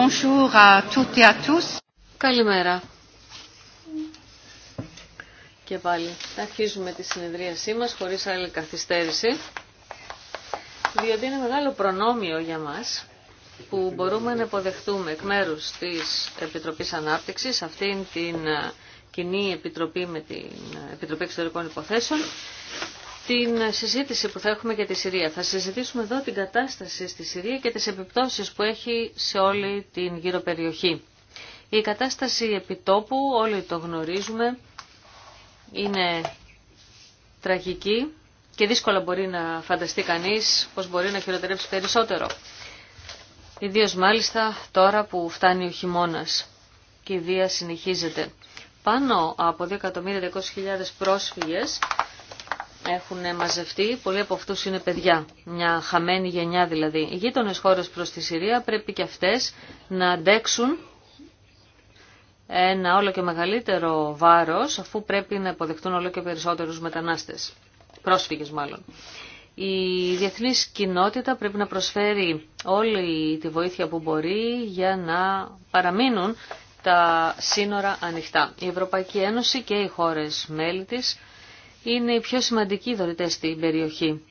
Bonjour à toutes et à tous. Καλημέρα. Και πάλι θα αρχίζουμε τη συνεδρίασή μας χωρίς άλλη καθυστέρηση, διότι είναι μεγάλο προνόμιο για μας που μπορούμε να υποδεχτούμε εκ μέρους της Επιτροπής Ανάπτυξης, αυτήν την ε, κοινή επιτροπή με την ε, Επιτροπή Εξωτερικών Υποθέσεων, στην συζήτηση που θα έχουμε για τη Συρία. Θα συζητήσουμε εδώ την κατάσταση στη Συρία και τις επιπτώσεις που έχει σε όλη την γύρω περιοχή. Η κατάσταση επιτόπου, όλοι το γνωρίζουμε, είναι τραγική και δύσκολα μπορεί να φανταστεί κανείς πως μπορεί να χειροτερέψει περισσότερο. Ιδίως μάλιστα τώρα που φτάνει ο χειμώνας και η βία συνεχίζεται. Πάνω από 2.200.000 πρόσφυγες έχουν μαζευτεί. Πολλοί από αυτούς είναι παιδιά, μια χαμένη γενιά δηλαδή. Οι γείτονε χώρε προς τη Συρία πρέπει και αυτές να αντέξουν ένα όλο και μεγαλύτερο βάρος, αφού πρέπει να υποδεχτούν όλο και περισσότερους μετανάστες, πρόσφυγες μάλλον. Η διεθνής κοινότητα πρέπει να προσφέρει όλη τη βοήθεια που μπορεί για να παραμείνουν τα σύνορα ανοιχτά. Η Ευρωπαϊκή Ένωση και οι χώρες μέλη της είναι οι πιο σημαντικοί δωρητές στην περιοχή.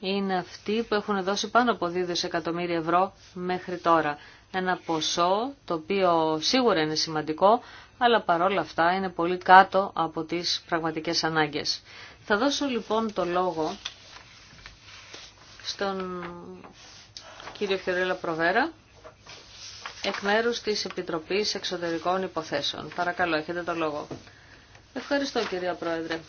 Είναι αυτοί που έχουν δώσει πάνω από 2 δισεκατομμύρια ευρώ μέχρι τώρα. Ένα ποσό το οποίο σίγουρα είναι σημαντικό, αλλά παρόλα αυτά είναι πολύ κάτω από τις πραγματικές ανάγκες. Θα δώσω λοιπόν το λόγο στον κύριο Χιωρίλα Προβέρα, εκ μέρους της Επιτροπής Εξωτερικών Υποθέσεων. Παρακαλώ, έχετε το λόγο. Ευχαριστώ κυρία Πρόεδρε.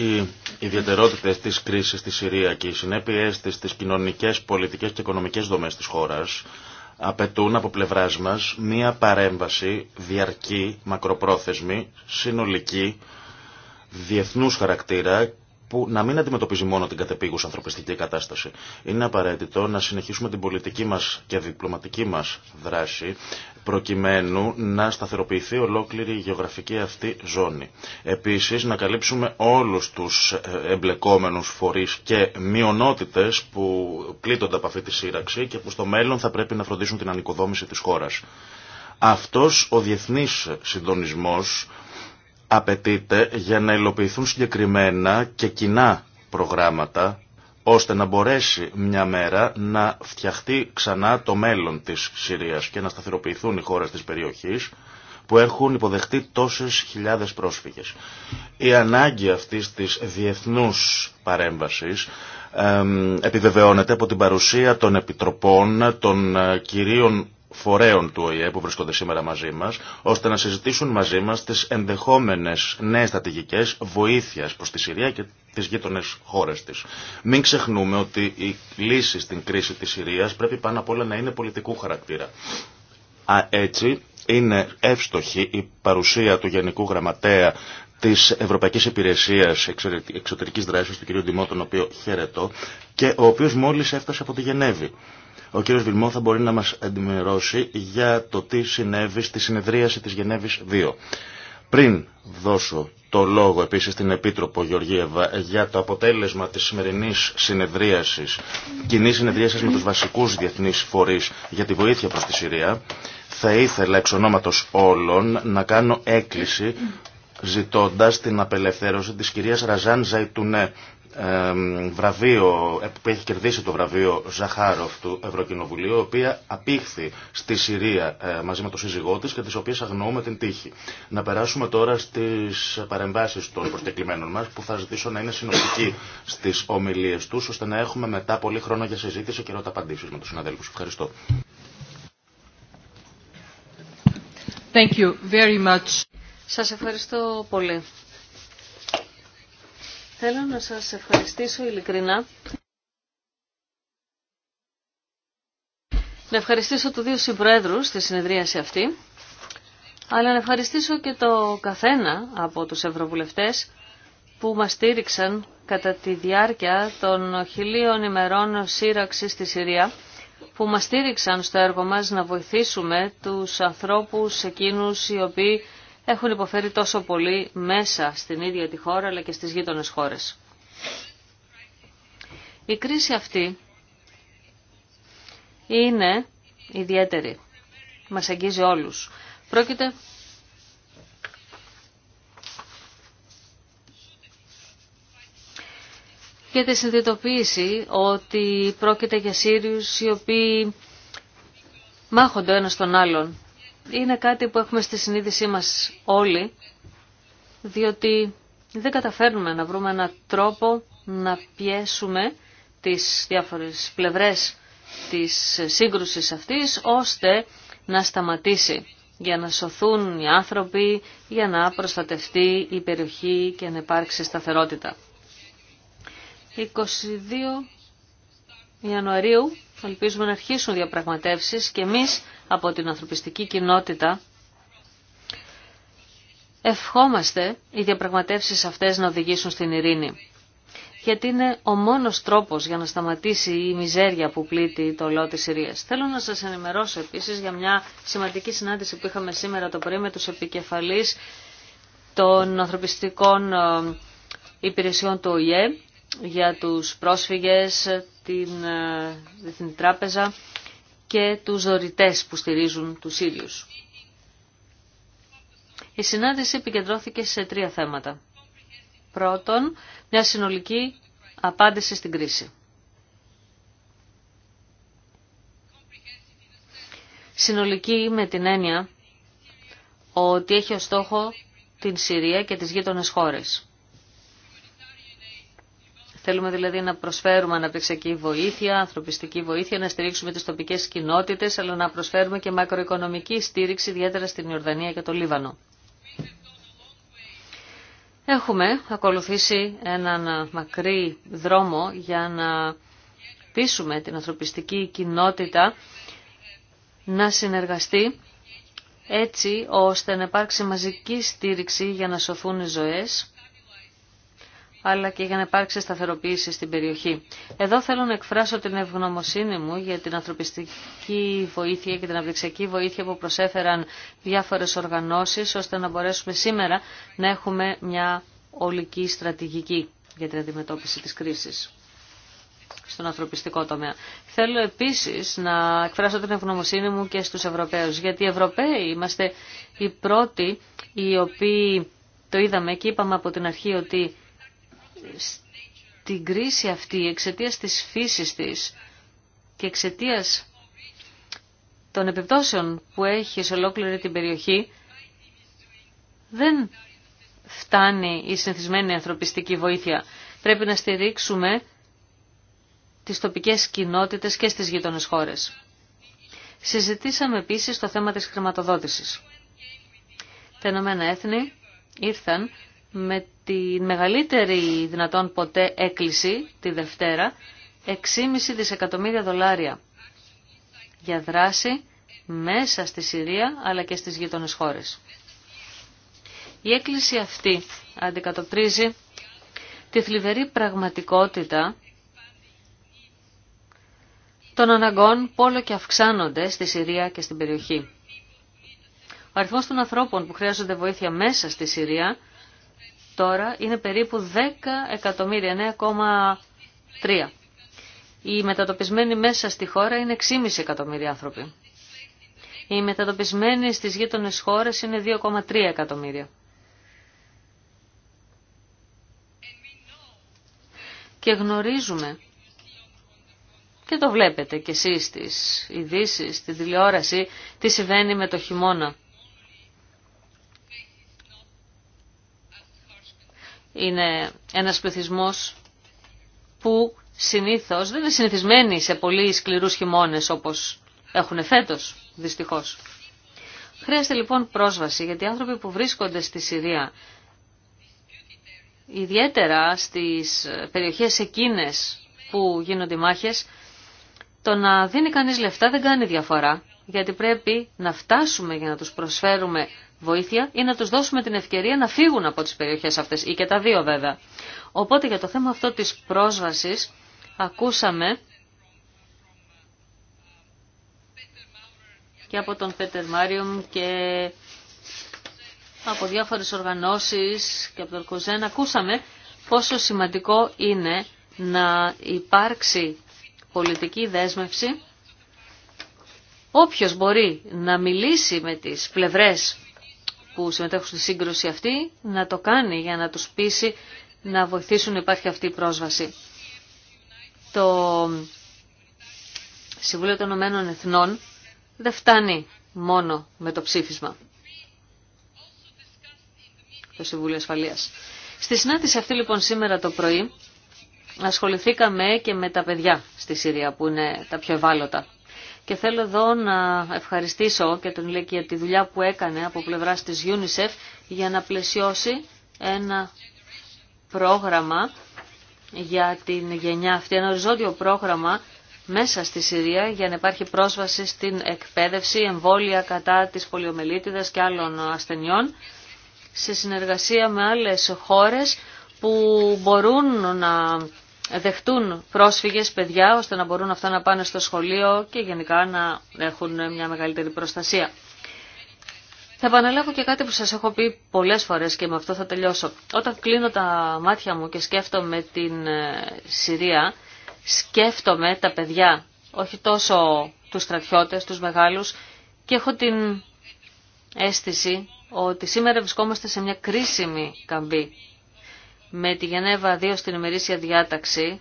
Οι ιδιαιτερότητε τη κρίση στη Συρία και οι συνέπειέ τη στι κοινωνικέ, πολιτικέ και οικονομικέ δομέ τη χώρα απαιτούν από πλευρά μα μία παρέμβαση διαρκή, μακροπρόθεσμη, συνολική, διεθνούς χαρακτήρα που να μην αντιμετωπίζει μόνο την κατεπίγουσα ανθρωπιστική κατάσταση. Είναι απαραίτητο να συνεχίσουμε την πολιτική μας και διπλωματική μας δράση προκειμένου να σταθεροποιηθεί ολόκληρη η γεωγραφική αυτή ζώνη. Επίσης να καλύψουμε όλους τους ε, εμπλεκόμενους φορείς και μειονότητες που πλήττονται από αυτή τη σύραξη και που στο μέλλον θα πρέπει να φροντίσουν την ανοικοδόμηση της χώρας. Αυτός ο διεθνής συντονισμός απαιτείται για να υλοποιηθούν συγκεκριμένα και κοινά προγράμματα ώστε να μπορέσει μια μέρα να φτιαχτεί ξανά το μέλλον της Συρίας και να σταθεροποιηθούν οι χώρες της περιοχής που έχουν υποδεχτεί τόσες χιλιάδες πρόσφυγες. Η ανάγκη αυτής της διεθνούς παρέμβασης επιβεβαιώνεται από την παρουσία των επιτροπών, των ε, κυρίων φορέων του ΟΗΕ που βρίσκονται σήμερα μαζί μας, ώστε να συζητήσουν μαζί μας τις ενδεχόμενες νέες στρατηγικές βοήθειας προς τη Συρία και τις γείτονες χώρες της. Μην ξεχνούμε ότι η λύση στην κρίση της Συρίας πρέπει πάνω απ' όλα να είναι πολιτικού χαρακτήρα. Α, έτσι είναι εύστοχη η παρουσία του Γενικού Γραμματέα τη Ευρωπαϊκή Υπηρεσία Εξωτερική Δράση, του κ. Ντιμό, τον οποίο χαιρετώ, και ο οποίο μόλι έφτασε από τη Γενέβη. Ο κύριος Βιλμό θα μπορεί να μας ενημερώσει για το τι συνέβη στη συνεδρίαση της Γενέβης 2. Πριν δώσω το λόγο επίσης στην Επίτροπο Γεωργίευα για το αποτέλεσμα της σημερινής συνεδρίασης, κοινή συνεδρίασης με τους βασικούς διεθνείς φορείς για τη βοήθεια προς τη Συρία, θα ήθελα εξ ονόματος όλων να κάνω έκκληση ζητώντας την απελευθέρωση της κυρίας Ραζάν Ζαϊτουνέ, βραβείο ε, που έχει κερδίσει το βραβείο Ζαχάροφ του Ευρωκοινοβουλίου, η οποία απήχθη στη Συρία ε, μαζί με τον σύζυγό τη και τη οποία αγνοούμε την τύχη. Να περάσουμε τώρα στι παρεμβάσει των προσκεκλημένων μα, που θα ζητήσω να είναι συνοπτικοί στι ομιλίε του, ώστε να έχουμε μετά πολύ χρόνο για συζήτηση και ρώτα απαντήσει με του συναδέλφου. Ευχαριστώ. Thank Σας ευχαριστώ πολύ. Θέλω να σας ευχαριστήσω ειλικρινά. Να ευχαριστήσω του δύο συμπρόεδρους στη συνεδρίαση αυτή, αλλά να ευχαριστήσω και το καθένα από τους ευρωβουλευτές που μας στήριξαν κατά τη διάρκεια των χιλίων ημερών σύραξη στη Συρία, που μας στήριξαν στο έργο μας να βοηθήσουμε τους ανθρώπους εκείνους οι οποίοι έχουν υποφέρει τόσο πολύ μέσα στην ίδια τη χώρα αλλά και στις γείτονες χώρες. Η κρίση αυτή είναι ιδιαίτερη. Μας αγγίζει όλους. Πρόκειται για τη συνειδητοποίηση ότι πρόκειται για Σύριους οι οποίοι μάχονται ο ένας τον άλλον είναι κάτι που έχουμε στη συνείδησή μας όλοι, διότι δεν καταφέρνουμε να βρούμε έναν τρόπο να πιέσουμε τις διάφορες πλευρές της σύγκρουσης αυτής, ώστε να σταματήσει για να σωθούν οι άνθρωποι, για να προστατευτεί η περιοχή και να υπάρξει σταθερότητα. 22 Ιανουαρίου Ελπίζουμε να αρχίσουν διαπραγματεύσεις και εμείς από την ανθρωπιστική κοινότητα ευχόμαστε οι διαπραγματεύσεις αυτές να οδηγήσουν στην ειρήνη. Γιατί είναι ο μόνος τρόπος για να σταματήσει η μιζέρια που πλήττει το λαό της Συρίας. Θέλω να σας ενημερώσω επίσης για μια σημαντική συνάντηση που είχαμε σήμερα το πρωί με τους επικεφαλείς των ανθρωπιστικών ε, υπηρεσιών του ΟΗΕ για τους πρόσφυγες, την Διεθνή Τράπεζα και τους δωρητές που στηρίζουν τους ίδιους. Η συνάντηση επικεντρώθηκε σε τρία θέματα. Πρώτον, μια συνολική απάντηση στην κρίση. Συνολική με την έννοια ότι έχει ως στόχο την Συρία και τις γείτονες χώρες. Θέλουμε δηλαδή να προσφέρουμε αναπτυξιακή βοήθεια, ανθρωπιστική βοήθεια, να στηρίξουμε τις τοπικές κοινότητες, αλλά να προσφέρουμε και μακροοικονομική στήριξη, ιδιαίτερα στην Ιορδανία και το Λίβανο. Έχουμε ακολουθήσει έναν μακρύ δρόμο για να πείσουμε την ανθρωπιστική κοινότητα να συνεργαστεί έτσι ώστε να υπάρξει μαζική στήριξη για να σωθούν οι ζωές αλλά και για να υπάρξει σταθεροποίηση στην περιοχή. Εδώ θέλω να εκφράσω την ευγνωμοσύνη μου για την ανθρωπιστική βοήθεια και την αυριξιακή βοήθεια που προσέφεραν διάφορες οργανώσεις, ώστε να μπορέσουμε σήμερα να έχουμε μια ολική στρατηγική για την αντιμετώπιση της κρίσης στον ανθρωπιστικό τομέα. Θέλω επίσης να εκφράσω την ευγνωμοσύνη μου και στους Ευρωπαίους, γιατί οι Ευρωπαίοι είμαστε οι πρώτοι οι οποίοι το είδαμε και είπαμε από την αρχή ότι στην κρίση αυτή εξαιτίας της φύσης της και εξαιτίας των επιπτώσεων που έχει σε ολόκληρη την περιοχή δεν φτάνει η συνηθισμένη ανθρωπιστική βοήθεια. Πρέπει να στηρίξουμε τις τοπικές κοινότητες και στις γείτονες χώρες. Συζητήσαμε επίσης το θέμα της χρηματοδότησης. Τα Ηνωμένα Έθνη ήρθαν με τη μεγαλύτερη δυνατόν ποτέ έκκληση τη Δευτέρα 6,5 δισεκατομμύρια δολάρια για δράση μέσα στη Συρία αλλά και στις γείτονες χώρες. Η έκκληση αυτή αντικατοπτρίζει τη θλιβερή πραγματικότητα των αναγκών που όλο και αυξάνονται στη Συρία και στην περιοχή. Ο αριθμός των ανθρώπων που χρειάζονται βοήθεια μέσα στη Συρία τώρα είναι περίπου 10 εκατομμύρια, 9,3. Οι μετατοπισμένοι μέσα στη χώρα είναι 6,5 εκατομμύρια άνθρωποι. Οι μετατοπισμένοι στις γείτονε χώρες είναι 2,3 εκατομμύρια. Και γνωρίζουμε και το βλέπετε κι εσείς στις ειδήσει, στην τηλεόραση, τι συμβαίνει με το χειμώνα. είναι ένας πληθυσμός που συνήθως δεν είναι συνηθισμένοι σε πολύ σκληρούς χειμώνες όπως έχουν φέτος, δυστυχώς. Χρειάζεται λοιπόν πρόσβαση γιατί οι άνθρωποι που βρίσκονται στη Συρία, ιδιαίτερα στις περιοχές εκείνες που γίνονται μάχες, το να δίνει κανείς λεφτά δεν κάνει διαφορά, γιατί πρέπει να φτάσουμε για να τους προσφέρουμε βοήθεια ή να τους δώσουμε την ευκαιρία να φύγουν από τις περιοχές αυτές ή και τα δύο βέβαια. Οπότε για το θέμα αυτό της πρόσβασης ακούσαμε και από τον Πέτερ Μάριουμ και από διάφορες οργανώσεις και από τον Κουζέν ακούσαμε πόσο σημαντικό είναι να υπάρξει πολιτική δέσμευση όποιος μπορεί να μιλήσει με τις πλευρές που συμμετέχουν στη σύγκρουση αυτή να το κάνει για να τους πείσει να βοηθήσουν να υπάρχει αυτή η πρόσβαση. Το Συμβούλιο των Ηνωμένων Εθνών δεν φτάνει μόνο με το ψήφισμα. Το Συμβούλιο Ασφαλείας. Στη συνάντηση αυτή λοιπόν σήμερα το πρωί ασχοληθήκαμε και με τα παιδιά στη Συρία που είναι τα πιο ευάλωτα. Και θέλω εδώ να ευχαριστήσω και τον Λίκη για τη δουλειά που έκανε από πλευρά της UNICEF για να πλαισιώσει ένα πρόγραμμα για την γενιά αυτή, ένα οριζόντιο πρόγραμμα μέσα στη Συρία για να υπάρχει πρόσβαση στην εκπαίδευση, εμβόλια κατά της πολιομελίτιδας και άλλων ασθενειών σε συνεργασία με άλλες χώρες που μπορούν να δεχτούν πρόσφυγες παιδιά ώστε να μπορούν αυτά να πάνε στο σχολείο και γενικά να έχουν μια μεγαλύτερη προστασία. Θα επαναλάβω και κάτι που σας έχω πει πολλές φορές και με αυτό θα τελειώσω. Όταν κλείνω τα μάτια μου και σκέφτομαι την ε, Συρία, σκέφτομαι τα παιδιά, όχι τόσο τους στρατιώτες, τους μεγάλους και έχω την αίσθηση ότι σήμερα βρισκόμαστε σε μια κρίσιμη καμπή με τη Γενέβα 2 στην ημερήσια διάταξη,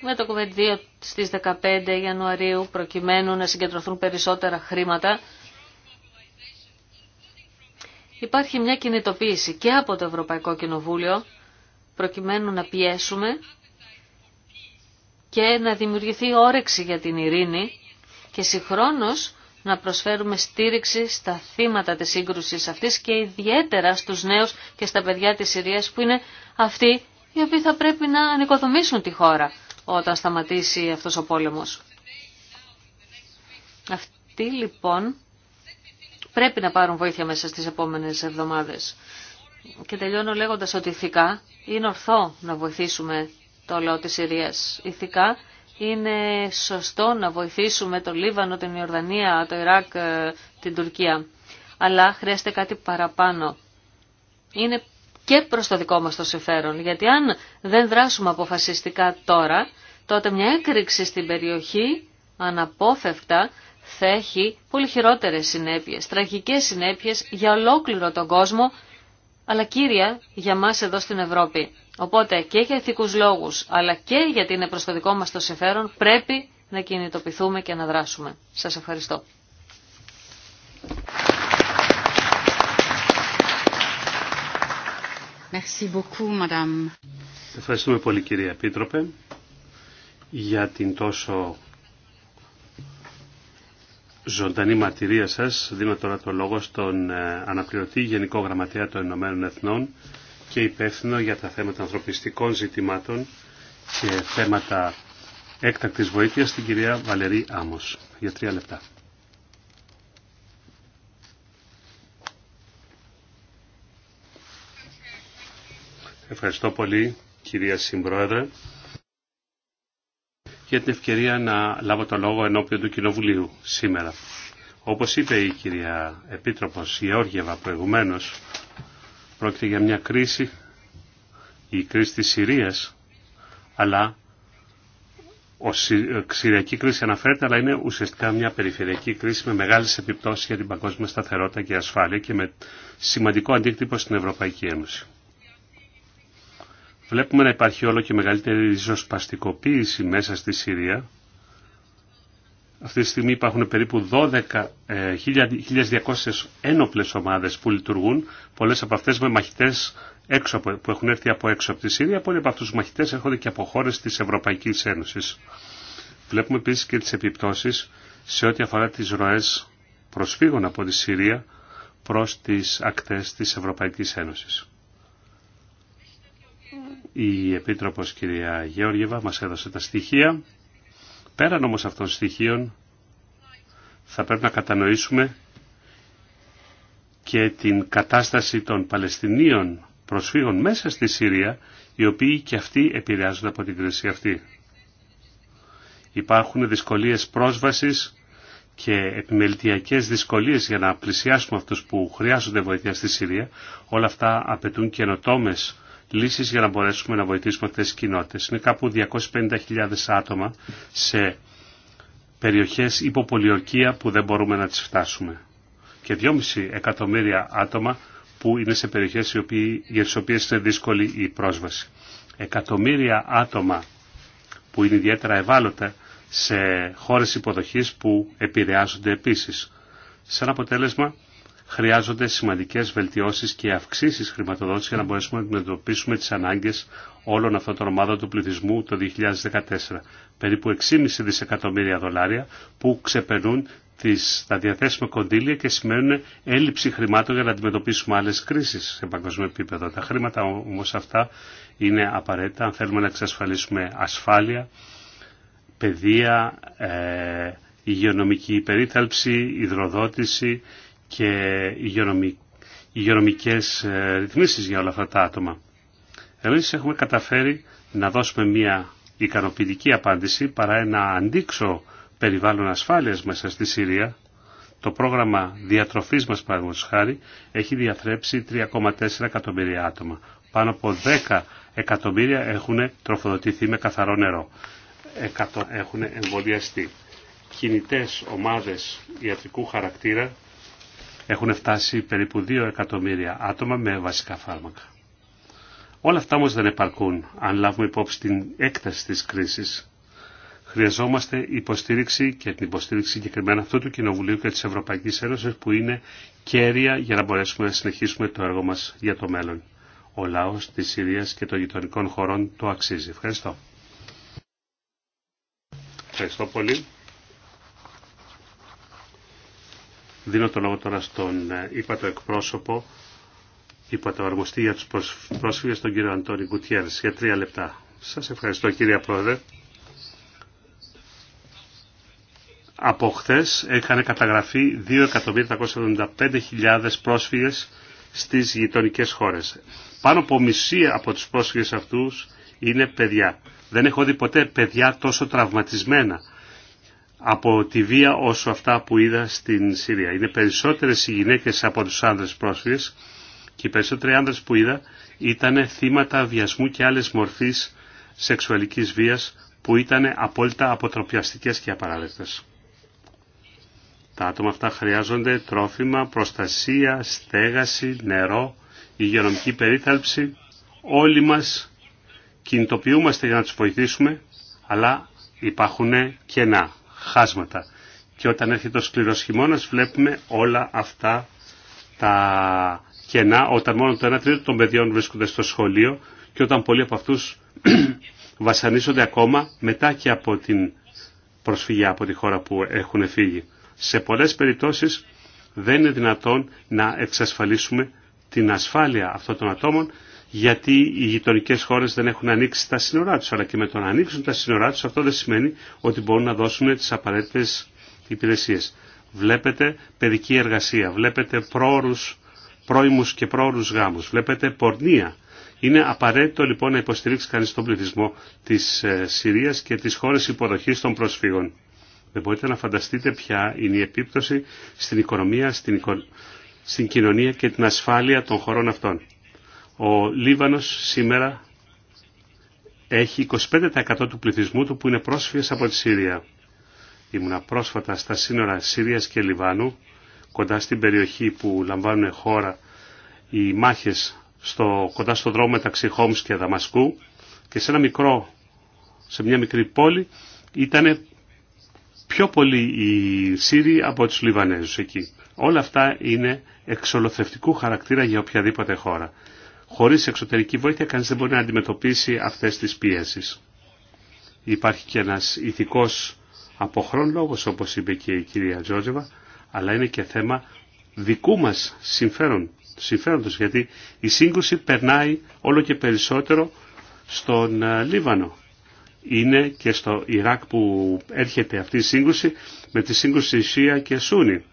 με το COVID-2 στις 15 Ιανουαρίου, προκειμένου να συγκεντρωθούν περισσότερα χρήματα, υπάρχει μια κινητοποίηση και από το Ευρωπαϊκό Κοινοβούλιο, προκειμένου να πιέσουμε και να δημιουργηθεί όρεξη για την ειρήνη και συγχρόνως να προσφέρουμε στήριξη στα θύματα της σύγκρουσης αυτής και ιδιαίτερα στους νέους και στα παιδιά της Συρίας που είναι αυτοί οι οποίοι θα πρέπει να ανοικοδομήσουν τη χώρα όταν σταματήσει αυτός ο πόλεμος. Αυτοί λοιπόν πρέπει να πάρουν βοήθεια μέσα στις επόμενες εβδομάδες. Και τελειώνω λέγοντας ότι ηθικά είναι ορθό να βοηθήσουμε το λαό της Συρίας. Ηθικά είναι σωστό να βοηθήσουμε το Λίβανο, την Ιορδανία, το Ιράκ, ε, την Τουρκία. Αλλά χρειάζεται κάτι παραπάνω. Είναι και προς το δικό μας το συμφέρον, γιατί αν δεν δράσουμε αποφασιστικά τώρα, τότε μια έκρηξη στην περιοχή αναπόφευκτα θα έχει πολύ χειρότερες συνέπειες, τραγικές συνέπειες για ολόκληρο τον κόσμο, αλλά κύρια για μας εδώ στην Ευρώπη. Οπότε και για ηθικούς λόγους, αλλά και γιατί είναι προς το δικό μας το συμφέρον, πρέπει να κινητοποιηθούμε και να δράσουμε. Σας ευχαριστώ. Merci beaucoup, madame. Ευχαριστούμε πολύ κυρία πίτροπε για την τόσο ζωντανή μαρτυρία σας. Δίνω τώρα το λόγο στον ε, αναπληρωτή Γενικό Γραμματέα των Ηνωμένων Εθνών, και υπεύθυνο για τα θέματα ανθρωπιστικών ζητημάτων και θέματα έκτακτης βοήθειας την κυρία Βαλερή Άμος. Για τρία λεπτά. Ευχαριστώ πολύ κυρία Συμπρόεδρε για την ευκαιρία να λάβω το λόγο ενώπιον του Κοινοβουλίου σήμερα. Όπως είπε η κυρία Επίτροπος Γεώργιεβα προηγουμένως, Πρόκειται για μια κρίση, η κρίση της Συρίας, αλλά ο ε, Συριακή κρίση αναφέρεται, αλλά είναι ουσιαστικά μια περιφερειακή κρίση με μεγάλες επιπτώσεις για την παγκόσμια σταθερότητα και ασφάλεια και με σημαντικό αντίκτυπο στην Ευρωπαϊκή Ένωση. Βλέπουμε να υπάρχει όλο και μεγαλύτερη ριζοσπαστικοποίηση μέσα στη Συρία αυτή τη στιγμή υπάρχουν περίπου 12.200 ε, ένοπλες ομάδες που λειτουργούν, πολλές από αυτές με μαχητές που έχουν έρθει από έξω από τη Συρία, πολλοί από αυτούς τους μαχητές έρχονται και από χώρες της Ευρωπαϊκής Ένωσης. Βλέπουμε επίσης και τις επιπτώσεις σε ό,τι αφορά τις ροές προσφύγων από τη Συρία προς τις ακτές της Ευρωπαϊκής Ένωσης. Η Επίτροπος κυρία Γεώργιεβα μας έδωσε τα στοιχεία Πέραν όμως αυτών των στοιχείων θα πρέπει να κατανοήσουμε και την κατάσταση των Παλαιστινίων προσφύγων μέσα στη Συρία, οι οποίοι και αυτοί επηρεάζονται από την κρίση αυτή. Υπάρχουν δυσκολίες πρόσβασης και επιμελητιακές δυσκολίες για να πλησιάσουμε αυτούς που χρειάζονται βοήθεια στη Συρία. Όλα αυτά απαιτούν καινοτόμες λύσεις για να μπορέσουμε να βοηθήσουμε αυτές τις κοινότητες. Είναι κάπου 250.000 άτομα σε περιοχές υποπολιορκία που δεν μπορούμε να τις φτάσουμε. Και 2,5 εκατομμύρια άτομα που είναι σε περιοχές για τις οποίες είναι δύσκολη η πρόσβαση. Εκατομμύρια άτομα που είναι ιδιαίτερα ευάλωτα σε χώρες υποδοχής που επηρεάζονται επίσης. Σαν αποτέλεσμα χρειάζονται σημαντικές βελτιώσεις και αυξήσεις χρηματοδότησης για να μπορέσουμε να αντιμετωπίσουμε τις ανάγκες όλων αυτών των ομάδων του πληθυσμού το 2014. Περίπου 6,5 δισεκατομμύρια δολάρια που ξεπερνούν τις, τα διαθέσιμα κονδύλια και σημαίνουν έλλειψη χρημάτων για να αντιμετωπίσουμε άλλες κρίσεις σε παγκόσμιο επίπεδο. Τα χρήματα όμως αυτά είναι απαραίτητα αν θέλουμε να εξασφαλίσουμε ασφάλεια, παιδεία, ε, υγειονομική υπερίθαλψη, υδροδότηση, και υγειονομικέ ε, ρυθμίσει για όλα αυτά τα άτομα. Εμεί έχουμε καταφέρει να δώσουμε μια ικανοποιητική απάντηση παρά ένα αντίξω περιβάλλον ασφάλεια μέσα στη Συρία. Το πρόγραμμα διατροφή μας, παραδείγματο χάρη, έχει διαθρέψει 3,4 εκατομμύρια άτομα. Πάνω από 10 εκατομμύρια έχουν τροφοδοτηθεί με καθαρό νερό. Έχουν εμβολιαστεί. Κινητές ομάδες ιατρικού χαρακτήρα έχουν φτάσει περίπου 2 εκατομμύρια άτομα με βασικά φάρμακα. Όλα αυτά όμως δεν επαρκούν αν λάβουμε υπόψη την έκταση της κρίσης. Χρειαζόμαστε υποστήριξη και την υποστήριξη συγκεκριμένα αυτού του Κοινοβουλίου και της Ευρωπαϊκής Ένωσης που είναι κέρια για να μπορέσουμε να συνεχίσουμε το έργο μας για το μέλλον. Ο λαός της Συρίας και των γειτονικών χωρών το αξίζει. Ευχαριστώ. Ευχαριστώ πολύ. Δίνω το λόγο τώρα στον ύπατο ε, εκπρόσωπο, ύπατο αργοστή για τους πρόσφυγες, τον κύριο Αντώνη Κουτιέρης, για τρία λεπτά. Σας ευχαριστώ κύριε Πρόεδρε. Από χθε είχαν καταγραφεί 2.375.000 πρόσφυγες στις γειτονικέ χώρες. Πάνω από μισή από τους πρόσφυγες αυτούς είναι παιδιά. Δεν έχω δει ποτέ παιδιά τόσο τραυματισμένα από τη βία όσο αυτά που είδα στην Συρία. Είναι περισσότερες οι γυναίκες από τους άνδρες πρόσφυγες και οι περισσότεροι άνδρες που είδα ήταν θύματα βιασμού και άλλες μορφής σεξουαλικής βίας που ήταν απόλυτα αποτροπιαστικές και απαράδεκτες. Τα άτομα αυτά χρειάζονται τρόφιμα, προστασία, στέγαση, νερό, υγειονομική περίθαλψη. Όλοι μας κινητοποιούμαστε για να τους βοηθήσουμε, αλλά υπάρχουν κενά χάσματα. Και όταν έρχεται ο σκληρός χειμώνας βλέπουμε όλα αυτά τα κενά όταν μόνο το 1 τρίτο των παιδιών βρίσκονται στο σχολείο και όταν πολλοί από αυτούς βασανίζονται ακόμα μετά και από την προσφυγιά από τη χώρα που έχουν φύγει. Σε πολλές περιπτώσεις δεν είναι δυνατόν να εξασφαλίσουμε την ασφάλεια αυτών των ατόμων γιατί οι γειτονικέ χώρε δεν έχουν ανοίξει τα σύνορά του. Αλλά και με το να ανοίξουν τα σύνορά του αυτό δεν σημαίνει ότι μπορούν να δώσουν τι απαραίτητε υπηρεσίε. Βλέπετε παιδική εργασία, βλέπετε πρόορους, και πρόορους γάμους, βλέπετε πορνεία. Είναι απαραίτητο λοιπόν να υποστηρίξει κανείς τον πληθυσμό της ε, Συρίας και της χώρες υποδοχής των προσφύγων. Δεν μπορείτε να φανταστείτε ποια είναι η επίπτωση στην οικονομία, στην, στην κοινωνία και την ασφάλεια των χωρών αυτών. Ο Λίβανος σήμερα έχει 25% του πληθυσμού του που είναι πρόσφυγες από τη Σύρια. Ήμουνα πρόσφατα στα σύνορα Συρίας και Λιβάνου, κοντά στην περιοχή που λαμβάνουν χώρα οι μάχες στο, κοντά στο δρόμο μεταξύ Χόμς και Δαμασκού και σε ένα μικρό, σε μια μικρή πόλη ήταν πιο πολύ οι Σύριοι από τους Λιβανέζους εκεί. Όλα αυτά είναι εξολοθευτικού χαρακτήρα για οποιαδήποτε χώρα. Χωρίς εξωτερική βοήθεια κανείς δεν μπορεί να αντιμετωπίσει αυτές τις πίεσεις. Υπάρχει και ένας ηθικός αποχρόν λόγος, όπως είπε και η κυρία Τζόζεβα αλλά είναι και θέμα δικού μας συμφέρον, συμφέροντος, γιατί η σύγκρουση περνάει όλο και περισσότερο στον ε, Λίβανο. Είναι και στο Ιράκ που έρχεται αυτή η σύγκρουση με τη σύγκρουση Ισία και Σούνη.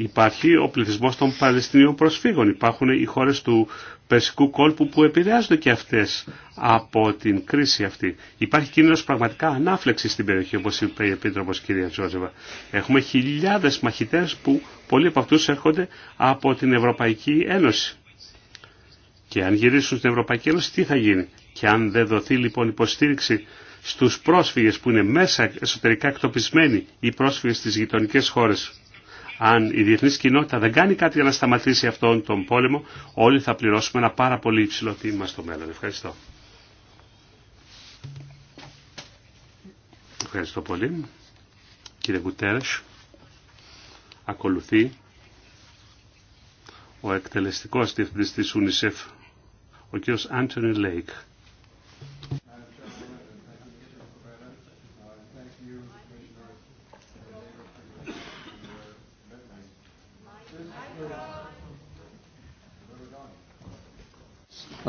Υπάρχει ο πληθυσμός των Παλαιστινίων προσφύγων, υπάρχουν οι χώρες του Περσικού κόλπου που επηρεάζονται και αυτές από την κρίση αυτή. Υπάρχει κίνδυνος πραγματικά ανάφλεξη στην περιοχή, όπως είπε η Επίτροπος κυρία Τζόζεβα. Έχουμε χιλιάδες μαχητές που πολλοί από αυτούς έρχονται από την Ευρωπαϊκή Ένωση. Και αν γυρίσουν στην Ευρωπαϊκή Ένωση τι θα γίνει. Και αν δεν δοθεί λοιπόν υποστήριξη στους πρόσφυγες που είναι μέσα εσωτερικά εκτοπισμένοι οι πρόσφυγες στις γειτονικές χώρες αν η διεθνή κοινότητα δεν κάνει κάτι για να σταματήσει αυτόν τον πόλεμο, όλοι θα πληρώσουμε ένα πάρα πολύ υψηλό τίμημα στο μέλλον. Ευχαριστώ. Ευχαριστώ πολύ. Κύριε Γκουτέρες, ακολουθεί ο εκτελεστικός διευθυντής της UNICEF, ο κύριος Άντωνι Λέικ.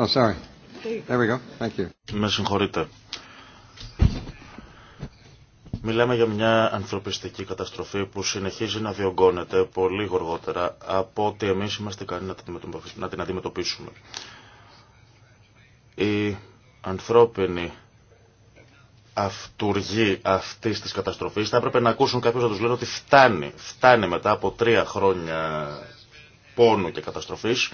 Oh, sorry. There Με συγχωρείτε. Μιλάμε για μια ανθρωπιστική καταστροφή που συνεχίζει να διωγγώνεται πολύ γοργότερα από ότι εμείς είμαστε ικανοί να την αντιμετωπίσουμε. Η ανθρώπινη αυτούργοι αυτής της καταστροφής θα έπρεπε να ακούσουν κάποιους να τους λένε ότι φτάνει, φτάνει μετά από τρία χρόνια πόνου και καταστροφής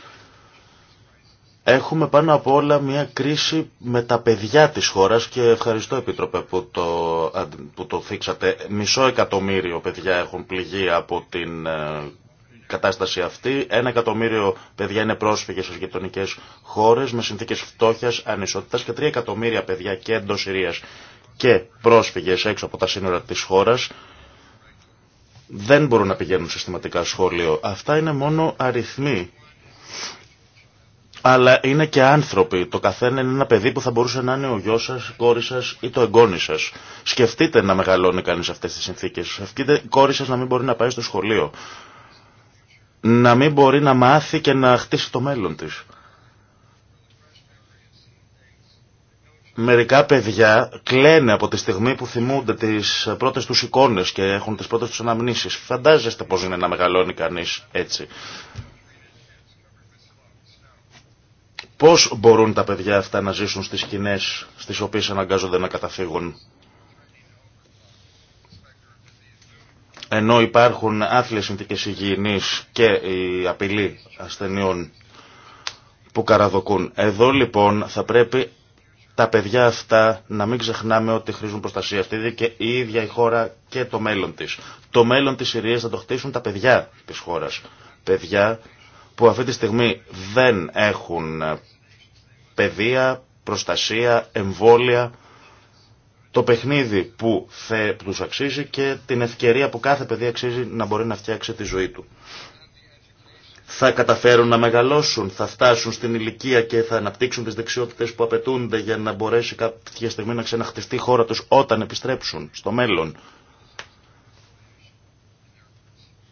Έχουμε πάνω απ' όλα μια κρίση με τα παιδιά της χώρας και ευχαριστώ Επίτροπε που το, ε, που το θίξατε. Μισό εκατομμύριο παιδιά έχουν πληγεί από την ε, κατάσταση αυτή. Ένα εκατομμύριο παιδιά είναι πρόσφυγες στις γειτονικέ χώρες με συνθήκες φτώχειας, ανισότητας και τρία εκατομμύρια παιδιά και εντός Συρίας και πρόσφυγες έξω από τα σύνορα της χώρας δεν μπορούν να πηγαίνουν συστηματικά σχόλιο. Αυτά είναι μόνο αριθμοί αλλά είναι και άνθρωποι. Το καθένα είναι ένα παιδί που θα μπορούσε να είναι ο γιο σα, η κόρη σα η το εγγονι σα. σκεφτειτε να μεγαλωνει κανεί αυτέ τι συνθήκε. σκεφτειτε η κορη σα να μην μπορεί να πάει στο σχολείο. Να μην μπορεί να μάθει και να χτίσει το μέλλον τη. Μερικά παιδιά κλαίνε από τη στιγμή που θυμούνται τις πρώτες τους εικόνες και έχουν τις πρώτες τους αναμνήσεις. Φαντάζεστε πώς είναι να μεγαλώνει κανείς έτσι. Πώς μπορούν τα παιδιά αυτά να ζήσουν στις σκηνέ στις οποίες αναγκάζονται να καταφύγουν. Ενώ υπάρχουν άθλιες συνθήκες υγιεινής και η απειλή ασθενειών που καραδοκούν. Εδώ λοιπόν θα πρέπει τα παιδιά αυτά να μην ξεχνάμε ότι χρήζουν προστασία. Αυτή και η ίδια η χώρα και το μέλλον της. Το μέλλον της Συρίας θα το χτίσουν τα παιδιά της χώρας. Παιδιά που αυτή τη στιγμή δεν έχουν ε, παιδεία, προστασία, εμβόλια, το παιχνίδι που θε, τους αξίζει και την ευκαιρία που κάθε παιδί αξίζει να μπορεί να φτιάξει τη ζωή του. Θα καταφέρουν να μεγαλώσουν, θα φτάσουν στην ηλικία και θα αναπτύξουν τις δεξιότητες που απαιτούνται για να μπορέσει κάποια στιγμή να ξαναχτιστεί η χώρα τους όταν επιστρέψουν στο μέλλον.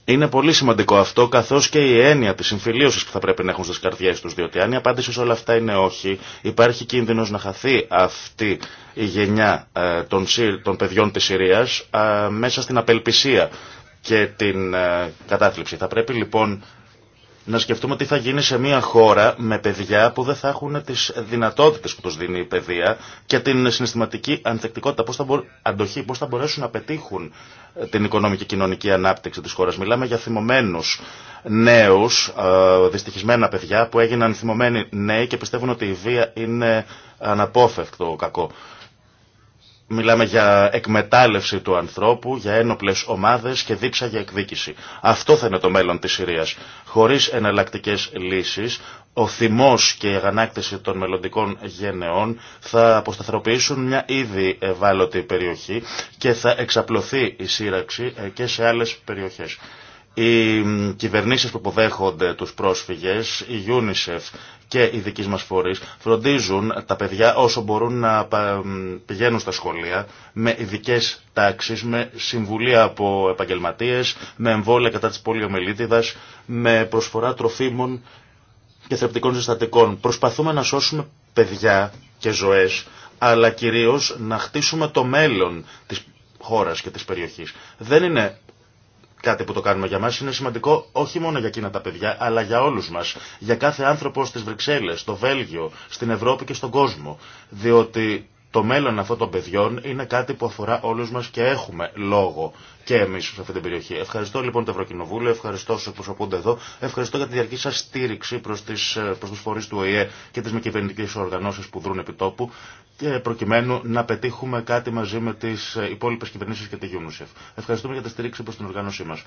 Είναι πολύ σημαντικό αυτό, καθώ και η έννοια τη συμφιλίωση που θα πρέπει να έχουν στι καρδιέ του, διότι αν η απάντηση σε όλα αυτά είναι όχι, υπάρχει κίνδυνο να χαθεί αυτή η γενιά ε, των παιδιών τη Συρία ε, μέσα στην απελπισία και την ε, κατάθλιψη. Θα πρέπει λοιπόν να σκεφτούμε τι θα γίνει σε μια χώρα με παιδιά που δεν θα έχουν τι δυνατότητε που του δίνει η παιδεία και την συναισθηματική ανθεκτικότητα, πώς θα μπο... θα μπορέσουν να πετύχουν ε, την οικονομική και κοινωνική ανάπτυξη της χώρας. Μιλάμε για θυμωμένους νέους, ε, δυστυχισμένα παιδιά που έγιναν θυμωμένοι νέοι και πιστεύουν ότι η βία είναι αναπόφευκτο κακό. Μιλάμε για εκμετάλλευση του ανθρώπου, για ένοπλες ομάδες και δίψα για εκδίκηση. Αυτό θα είναι το μέλλον της Συρίας. Χωρίς εναλλακτικές λύσεις, ο θυμός και η αγανάκτηση των μελλοντικών γενεών θα αποσταθεροποιήσουν μια ήδη ευάλωτη περιοχή και θα εξαπλωθεί η σύραξη ε, και σε άλλες περιοχές. Οι κυβερνήσεις που αποδέχονται τους πρόσφυγες, η UNICEF και οι δικοί μας φορείς φροντίζουν τα παιδιά όσο μπορούν να πηγαίνουν στα σχολεία με ειδικέ τάξεις, με συμβουλία από επαγγελματίες, με εμβόλια κατά της πολιομελίτιδας, με προσφορά τροφίμων και θρεπτικών συστατικών. Προσπαθούμε να σώσουμε παιδιά και ζωές, αλλά κυρίως να χτίσουμε το μέλλον της χώρας και της περιοχής. Δεν είναι κάτι που το κάνουμε για μας είναι σημαντικό όχι μόνο για εκείνα τα παιδιά, αλλά για όλους μας. Για κάθε άνθρωπο στις Βρυξέλλες, στο Βέλγιο, στην Ευρώπη και στον κόσμο. Διότι το μέλλον αυτών των παιδιών είναι κάτι που αφορά όλους μας και έχουμε λόγο και εμείς σε αυτή την περιοχή. Ευχαριστώ λοιπόν το Ευρωκοινοβούλιο, ευχαριστώ όσους εκπροσωπούνται εδώ, ευχαριστώ για τη διαρκή σας στήριξη προς, τις, ε, προς τους φορείς του ΟΗΕ και τις μη κυβερνητικές οργανώσεις που δρούν επί τόπου και προκειμένου να πετύχουμε κάτι μαζί με τις ε, υπόλοιπες κυβερνήσεις και τη UNICEF. Ευχαριστούμε για τη στήριξη προς την οργάνωσή μας.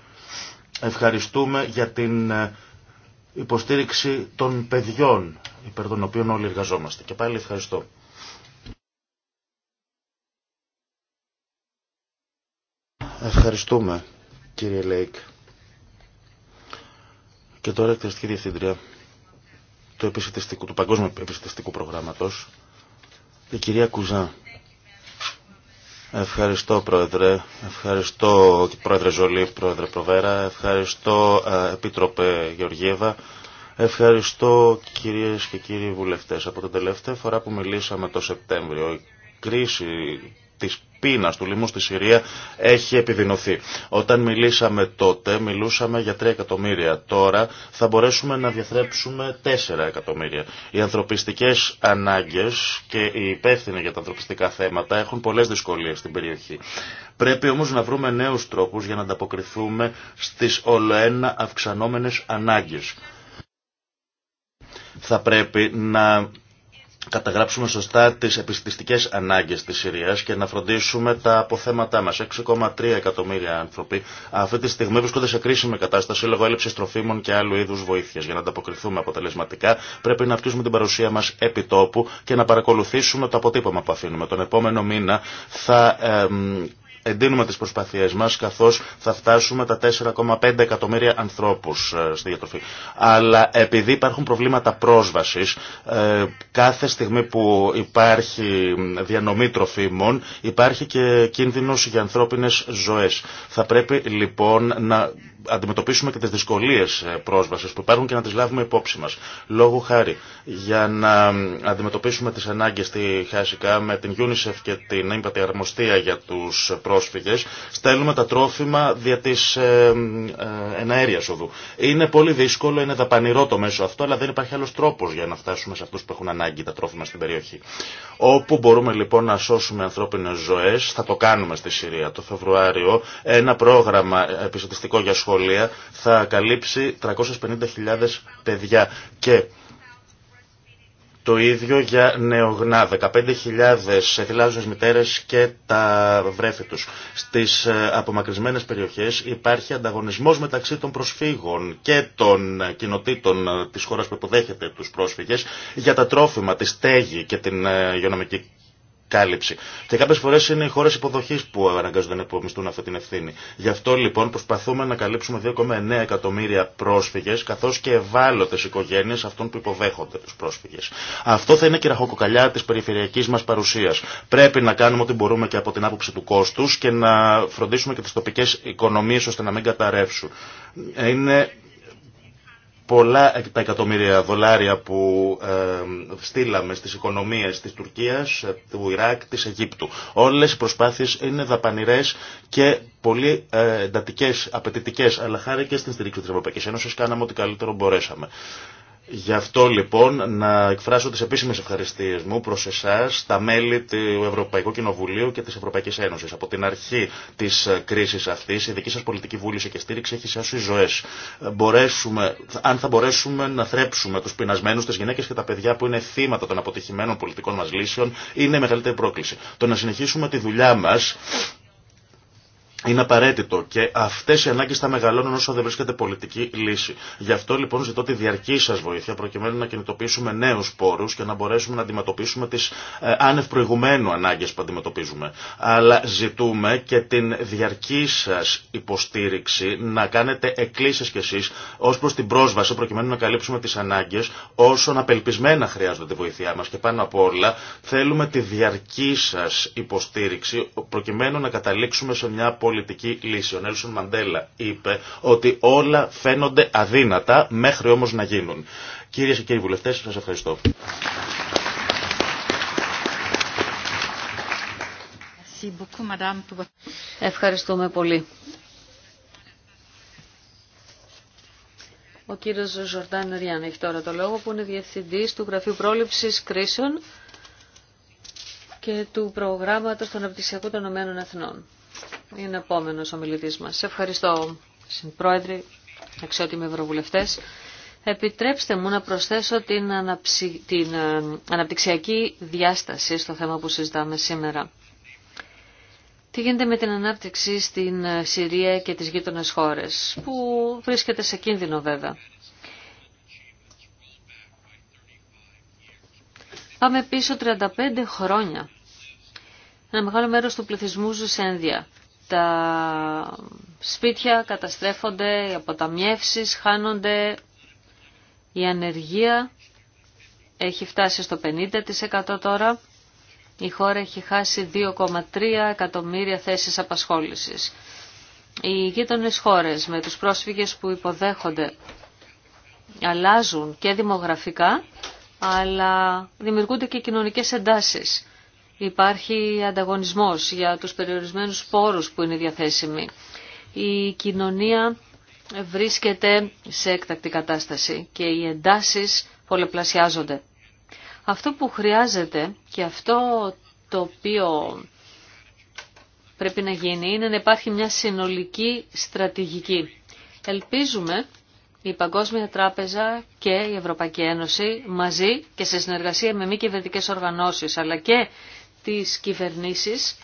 Ευχαριστούμε για την ε, υποστήριξη των παιδιών υπέρ των οποίων όλοι εργαζόμαστε. Και πάλι ευχαριστώ. Ευχαριστούμε, κύριε Λέικ. Και τώρα εκτελεστική διευθύντρια του, του Παγκόσμιου Επιστημιστικού Προγράμματος, η κυρία Κουζά. Ευχαριστώ Πρόεδρε, ευχαριστώ Πρόεδρε Ζολή, Πρόεδρε Προβέρα, ευχαριστώ ε, Επίτροπε Γεωργίεβα. ευχαριστώ κυρίες και κύριοι βουλευτές. Από την τελευταία φορά που μιλήσαμε το Σεπτέμβριο, η κρίση της πείνα, του λοιμού στη Συρία έχει επιδεινωθεί. Όταν μιλήσαμε τότε, μιλούσαμε για 3 εκατομμύρια. Τώρα θα μπορέσουμε να διαθρέψουμε 4 εκατομμύρια. Οι ανθρωπιστικέ ανάγκε και οι υπεύθυνοι για τα ανθρωπιστικά θέματα έχουν πολλέ δυσκολίε στην περιοχή. Πρέπει όμω να βρούμε νέου τρόπου για να ανταποκριθούμε στι ολοένα αυξανόμενε ανάγκε. Θα πρέπει να καταγράψουμε σωστά τις επιστηστικές ανάγκες της Συρίας και να φροντίσουμε τα αποθέματά μας. 6,3 εκατομμύρια άνθρωποι αυτή τη στιγμή βρίσκονται σε κρίσιμη κατάσταση λόγω έλλειψης τροφίμων και άλλου είδους βοήθειας. Για να ανταποκριθούμε αποτελεσματικά πρέπει να αυξήσουμε την παρουσία μας επί τόπου και να παρακολουθήσουμε το αποτύπωμα που αφήνουμε. Τον επόμενο μήνα θα εντείνουμε τις προσπαθίες μας καθώς θα φτάσουμε τα 4,5 εκατομμύρια ανθρώπους ε, στη διατροφή. Αλλά επειδή υπάρχουν προβλήματα πρόσβασης, ε, κάθε στιγμή που υπάρχει διανομή τροφίμων υπάρχει και κίνδυνος για ανθρώπινες ζωές. Θα πρέπει λοιπόν να αντιμετωπίσουμε και τις δυσκολίες ε, πρόσβασης που υπάρχουν και να τις λάβουμε υπόψη μας. Λόγω χάρη, για να αντιμετωπίσουμε τις ανάγκες στη Χάσικα με την UNICEF και την έμπατη αρμοστία για τους πρόσφυγες, στέλνουμε τα τρόφιμα δια της ε, ε, εναέριας οδού. Είναι πολύ δύσκολο, είναι δαπανηρό το μέσο αυτό, αλλά δεν υπάρχει άλλος τρόπος για να φτάσουμε σε αυτούς που έχουν ανάγκη τα τρόφιμα στην περιοχή. Όπου μπορούμε λοιπόν να σώσουμε ανθρώπινες ζωές, θα το κάνουμε στη Συρία το Φεβρουάριο, ένα πρόγραμμα ε, επιστημιστικό για σχολεία θα καλύψει 350.000 παιδιά και το ίδιο για νεογνά, 15.000 εθελάζονες μητέρες και τα βρέφη τους. Στις ε, απομακρυσμένες περιοχές υπάρχει ανταγωνισμός μεταξύ των προσφύγων και των κοινοτήτων ε, της χώρας που υποδέχεται τους πρόσφυγες για τα τρόφιμα, τη στέγη και την ε, υγειονομική κάλυψη. Και κάποιε φορέ είναι οι χώρε υποδοχή που αναγκάζονται να υπομισθούν αυτή την ευθύνη. Γι' αυτό λοιπόν προσπαθούμε να καλύψουμε 2,9 εκατομμύρια πρόσφυγε, καθώ και ευάλωτε οικογένειε αυτών που υποδέχονται του πρόσφυγε. Αυτό θα είναι και η ραχοκοκαλιά τη περιφερειακή μα παρουσία. Πρέπει να κάνουμε ό,τι μπορούμε και από την άποψη του κόστου και να φροντίσουμε και τι τοπικέ οικονομίε ώστε να μην καταρρεύσουν. Είναι πολλά τα εκατομμύρια δολάρια που ε, στείλαμε στις οικονομίες της Τουρκίας, ε, του Ιράκ, της Αιγύπτου. Όλες οι προσπάθειες είναι δαπανηρές και πολύ ε, εντατικές, απαιτητικές, αλλά χάρη και στην στήριξη της Ευρωπαϊκής Ένωσης κάναμε ό,τι καλύτερο μπορέσαμε. Γι' αυτό λοιπόν να εκφράσω τις επίσημες ευχαριστίες μου προς εσάς, τα μέλη του Ευρωπαϊκού Κοινοβουλίου και της Ευρωπαϊκής Ένωσης. Από την αρχή της κρίσης αυτής η δική σας πολιτική βούληση και στήριξη έχει σώσει ζωές. αν θα μπορέσουμε να θρέψουμε τους πεινασμένους, τις γυναίκες και τα παιδιά που είναι θύματα των αποτυχημένων πολιτικών μας λύσεων, είναι η μεγαλύτερη πρόκληση. Το να συνεχίσουμε τη δουλειά μας είναι απαραίτητο και αυτέ οι ανάγκε θα μεγαλώνουν όσο δεν βρίσκεται πολιτική λύση. Γι' αυτό λοιπόν ζητώ τη διαρκή σα βοήθεια προκειμένου να κινητοποιήσουμε νέου πόρου και να μπορέσουμε να αντιμετωπίσουμε τι ε, άνευ προηγουμένου ανάγκε που αντιμετωπίζουμε. Αλλά ζητούμε και την διαρκή σα υποστήριξη να κάνετε εκκλήσει κι εσεί ω προ την πρόσβαση προκειμένου να καλύψουμε τι ανάγκε όσων απελπισμένα χρειάζονται τη βοήθειά μα. Και πάνω απ' όλα θέλουμε τη διαρκή σα υποστήριξη προκειμένου να καταλήξουμε σε μια πολιτική λύση. Ο Νέλσον Μαντέλα είπε ότι όλα φαίνονται αδύνατα μέχρι όμως να γίνουν. Κυρίε και κύριοι βουλευτέ, σας ευχαριστώ. Ευχαριστούμε πολύ. Ο κύριος Ζορτάν Ριάν έχει τώρα το λόγο που είναι διευθυντής του Γραφείου Πρόληψης Κρίσεων και του Προγράμματος των Αναπτυξιακών των Ηνωμένων Εθνών είναι επόμενο ο μιλητή μα. Σε ευχαριστώ, συμπρόεδρε, αξιότιμοι ευρωβουλευτέ. Επιτρέψτε μου να προσθέσω την, την ε, αναπτυξιακή διάσταση στο θέμα που συζητάμε σήμερα. Τι γίνεται με την ανάπτυξη στην ε, Συρία και τις γείτονες χώρες, που βρίσκεται σε κίνδυνο βέβαια. Πάμε πίσω 35 χρόνια ένα μεγάλο μέρος του πληθυσμού ζει σε ένδια. Τα σπίτια καταστρέφονται, οι αποταμιεύσεις χάνονται, η ανεργία έχει φτάσει στο 50% τώρα. Η χώρα έχει χάσει 2,3 εκατομμύρια θέσεις απασχόλησης. Οι γείτονε χώρες με τους πρόσφυγες που υποδέχονται αλλάζουν και δημογραφικά, αλλά δημιουργούνται και κοινωνικές εντάσεις υπάρχει ανταγωνισμός για τους περιορισμένους πόρους που είναι διαθέσιμοι. Η κοινωνία βρίσκεται σε έκτακτη κατάσταση και οι εντάσεις πολλαπλασιάζονται. Αυτό που χρειάζεται και αυτό το οποίο πρέπει να γίνει είναι να υπάρχει μια συνολική στρατηγική. Ελπίζουμε η Παγκόσμια Τράπεζα και η Ευρωπαϊκή Ένωση μαζί και σε συνεργασία με μη κυβερνητικέ οργανώσεις αλλά και τις κυβερνήσεις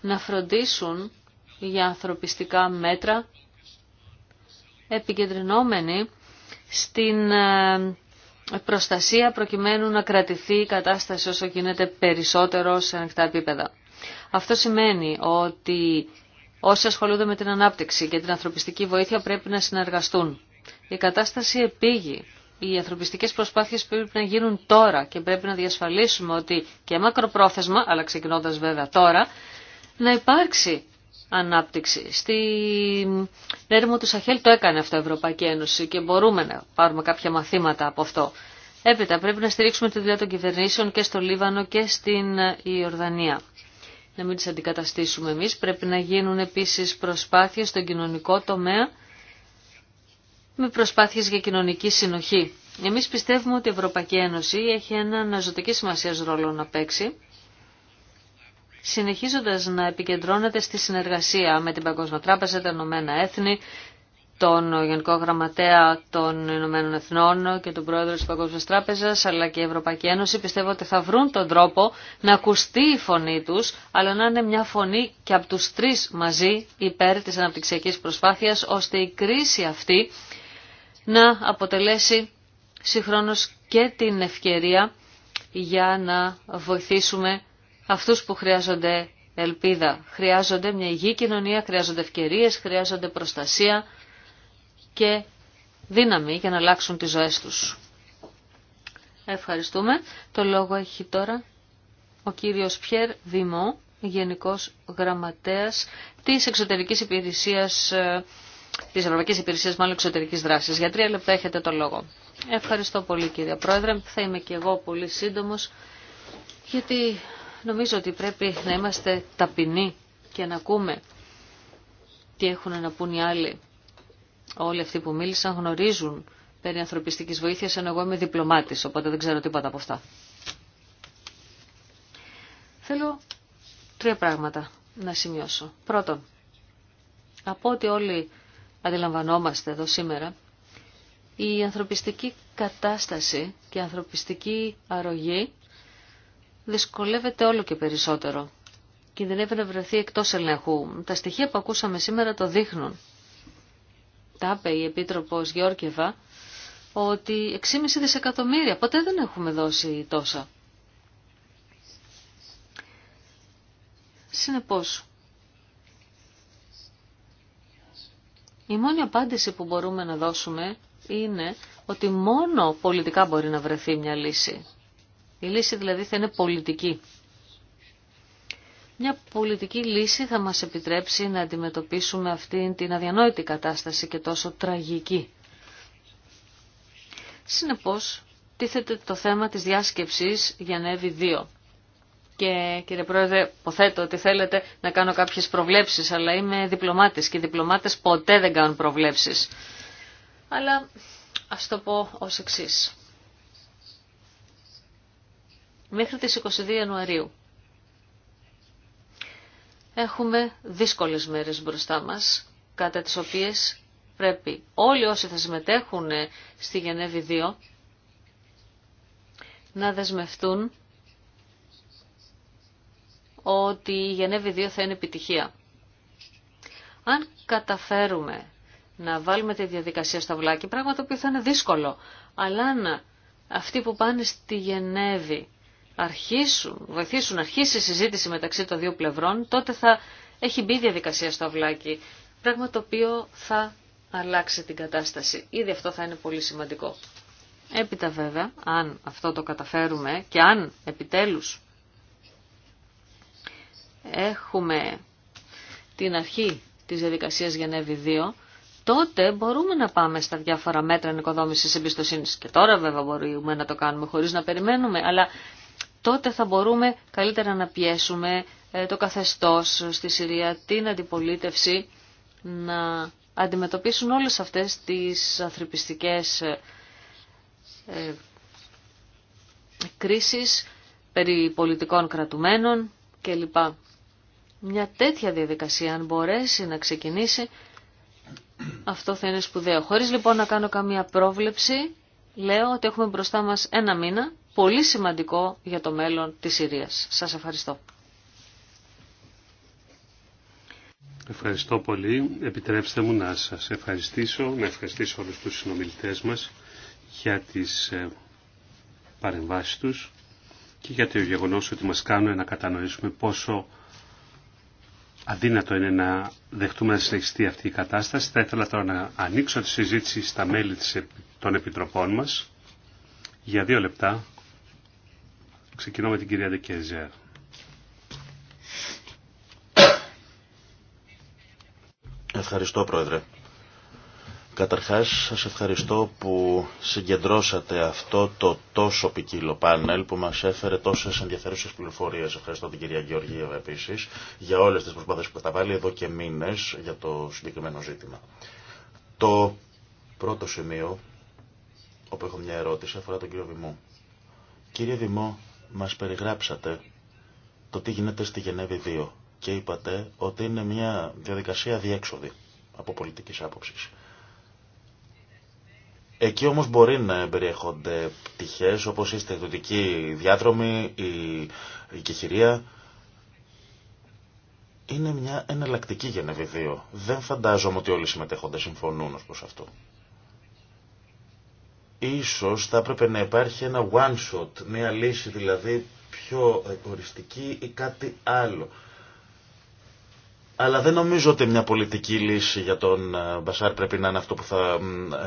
να φροντίσουν για ανθρωπιστικά μέτρα επικεντρινόμενοι στην ε, προστασία προκειμένου να κρατηθεί η κατάσταση όσο γίνεται περισσότερο σε ανοιχτά επίπεδα. Αυτό σημαίνει ότι όσοι ασχολούνται με την ανάπτυξη και την ανθρωπιστική βοήθεια πρέπει να συνεργαστούν. Η κατάσταση επίγει οι ανθρωπιστικές προσπάθειες πρέπει να γίνουν τώρα και πρέπει να διασφαλίσουμε ότι και μακροπρόθεσμα, αλλά ξεκινώντας βέβαια τώρα, να υπάρξει ανάπτυξη. Στην έρημο του Σαχέλ το έκανε αυτό η Ευρωπαϊκή Ένωση και μπορούμε να πάρουμε κάποια μαθήματα από αυτό. Έπειτα πρέπει να στηρίξουμε τη δουλειά των κυβερνήσεων και στο Λίβανο και στην Ιορδανία. Να μην τις αντικαταστήσουμε εμείς. Πρέπει να γίνουν επίσης προσπάθειες στον κοινωνικό τομέα με προσπάθειες για κοινωνική συνοχή. Εμείς πιστεύουμε ότι η Ευρωπαϊκή Ένωση έχει έναν ζωτική σημασία ρόλο να παίξει, συνεχίζοντας να επικεντρώνεται στη συνεργασία με την Παγκόσμια Τράπεζα, τα Ηνωμένα Έθνη, τον Γενικό Γραμματέα των Ηνωμένων Εθνών και τον Πρόεδρο της Παγκόσμιας Τράπεζας, αλλά και η Ευρωπαϊκή Ένωση, πιστεύω ότι θα βρουν τον τρόπο να ακουστεί η φωνή τους, αλλά να είναι μια φωνή και από τους τρεις μαζί υπέρ της αναπτυξιακής προσπάθειας, ώστε η κρίση αυτή να αποτελέσει συγχρόνως και την ευκαιρία για να βοηθήσουμε αυτούς που χρειάζονται ελπίδα. Χρειάζονται μια υγιή κοινωνία, χρειάζονται ευκαιρίες, χρειάζονται προστασία και δύναμη για να αλλάξουν τις ζωές τους. Ευχαριστούμε. Το λόγο έχει τώρα ο κύριος Πιέρ Δημό, Γενικός Γραμματέας της Εξωτερικής Υπηρεσίας ε, τη Ευρωπαϊκή Υπηρεσία μάλλον εξωτερική δράση. Για τρία λεπτά έχετε το λόγο. Ευχαριστώ πολύ κύριε Πρόεδρε. Θα είμαι και εγώ πολύ σύντομο, γιατί νομίζω ότι πρέπει να είμαστε ταπεινοί και να ακούμε τι έχουν να πούν οι άλλοι. Όλοι αυτοί που μίλησαν γνωρίζουν περί ανθρωπιστικής βοήθειας, ενώ εγώ είμαι διπλωμάτης, οπότε δεν ξέρω τίποτα από αυτά. Θέλω τρία πράγματα να σημειώσω. Πρώτον, από ό,τι όλοι αντιλαμβανόμαστε εδώ σήμερα, η ανθρωπιστική κατάσταση και η ανθρωπιστική αρρωγή δυσκολεύεται όλο και περισσότερο. Κινδυνεύει να βρεθεί εκτός ελέγχου. Τα στοιχεία που ακούσαμε σήμερα το δείχνουν. Τα είπε η Επίτροπος Γιώργεβα ότι 6,5 δισεκατομμύρια ποτέ δεν έχουμε δώσει τόσα. Συνεπώς, Η μόνη απάντηση που μπορούμε να δώσουμε είναι ότι μόνο πολιτικά μπορεί να βρεθεί μια λύση. Η λύση δηλαδή θα είναι πολιτική. Μια πολιτική λύση θα μας επιτρέψει να αντιμετωπίσουμε αυτήν την αδιανόητη κατάσταση και τόσο τραγική. Συνεπώς, τίθεται το θέμα της διάσκεψης για Νέβη 2 και κύριε Πρόεδρε, υποθέτω ότι θέλετε να κάνω κάποιες προβλέψεις, αλλά είμαι διπλωμάτης και οι διπλωμάτες ποτέ δεν κάνουν προβλέψεις. Αλλά ας το πω ως εξή. Μέχρι τις 22 Ιανουαρίου έχουμε δύσκολες μέρες μπροστά μας, κατά τις οποίες πρέπει όλοι όσοι θα συμμετέχουν στη Γενέβη 2 να δεσμευτούν ότι η Γενέβη 2 θα είναι επιτυχία. Αν καταφέρουμε να βάλουμε τη διαδικασία στα βλάκια, πράγμα το οποίο θα είναι δύσκολο, αλλά αν αυτοί που πάνε στη Γενέβη αρχίσουν, βοηθήσουν, αρχίσει η συζήτηση μεταξύ των δύο πλευρών, τότε θα έχει μπει διαδικασία στο βλάκι, πράγμα το οποίο θα αλλάξει την κατάσταση. Ήδη αυτό θα είναι πολύ σημαντικό. Έπειτα βέβαια, αν αυτό το καταφέρουμε και αν επιτέλους έχουμε την αρχή της διαδικασίας Γενέβη 2, τότε μπορούμε να πάμε στα διάφορα μέτρα νοικοδόμησης εμπιστοσύνης. Και τώρα βέβαια μπορούμε να το κάνουμε χωρίς να περιμένουμε, αλλά τότε θα μπορούμε καλύτερα να πιέσουμε ε, το καθεστώς στη Συρία, την αντιπολίτευση, να αντιμετωπίσουν όλες αυτές τις ανθρωπιστικές ε, ε, κρίσεις περί πολιτικών κρατουμένων κλπ. Μια τέτοια διαδικασία, αν μπορέσει να ξεκινήσει, αυτό θα είναι σπουδαίο. Χωρίς λοιπόν να κάνω καμία πρόβλεψη, λέω ότι έχουμε μπροστά μας ένα μήνα, πολύ σημαντικό για το μέλλον της Συρίας. Σας ευχαριστώ. Ευχαριστώ πολύ. Επιτρέψτε μου να σας ευχαριστήσω, να ευχαριστήσω όλους τους συνομιλητές μας για τις ε, παρεμβάσεις τους και για το γεγονός ότι μας κάνουν να κατανοήσουμε πόσο Αδύνατο είναι να δεχτούμε να συνεχιστεί αυτή η κατάσταση. Θα ήθελα τώρα να ανοίξω τη συζήτηση στα μέλη των επιτροπών μας. Για δύο λεπτά ξεκινώ με την κυρία Δεκέζερ. Ευχαριστώ Πρόεδρε. Καταρχάς, σας ευχαριστώ που συγκεντρώσατε αυτό το τόσο ποικίλο πάνελ που μας έφερε τόσες ενδιαφέρουσες πληροφορίες. Ευχαριστώ την κυρία Γεωργία επίσης για όλες τις προσπάθειες που καταβάλει εδώ και μήνες για το συγκεκριμένο ζήτημα. Το πρώτο σημείο, όπου έχω μια ερώτηση, αφορά τον κύριο Δημό. Κύριε Δημό, μας περιγράψατε το τι γίνεται στη Γενέβη 2 και είπατε ότι είναι μια διαδικασία διέξοδη από πολιτικής άποψης. Εκεί όμως μπορεί να περιέχονται πτυχές όπως η στεγνωτική διάδρομη, η κεχηρία. Είναι μια εναλλακτική γενεβιδίο. Δεν φαντάζομαι ότι όλοι οι συμμετέχοντες συμφωνούν ως προς αυτό. Ίσως θα έπρεπε να υπάρχει ένα one shot, μια λύση δηλαδή πιο οριστική ή κάτι άλλο. Αλλά δεν νομίζω ότι μια πολιτική λύση για τον ε, Μπασάρ πρέπει να είναι αυτό που θα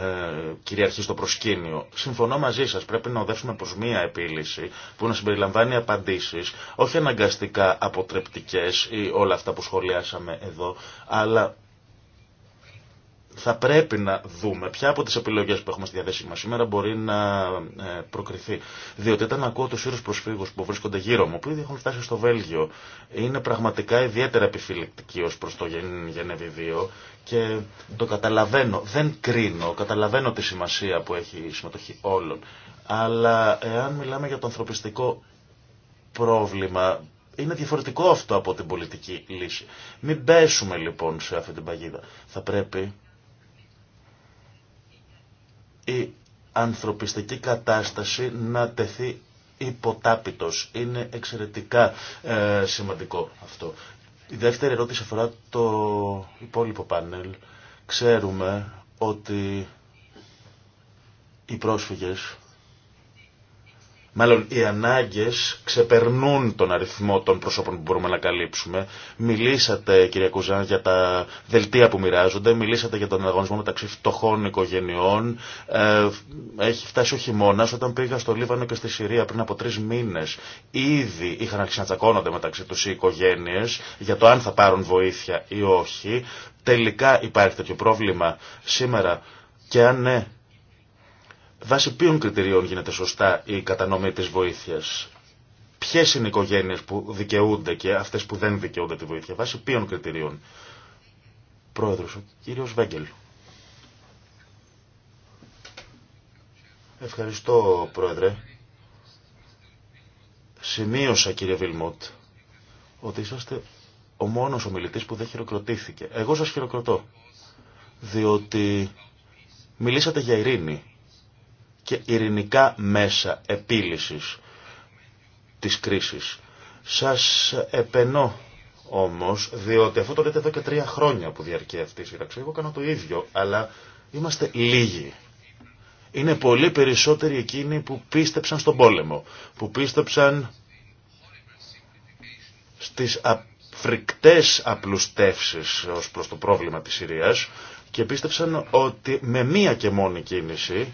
ε, κυριαρχεί στο προσκήνιο. Συμφωνώ μαζί σας, πρέπει να οδεύσουμε προς μία επίλυση που να συμπεριλαμβάνει απαντήσεις, όχι αναγκαστικά αποτρεπτικές ή όλα αυτά που σχολιάσαμε εδώ, αλλά θα πρέπει να δούμε ποια από τις επιλογές που έχουμε στη διαδέση μας σήμερα μπορεί να ε, προκριθεί. Διότι όταν ακούω τους ήρους προσφύγους που βρίσκονται γύρω μου, που ήδη έχουν φτάσει στο Βέλγιο, είναι πραγματικά ιδιαίτερα επιφυλεκτικοί ως προς το Γενέβη 2 και το καταλαβαίνω, δεν κρίνω, καταλαβαίνω τη σημασία που έχει η συμμετοχή όλων. Αλλά εάν μιλάμε για το ανθρωπιστικό πρόβλημα είναι διαφορετικό αυτό από την πολιτική λύση. Μην πέσουμε λοιπόν σε αυτή την παγίδα. Θα πρέπει η ανθρωπιστική κατάσταση να τεθεί υποτάπητος. Είναι εξαιρετικά ε, σημαντικό αυτό. Η δεύτερη ερώτηση αφορά το υπόλοιπο πάνελ. Ξέρουμε ότι οι πρόσφυγες Μάλλον οι ανάγκες ξεπερνούν τον αριθμό των προσώπων που μπορούμε να καλύψουμε. Μιλήσατε κυρία Κουζάν για τα δελτία που μοιράζονται, μιλήσατε για τον ανταγωνισμό μεταξύ φτωχών οικογενειών. Ε, έχει φτάσει ο χειμώνα όταν πήγα στο Λίβανο και στη Συρία πριν από τρει μήνε. Ήδη είχαν αρχίσει να τσακώνονται μεταξύ του οι οικογένειε για το αν θα πάρουν βοήθεια ή όχι. Τελικά υπάρχει τέτοιο πρόβλημα σήμερα. Και αν ναι, Βάσει ποιων κριτηρίων γίνεται σωστά η κατανομή της βοήθειας. Ποιες είναι οι οικογένειες που δικαιούνται και αυτές που δεν δικαιούνται τη βοήθεια. Βάσει ποιων κριτηρίων. Πρόεδρος, ο κύριος Βέγγελ. Ευχαριστώ, Πρόεδρε. Σημείωσα, κύριε Βιλμότ, ότι είσαστε ο μόνος ομιλητής που δεν χειροκροτήθηκε. Εγώ σας χειροκροτώ, διότι μιλήσατε για ειρήνη και ειρηνικά μέσα επίλυσης της κρίσης. Σας επενώ όμως, διότι αυτό το λέτε εδώ και τρία χρόνια που διαρκεί αυτή η σύραξη, εγώ κάνω το ίδιο, αλλά είμαστε λίγοι. Είναι πολύ περισσότεροι εκείνοι που πίστεψαν στον πόλεμο, που πίστεψαν στις φρικτές απλουστεύσεις ως προς το πρόβλημα της Συρίας και πίστεψαν ότι με μία και μόνη κίνηση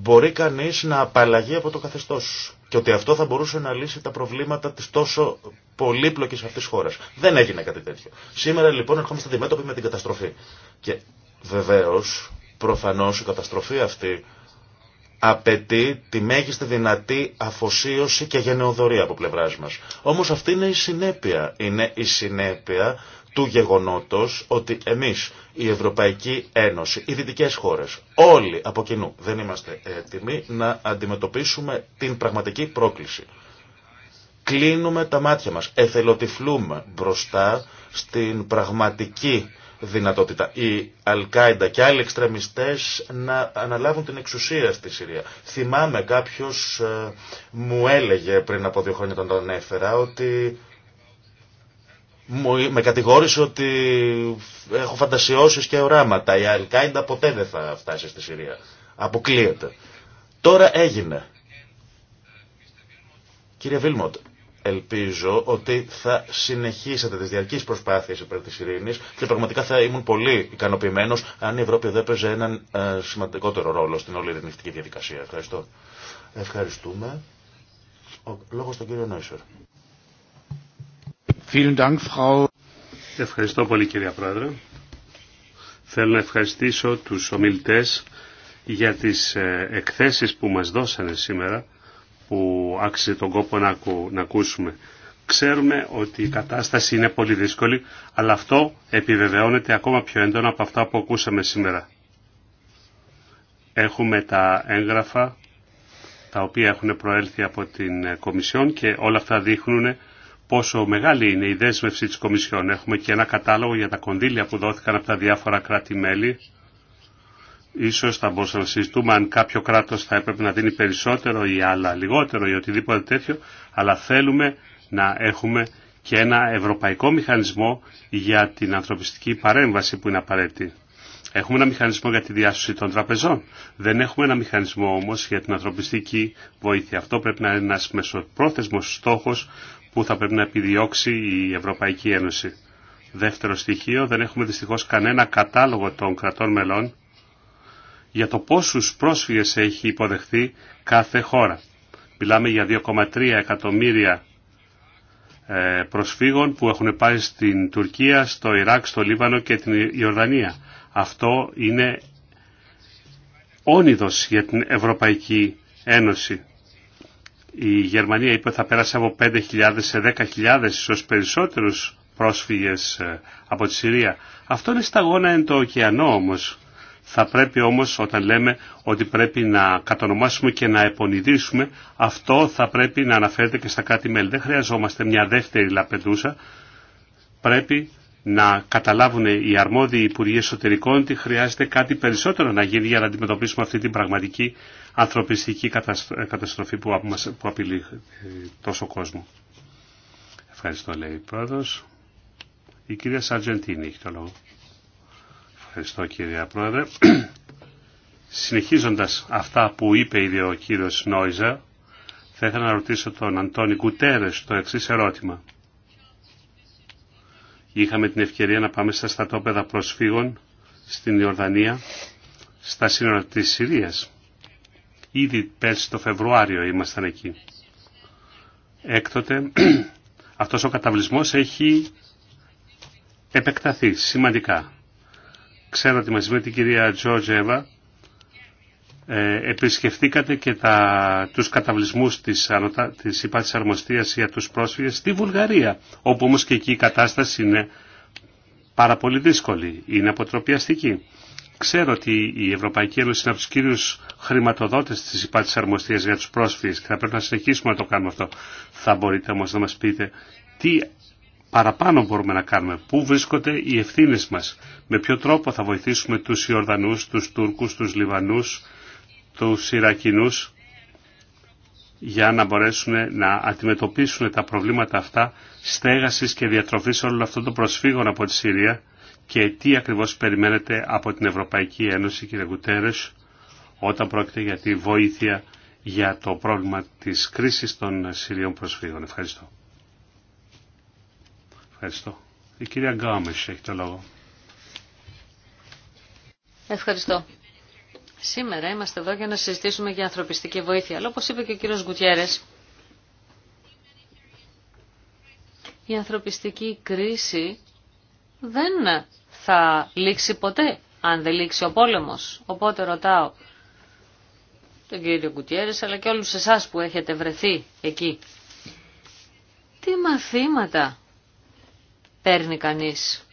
μπορεί κανείς να απαλλαγεί από το καθεστώς και ότι αυτό θα μπορούσε να λύσει τα προβλήματα τη τόσο πολύπλοκης αυτής χώρας. Δεν έγινε κάτι τέτοιο. Σήμερα λοιπόν ερχόμαστε αντιμέτωποι με την καταστροφή. Και βεβαίως, προφανώς η καταστροφή αυτή απαιτεί τη μέγιστη δυνατή αφοσίωση και γενναιοδορία από πλευρά μα. Όμως αυτή είναι η συνέπεια. Είναι η συνέπεια του γεγονότος ότι εμείς, η Ευρωπαϊκή Ένωση, οι δυτικές χώρες, όλοι από κοινού δεν είμαστε έτοιμοι να αντιμετωπίσουμε την πραγματική πρόκληση. Κλείνουμε τα μάτια μας, εθελοτυφλούμε μπροστά στην πραγματική δυνατότητα. Οι Αλκάιντα και άλλοι εξτρεμιστές να αναλάβουν την εξουσία στη Συρία. Θυμάμαι κάποιος ε, μου έλεγε πριν από δύο χρόνια όταν τον έφερα ότι με κατηγόρησε ότι έχω φαντασιώσεις και οράματα. Η Αλκάιντα ποτέ δεν θα φτάσει στη Συρία. Αποκλείεται. Τώρα έγινε. Κύριε Βίλμοντ, ελπίζω ότι θα συνεχίσετε τις διαρκείς προσπάθειες υπέρ της ειρήνης και πραγματικά θα ήμουν πολύ ικανοποιημένος αν η Ευρώπη εδώ έπαιζε έναν ε, σημαντικότερο ρόλο στην όλη ειρηνιστική διαδικασία. Ευχαριστώ. Ευχαριστούμε. Ο λόγος στον κύριο Νόησορ. Ευχαριστώ πολύ κυρία Πρόεδρε. Θέλω να ευχαριστήσω τους ομιλητές για τις ε, εκθέσεις που μας δώσανε σήμερα που άξιζε τον κόπο να, ακούσουμε. Ξέρουμε ότι η κατάσταση είναι πολύ δύσκολη, αλλά αυτό επιβεβαιώνεται ακόμα πιο έντονα από αυτά που ακούσαμε σήμερα. Έχουμε τα έγγραφα τα οποία έχουν προέλθει από την ε, Κομισιόν και όλα αυτά δείχνουν πόσο μεγάλη είναι η δέσμευση της Κομισιόν. Έχουμε και ένα κατάλογο για τα κονδύλια που δόθηκαν από τα διάφορα κράτη-μέλη. Ίσως θα μπορούσαμε να συζητούμε αν κάποιο κράτος θα έπρεπε να δίνει περισσότερο ή άλλα λιγότερο ή οτιδήποτε τέτοιο, αλλά θέλουμε να έχουμε και ένα ευρωπαϊκό μηχανισμό για την ανθρωπιστική παρέμβαση που είναι απαραίτητη. Έχουμε ένα μηχανισμό για τη διάσωση των τραπεζών. Δεν έχουμε ένα μηχανισμό όμως για την ανθρωπιστική βοήθεια. Αυτό πρέπει να είναι ένας μεσοπρόθεσμος στόχος που θα πρέπει να επιδιώξει η Ευρωπαϊκή Ένωση. Δεύτερο στοιχείο, δεν έχουμε δυστυχώς κανένα κατάλογο των κρατών μελών για το πόσους πρόσφυγες έχει υποδεχθεί κάθε χώρα. Μιλάμε για 2,3 εκατομμύρια ε, προσφύγων που έχουν πάει στην Τουρκία, στο Ιράκ, στο Λίβανο και την Ιορδανία. Αυτό είναι όνειδος για την Ευρωπαϊκή Ένωση. Η Γερμανία είπε ότι θα πέρασε από 5.000 σε 10.000 ίσως περισσότερους πρόσφυγες ε, από τη Συρία. Αυτό είναι σταγόνα εν το ωκεανό όμως. Θα πρέπει όμως όταν λέμε ότι πρέπει να κατονομάσουμε και να επονιδίσουμε, αυτό θα πρέπει να αναφέρεται και στα κάτι μέλη. Δεν χρειαζόμαστε μια δεύτερη λαπεντούσα. Πρέπει να καταλάβουν οι αρμόδιοι Υπουργοί Εσωτερικών ότι χρειάζεται κάτι περισσότερο να γίνει για να αντιμετωπίσουμε αυτή την πραγματική ανθρωπιστική ε, καταστροφή που απειλεί τόσο κόσμο. Ευχαριστώ, λέει η Πρόεδρος. Η κυρία Σαρτζεντίνη έχει το λόγο. Ευχαριστώ, κυρία Πρόεδρε. Συνεχίζοντας αυτά που είπε ήδη ο κύριος Νόιζα, θα ήθελα να ρωτήσω τον Αντώνη Κουτέρες το εξής ερώτημα. Είχαμε την ευκαιρία να πάμε στα στατόπεδα προσφύγων στην Ιορδανία, στα σύνορα της Συρίας. Ήδη πέρσι το Φεβρουάριο ήμασταν εκεί. Έκτοτε αυτός ο καταβλισμός έχει επεκταθεί σημαντικά. Ξέρω ότι μαζί με την κυρία Τζόρτζεβα ε, επισκεφτήκατε και τα, τους καταβλισμούς της, της αρμοστίας για τους πρόσφυγες στη Βουλγαρία, όπου όμως και εκεί η κατάσταση είναι πάρα πολύ δύσκολη, είναι αποτροπιαστική. Ξέρω ότι η Ευρωπαϊκή Ένωση είναι από του κύριου χρηματοδότε τη υπάτη αρμοστία για του πρόσφυγε και θα πρέπει να συνεχίσουμε να το κάνουμε αυτό. Θα μπορείτε όμω να μα πείτε τι παραπάνω μπορούμε να κάνουμε, πού βρίσκονται οι ευθύνε μα, με ποιο τρόπο θα βοηθήσουμε του Ιορδανού, του Τούρκου, του Λιβανού, τους Ιρακινούς για να μπορέσουν να αντιμετωπίσουν τα προβλήματα αυτά στέγασης και διατροφής όλων αυτών των προσφύγων από τη Συρία και τι ακριβώς περιμένετε από την Ευρωπαϊκή Ένωση, κύριε Γουτέρες όταν πρόκειται για τη βοήθεια για το πρόβλημα της κρίσης των Συρίων προσφύγων. Ευχαριστώ. Ευχαριστώ. Η κυρία Γκάμες έχει το λόγο. Ευχαριστώ. Σήμερα είμαστε εδώ για να συζητήσουμε για ανθρωπιστική βοήθεια. Αλλά όπως είπε και ο κύριος Γκουτιέρες, η ανθρωπιστική κρίση δεν θα λήξει ποτέ αν δεν λήξει ο πόλεμος. Οπότε ρωτάω τον κύριο Γκουτιέρες αλλά και όλους εσάς που έχετε βρεθεί εκεί. Τι μαθήματα παίρνει κανείς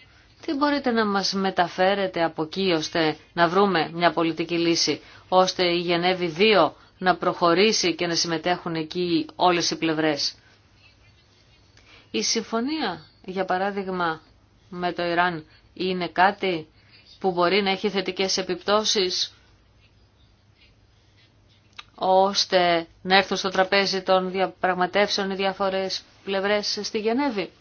τι μπορείτε να μας μεταφέρετε από εκεί ώστε να βρούμε μια πολιτική λύση, ώστε η Γενέβη 2 να προχωρήσει και να συμμετέχουν εκεί όλες οι πλευρές. Η συμφωνία, για παράδειγμα, με το Ιράν είναι κάτι που μπορεί να έχει θετικές επιπτώσεις ώστε να έρθουν στο τραπέζι των διαπραγματεύσεων οι διάφορες πλευρές στη Γενέβη.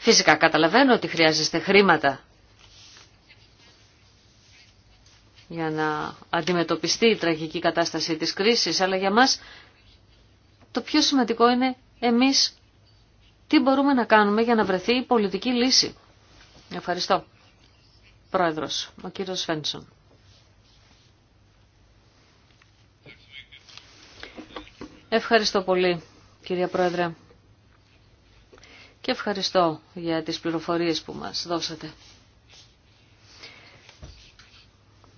Φυσικά καταλαβαίνω ότι χρειάζεστε χρήματα για να αντιμετωπιστεί η τραγική κατάσταση της κρίσης, αλλά για μας το πιο σημαντικό είναι εμείς τι μπορούμε να κάνουμε για να βρεθεί η πολιτική λύση. Ευχαριστώ. Πρόεδρος, ο κύριος Φένσον. Ευχαριστώ πολύ, κυρία Πρόεδρε και ευχαριστώ για τις πληροφορίες που μας δώσατε.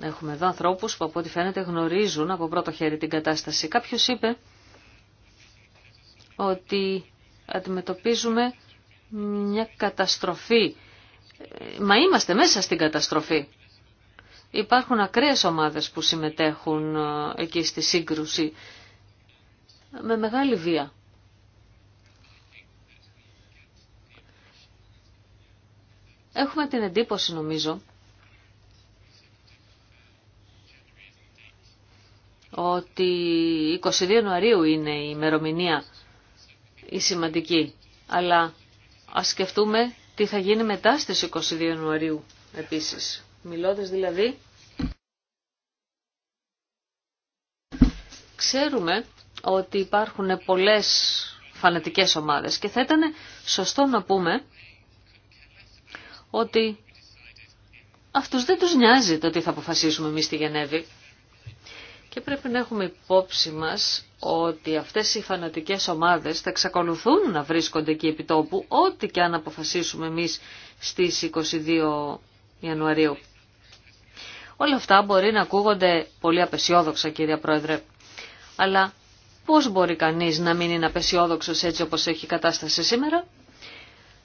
Έχουμε εδώ ανθρώπους που από ό,τι φαίνεται γνωρίζουν από πρώτο χέρι την κατάσταση. Κάποιος είπε ότι αντιμετωπίζουμε μια καταστροφή. Μα είμαστε μέσα στην καταστροφή. Υπάρχουν ακραίες ομάδες που συμμετέχουν ε, εκεί στη σύγκρουση με μεγάλη βία. Έχουμε την εντύπωση νομίζω ότι 22 Ιανουαρίου είναι η ημερομηνία η σημαντική. Αλλά ας σκεφτούμε τι θα γίνει μετά στις 22 Ιανουαρίου επίσης. Μιλώντας δηλαδή, ξέρουμε ότι υπάρχουν πολλές φανατικές ομάδες και θα ήταν σωστό να πούμε ότι αυτούς δεν τους νοιάζει το τι θα αποφασίσουμε εμείς στη Γενέβη. Και πρέπει να έχουμε υπόψη μας ότι αυτές οι φανατικές ομάδες θα εξακολουθούν να βρίσκονται εκεί επί τόπου, ό,τι και αν αποφασίσουμε εμείς στις 22 Ιανουαρίου. Όλα αυτά μπορεί να ακούγονται πολύ απεσιόδοξα, κύριε Πρόεδρε, αλλά πώς μπορεί κανείς να μην είναι απεσιόδοξος έτσι όπως έχει κατάσταση σήμερα.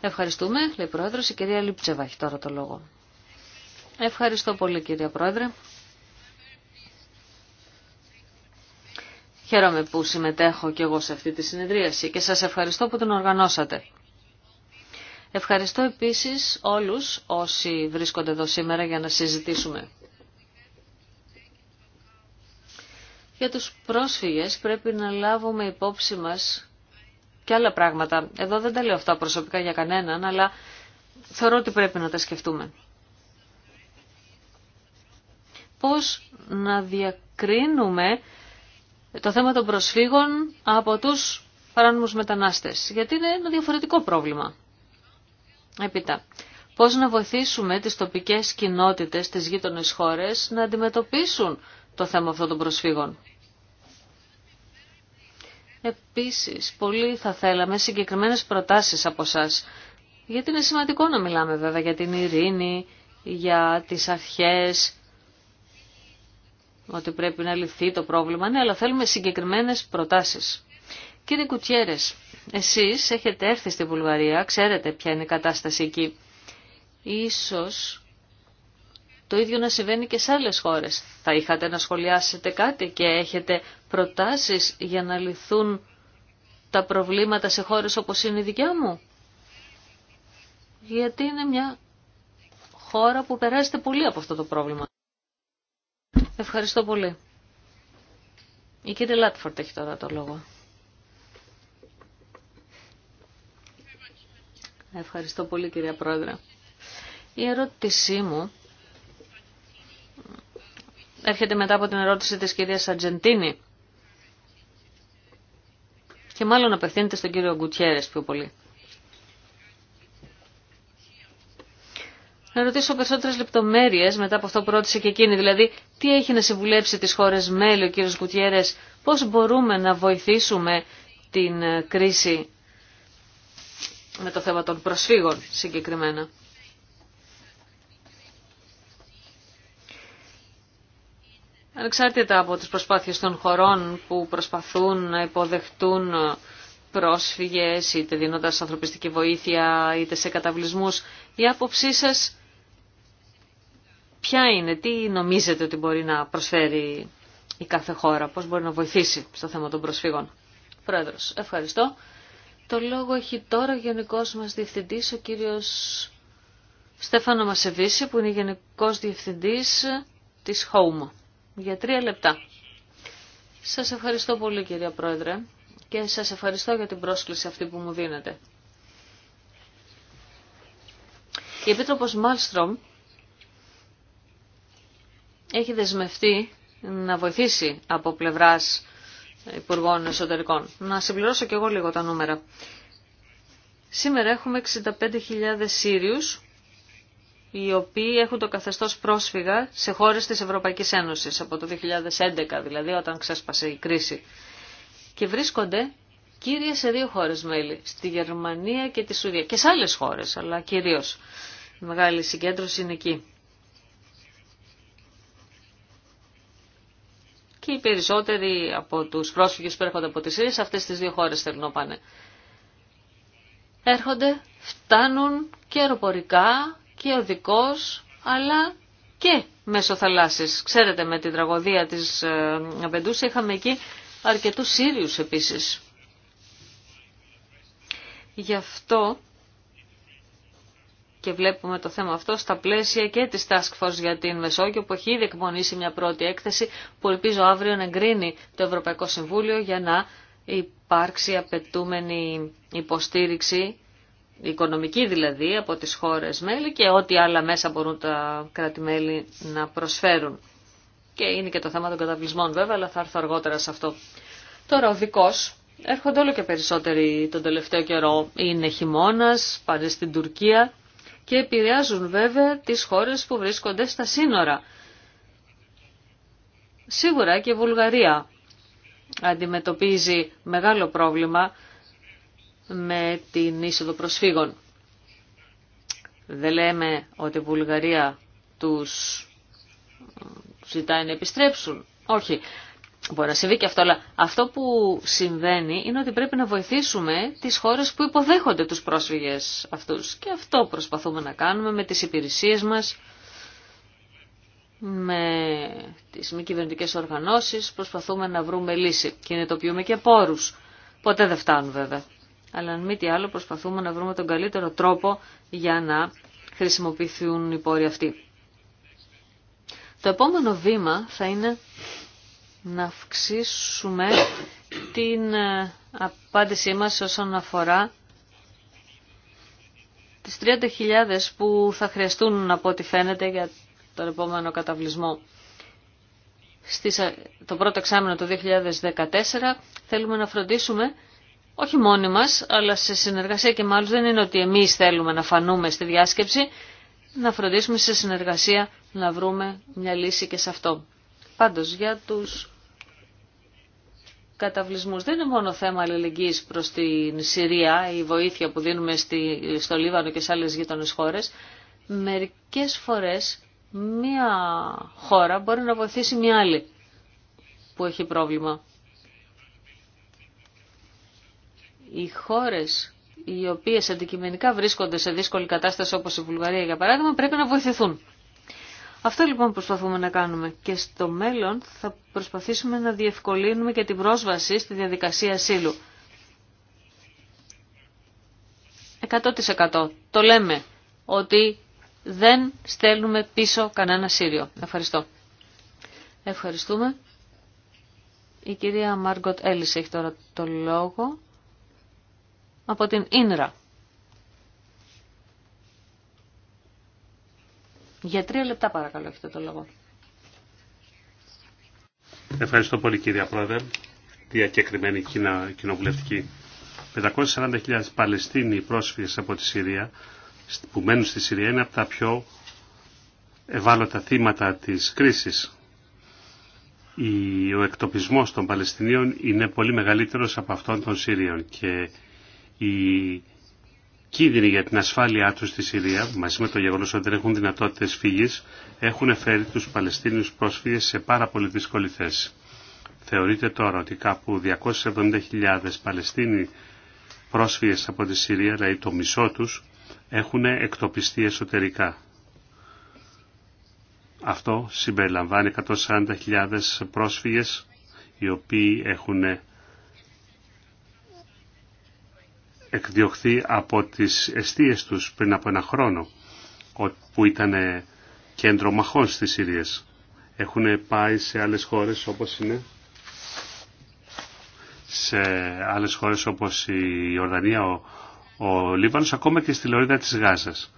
Ευχαριστούμε, λέει Πρόεδρο. Η κυρία Λιπτσεβα έχει τώρα το λόγο. Ευχαριστώ πολύ κυρία Πρόεδρε. Χαίρομαι που συμμετέχω και εγώ σε αυτή τη συνεδρίαση και σας ευχαριστώ που την οργανώσατε. Ευχαριστώ επίσης όλους όσοι βρίσκονται εδώ σήμερα για να συζητήσουμε. Για τους πρόσφυγες πρέπει να λάβουμε υπόψη μας και άλλα πράγματα. Εδώ δεν τα λέω αυτά προσωπικά για κανέναν, αλλά θεωρώ ότι πρέπει να τα σκεφτούμε. Πώς να διακρίνουμε το θέμα των προσφύγων από τους παράνομους μετανάστες, γιατί είναι ένα διαφορετικό πρόβλημα. Επίτα, πώς να βοηθήσουμε τις τοπικές κοινότητες, τις γείτονες χώρες να αντιμετωπίσουν το θέμα αυτό των προσφύγων. Επίσης, πολύ θα θέλαμε συγκεκριμένες προτάσεις από εσά. Γιατί είναι σημαντικό να μιλάμε βέβαια για την ειρήνη, για τις αρχές, ότι πρέπει να λυθεί το πρόβλημα. Ναι, αλλά θέλουμε συγκεκριμένες προτάσεις. Κύριε Κουτιέρες, εσείς έχετε έρθει στη Βουλγαρία, ξέρετε ποια είναι η κατάσταση εκεί. Ίσως το ίδιο να συμβαίνει και σε άλλες χώρες. Θα είχατε να σχολιάσετε κάτι και έχετε προτάσεις για να λυθούν τα προβλήματα σε χώρες όπως είναι η δικιά μου. Γιατί είναι μια χώρα που περάζεται πολύ από αυτό το πρόβλημα. Ευχαριστώ πολύ. Η κύριε Λάτφορτ έχει τώρα το λόγο. Ευχαριστώ πολύ κυρία Πρόεδρε. Η ερώτησή μου έρχεται μετά από την ερώτηση της κυρίας Ατζεντίνη και μάλλον απευθύνεται στον κύριο Γκουτιέρες πιο πολύ. Να ρωτήσω περισσότερες λεπτομέρειες μετά από αυτό που ρώτησε και εκείνη, δηλαδή τι έχει να συμβουλέψει τις χώρες μέλη ο κύριο Γκουτιέρε, πώς μπορούμε να βοηθήσουμε την κρίση με το θέμα των προσφύγων συγκεκριμένα. Ανεξάρτητα από τις προσπάθειες των χωρών που προσπαθούν να υποδεχτούν πρόσφυγες, είτε δίνοντας ανθρωπιστική βοήθεια, είτε σε καταβλισμούς, η άποψή σας ποια είναι, τι νομίζετε ότι μπορεί να προσφέρει η κάθε χώρα, πώς μπορεί να βοηθήσει στο θέμα των προσφύγων. Πρόεδρος, ευχαριστώ. Το λόγο έχει τώρα ο Γενικός μας Διευθυντής, ο κύριος Στέφανο Μασεβίση, που είναι Γενικός Διευθυντής της HOME για τρία λεπτά. Σας ευχαριστώ πολύ κυρία Πρόεδρε και σας ευχαριστώ για την πρόσκληση αυτή που μου δίνετε. Η Επίτροπος Μάλστρομ έχει δεσμευτεί να βοηθήσει από πλευράς Υπουργών Εσωτερικών. Να συμπληρώσω και εγώ λίγο τα νούμερα. Σήμερα έχουμε 65.000 Σύριους οι οποίοι έχουν το καθεστώς πρόσφυγα σε χώρες της Ευρωπαϊκής Ένωσης από το 2011 δηλαδή όταν ξέσπασε η κρίση και βρίσκονται κύρια σε δύο χώρες μέλη, στη Γερμανία και τη Σουηδία και σε άλλες χώρες αλλά κυρίως η μεγάλη συγκέντρωση είναι εκεί. Και οι περισσότεροι από τους πρόσφυγες που έρχονται από τη Συρία σε αυτές τις δύο χώρες θέλουν να πάνε. Έρχονται, φτάνουν και αεροπορικά και οδικός αλλά και μέσω θαλάσσης. Ξέρετε με την τραγωδία της ε, Αμπεντούσα είχαμε εκεί αρκετούς Σύριους επίσης. Γι' αυτό και βλέπουμε το θέμα αυτό στα πλαίσια και της Task Force για την Μεσόγειο που έχει ήδη εκμονήσει μια πρώτη έκθεση που ελπίζω αύριο να εγκρίνει το Ευρωπαϊκό Συμβούλιο για να υπάρξει απαιτούμενη υποστήριξη οικονομική δηλαδή από τις χώρες μέλη και ό,τι άλλα μέσα μπορούν τα κράτη-μέλη να προσφέρουν. Και είναι και το θέμα των καταβλισμών βέβαια, αλλά θα έρθω αργότερα σε αυτό. Τώρα ο δικός, έρχονται όλο και περισσότεροι τον τελευταίο καιρό, είναι χειμώνα, πάνε στην Τουρκία και επηρεάζουν βέβαια τις χώρες που βρίσκονται στα σύνορα. Σίγουρα και η Βουλγαρία αντιμετωπίζει μεγάλο πρόβλημα με την είσοδο προσφύγων. Δεν λέμε ότι η Βουλγαρία τους ε, ζητάει να επιστρέψουν. Όχι. Μπορεί να συμβεί και αυτό, αλλά αυτό που συμβαίνει είναι ότι πρέπει να βοηθήσουμε τις χώρες που υποδέχονται τους πρόσφυγες αυτούς. Και αυτό προσπαθούμε να κάνουμε με τις υπηρεσίες μας, με τις μη κυβερνητικέ οργανώσεις, προσπαθούμε να βρούμε λύση. Κινητοποιούμε και πόρους. Ποτέ δεν φτάνουν βέβαια αλλά αν μη τι άλλο προσπαθούμε να βρούμε τον καλύτερο τρόπο για να χρησιμοποιηθούν οι πόροι αυτοί. Το επόμενο βήμα θα είναι να αυξήσουμε την ε, απάντησή μας όσον αφορά τις 30.000 που θα χρειαστούν από ό,τι φαίνεται για τον επόμενο καταβλισμό. Στις, ε, το πρώτο εξάμεινο του 2014 θέλουμε να φροντίσουμε όχι μόνοι μας, αλλά σε συνεργασία και μάλλον δεν είναι ότι εμείς θέλουμε να φανούμε στη διάσκεψη, να φροντίσουμε σε συνεργασία να βρούμε μια λύση και σε αυτό. Πάντως για τους καταβλισμούς δεν είναι μόνο θέμα αλληλεγγύης προς την Συρία, η βοήθεια που δίνουμε στη, στο Λίβανο και σε άλλες γείτονες χώρες. Μερικές φορές μια χώρα μπορεί να βοηθήσει μια άλλη που έχει πρόβλημα. οι χώρες οι οποίες αντικειμενικά βρίσκονται σε δύσκολη κατάσταση όπως η Βουλγαρία για παράδειγμα πρέπει να βοηθηθούν. Αυτό λοιπόν προσπαθούμε να κάνουμε και στο μέλλον θα προσπαθήσουμε να διευκολύνουμε και την πρόσβαση στη διαδικασία ασύλου. 100% το λέμε ότι δεν στέλνουμε πίσω κανένα Σύριο. Ευχαριστώ. Ευχαριστούμε. Η κυρία Μάργκοτ Έλλης έχει τώρα το λόγο από την Ίνρα. Για τρία λεπτά παρακαλώ έχετε το λόγο. Ευχαριστώ πολύ κύριε Πρόεδρε. Διακεκριμένη κοινοβουλευτική. 540.000 Παλαιστίνοι πρόσφυγες από τη Συρία που μένουν στη Συρία είναι από τα πιο ευάλωτα θύματα της κρίσης. Ο εκτοπισμός των Παλαιστινίων είναι πολύ μεγαλύτερος από αυτόν των Σύριων και οι κίνδυνοι για την ασφάλειά τους στη Συρία, μαζί με το γεγονός ότι δεν έχουν δυνατότητες φύγης, έχουν φέρει τους Παλαιστίνιους πρόσφυγες σε πάρα πολύ δύσκολη θέση. Θεωρείται τώρα ότι κάπου 270.000 Παλαιστίνοι πρόσφυγες από τη Συρία, δηλαδή το μισό τους, έχουν εκτοπιστεί εσωτερικά. Αυτό συμπεριλαμβάνει 140.000 πρόσφυγες οι οποίοι έχουν εκδιωχθεί από τις εστίες τους πριν από ένα χρόνο που ήταν κέντρο μαχών στις Συρίες. Έχουν πάει σε άλλες χώρες όπως είναι σε άλλες χώρες όπως η Ορδανία, ο, ο Λίβανος, ακόμα και στη Λωρίδα της Γάζας.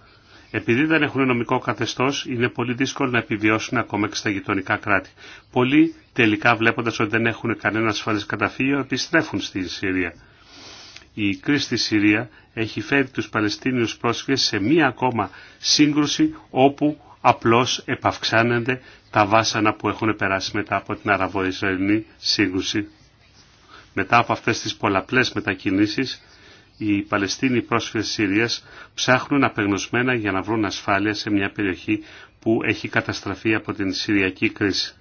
Επειδή δεν έχουν νομικό καθεστώς, είναι πολύ δύσκολο να επιβιώσουν ακόμα και στα γειτονικά κράτη. Πολλοί τελικά βλέποντας ότι δεν έχουν κανένα ασφαλές καταφύγιο επιστρέφουν στη Συρία η κρίση στη Συρία έχει φέρει τους Παλαιστίνιους πρόσφυγες σε μία ακόμα σύγκρουση όπου απλώς επαυξάνεται τα βάσανα που έχουν περάσει μετά από την αραβο σύγκρουση. Μετά από αυτές τις πολλαπλές μετακινήσεις, οι Παλαιστίνοι πρόσφυγες της Συρίας ψάχνουν απεγνωσμένα για να βρουν ασφάλεια σε μια περιοχή που έχει καταστραφεί από την Συριακή κρίση.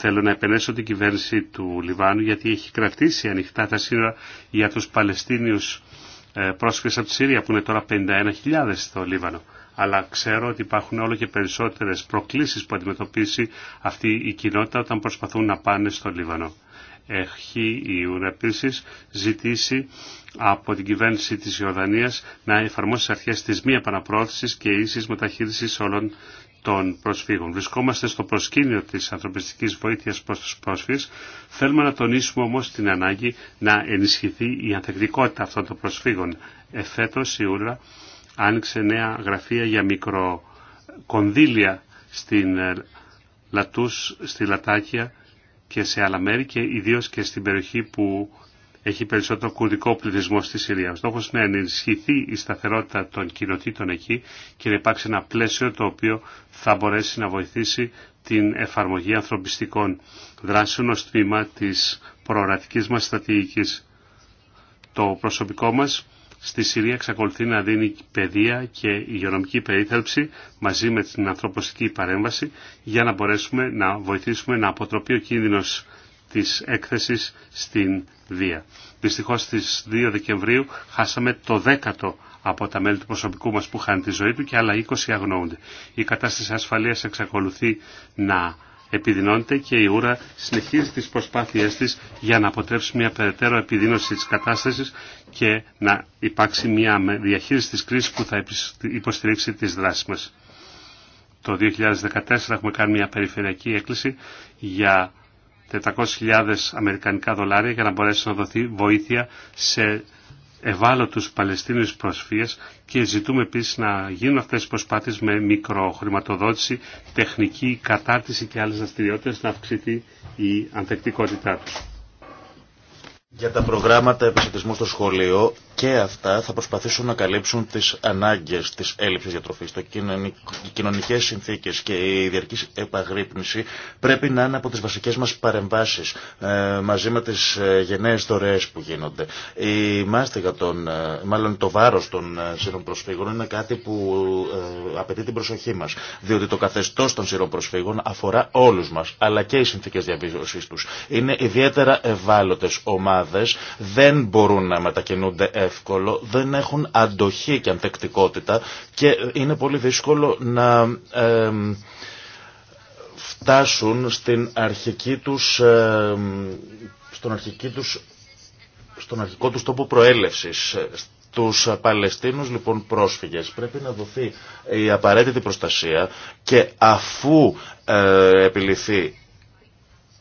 Θέλω να επενέσω την κυβέρνηση του Λιβάνου γιατί έχει κρατήσει ανοιχτά τα σύνορα για τους Παλαιστίνιους ε, πρόσφυγες από τη Συρία που είναι τώρα 51.000 στο Λίβανο. Αλλά ξέρω ότι υπάρχουν όλο και περισσότερες προκλήσεις που αντιμετωπίσει αυτή η κοινότητα όταν προσπαθούν να πάνε στο Λίβανο. Έχει η επίση ζητήσει από την κυβέρνηση της Ιορδανίας να εφαρμόσει αρχές της μη επαναπρόθεσης και ίσης μεταχείρισης όλων των προσφύγων. Βρισκόμαστε στο προσκήνιο της ανθρωπιστικής βοήθειας προς τους πρόσφυγες. Θέλουμε να τονίσουμε όμως την ανάγκη να ενισχυθεί η ανθεκτικότητα αυτών των προσφύγων. Εφέτος η Ούλα άνοιξε νέα γραφεία για μικροκονδύλια στην ε, Λατούς, στη Λατάκια και σε άλλα μέρη και ιδίως και στην περιοχή που έχει περισσότερο κουρδικό πληθυσμό στη Συρία. Ο στόχος είναι να ενισχυθεί η σταθερότητα των κοινοτήτων εκεί και να υπάρξει ένα πλαίσιο το οποίο θα μπορέσει να βοηθήσει την εφαρμογή ανθρωπιστικών δράσεων ω τμήμα τη προορατική μα στρατηγική. Το προσωπικό μα στη Συρία εξακολουθεί να δίνει παιδεία και υγειονομική περίθαλψη μαζί με την ανθρωποστική παρέμβαση για να μπορέσουμε να βοηθήσουμε να αποτροπεί ο κίνδυνος της έκθεσης στην Δία. Δυστυχώς στις 2 Δεκεμβρίου χάσαμε το δέκατο από τα μέλη του προσωπικού μας που χάνει τη ζωή του και άλλα 20 αγνοούνται. Η κατάσταση ασφαλείας εξακολουθεί να επιδεινώνεται και η ούρα συνεχίζει τις προσπάθειές της για να αποτρέψει μια περαιτέρω επιδείνωση της κατάστασης και να υπάρξει μια διαχείριση της κρίσης που θα υποστηρίξει τις δράσεις μας. Το 2014 έχουμε κάνει μια περιφερειακή έκκληση για 400.000 αμερικανικά δολάρια για να μπορέσει να δοθεί βοήθεια σε ευάλωτους Παλαιστίνιους προσφύγες και ζητούμε επίσης να γίνουν αυτές οι προσπάθειες με μικροχρηματοδότηση, τεχνική κατάρτιση και άλλες δραστηριότητε να αυξηθεί η ανθεκτικότητά τους. Για τα προγράμματα επισκεπτισμού στο σχολείο και αυτά θα προσπαθήσουν να καλύψουν τι ανάγκε τη έλλειψη διατροφή. Το Οι κοινωνικέ συνθήκε και η διαρκή επαγρύπνηση πρέπει να είναι από τι βασικέ μα παρεμβάσει ε, μαζί με τι ε, γενναίες που γίνονται. Η μάστιγα των, ε, μάλλον το βάρο των ε, σύρων προσφύγων είναι κάτι που ε, απαιτεί την προσοχή μα, Διότι το καθεστώ των σύρων προσφύγων αφορά όλου μα, αλλά και οι συνθήκε διαβίωση του. Είναι ιδιαίτερα ευάλωτε ομάδε δεν μπορούν να μετακινούνται εύκολο, δεν έχουν αντοχή και ανθεκτικότητα και είναι πολύ δύσκολο να φτάσουν στην αρχική τους, στον, αρχική τους, στον αρχικό τους τόπο προέλευσης, τους Παλαιστίνους λοιπόν πρόσφυγες πρέπει να δοθεί η απαραίτητη προστασία και αφού ε, επιληθεί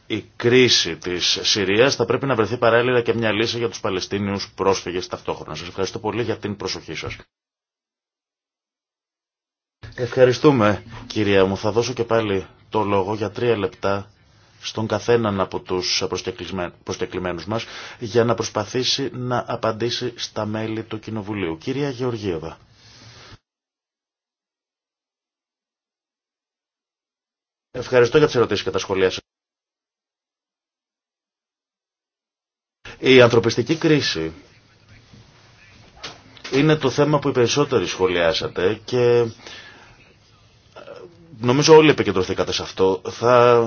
η κρίση της Συρίας θα πρέπει να βρεθεί παράλληλα και μια λύση για τους Παλαιστίνιους πρόσφυγες ταυτόχρονα. Σας ευχαριστώ πολύ για την προσοχή σας. Ευχαριστούμε κυρία μου. Θα δώσω και πάλι το λόγο για τρία λεπτά στον καθέναν από τους προσκεκλημένους μας για να προσπαθήσει να απαντήσει στα μέλη του Κοινοβουλίου. Κυρία Γεωργίευα. Ευχαριστώ για τις ερωτήσεις και τα σχολεία σας. Η ανθρωπιστική κρίση είναι το θέμα που οι περισσότεροι σχολιάσατε και ε, νομίζω όλοι επικεντρωθήκατε σε αυτό. Θα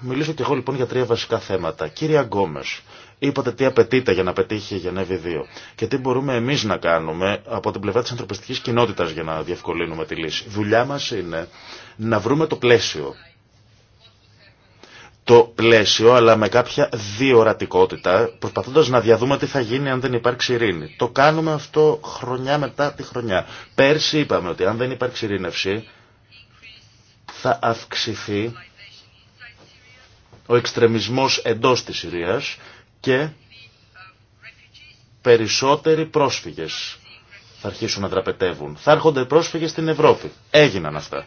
μιλήσω και εγώ λοιπόν για τρία βασικά θέματα. Κύριε Γκόμες, είπατε τι απαιτείται για να πετύχει η Γενέβη 2 και τι μπορούμε εμείς να κάνουμε από την πλευρά της ανθρωπιστικής κοινότητας για να διευκολύνουμε τη λύση. δουλειά μας είναι να βρούμε το πλαίσιο το πλαίσιο, αλλά με κάποια διορατικότητα, προσπαθώντας να διαδούμε τι θα γίνει αν δεν υπάρξει ειρήνη. Το κάνουμε αυτό χρονιά μετά τη χρονιά. Πέρσι είπαμε ότι αν δεν υπάρξει ειρήνευση, θα αυξηθεί ο εξτρεμισμός εντός της Συρίας και περισσότεροι πρόσφυγες θα αρχίσουν να τραπετεύουν. Θα έρχονται πρόσφυγες στην Ευρώπη. Έγιναν αυτά.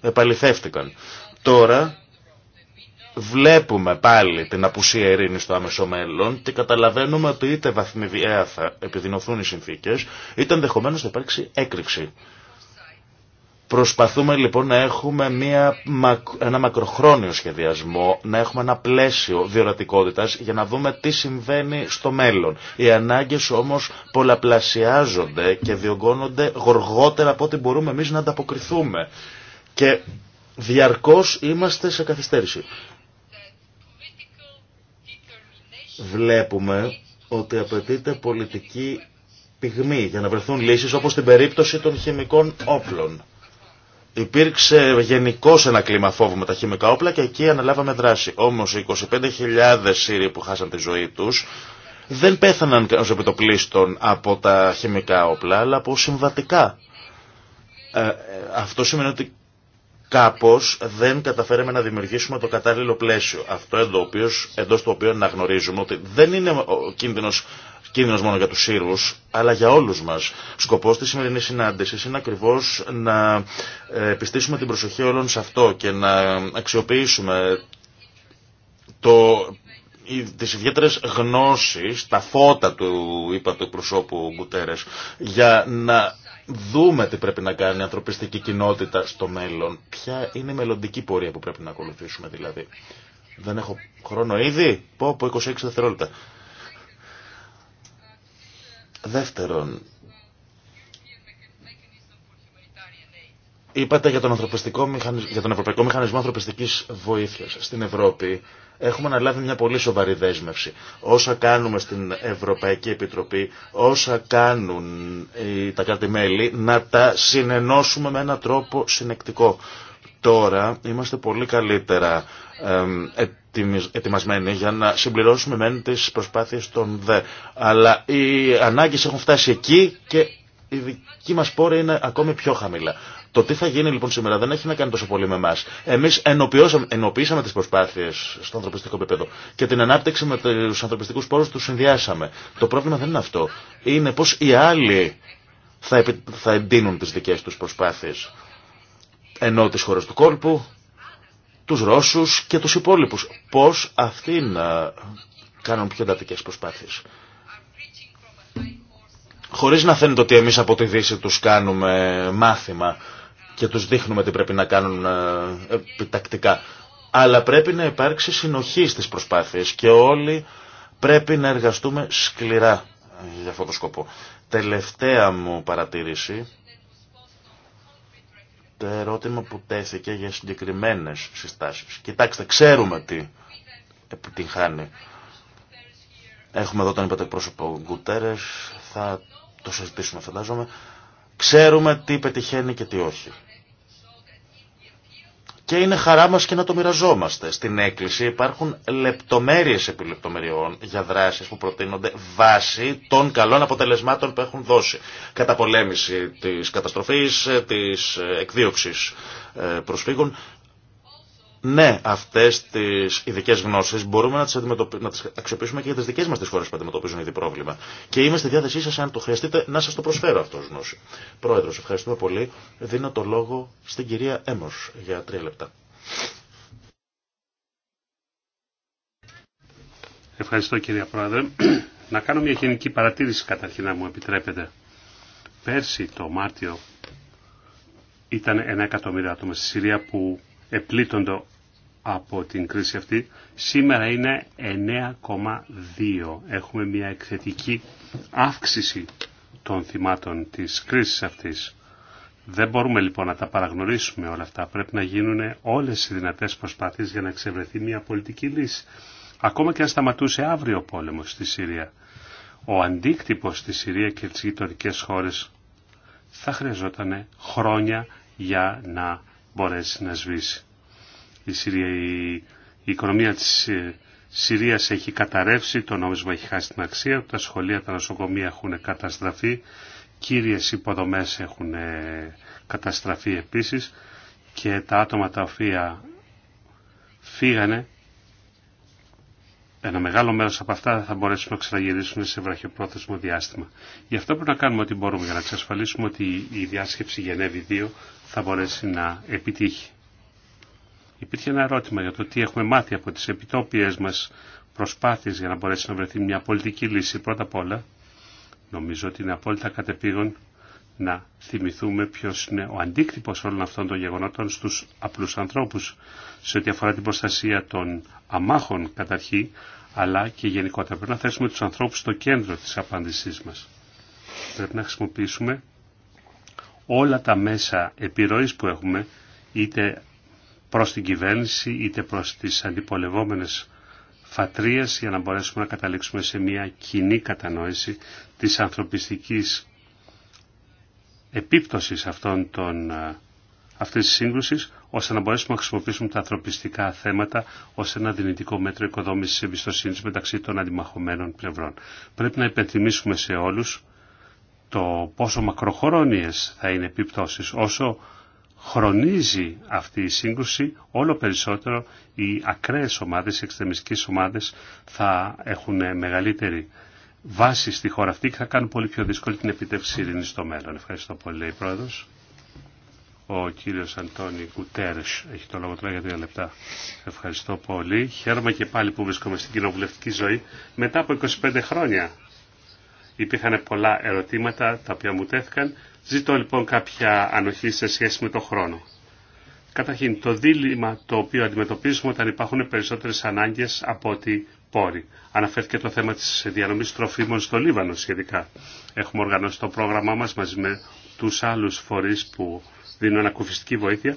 Επαληθεύτηκαν. Τώρα βλέπουμε πάλι την απουσία ειρήνη στο άμεσο μέλλον και καταλαβαίνουμε ότι είτε βαθμιδιαία θα επιδεινωθούν οι συνθήκε, είτε ενδεχομένω θα υπάρξει έκρηξη. Προσπαθούμε λοιπόν να έχουμε μια, ένα μακροχρόνιο σχεδιασμό, να έχουμε ένα πλαίσιο διορατικότητας για να δούμε τι συμβαίνει στο μέλλον. Οι ανάγκες όμως πολλαπλασιάζονται και διωγγώνονται γοργότερα από ό,τι μπορούμε εμείς να ανταποκριθούμε. Και διαρκώς είμαστε σε καθυστέρηση βλέπουμε ότι απαιτείται πολιτική πυγμή για να βρεθούν λύσεις όπως στην περίπτωση των χημικών όπλων. Υπήρξε γενικώ ένα κλίμα φόβου με τα χημικά όπλα και εκεί αναλάβαμε δράση. Όμως οι 25.000 Σύριοι που χάσαν τη ζωή τους δεν πέθαναν ω επιτοπλίστων από τα χημικά όπλα, αλλά από συμβατικά. Ε, ε, αυτό σημαίνει ότι κάπως δεν καταφέραμε να δημιουργήσουμε το κατάλληλο πλαίσιο. Αυτό εντό του οποίου αναγνωρίζουμε ότι δεν είναι κίνδυνος μόνο για του Σύρου, αλλά για όλου μα. Σκοπό τη σημερινή συνάντηση είναι ακριβώ να ε, επιστήσουμε την προσοχή όλων σε αυτό και να αξιοποιήσουμε το τις ιδιαίτερες γνώσεις, τα φώτα του, είπα, του προσώπου Γκουτέρες, για να δούμε τι πρέπει να κάνει η ανθρωπιστική κοινότητα στο μέλλον. Ποια είναι η μελλοντική πορεία που πρέπει να ακολουθήσουμε δηλαδή. Δεν έχω χρόνο ήδη. Πω από 26 δευτερόλεπτα. Δεύτερον, Είπατε για τον, ανθρωπιστικό για τον Ευρωπαϊκό Μηχανισμό Ανθρωπιστική Βοήθεια. Στην Ευρώπη έχουμε αναλάβει μια πολύ σοβαρή δέσμευση. Όσα κάνουμε στην Ευρωπαϊκή Επιτροπή, όσα κάνουν τα κράτη-μέλη, να τα συνενώσουμε με έναν τρόπο συνεκτικό. Τώρα είμαστε πολύ καλύτερα ετοιμασμένοι για να συμπληρώσουμε μεν τι προσπάθειε των ΔΕ. Αλλά οι ανάγκε έχουν φτάσει εκεί και η δική μας πόρη είναι ακόμη πιο χαμηλά. Το τι θα γίνει λοιπόν σήμερα δεν έχει να κάνει τόσο πολύ με εμά. Εμεί ενοποιήσαμε τι προσπάθειε στο ανθρωπιστικό επίπεδο και την ανάπτυξη με του ανθρωπιστικού πόρου του συνδυάσαμε. Το πρόβλημα δεν είναι αυτό. Είναι πώ οι άλλοι θα, θα εντείνουν τι δικέ του προσπάθειε. Ενώ τι χώρε του κόλπου, του Ρώσου και του υπόλοιπου. Πώ αυτοί να κάνουν πιο εντατικέ προσπάθειε χωρίς να φαίνεται ότι εμείς από τη Δύση τους κάνουμε μάθημα και τους δείχνουμε τι πρέπει να κάνουν ε, επιτακτικά. Αλλά πρέπει να υπάρξει συνοχή στις προσπάθειες και όλοι πρέπει να εργαστούμε σκληρά ε, για αυτό το σκοπό. Τελευταία μου παρατήρηση, το ερώτημα που τέθηκε για συγκεκριμένες συστάσεις. Κοιτάξτε, ξέρουμε τι επιτυγχάνει. Έχουμε εδώ τον υπατεκπρόσωπο Γκουτέρες, θα το συζητήσουμε φαντάζομαι. Ξέρουμε τι πετυχαίνει και τι όχι. Και είναι χαρά μας και να το μοιραζόμαστε. Στην έκκληση υπάρχουν λεπτομέρειες επιλεπτομεριών για δράσεις που προτείνονται βάσει των καλών αποτελεσμάτων που έχουν δώσει. Κατά πολέμηση της καταστροφής, ε, της ε, εκδίωξης ε, προσφύγων ναι, αυτέ τι ειδικέ γνώσει μπορούμε να τι αντιμετωπι... αξιοποιήσουμε και για τι δικέ μα τι χώρε που αντιμετωπίζουν ήδη πρόβλημα. Και είμαι στη διάθεσή σα, αν το χρειαστείτε, να σα το προσφέρω αυτό ω γνώση. Πρόεδρο, ευχαριστούμε πολύ. Δίνω το λόγο στην κυρία Έμο για τρία λεπτά. Ευχαριστώ κυρία Πρόεδρε. να κάνω μια γενική παρατήρηση καταρχήν, να μου επιτρέπετε. Πέρσι το Μάρτιο ήταν ένα εκατομμύριο άτομα στη Συρία που επλήττονται από την κρίση αυτή. Σήμερα είναι 9,2. Έχουμε μια εκθετική αύξηση των θυμάτων της κρίσης αυτής. Δεν μπορούμε λοιπόν να τα παραγνωρίσουμε όλα αυτά. Πρέπει να γίνουν όλες οι δυνατές προσπάθειες για να εξευρεθεί μια πολιτική λύση. Ακόμα και αν σταματούσε αύριο ο πόλεμος στη Συρία. Ο αντίκτυπος στη Συρία και τις γειτονικέ χώρες θα χρειαζόταν χρόνια για να μπορέσει να σβήσει. Η, Συρία, η, οικονομία της ε, Συρίας έχει καταρρεύσει, το νόμισμα έχει χάσει την αξία τα σχολεία, τα νοσοκομεία έχουν καταστραφεί, κύριες υποδομές έχουν ε, καταστραφεί επίσης και τα άτομα τα οποία φύγανε, ένα μεγάλο μέρος από αυτά θα μπορέσουν να ξαναγυρίσουν σε βραχυπρόθεσμο διάστημα. Γι' αυτό πρέπει να κάνουμε ό,τι μπορούμε για να εξασφαλίσουμε ότι η διάσκεψη Γενέβη 2 θα μπορέσει να επιτύχει. Υπήρχε ένα ερώτημα για το τι έχουμε μάθει από τις επιτόπιες μας προσπάθειες για να μπορέσει να βρεθεί μια πολιτική λύση. Πρώτα απ' όλα, νομίζω ότι είναι απόλυτα κατεπήγον να θυμηθούμε ποιος είναι ο αντίκτυπος όλων αυτών των γεγονότων στους απλούς ανθρώπους σε ό,τι αφορά την προστασία των αμάχων καταρχή, αλλά και γενικότερα. Πρέπει να θέσουμε τους ανθρώπους στο κέντρο της απάντησής μας. Πρέπει να χρησιμοποιήσουμε όλα τα μέσα επιρροής που έχουμε, είτε προς την κυβέρνηση είτε προς τις αντιπολευόμενες φατρίες για να μπορέσουμε να καταλήξουμε σε μια κοινή κατανόηση της ανθρωπιστικής επίπτωσης αυτών των, ε, αυτής της σύγκρουσης, ώστε να μπορέσουμε να χρησιμοποιήσουμε τα ανθρωπιστικά θέματα ως ένα δυνητικό μέτρο οικοδόμησης εμπιστοσύνη μεταξύ των αντιμαχωμένων πλευρών. Πρέπει να υπενθυμίσουμε σε όλους το πόσο μακροχρόνιες θα είναι επιπτώσεις, όσο χρονίζει αυτή η σύγκρουση, όλο περισσότερο οι ακραίες ομάδες, οι εξτρεμιστικές ομάδες θα έχουν μεγαλύτερη βάση στη χώρα αυτή και θα κάνουν πολύ πιο δύσκολη την επιτεύξη ειρήνης στο μέλλον. Ευχαριστώ πολύ, λέει Πρόεδρος. Ο κύριος Αντώνη Κουτέρες έχει το λόγο τώρα για δύο λεπτά. Ευχαριστώ πολύ. Χαίρομαι και πάλι που βρίσκομαι στην κοινοβουλευτική ζωή μετά από 25 χρόνια. Υπήρχαν πολλά ερωτήματα τα οποία μου τέθηκαν. Ζητώ λοιπόν κάποια ανοχή σε σχέση με το χρόνο. Καταρχήν, το δίλημα το οποίο αντιμετωπίζουμε όταν υπάρχουν περισσότερες ανάγκες από ότι πόροι. Αναφέρθηκε το θέμα της διανομής τροφίμων στο Λίβανο σχετικά. Έχουμε οργανώσει το πρόγραμμά μας μαζί με τους άλλους φορείς που δίνουν ανακουφιστική βοήθεια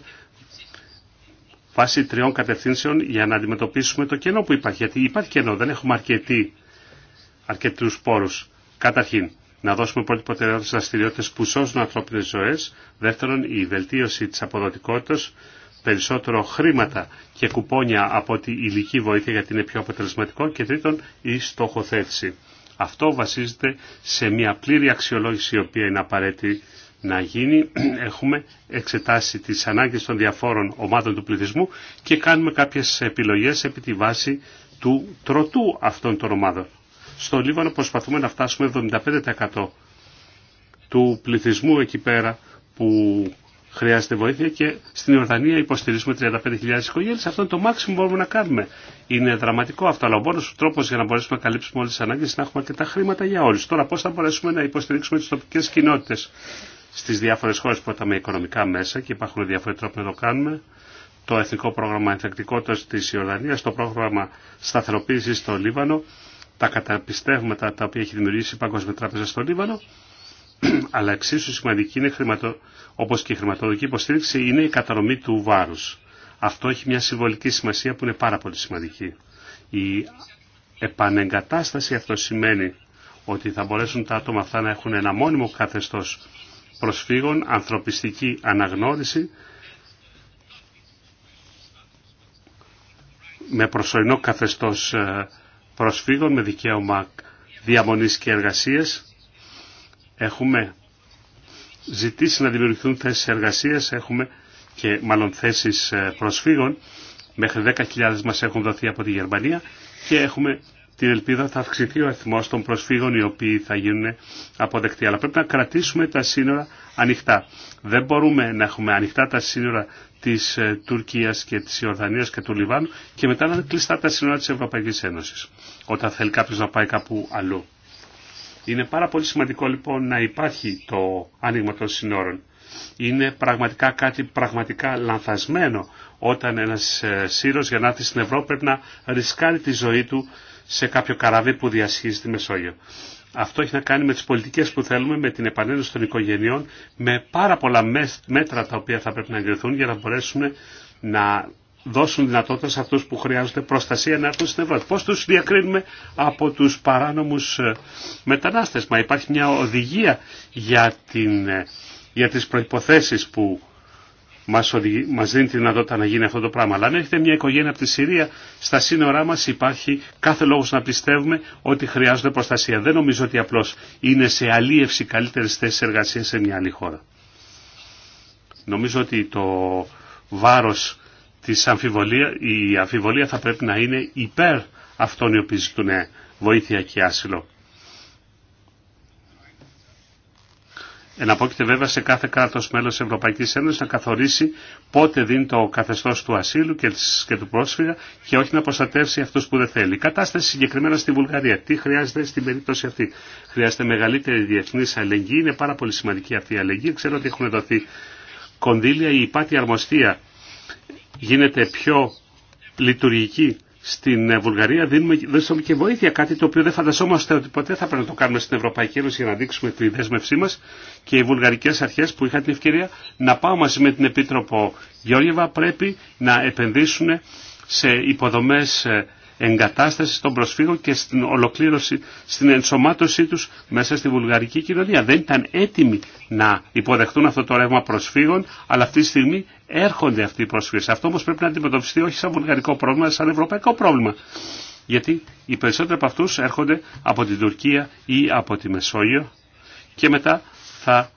βάσει τριών κατευθύνσεων για να αντιμετωπίσουμε το κενό που υπάρχει. Γιατί υπάρχει κενό, δεν έχουμε αρκετή αρκετούς πόρους. Καταρχήν, να δώσουμε πρώτη προτεραιότητα στι δραστηριότητε που σώζουν ανθρώπινε ζωέ. Δεύτερον, η βελτίωση τη αποδοτικότητα. Περισσότερο χρήματα και κουπόνια από τη ηλική βοήθεια γιατί είναι πιο αποτελεσματικό. Και τρίτον, η στοχοθέτηση. Αυτό βασίζεται σε μια πλήρη αξιολόγηση η οποία είναι απαραίτητη να γίνει. Έχουμε εξετάσει τις ανάγκες των διαφόρων ομάδων του πληθυσμού και κάνουμε κάποιες επιλογές επί τη βάση του τροτού αυτών των ομάδων. Στο Λίβανο προσπαθούμε να φτάσουμε 75% του πληθυσμού εκεί πέρα που χρειάζεται βοήθεια και στην Ιορδανία υποστηρίζουμε 35.000 οικογένειες. Αυτό είναι το μάξιμο που μπορούμε να κάνουμε. Είναι δραματικό αυτό, αλλά ο μόνο τρόπο για να μπορέσουμε να καλύψουμε όλες τις ανάγκες είναι να έχουμε και τα χρήματα για όλους. Τώρα, πώς θα μπορέσουμε να υποστηρίξουμε τι τοπικέ κοινότητε στι διάφορε χώρε πρώτα με οικονομικά μέσα και υπάρχουν διάφοροι τρόποι να το κάνουμε. Το Εθνικό Πρόγραμμα Ενθεκτικότητα τη Ιορδανία, το Πρόγραμμα Σταθεροποίηση στο Λίβανο τα καταπιστεύματα τα οποία έχει δημιουργήσει η Παγκόσμια Τράπεζα στο Λίβανο, αλλά εξίσου σημαντική είναι, χρηματο... όπως και η χρηματοδοτική υποστήριξη, είναι η κατανομή του βάρους. Αυτό έχει μια συμβολική σημασία που είναι πάρα πολύ σημαντική. Η επανεγκατάσταση αυτό σημαίνει ότι θα μπορέσουν τα άτομα αυτά να έχουν ένα μόνιμο καθεστώς προσφύγων, ανθρωπιστική αναγνώριση, με προσωρινό καθεστώς ε, προσφύγων με δικαίωμα διαμονής και εργασίες. Έχουμε ζητήσει να δημιουργηθούν θέσεις εργασίας, έχουμε και μάλλον θέσεις ε, προσφύγων. Μέχρι 10.000 μας έχουν δοθεί από τη Γερμανία και έχουμε την ελπίδα θα αυξηθεί ο αριθμό των προσφύγων οι οποίοι θα γίνουν αποδεκτοί. Αλλά πρέπει να κρατήσουμε τα σύνορα ανοιχτά. Δεν μπορούμε να έχουμε ανοιχτά τα σύνορα της ε, Τουρκίας και της Ιορδανίας και του Λιβάνου και μετά να κλειστά τα σύνορα της Ευρωπαϊκής Ένωσης όταν θέλει κάποιος να πάει κάπου αλλού. Είναι πάρα πολύ σημαντικό λοιπόν να υπάρχει το άνοιγμα των σύνορων. Είναι πραγματικά κάτι πραγματικά λανθασμένο όταν ένας ε, Σύρος για να έρθει στην Ευρώπη πρέπει να ρισκάρει τη ζωή του σε κάποιο καραβί που διασχίζει τη Μεσόγειο. Αυτό έχει να κάνει με τις πολιτικές που θέλουμε, με την επανένωση των οικογενειών, με πάρα πολλά μέτρα τα οποία θα πρέπει να εγκριθούν για να μπορέσουμε να δώσουν δυνατότητα σε αυτούς που χρειάζονται προστασία να έρθουν στην Ευρώπη. Πώς τους διακρίνουμε από τους παράνομους ε, μετανάστες. Μα υπάρχει μια οδηγία για, την, ε, για τις προϋποθέσεις που μας, οδηγεί, μας δίνει τη δυνατότητα να γίνει αυτό το πράγμα. Αλλά αν έχετε μια οικογένεια από τη Συρία, στα σύνορά μας υπάρχει κάθε λόγος να πιστεύουμε ότι χρειάζονται προστασία. Δεν νομίζω ότι απλώς είναι σε αλίευση καλύτερες θέσεις εργασίας σε μια άλλη χώρα. Νομίζω ότι το βάρος της αμφιβολία, η αμφιβολία θα πρέπει να είναι υπέρ αυτών οι οποίοι ζητούν βοήθεια και άσυλο. Εναπόκειται βέβαια σε κάθε κράτο μέλο τη Ευρωπαϊκή Ένωση να καθορίσει πότε δίνει το καθεστώ του ασύλου και του πρόσφυγα και όχι να προστατεύσει αυτού που δεν θέλει. Η κατάσταση συγκεκριμένα στη Βουλγαρία. Τι χρειάζεται στην περίπτωση αυτή. Χρειάζεται μεγαλύτερη διεθνή αλληλεγγύη. Είναι πάρα πολύ σημαντική αυτή η αλληλεγγύη. Ξέρω ότι έχουν δοθεί κονδύλια. Η υπάτη αρμοστία γίνεται πιο λειτουργική στην ε, Βουλγαρία δίνουμε, δίνουμε και βοήθεια, κάτι το οποίο δεν φανταζόμαστε ότι ποτέ θα πρέπει να το κάνουμε στην Ευρωπαϊκή Ένωση για να δείξουμε τη δέσμευσή μας και οι βουλγαρικές αρχές που είχαν την ευκαιρία να πάω μαζί με την Επίτροπο Γιώργεβα πρέπει να επενδύσουν σε υποδομές ε, εγκατάσταση των προσφύγων και στην ολοκλήρωση, στην ενσωμάτωσή τους μέσα στη βουλγαρική κοινωνία. Δεν ήταν έτοιμοι να υποδεχτούν αυτό το ρεύμα προσφύγων, αλλά αυτή τη στιγμή έρχονται αυτοί οι πρόσφυγες. Αυτό όμως πρέπει να αντιμετωπιστεί όχι σαν βουλγαρικό πρόβλημα, αλλά σαν ευρωπαϊκό πρόβλημα. Γιατί οι περισσότεροι από αυτούς έρχονται από την Τουρκία ή από τη Μεσόγειο και μετά θα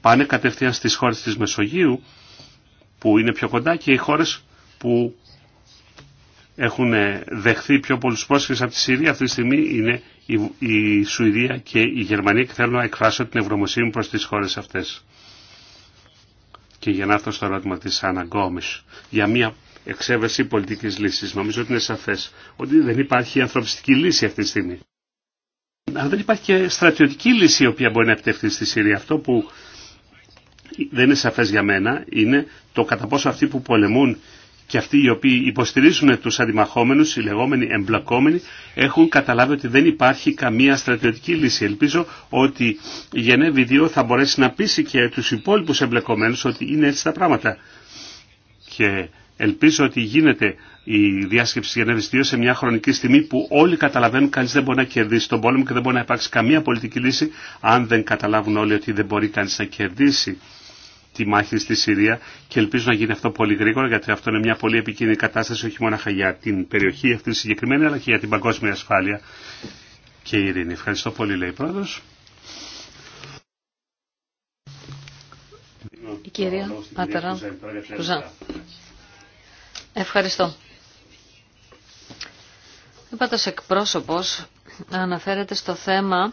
πάνε κατευθείαν στις χώρες της Μεσογείου που είναι πιο κοντά και οι χώρες που έχουν ε, δεχθεί πιο πολλούς πρόσφυγες από τη Συρία αυτή τη στιγμή είναι η Σουηδία και η Γερμανία και θέλω να εκφράσω την ευρωμοσύνη μου προς τις χώρες αυτές. Και για να έρθω στο ερώτημα της Άννα για μια εξέβεση πολιτικής λύσης. Νομίζω ότι είναι σαφές ότι δεν υπάρχει ανθρωπιστική λύση αυτή τη στιγμή. Αλλά δεν υπάρχει και στρατιωτική λύση η οποία μπορεί να επιτευχθεί στη Συρία. Αυτό που δεν είναι σαφές για μένα είναι το κατά πόσο αυτοί που πολεμούν και αυτοί οι οποίοι υποστηρίζουν τους αντιμαχόμενους, οι λεγόμενοι εμπλακόμενοι, έχουν καταλάβει ότι δεν υπάρχει καμία στρατιωτική λύση. Ελπίζω ότι η Γενέβη 2 θα μπορέσει να πείσει και τους υπόλοιπους εμπλεκομένους ότι είναι έτσι τα πράγματα. Και ελπίζω ότι γίνεται η διάσκεψη της Γενέβης 2 σε μια χρονική στιγμή που όλοι καταλαβαίνουν κανείς δεν μπορεί να κερδίσει τον πόλεμο και δεν μπορεί να υπάρξει καμία πολιτική λύση αν δεν καταλάβουν όλοι ότι δεν μπορεί κανείς να κερδίσει τη μάχη στη Συρία και ελπίζω να γίνει αυτό πολύ γρήγορα γιατί αυτό είναι μια πολύ επικίνδυνη κατάσταση όχι μόνο για την περιοχή αυτή συγκεκριμένη αλλά και για την παγκόσμια ασφάλεια και ειρήνη. Ευχαριστώ πολύ λέει πρόεδρος. Η κυρία Πατερά Ευχαριστώ. ως εκπρόσωπος αναφέρεται στο θέμα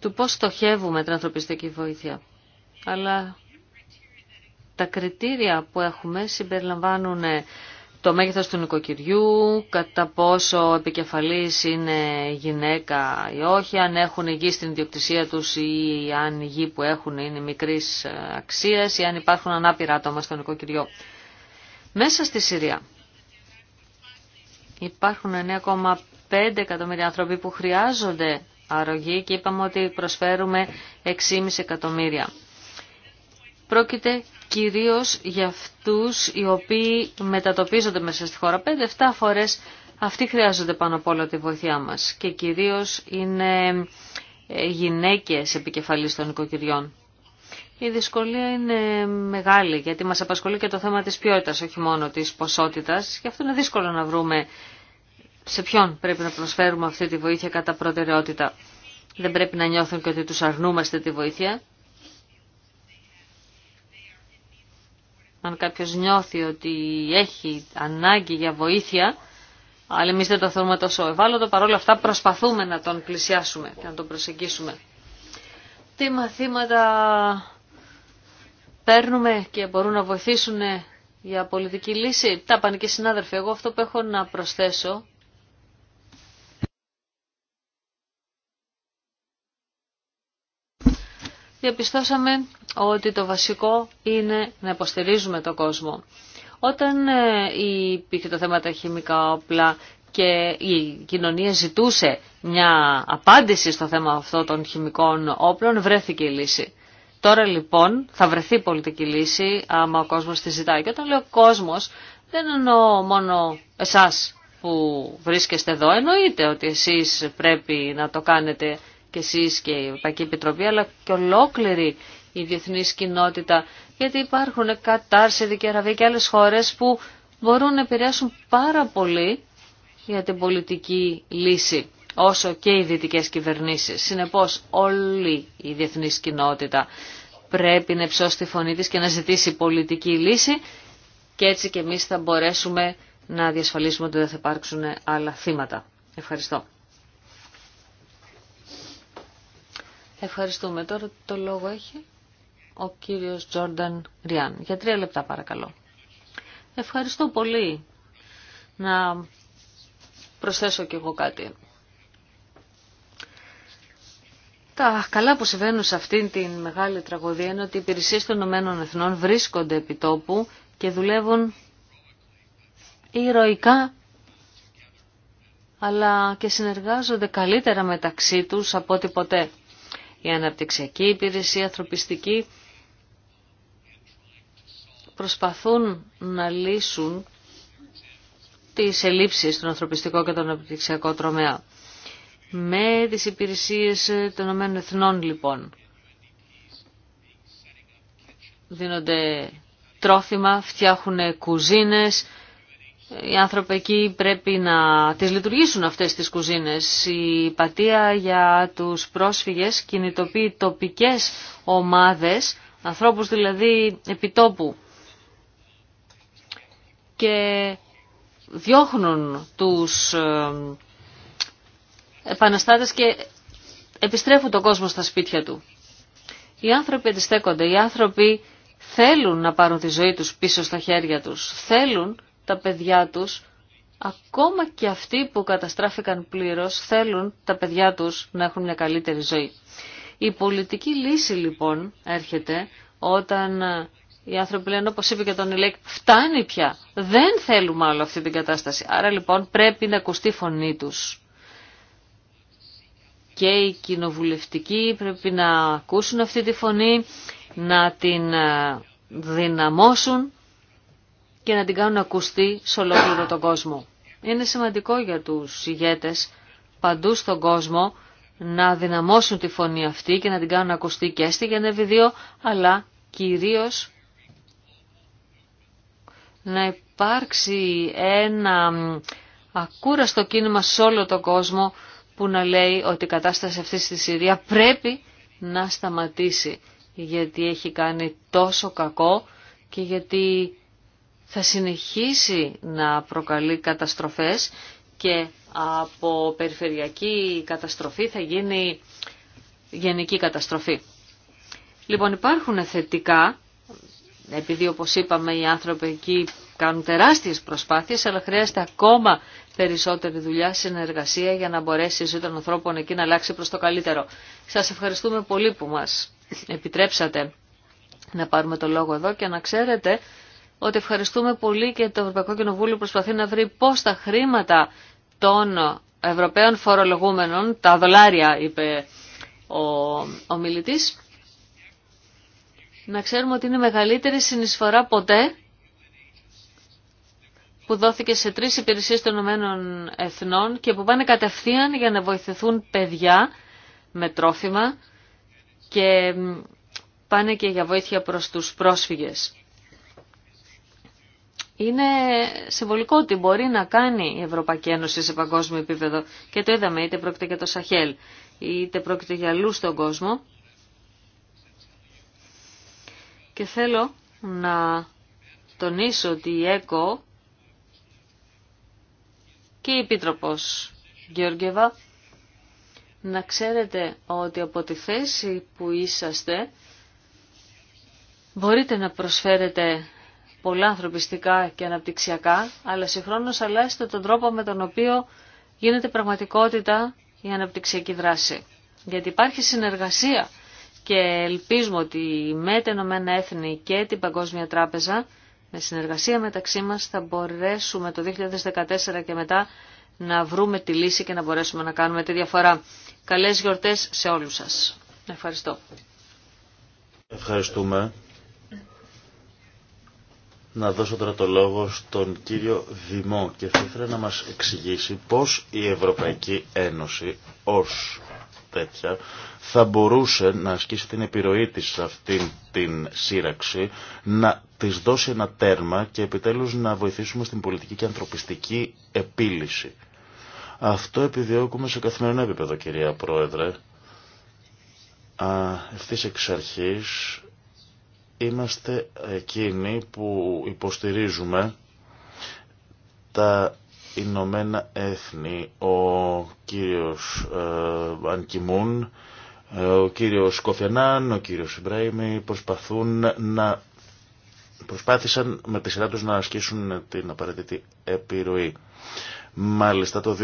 του πώς στοχεύουμε την ανθρωπιστική βοήθεια αλλά τα κριτήρια που έχουμε συμπεριλαμβάνουν ε, το μέγεθος του νοικοκυριού, κατά πόσο επικεφαλής είναι γυναίκα ή όχι, αν έχουν γη στην ιδιοκτησία τους ή αν η γη που έχουν είναι μικρής ε, αξίας ή αν υπάρχουν ανάπηρα άτομα στο νοικοκυριό. Μέσα στη Συρία υπάρχουν 9,5 εκατομμύρια άνθρωποι που χρειάζονται αρρωγή και είπαμε ότι προσφέρουμε 6,5 εκατομμύρια πρόκειται κυρίως για αυτούς οι οποίοι μετατοπίζονται μέσα στη χωρα πεντε 5-7 φορές αυτοί χρειάζονται πάνω απ' όλα τη βοήθειά μας και κυρίως είναι ε, γυναίκες επικεφαλής των οικοκυριών. Η δυσκολία είναι μεγάλη γιατί μας απασχολεί και το θέμα της ποιότητας, όχι μόνο της ποσότητας. Γι' αυτό είναι δύσκολο να βρούμε σε ποιον πρέπει να προσφέρουμε αυτή τη βοήθεια κατά προτεραιότητα. Δεν πρέπει να νιώθουν και ότι τους αρνούμαστε τη βοήθεια. αν κάποιος νιώθει ότι έχει ανάγκη για βοήθεια, αλλά εμεί δεν το θεωρούμε τόσο ευάλωτο, παρόλα αυτά προσπαθούμε να τον πλησιάσουμε και να τον προσεγγίσουμε. Τι μαθήματα παίρνουμε και μπορούν να βοηθήσουν για πολιτική λύση. Τα πανικοί συνάδελφοι. Εγώ αυτό που έχω να προσθέσω διαπιστώσαμε ότι το βασικό είναι να υποστηρίζουμε τον κόσμο. Όταν ε, υπήρχε το θέμα τα χημικά όπλα και η κοινωνία ζητούσε μια απάντηση στο θέμα αυτό των χημικών όπλων, βρέθηκε η λύση. Τώρα λοιπόν θα βρεθεί πολιτική λύση άμα ο κόσμος τη ζητάει. Και όταν λέω κόσμος δεν εννοώ μόνο εσάς που βρίσκεστε εδώ, εννοείται ότι εσείς πρέπει να το κάνετε και εσείς και η Ευρωπαϊκή Επιτροπή, αλλά και ολόκληρη η διεθνή κοινότητα, γιατί υπάρχουν Κατάρ, Σιδική και άλλες χώρες που μπορούν να επηρεάσουν πάρα πολύ για την πολιτική λύση, όσο και οι δυτικέ κυβερνήσεις. Συνεπώς, όλη η διεθνή κοινότητα πρέπει να ψώσει τη φωνή της και να ζητήσει πολιτική λύση και έτσι και εμείς θα μπορέσουμε να διασφαλίσουμε ότι δεν θα υπάρξουν άλλα θύματα. Ευχαριστώ. Ευχαριστούμε. Τώρα το λόγο έχει ο κύριος Τζόρνταν Ριάν. Για τρία λεπτά παρακαλώ. Ευχαριστώ πολύ. Να προσθέσω κι εγώ κάτι. Τα καλά που συμβαίνουν σε αυτήν την μεγάλη τραγωδία είναι ότι οι υπηρεσίες των Ηνωμένων Εθνών βρίσκονται επί τόπου και δουλεύουν ηρωικά αλλά και συνεργάζονται καλύτερα μεταξύ τους από ό,τι ποτέ η αναπτυξιακή υπηρεσία, η ανθρωπιστική, προσπαθούν να λύσουν τις ελλείψεις στον ανθρωπιστικό και τον αναπτυξιακό τρομέα. Με τις υπηρεσίες των ΗΕ λοιπόν δίνονται τρόφιμα, φτιάχνουν κουζίνες, οι άνθρωποι εκεί πρέπει να τις λειτουργήσουν αυτές τις κουζίνες. Η πατία για τους πρόσφυγες κινητοποιεί τοπικές ομάδες, ανθρώπους δηλαδή επιτόπου και διώχνουν τους ε, επαναστάτες και επιστρέφουν τον κόσμο στα σπίτια του. Οι άνθρωποι αντιστέκονται, οι άνθρωποι θέλουν να πάρουν τη ζωή τους πίσω στα χέρια τους, θέλουν τα παιδιά τους, ακόμα και αυτοί που καταστράφηκαν πλήρως θέλουν τα παιδιά τους να έχουν μια καλύτερη ζωή. Η πολιτική λύση λοιπόν έρχεται όταν οι άνθρωποι λένε όπως είπε και τον Ηλέκ φτάνει πια, δεν θέλουμε άλλο αυτή την κατάσταση. Άρα λοιπόν πρέπει να ακουστεί φωνή τους. Και οι κοινοβουλευτικοί πρέπει να ακούσουν αυτή τη φωνή, να την ε, δυναμώσουν και να την κάνουν ακουστή σε ολόκληρο τον κόσμο. Είναι σημαντικό για τους ηγέτες παντού στον κόσμο να δυναμώσουν τη φωνή αυτή και να την κάνουν ακουστεί και στη Γενέβη 2, αλλά κυρίως να υπάρξει ένα ακούραστο κίνημα σε όλο τον κόσμο που να λέει ότι η κατάσταση αυτή στη Συρία πρέπει να σταματήσει γιατί έχει κάνει τόσο κακό και γιατί θα συνεχίσει να προκαλεί καταστροφές και από περιφερειακή καταστροφή θα γίνει γενική καταστροφή. Λοιπόν υπάρχουν θετικά, επειδή όπως είπαμε οι άνθρωποι εκεί κάνουν τεράστιες προσπάθειες, αλλά χρειάζεται ακόμα περισσότερη δουλειά, συνεργασία για να μπορέσει η ζωή των ανθρώπων εκεί να αλλάξει προς το καλύτερο. Σας ευχαριστούμε πολύ που μας επιτρέψατε να πάρουμε το λόγο εδώ και να ξέρετε ότι ευχαριστούμε πολύ και το Ευρωπαϊκό Κοινοβούλιο προσπαθεί να βρει πώς τα χρήματα των Ευρωπαίων φορολογούμενων, τα δολάρια είπε ο, ο να ξέρουμε ότι είναι μεγαλύτερη συνεισφορά ποτέ που δόθηκε σε τρεις υπηρεσίες των Ηνωμένων Εθνών και που πάνε κατευθείαν για να βοηθηθούν παιδιά με τρόφιμα και πάνε και για βοήθεια προς τους πρόσφυγες. Είναι συμβολικό ότι μπορεί να κάνει η Ευρωπαϊκή Ένωση σε παγκόσμιο επίπεδο και το είδαμε είτε πρόκειται για το Σαχέλ είτε πρόκειται για αλλού στον κόσμο. Και θέλω να τονίσω ότι η ΕΚΟ και η Επίτροπος Γεωργεύα να ξέρετε ότι από τη θέση που είσαστε μπορείτε να προσφέρετε πολλά ανθρωπιστικά και αναπτυξιακά, αλλά συγχρόνως αλλάζεται τον τρόπο με τον οποίο γίνεται πραγματικότητα η αναπτυξιακή δράση. Γιατί υπάρχει συνεργασία και ελπίζουμε ότι με τα Ηνωμένα Έθνη και την Παγκόσμια Τράπεζα, με συνεργασία μεταξύ μας θα μπορέσουμε το 2014 και μετά να βρούμε τη λύση και να μπορέσουμε να κάνουμε τη διαφορά. Καλές γιορτές σε όλους σας. Ευχαριστώ. Ευχαριστούμε να δώσω τώρα το λόγο στον κύριο Δημό και θα ήθελα να μας εξηγήσει πώς η Ευρωπαϊκή Ένωση ως τέτοια θα μπορούσε να ασκήσει την επιρροή της σε αυτήν την σύραξη, να της δώσει ένα τέρμα και επιτέλους να βοηθήσουμε στην πολιτική και ανθρωπιστική επίλυση. Αυτό επιδιώκουμε σε καθημερινό επίπεδο κυρία Πρόεδρε. Ευθύς εξ αρχής είμαστε εκείνοι που υποστηρίζουμε τα Ηνωμένα Έθνη. Ο κύριος ε, Ανκιμούν, ε, ο κύριος Κοφιανάν, ο κύριος Ιμπραήμι προσπαθούν να προσπάθησαν με τη σειρά τους να ασκήσουν την απαραίτητη επιρροή. Μάλιστα το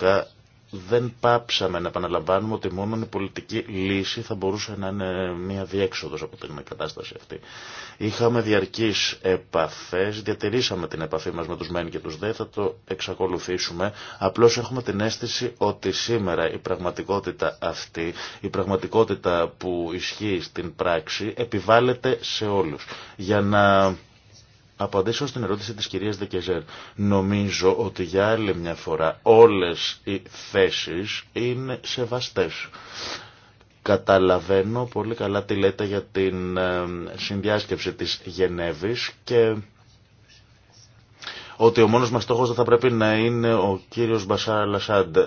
2012 δεν πάψαμε να επαναλαμβάνουμε ότι μόνο η πολιτική λύση θα μπορούσε να είναι μια διέξοδος από την κατάσταση αυτή. Είχαμε διαρκείς επαφές, διατηρήσαμε την επαφή μας με τους μεν και τους δε, θα το εξακολουθήσουμε. Απλώς έχουμε την αίσθηση ότι σήμερα η πραγματικότητα αυτή, η πραγματικότητα που ισχύει στην πράξη, επιβάλλεται σε όλους. Για να απαντήσω στην ερώτηση της κυρίας Δεκεζέρ. Νομίζω ότι για άλλη μια φορά όλες οι θέσεις είναι σεβαστές. Καταλαβαίνω πολύ καλά τι λέτε για την ε, συνδιάσκεψη της Γενέβης και ότι ο μόνος μας στόχος δεν θα πρέπει να είναι ο κύριος Μπασάρα Λασάντ.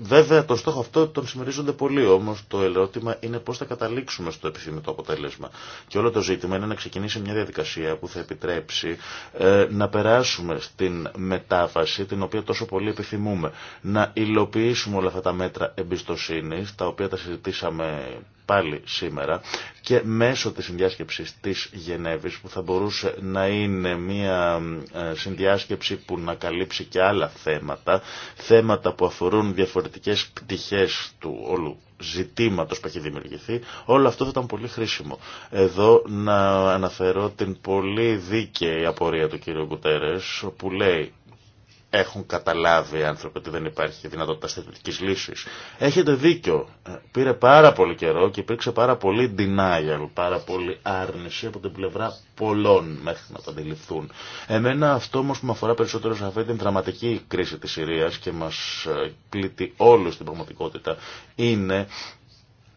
Βέβαια το στόχο αυτό τον συμμερίζονται πολύ όμως το ερώτημα είναι πώς θα καταλήξουμε στο επιθυμητό αποτέλεσμα. Και όλο το ζήτημα είναι να ξεκινήσει μια διαδικασία που θα επιτρέψει ε, να περάσουμε στην μετάφαση την οποία τόσο πολύ επιθυμούμε. Να υλοποιήσουμε όλα αυτά τα μέτρα εμπιστοσύνης, τα οποία τα συζητήσαμε πάλι σήμερα και μέσω της συνδιάσκεψης της Γενέβης που θα μπορούσε να είναι μια ε, συνδιάσκεψη που να καλύψει και άλλα θέματα, θέματα που αφορούν διαφορετικές πτυχές του όλου ζητήματος που έχει δημιουργηθεί, όλο αυτό θα ήταν πολύ χρήσιμο. Εδώ να αναφέρω την πολύ δίκαιη απορία του κ. Κουτέρες που λέει έχουν καταλάβει οι άνθρωποι ότι δεν υπάρχει δυνατότητα θετική λύση. Έχετε δίκιο. Ε, πήρε πάρα πολύ καιρό και υπήρξε πάρα πολύ denial, πάρα πολύ άρνηση από την πλευρά πολλών μέχρι να το αντιληφθούν. Εμένα αυτό όμω που με αφορά περισσότερο σε αυτή την δραματική κρίση τη Συρίας και μα ε, πλήττει όλου στην πραγματικότητα είναι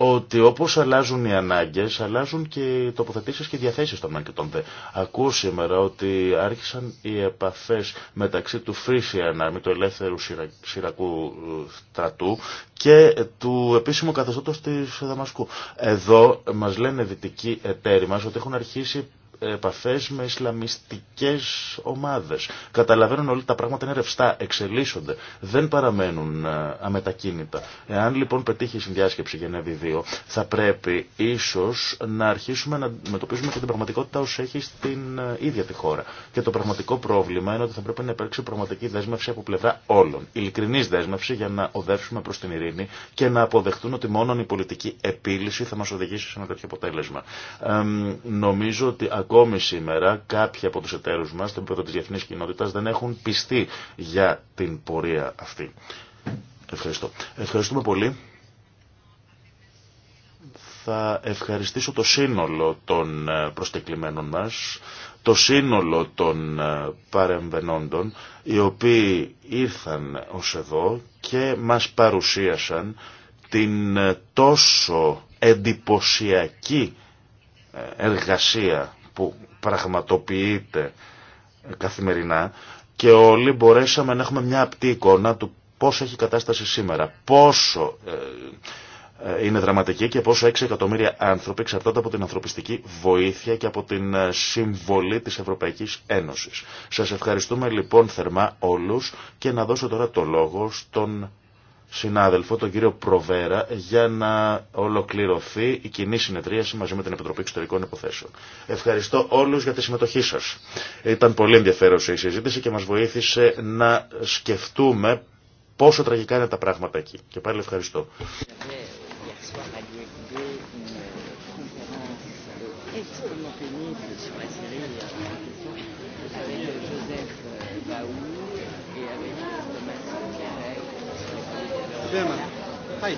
ότι όπως αλλάζουν οι ανάγκες, αλλάζουν και οι τοποθετήσεις και οι διαθέσεις των μάρκετων. Ακούω σήμερα ότι άρχισαν οι επαφές μεταξύ του Άρμη, του ελεύθερου σειρακού ε, στρατού και του επίσημου καθεστώτος της Δαμασκού. Εδώ μας λένε δυτικοί εταίροι μας ότι έχουν αρχίσει επαφές με ισλαμιστικές ομάδες. Καταλαβαίνουν όλοι τα πράγματα είναι ρευστά, εξελίσσονται, δεν παραμένουν ε, αμετακίνητα. Εάν λοιπόν πετύχει η συνδιάσκεψη Γενέβη 2, θα πρέπει ίσως να αρχίσουμε να αντιμετωπίζουμε και την πραγματικότητα όσο έχει στην ε, ίδια τη χώρα. Και το πραγματικό πρόβλημα είναι ότι θα πρέπει να υπάρξει πραγματική δέσμευση από πλευρά όλων. Ειλικρινής δέσμευση για να οδεύσουμε προ την ειρήνη και να αποδεχτούν ότι μόνο η πολιτική επίλυση θα μας οδηγήσει σε ένα τέτοιο αποτέλεσμα. Ε, νομίζω ότι Ακόμη σήμερα κάποιοι από τους εταίρους μας στο επίπεδο της διεθνής κοινότητας δεν έχουν πιστεί για την πορεία αυτή. Ευχαριστώ. Ευχαριστούμε πολύ. Θα ευχαριστήσω το σύνολο των ε, προστεκλημένων μας, το σύνολο των ε, παρεμβενόντων, οι οποίοι ήρθαν ως εδώ και μας παρουσίασαν την ε, τόσο εντυπωσιακή εργασία που πραγματοποιείται καθημερινά και όλοι μπορέσαμε να έχουμε μια απτή εικόνα του πώς έχει η κατάσταση σήμερα, πόσο ε, ε, είναι δραματική και πόσο 6 εκατομμύρια άνθρωποι εξαρτώνται από την ανθρωπιστική βοήθεια και από την ε, συμβολή της Ευρωπαϊκής Ένωσης. Σας ευχαριστούμε λοιπόν θερμά όλους και να δώσω τώρα το λόγο στον συνάδελφο, τον κύριο Προβέρα, για να ολοκληρωθεί η κοινή συνεδρίαση μαζί με την Επιτροπή Εξωτερικών Υποθέσεων. Ευχαριστώ όλους για τη συμμετοχή σας. Ήταν πολύ ενδιαφέρουσα η συζήτηση και μας βοήθησε να σκεφτούμε πόσο τραγικά είναι τα πράγματα εκεί. Και πάλι ευχαριστώ. Berman. Hi.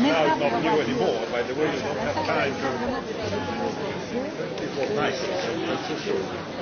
Now not new anymore, by the way, you don't have time to... It was nice, that's for sure.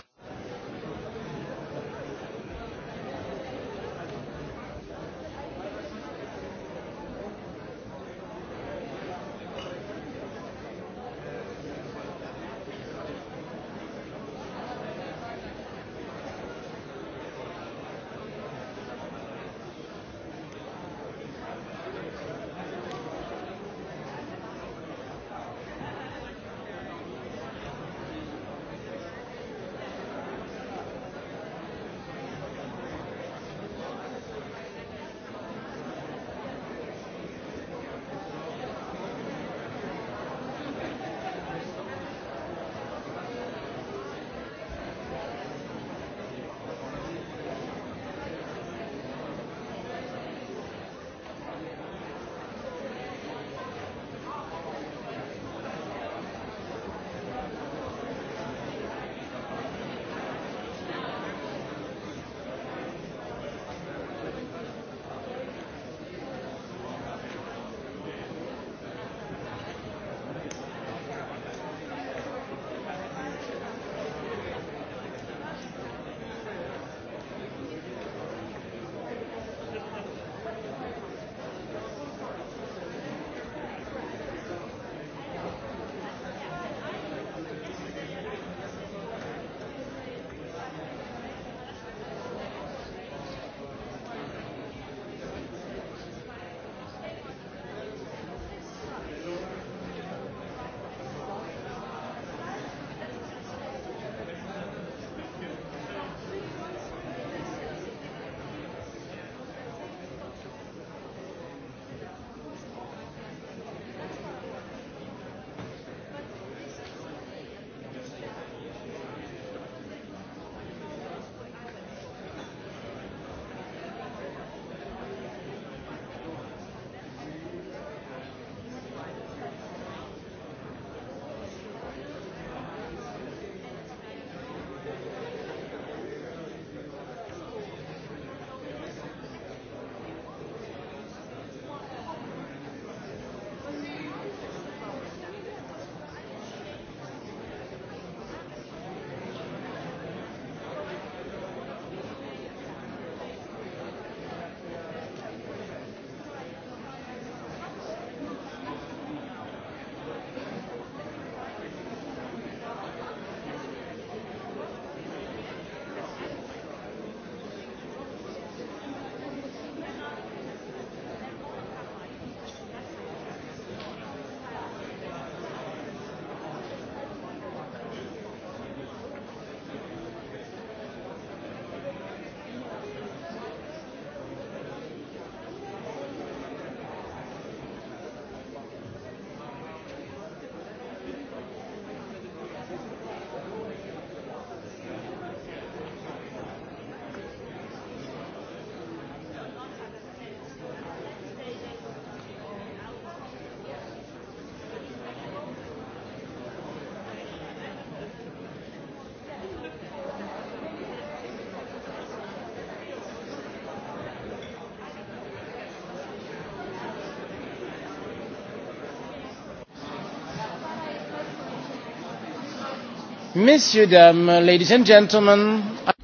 ladies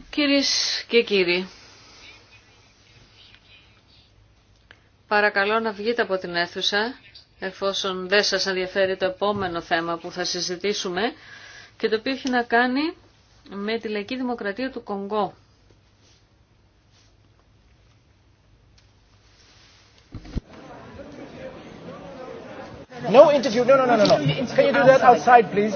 Κυρίες και κύριοι, παρακαλώ να βγείτε από την αίθουσα, εφόσον δεν σας ενδιαφέρει το επόμενο θέμα που θα συζητήσουμε και το οποίο έχει να κάνει με τη λαϊκή δημοκρατία του Κονγκό. No interview, no, no, no, no. Can you do that outside, please?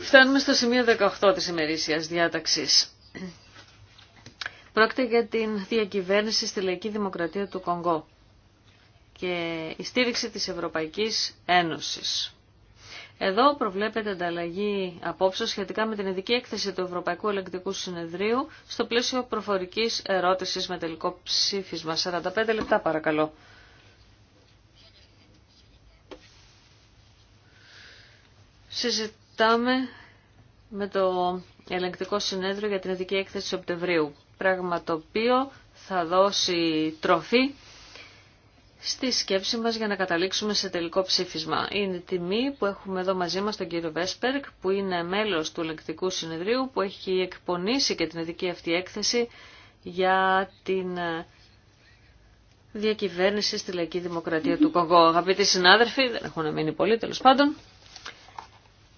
Φτάνουμε στο σημείο 18 της ημερήσιας διάταξης. Πρόκειται για την διακυβέρνηση στη Λαϊκή Δημοκρατία του Κονγκό και η στήριξη της Ευρωπαϊκής Ένωσης. Εδώ προβλέπεται ανταλλαγή απόψε σχετικά με την ειδική έκθεση του Ευρωπαϊκού Ελεκτικού Συνεδρίου στο πλαίσιο προφορικής ερώτησης με τελικό ψήφισμα. 45 λεπτά παρακαλώ. συζητάμε με το ελεγκτικό συνέδριο για την ειδική έκθεση Σεπτεμβρίου, πράγμα το οποίο θα δώσει τροφή στη σκέψη μας για να καταλήξουμε σε τελικό ψήφισμα. Είναι η τιμή που έχουμε εδώ μαζί μας τον κύριο Βέσπερκ, που είναι μέλος του ελεγκτικού συνεδρίου, που έχει εκπονήσει και την ειδική αυτή έκθεση για την διακυβέρνηση στη λαϊκή δημοκρατία του Κογκό. Αγαπητοί συνάδελφοι, δεν έχουν μείνει πολύ τέλος πάντων.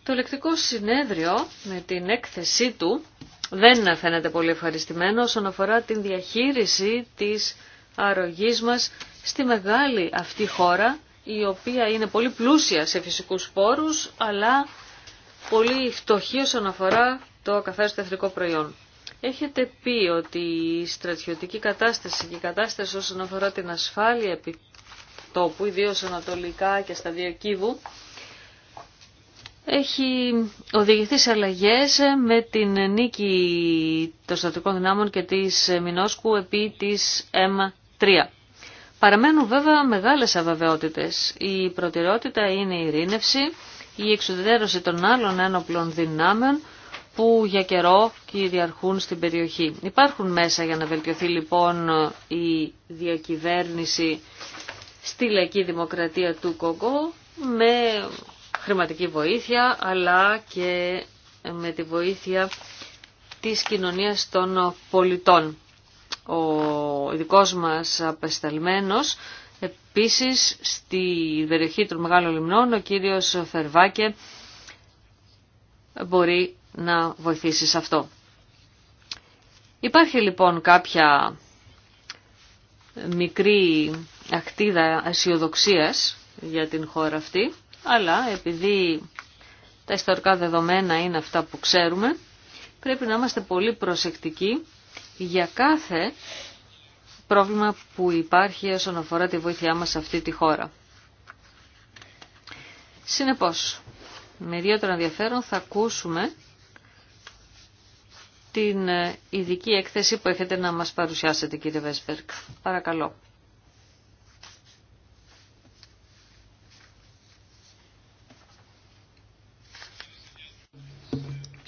Το λεκτικό συνέδριο με την έκθεσή του δεν φαίνεται πολύ ευχαριστημένο όσον αφορά την διαχείριση της αρρωγής μας στη μεγάλη αυτή χώρα η οποία είναι πολύ πλούσια σε φυσικούς πόρους αλλά πολύ φτωχή όσον αφορά το καθάριστο εθνικό προϊόν. Έχετε πει ότι η στρατιωτική κατάσταση και η κατάσταση όσον αφορά την ασφάλεια επί τόπου, ιδίως ανατολικά και στα δύο κύβου, έχει οδηγηθεί σε αλλαγές με την νίκη των στρατικών δυνάμων και της Μινόσκου επί της M3. Παραμένουν βέβαια μεγάλες αβεβαιότητες. Η προτεραιότητα είναι η ειρήνευση, η εξουδέρωση των άλλων ένοπλων δυνάμεων που για καιρό κυριαρχούν στην περιοχή. Υπάρχουν μέσα για να βελτιωθεί λοιπόν η διακυβέρνηση στη λαϊκή δημοκρατία του Κογκό με χρηματική βοήθεια αλλά και με τη βοήθεια της κοινωνίας των πολιτών. Ο ειδικό μας απεσταλμένος επίσης στη περιοχή των Μεγάλων Λιμνών ο κύριος Φερβάκε μπορεί να βοηθήσει σε αυτό. Υπάρχει λοιπόν κάποια μικρή ακτίδα αισιοδοξία για την χώρα αυτή αλλά επειδή τα ιστορικά δεδομένα είναι αυτά που ξέρουμε, πρέπει να είμαστε πολύ προσεκτικοί για κάθε πρόβλημα που υπάρχει όσον αφορά τη βοήθειά μας σε αυτή τη χώρα. Συνεπώς, με ιδιαίτερο ενδιαφέρον θα ακούσουμε την ειδική έκθεση που έχετε να μας παρουσιάσετε κύριε Βέσπερκ. Παρακαλώ.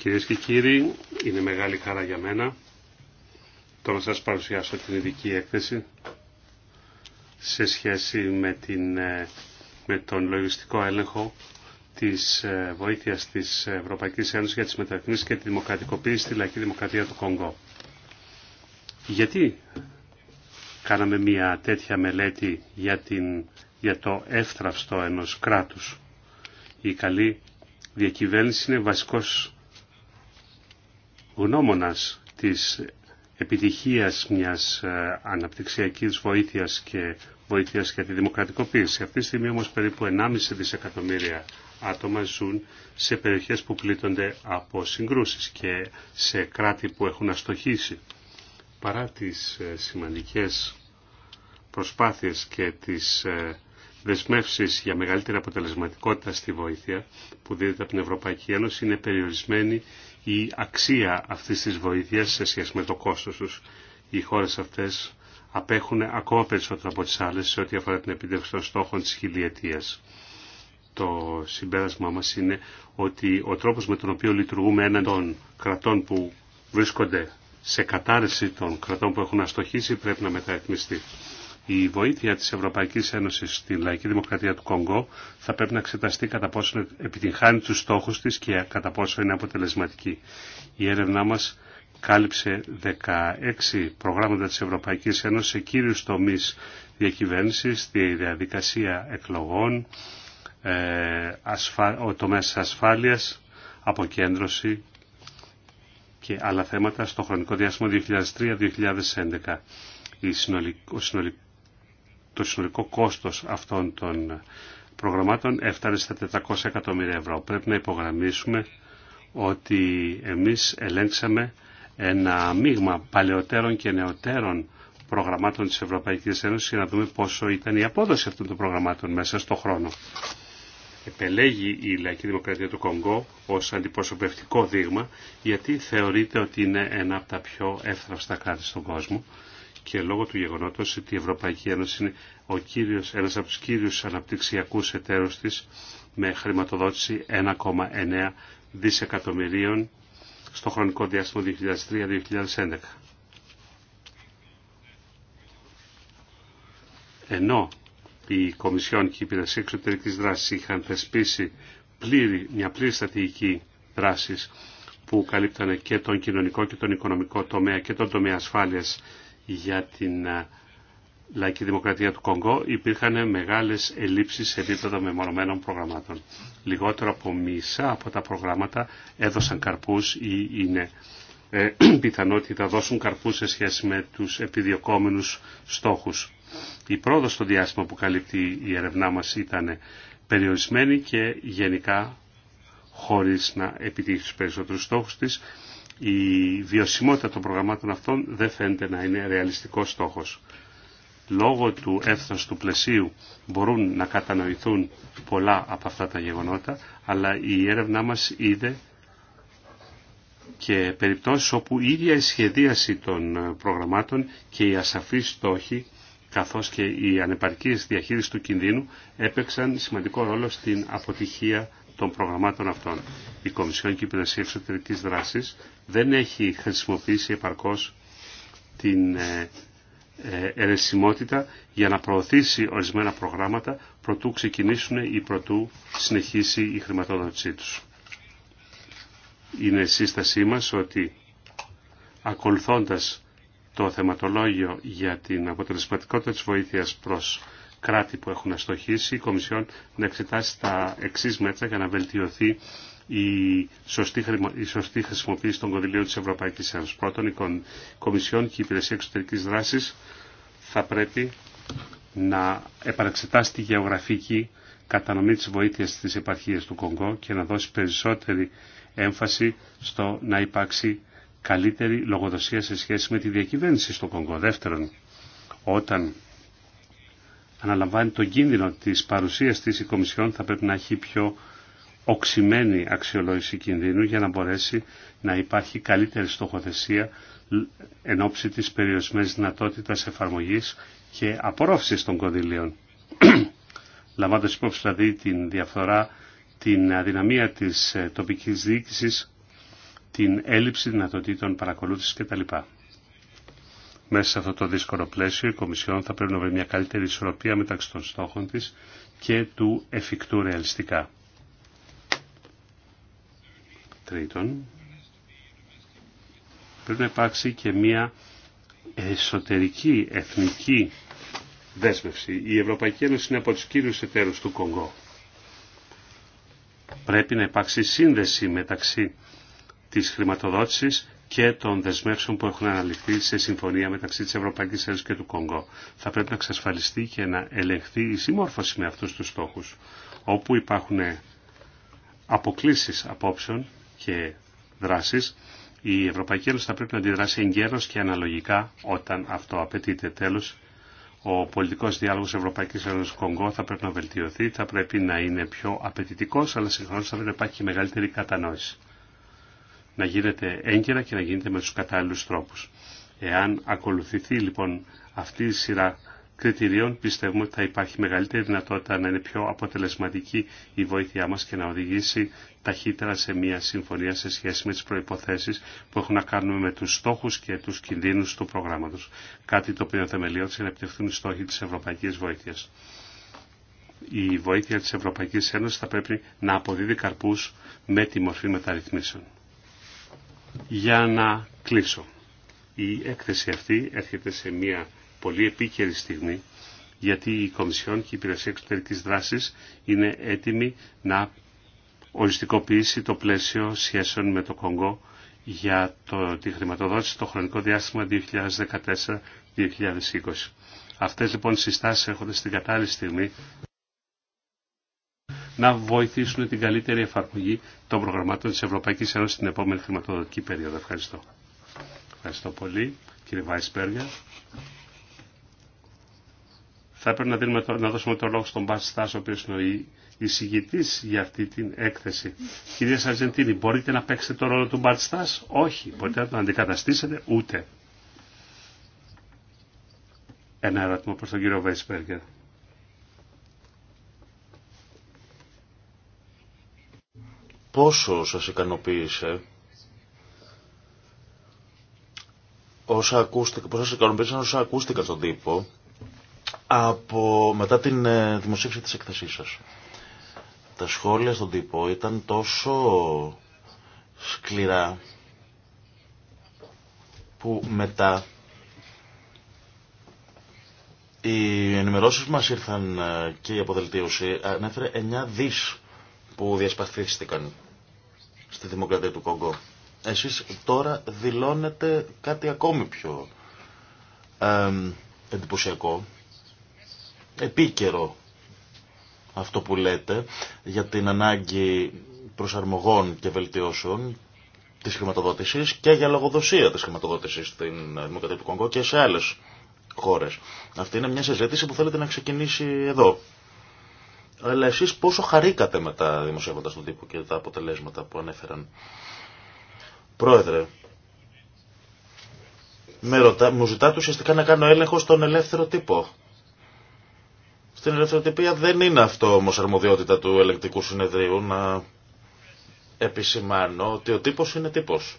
Κυρίες και κύριοι, είναι μεγάλη χαρά για μένα το να σας παρουσιάσω την ειδική έκθεση σε σχέση με, ε, τον λογιστικό έλεγχο της ε, βοήθειας της Ευρωπαϊκής Ένωσης για τις μεταρρυθμίσεις και τη δημοκρατικοποίηση στη λαϊκή δημοκρατία του Κονγκό. Γιατί κάναμε μια τέτοια μελέτη για, την, για το εύθραυστο ενός κράτους. Η καλή διακυβέρνηση είναι βασικός γνώμονας της επιτυχίας μιας ε, αναπτυξιακής βοήθειας και βοήθειας για τη δημοκρατικοποίηση. Αυτή τη στιγμή όμως περίπου 1,5 δισεκατομμύρια άτομα ζουν σε περιοχές που πλήττονται από συγκρούσεις και σε κράτη που έχουν αστοχήσει. Παρά τις ε, σημαντικές προσπάθειες και τις ε, δεσμεύσεις για μεγαλύτερη αποτελεσματικότητα στη βοήθεια που δίδεται από την Ευρωπαϊκή Ένωση είναι περιορισμένη η αξία αυτής της βοήθειας σε σχέση με το κόστος τους. Οι χώρες αυτές απέχουν ακόμα περισσότερο από τις άλλες σε ό,τι αφορά την επίτευξη των στόχων της χιλιετίας. Το συμπέρασμά μας είναι ότι ο τρόπος με τον οποίο λειτουργούμε έναν των κρατών που βρίσκονται σε κατάρρευση των κρατών που έχουν αστοχήσει πρέπει να μεταρρυθμιστεί η βοήθεια της Ευρωπαϊκής Ένωσης στην λαϊκή δημοκρατία του Κονγκό θα πρέπει να εξεταστεί κατά πόσο επιτυγχάνει τους στόχους της και κατά πόσο είναι αποτελεσματική. Η έρευνά μας κάλυψε 16 προγράμματα της Ευρωπαϊκής Ένωσης σε κύριους τομείς διακυβέρνησης, τη διαδικασία εκλογών, ε, ο τομέας ασφάλειας, αποκέντρωση και άλλα θέματα στο χρονικό διάστημα 2003-2011. Ο το συνολικό κόστος αυτών των προγραμμάτων έφτανε στα 400 εκατομμύρια ευρώ. Πρέπει να υπογραμμίσουμε ότι εμείς ελέγξαμε ένα μείγμα παλαιότερων και νεωτέρων προγραμμάτων της Ευρωπαϊκής Ένωσης για να δούμε πόσο ήταν η απόδοση αυτών των προγραμμάτων μέσα στον χρόνο. Επελέγει η Λαϊκή Δημοκρατία του Κονγκό ως αντιπροσωπευτικό δείγμα γιατί θεωρείται ότι είναι ένα από τα πιο εύθραυστα κράτη στον κόσμο και λόγω του γεγονότος ότι η Ευρωπαϊκή Ένωση είναι ο κύριος, ένας από τους κύριους αναπτυξιακούς εταίρους της με χρηματοδότηση 1,9 δισεκατομμυρίων στο χρονικό διάστημα 2003-2011. Ενώ η Κομισιόν και η Υπηρεσία εξωτερική δράση είχαν θεσπίσει πλήρη, μια πλήρη στρατηγική δράση που καλύπτανε και τον κοινωνικό και τον οικονομικό τομέα και τον τομέα ασφάλειας για την ε, λαϊκή δημοκρατία του Κονγκό υπήρχαν μεγάλες ελλείψεις σε επίπεδο μεμονωμένων προγραμμάτων. Λιγότερο από μισά από τα προγράμματα έδωσαν καρπούς ή είναι πιθανότητα ε, πιθανότητα δώσουν καρπούς σε σχέση με τους επιδιωκόμενους στόχους. Η πρόοδος στο διάστημα που καλύπτει η ερευνά μας ήταν περιορισμένη και γενικά χωρίς να επιτύχει τους περισσότερους στόχους της η βιωσιμότητα των προγραμμάτων αυτών δεν φαίνεται να είναι ρεαλιστικός στόχος. Λόγω του έφθος του πλαισίου μπορούν να κατανοηθούν πολλά από αυτά τα γεγονότα, αλλά η έρευνά μας είδε και περιπτώσεις όπου η ίδια η σχεδίαση των προγραμμάτων και οι ασαφείς στόχοι καθώς και η ανεπαρκής διαχείριση του κινδύνου έπαιξαν σημαντικό ρόλο στην αποτυχία των προγραμμάτων αυτών. Η Κομισιόν και η Υπηρεσία Εξωτερικής Δράσης δεν έχει χρησιμοποιήσει επαρκώς την ερεσιμότητα ε, για να προωθήσει ορισμένα προγράμματα προτού ξεκινήσουν ή προτού συνεχίσει η χρηματοδότησή τους. Είναι σύστασή μας ότι ακολουθώντας το θεματολόγιο για την αποτελεσματικότητα της βοήθειας προς κράτη που έχουν αστοχήσει, η Κομισιόν να εξετάσει τα εξή μέτρα για να βελτιωθεί η σωστή, η σωστή χρησιμοποίηση των κονδυλίων της Ευρωπαϊκής Ένωσης. Πρώτον, η Κομισιόν και η Υπηρεσία εξωτερική δράση θα πρέπει να επαναξετάσει τη γεωγραφική κατανομή της βοήθειας στις επαρχίες του Κονγκό και να δώσει περισσότερη έμφαση στο να υπάρξει καλύτερη λογοδοσία σε σχέση με τη διακυβέρνηση στο Κονγκό. Δεύτερον, όταν αναλαμβάνει τον κίνδυνο της παρουσίας της η Κομισιόν θα πρέπει να έχει πιο οξυμένη αξιολόγηση κινδύνου για να μπορέσει να υπάρχει καλύτερη στοχοθεσία εν ώψη της περιορισμένης δυνατότητας εφαρμογής και απορρόφησης των κονδυλίων. Λαμβάνοντα υπόψη δηλαδή την διαφθορά, την αδυναμία της ε, τοπικής διοίκησης, την έλλειψη δυνατοτήτων παρακολούθησης κτλ. Μέσα σε αυτό το δύσκολο πλαίσιο η Κομισιόν θα πρέπει να βρει μια καλύτερη ισορροπία μεταξύ των στόχων της και του εφικτού ρεαλιστικά. Τρίτον, πρέπει να υπάρξει και μια εσωτερική εθνική δέσμευση. Η Ευρωπαϊκή Ένωση είναι από τους κύριους εταίρους του Κονγκό. Πρέπει να υπάρξει σύνδεση μεταξύ της χρηματοδότησης και των δεσμεύσεων που έχουν αναλυθεί σε συμφωνία μεταξύ της Ευρωπαϊκής Ένωσης και του Κονγκό. Θα πρέπει να εξασφαλιστεί και να ελεγχθεί η συμμόρφωση με αυτούς τους στόχους, όπου υπάρχουν αποκλήσεις απόψεων και δράσεις, η Ευρωπαϊκή Ένωση θα πρέπει να αντιδράσει εγκαίρως και αναλογικά όταν αυτό απαιτείται. Τέλος, ο πολιτικός διάλογος Ευρωπαϊκής Ένωσης Κονγκό θα πρέπει να βελτιωθεί, θα πρέπει να είναι πιο απαιτητικό, αλλά συγχρόνως θα πρέπει να υπάρχει και μεγαλύτερη κατανόηση να γίνεται έγκαιρα και να γίνεται με τους κατάλληλους τρόπους. Εάν ακολουθηθεί λοιπόν αυτή η σειρά κριτηρίων, πιστεύουμε ότι θα υπάρχει μεγαλύτερη δυνατότητα να είναι πιο αποτελεσματική η βοήθειά μας και να οδηγήσει ταχύτερα σε μια συμφωνία σε σχέση με τις προϋποθέσεις που έχουν να κάνουν με τους στόχους και τους κινδύνους του προγράμματος. Κάτι το οποίο θεμελιώθηκε να επιτευχθούν οι στόχοι της Ευρωπαϊκής Βοήθειας. Η βοήθεια της Ευρωπαϊκής Ένωσης θα πρέπει να αποδίδει καρπούς με τη μορφή μεταρρυθμίσεων. Για να κλείσω. Η έκθεση αυτή έρχεται σε μια πολύ επίκαιρη στιγμή γιατί η Κομισιόν και η Υπηρεσία Εξωτερικής Δράσης είναι έτοιμη να οριστικοποιήσει το πλαίσιο σχέσεων με το Κονγκό για το, τη χρηματοδότηση το χρονικό διάστημα 2014-2020. Αυτές λοιπόν οι συστάσεις έρχονται στην κατάλληλη στιγμή να βοηθήσουν την καλύτερη εφαρμογή των προγραμμάτων της Ευρωπαϊκής Ένωσης στην επόμενη χρηματοδοτική περίοδο. Ευχαριστώ. Ευχαριστώ πολύ. Κύριε Βάισπέργια. Θα έπρεπε να, να δώσουμε το λόγο στον Μπάς ο οποίος είναι ο εισηγητής για αυτή την έκθεση. Κυρία Σαρζεντίνη, μπορείτε να παίξετε το ρόλο του Μπάς Όχι. Μπορείτε να τον αντικαταστήσετε. Ούτε. Ένα ερώτημα προς τον κύριο Βέισπεργκερ. πόσο σας ικανοποίησε όσα ακούστηκαν, πόσο σας όσα ακούστηκαν στον τύπο από, μετά την ε, δημοσίευση της εκθεσής σας. Τα σχόλια στον τύπο ήταν τόσο σκληρά που μετά οι ενημερώσεις μας ήρθαν ε, και η αποδελτίωση ε, ανέφερε 9 δις που διασπαθίστηκαν στη Δημοκρατία του Κονγκό. Εσείς τώρα δηλώνετε κάτι ακόμη πιο ε, εντυπωσιακό, επίκαιρο αυτό που λέτε για την ανάγκη προσαρμογών και βελτιώσεων της χρηματοδότησης και για λογοδοσία της χρηματοδότησης στην Δημοκρατία του Κονγκό και σε άλλες χώρες. Αυτή είναι μια συζήτηση που θέλετε να ξεκινήσει εδώ, αλλά εσείς πόσο χαρήκατε με τα δημοσιεύματα στον τύπο και τα αποτελέσματα που ανέφεραν. Πρόεδρε, μου ζητάτε ουσιαστικά να κάνω έλεγχο στον ελεύθερο τύπο. Στην τυπία δεν είναι αυτό όμω αρμοδιότητα του ελεγκτικού συνεδρίου να επισημάνω ότι ο τύπος είναι τύπος.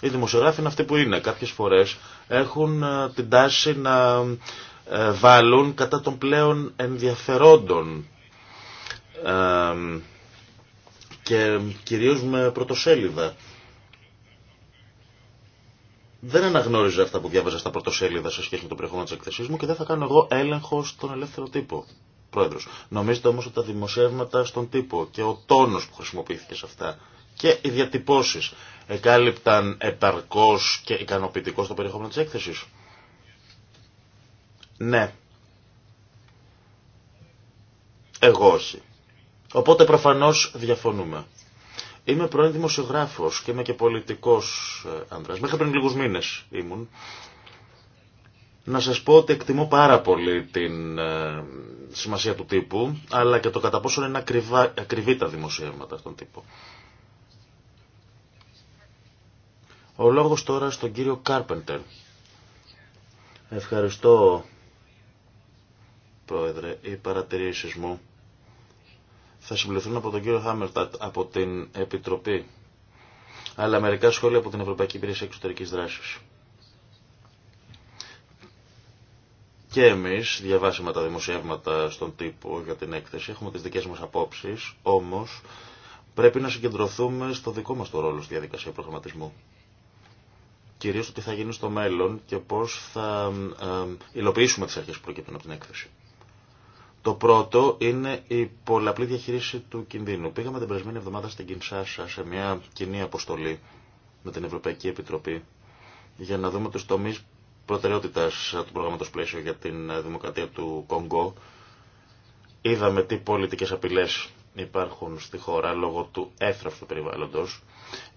Οι δημοσιογράφοι είναι αυτοί που είναι. Κάποιες φορές έχουν ε, την τάση να ε, βάλουν κατά των πλέον ενδιαφερόντων και κυρίως με πρωτοσέλιδα. Δεν αναγνώριζα αυτά που διάβαζα στα πρωτοσέλιδα σε σχέση με το περιεχόμενο τη εκθεσή μου και δεν θα κάνω εγώ έλεγχο στον ελεύθερο τύπο. Πρόεδρο. Νομίζετε όμω ότι τα δημοσιεύματα στον τύπο και ο τόνο που χρησιμοποιήθηκε σε αυτά και οι διατυπώσεις εκάλυπταν επαρκώ και ικανοποιητικό στο περιεχόμενο τη έκθεση. Ναι. Εγώ όχι. Οπότε προφανώς διαφωνούμε. Είμαι πρώην δημοσιογράφος και είμαι και πολιτικός ε, άνδρας. Μέχρι πριν λίγους μήνες ήμουν. Να σας πω ότι εκτιμώ πάρα πολύ την ε, σημασία του τύπου, αλλά και το κατά πόσο είναι ακριβά, ακριβή τα δημοσιεύματα στον τύπο. Ο λόγος τώρα στον κύριο Κάρπεντερ. Ευχαριστώ, Πρόεδρε, οι παρατηρήσεις μου θα συμπληρωθούν από τον κύριο Χάμερτατ από την Επιτροπή, αλλά μερικά σχόλια από την Ευρωπαϊκή Υπηρεσία Εξωτερικής Δράσης. Και εμείς διαβάσαμε τα δημοσιεύματα στον τύπο για την έκθεση, έχουμε τις δικές μας απόψεις, όμως πρέπει να συγκεντρωθούμε στο δικό μας το ρόλο στη διαδικασία προγραμματισμού. Κυρίως το τι θα γίνει στο μέλλον και πώς θα ε, ε, υλοποιήσουμε τις αρχές που προκύπτουν από την έκθεση. Το πρώτο είναι η πολλαπλή διαχείριση του κινδύνου. Πήγαμε την περασμένη εβδομάδα στην Κινσάσα σε μια κοινή αποστολή με την Ευρωπαϊκή Επιτροπή για να δούμε τους τομείς προτεραιότητας του προγράμματος πλαίσιο για την δημοκρατία του Κονγκό. Είδαμε τι πολιτικές απειλές υπάρχουν στη χώρα λόγω του έθραυστου περιβάλλοντος.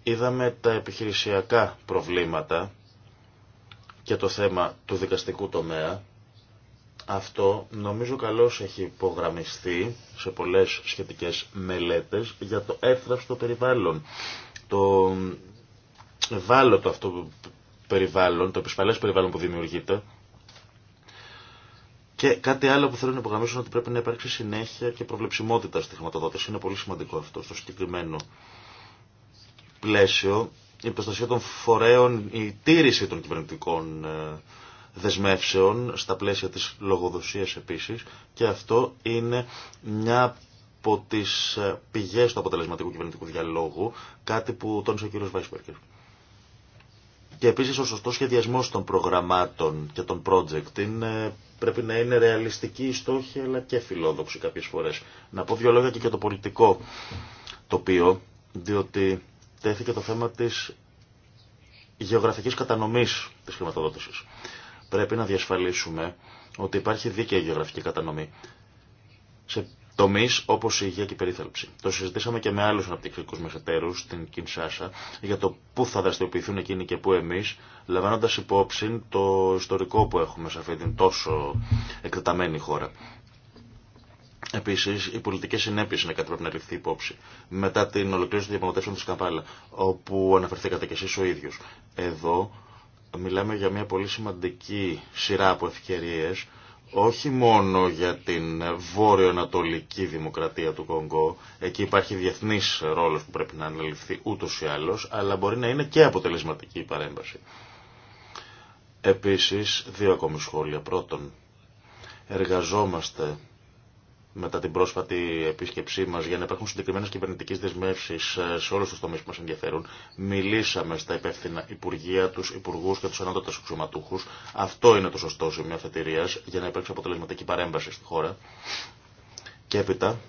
Είδαμε τα επιχειρησιακά προβλήματα και το θέμα του δικαστικού τομέα αυτό νομίζω καλώς έχει υπογραμμιστεί σε πολλές σχετικές μελέτες για το εύθραυστο περιβάλλον. Το ευάλωτο αυτό περιβάλλον, το επισφαλές περιβάλλον που δημιουργείται και κάτι άλλο που θέλω να υπογραμμίσω είναι ότι πρέπει να υπάρξει συνέχεια και προβλεψιμότητα στη χρηματοδότηση. Είναι πολύ σημαντικό αυτό στο συγκεκριμένο πλαίσιο. Η προστασία των φορέων, η τήρηση των κυβερνητικών ε, δεσμεύσεων στα πλαίσια της λογοδοσίας επίσης και αυτό είναι μια από τις ε, πηγές του αποτελεσματικού κυβερνητικού διαλόγου, κάτι που τόνισε ο κ. Βάισπερκερ. Και επίσης ο σωστός σχεδιασμός των προγραμμάτων και των project είναι, πρέπει να είναι ρεαλιστική η στόχη αλλά και φιλόδοξη κάποιες φορές. Να πω δύο λόγια και για το πολιτικό τοπίο, διότι τέθηκε το θέμα της γεωγραφικής κατανομής της χρηματοδότησης. Πρέπει να διασφαλίσουμε ότι υπάρχει δίκαιη γεωγραφική κατανομή σε τομεί όπω η υγεία και η περίθαλψη. Το συζητήσαμε και με άλλου αναπτυξιακού μεσαιτέρου στην Κινσάσα για το πού θα δραστηριοποιηθούν εκείνοι και πού εμεί, λαμβάνοντα υπόψη το ιστορικό που έχουμε σε αυτή την τόσο εκτεταμένη χώρα. Επίση, οι πολιτικέ συνέπειε είναι κάτι που πρέπει να ληφθεί υπόψη. Μετά την ολοκλήρωση των διαπραγματεύσεων τη Καμπάλα, όπου αναφερθήκατε κι εσεί ο ίδιο. Εδώ Μιλάμε για μια πολύ σημαντική σειρά από ευκαιρίες, όχι μόνο για την βόρειο-ανατολική δημοκρατία του Κονγκό, εκεί υπάρχει διεθνής ρόλος που πρέπει να αναλυφθεί ούτως ή άλλως, αλλά μπορεί να είναι και αποτελεσματική η παρέμβαση. Επίσης, δύο ακόμη σχόλια. Πρώτον, εργαζόμαστε μετά την πρόσφατη επίσκεψή μα για να υπάρχουν συγκεκριμένε κυβερνητικέ δεσμεύσει ε, σε όλου του τομείς που μα ενδιαφέρουν. Μιλήσαμε στα υπεύθυνα υπουργεία, του υπουργού και του ανώτατου αξιωματούχου. Αυτό είναι το σωστό σημείο αφετηρία για να υπάρξει αποτελεσματική παρέμβαση στη χώρα. Και έπειτα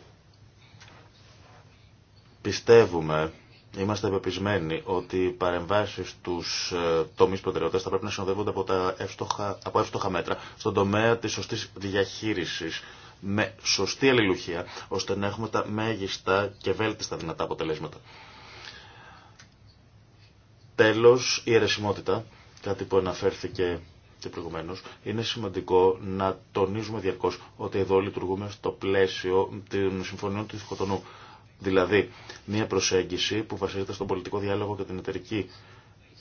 πιστεύουμε Είμαστε πεπισμένοι ότι οι παρεμβάσει στου ε, τομεί προτεραιότητα θα πρέπει να συνοδεύονται από, τα εύστοχα, από εύστοχα μέτρα στον τομέα τη σωστή διαχείριση με σωστή αλληλουχία, ώστε να έχουμε τα μέγιστα και βέλτιστα δυνατά αποτελέσματα. Τέλος, η αιρεσιμότητα, κάτι που αναφέρθηκε και προηγουμένω, είναι σημαντικό να τονίζουμε διαρκώς ότι εδώ λειτουργούμε στο πλαίσιο των συμφωνιών του Ιθικοτονού. Δηλαδή, μια προσέγγιση που βασίζεται στον πολιτικό διάλογο και την εταιρική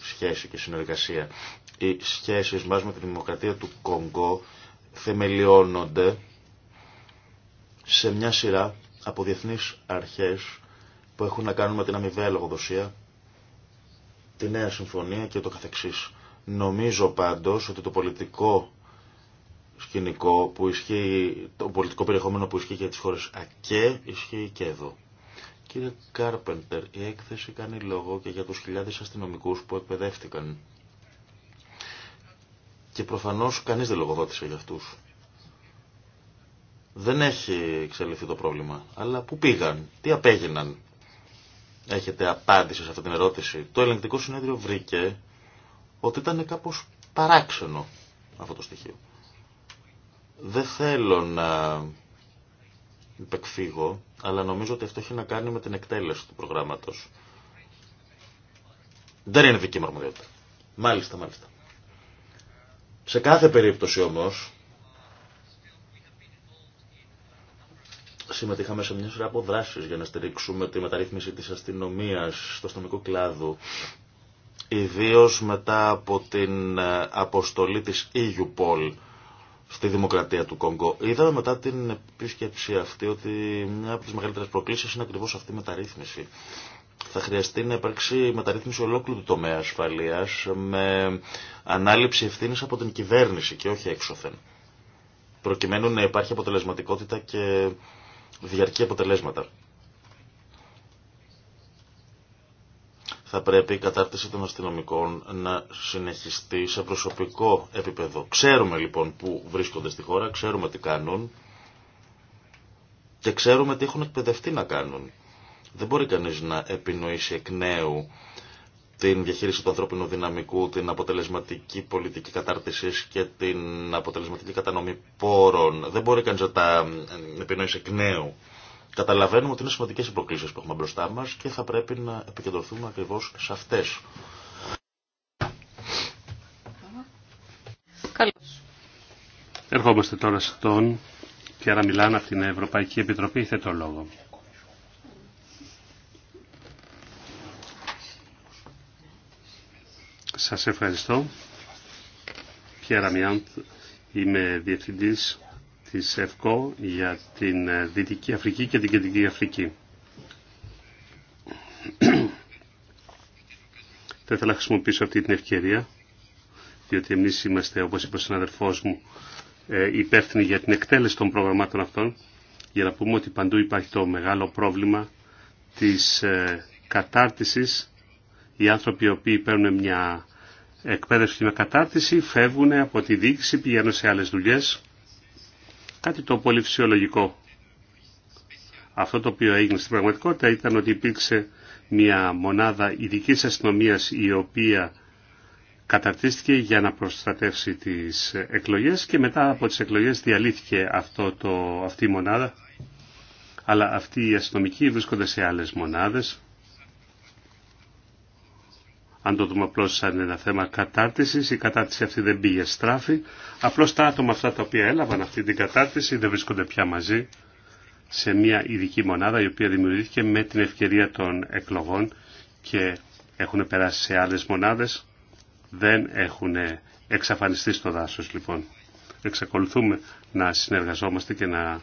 σχέση και συνεργασία. Οι σχέσεις μας με τη δημοκρατία του Κονγκό θεμελιώνονται σε μια σειρά από διεθνείς αρχές που έχουν να κάνουν με την αμοιβαία λογοδοσία, τη νέα συμφωνία και το καθεξής. Νομίζω πάντως ότι το πολιτικό σκηνικό που ισχύει, το πολιτικό περιεχόμενο που ισχύει για τις χώρες ΑΚΕ ισχύει και εδώ. Κύριε Κάρπεντερ, η έκθεση κάνει λόγο και για τους χιλιάδες αστυνομικούς που εκπαιδεύτηκαν. Και προφανώς κανείς δεν λογοδότησε για αυτούς. Δεν έχει εξελιχθεί το πρόβλημα. Αλλά πού πήγαν, τι απέγιναν. Έχετε απάντηση σε αυτή την ερώτηση. Το ελεγκτικό συνέδριο βρήκε ότι ήταν κάπως παράξενο αυτό το στοιχείο. Δεν θέλω να υπεκφύγω, αλλά νομίζω ότι αυτό έχει να κάνει με την εκτέλεση του προγράμματος. Δεν είναι δική μου αρμοδιότητα. Μάλιστα, μάλιστα. Σε κάθε περίπτωση όμως, συμμετείχαμε σε μια σειρά από δράσεις για να στηρίξουμε τη μεταρρύθμιση της αστυνομίας στο αστυνομικό κλάδο. ιδίω μετά από την ε, αποστολή της EUPOL στη δημοκρατία του Κόγκο. Είδαμε μετά την επίσκεψη αυτή ότι μια από τις μεγαλύτερες προκλήσεις είναι ακριβώς αυτή η μεταρρύθμιση. Θα χρειαστεί να υπάρξει μεταρρύθμιση ολόκληρου του τομέα ασφαλείας με ανάληψη ευθύνης από την κυβέρνηση και όχι έξωθεν προκειμένου να υπάρχει αποτελεσματικότητα και διαρκή αποτελέσματα. θα πρέπει η κατάρτιση των αστυνομικών να συνεχιστεί σε προσωπικό επίπεδο. Ξέρουμε λοιπόν που βρίσκονται στη χώρα, ξέρουμε τι κάνουν και ξέρουμε τι έχουν εκπαιδευτεί να κάνουν. Δεν μπορεί κανείς να επινοήσει εκ νέου την διαχείριση του ανθρώπινου δυναμικού, την αποτελεσματική πολιτική κατάρτιση και την αποτελεσματική κατανομή πόρων. Δεν μπορεί κανεί να τα ε, επινοήσει εκ νέου. Καταλαβαίνουμε ότι είναι σημαντικέ οι προκλήσει που έχουμε μπροστά μα και θα πρέπει να επικεντρωθούμε ακριβώ σε αυτέ. Ερχόμαστε τώρα στον Κιάρα Μιλάν από την Ευρωπαϊκή Επιτροπή. Θέτω λόγο. Σας ευχαριστώ. Πιέρα Μιάντ, είμαι διευθυντής της ΕΦΚΟ για την ε, Δυτική Αφρική και την Κεντρική Αφρική. Θα ήθελα να χρησιμοποιήσω αυτή την ευκαιρία, διότι εμείς είμαστε, όπως είπε ο συναδελφός μου, ε, υπεύθυνοι για την εκτέλεση των προγραμμάτων αυτών, για να πούμε ότι παντού υπάρχει το μεγάλο πρόβλημα της ε, κατάρτισης οι άνθρωποι οι οποίοι παίρνουν μια εκπαίδευση με κατάρτιση φεύγουν από τη διοίκηση, πηγαίνουν σε άλλες δουλειές. Κάτι το πολύ φυσιολογικό. Αυτό το οποίο έγινε στην πραγματικότητα ήταν ότι υπήρξε μια μονάδα ειδική αστυνομία η οποία καταρτίστηκε για να προστατεύσει τις εκλογές και μετά από τις εκλογές διαλύθηκε αυτό το, αυτή η μονάδα αλλά αυτοί οι αστυνομικοί βρίσκονται σε άλλες μονάδες αν το δούμε απλώς σαν ένα θέμα κατάρτισης, η κατάρτιση αυτή δεν πήγε στράφη, απλώς τα άτομα αυτά τα οποία έλαβαν αυτή την κατάρτιση δεν βρίσκονται πια μαζί σε μια ειδική μονάδα η οποία δημιουργήθηκε με την ευκαιρία των εκλογών και έχουν περάσει σε άλλες μονάδες, δεν έχουν εξαφανιστεί στο δάσος λοιπόν. Εξακολουθούμε να συνεργαζόμαστε και να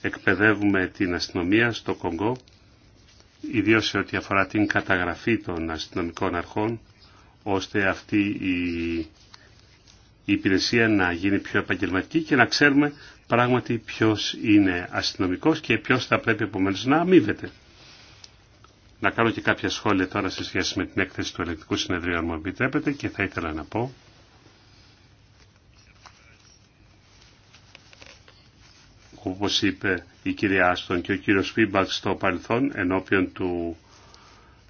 εκπαιδεύουμε την αστυνομία στο Κονγκό ιδίως σε ό,τι αφορά την καταγραφή των αστυνομικών αρχών, ώστε αυτή η υπηρεσία να γίνει πιο επαγγελματική και να ξέρουμε πράγματι ποιος είναι αστυνομικός και ποιος θα πρέπει επομένως να αμείβεται. Να κάνω και κάποια σχόλια τώρα σε σχέση με την έκθεση του ελεκτικού συνεδρίου, αν μου επιτρέπετε, και θα ήθελα να πω όπως είπε η κυρία Άστον και ο κύριος Φίμπαξ στο παρελθόν ενώπιον του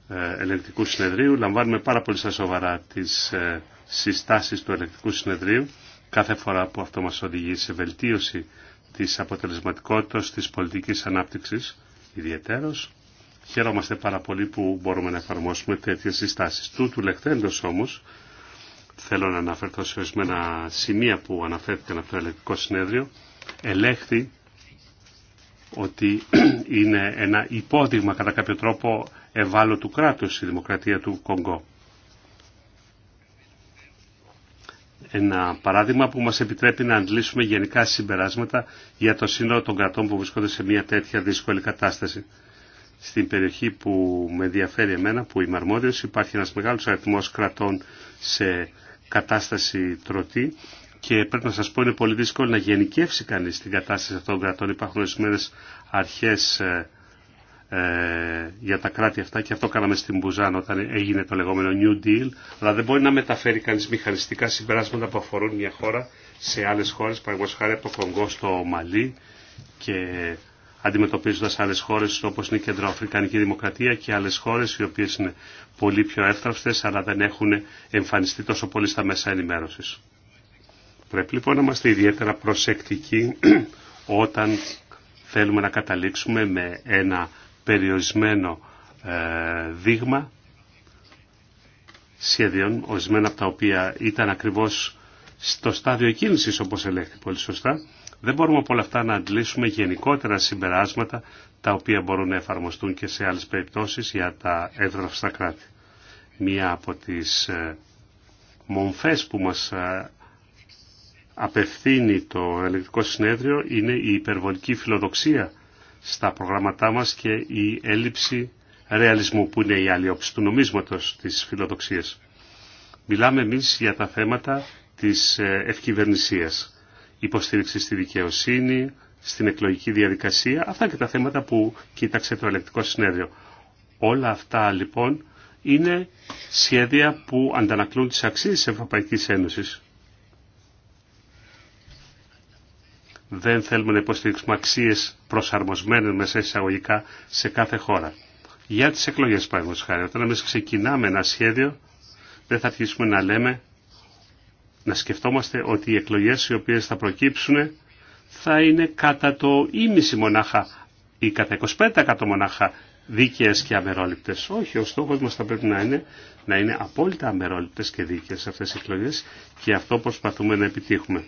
ε, Ελεκτικού συνεδρίου. Λαμβάνουμε πάρα πολύ στα σοβαρά τις ε, συστάσεις του Ελεκτικού συνεδρίου κάθε φορά που αυτό μας οδηγεί σε βελτίωση της αποτελεσματικότητας της πολιτικής ανάπτυξης ιδιαίτερος. Χαίρομαστε πάρα πολύ που μπορούμε να εφαρμόσουμε τέτοιες συστάσεις. Του του λεχθέντος όμως θέλω να αναφερθώ σε ορισμένα σημεία που αναφέρθηκαν από το ελεκτικό συνέδριο. Ελέγχθη ότι είναι ένα υπόδειγμα κατά κάποιο τρόπο ευάλωτου κράτους η δημοκρατία του Κονγκό. Ένα παράδειγμα που μας επιτρέπει να αντλήσουμε γενικά συμπεράσματα για το σύνολο των κρατών που βρισκόνται σε μια τέτοια δύσκολη κατάσταση. Στην περιοχή που με ενδιαφέρει εμένα, που είμαι αρμόδιος, υπάρχει ένας μεγάλος αριθμός κρατών σε κατάσταση τρωτή και πρέπει να σας πω είναι πολύ δύσκολο να γενικεύσει κανείς την κατάσταση αυτών των κρατών. Υπάρχουν ορισμένε αρχές ε, ε, για τα κράτη αυτά και αυτό κάναμε στην Μπουζάν όταν έγινε το λεγόμενο New Deal αλλά δεν μπορεί να μεταφέρει κανείς μηχανιστικά συμπεράσματα που αφορούν μια χώρα σε άλλες χώρες, παραγωγός χάρη από το Κονγκό στο Μαλί και αντιμετωπίζοντας άλλες χώρες όπως είναι η Κεντροαφρικανική Δημοκρατία και άλλες χώρες οι οποίες είναι πολύ πιο εύθραυστες αλλά δεν έχουν εμφανιστεί τόσο πολύ στα μέσα ενημέρωσης. Πρέπει λοιπόν να είμαστε ιδιαίτερα προσεκτικοί όταν θέλουμε να καταλήξουμε με ένα περιορισμένο ε, δείγμα σχέδιων, ορισμένα από τα οποία ήταν ακριβώς στο στάδιο κίνησης όπως ελέγχθη πολύ σωστά. Δεν μπορούμε από όλα αυτά να αντλήσουμε γενικότερα συμπεράσματα τα οποία μπορούν να εφαρμοστούν και σε άλλες περιπτώσεις για τα στα κράτη. Μία από τις ε, μομφές που μας ε, απευθύνει το Ελεκτικό συνέδριο είναι η υπερβολική φιλοδοξία στα προγραμματά μας και η έλλειψη ρεαλισμού που είναι η άλλη όψη του νομίσματος της φιλοδοξίας. Μιλάμε εμείς για τα θέματα της ε, ευκυβερνησίας, υποστήριξη στη δικαιοσύνη, στην εκλογική διαδικασία, αυτά και τα θέματα που κοίταξε το ελεκτικό συνέδριο. Όλα αυτά λοιπόν είναι σχέδια που αντανακλούν τις αξίες της Ευρωπαϊκής Ένωσης. δεν θέλουμε να υποστηρίξουμε αξίε προσαρμοσμένε μέσα εισαγωγικά σε κάθε χώρα. Για τι εκλογέ, παραδείγματο χάρη, όταν εμεί ξεκινάμε ένα σχέδιο, δεν θα αρχίσουμε να λέμε, να σκεφτόμαστε ότι οι εκλογέ οι οποίε θα προκύψουν θα είναι κατά το ίμιση μονάχα ή κατά 25% μονάχα δίκαιε και αμερόληπτε. Όχι, ο στόχο μα θα πρέπει να είναι να είναι απόλυτα αμερόληπτε και δίκαιε αυτέ οι εκλογέ και αυτό προσπαθούμε να επιτύχουμε.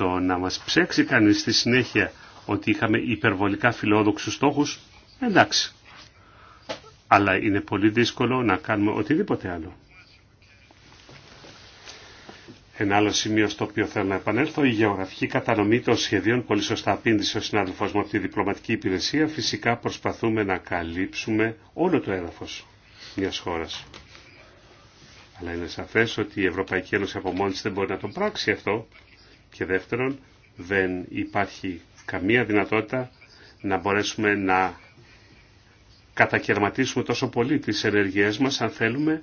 Το να μας ψέξει κανείς στη συνέχεια ότι είχαμε υπερβολικά φιλόδοξους στόχους, εντάξει. Αλλά είναι πολύ δύσκολο να κάνουμε οτιδήποτε άλλο. Ένα άλλο σημείο στο οποίο θέλω να επανέλθω, η γεωγραφική κατανομή των σχεδίων, πολύ σωστά απήντησε ο συνάδελφό μου από τη διπλωματική υπηρεσία. Φυσικά προσπαθούμε να καλύψουμε όλο το έδαφο μια χώρα. Αλλά είναι σαφέ ότι η Ευρωπαϊκή Ένωση από μόνη δεν μπορεί να τον πράξει αυτό. Και δεύτερον, δεν υπάρχει καμία δυνατότητα να μπορέσουμε να κατακαιρματίσουμε τόσο πολύ τις ενεργειές μας αν θέλουμε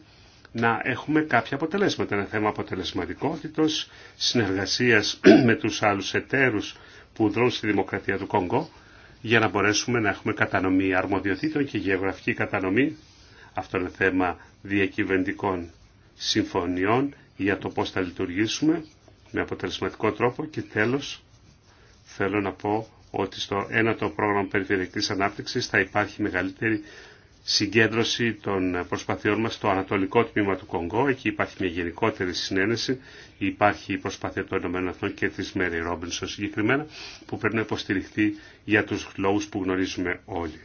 να έχουμε κάποια αποτελέσματα. Ένα θέμα αποτελεσματικότητος, συνεργασίας με τους άλλους εταίρους που δρούν στη δημοκρατία του Κονγκό για να μπορέσουμε να έχουμε κατανομή αρμοδιοτήτων και γεωγραφική κατανομή. Αυτό είναι θέμα διακυβερνητικών συμφωνιών για το πώς θα λειτουργήσουμε με αποτελεσματικό τρόπο και τέλος θέλω να πω ότι στο ένατο πρόγραμμα περιφερειακής ανάπτυξης θα υπάρχει μεγαλύτερη συγκέντρωση των προσπαθειών μας στο ανατολικό τμήμα του Κονγκό. Εκεί υπάρχει μια γενικότερη συνένεση. Υπάρχει η προσπάθεια των ΗΠΑ και της Μέρι Ρόμπινσον συγκεκριμένα που πρέπει να υποστηριχθεί για τους λόγους που γνωρίζουμε όλοι.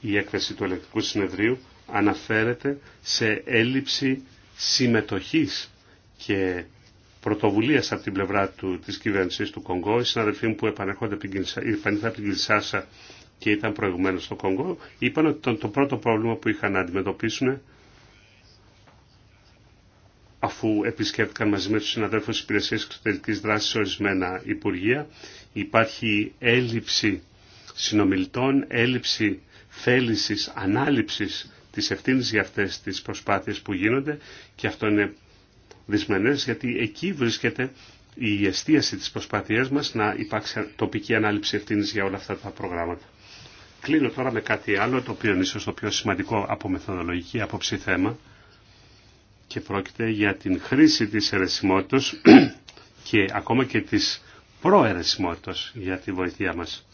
Η έκθεση του ελεκτικού συνεδρίου αναφέρεται σε έλλειψη συμμετοχής και πρωτοβουλίας από την πλευρά του, της κυβέρνησης του Κονγκό. Οι συναδελφοί μου που επανέρχονται από την, από και ήταν προηγουμένως στο Κονγκό, είπαν ότι το, πρώτο πρόβλημα που είχαν να αντιμετωπίσουν αφού επισκέπτηκαν μαζί με τους συναδέλφους της Υπηρεσίας Εξωτερικής Δράσης ορισμένα Υπουργεία, υπάρχει έλλειψη συνομιλητών, έλλειψη θέλησης, ανάληψης τις ευθύνης για αυτές τις προσπάθειες που γίνονται και αυτό είναι δυσμενές γιατί εκεί βρίσκεται η εστίαση της προσπάθειάς μας να υπάρξει τοπική ανάληψη ευθύνης για όλα αυτά τα προγράμματα. Κλείνω τώρα με κάτι άλλο το οποίο είναι ίσως το πιο σημαντικό από μεθοδολογική άποψη θέμα και πρόκειται για την χρήση της αιρεσιμότητας και ακόμα και της προαιρεσιμότητας για τη βοηθεία μας.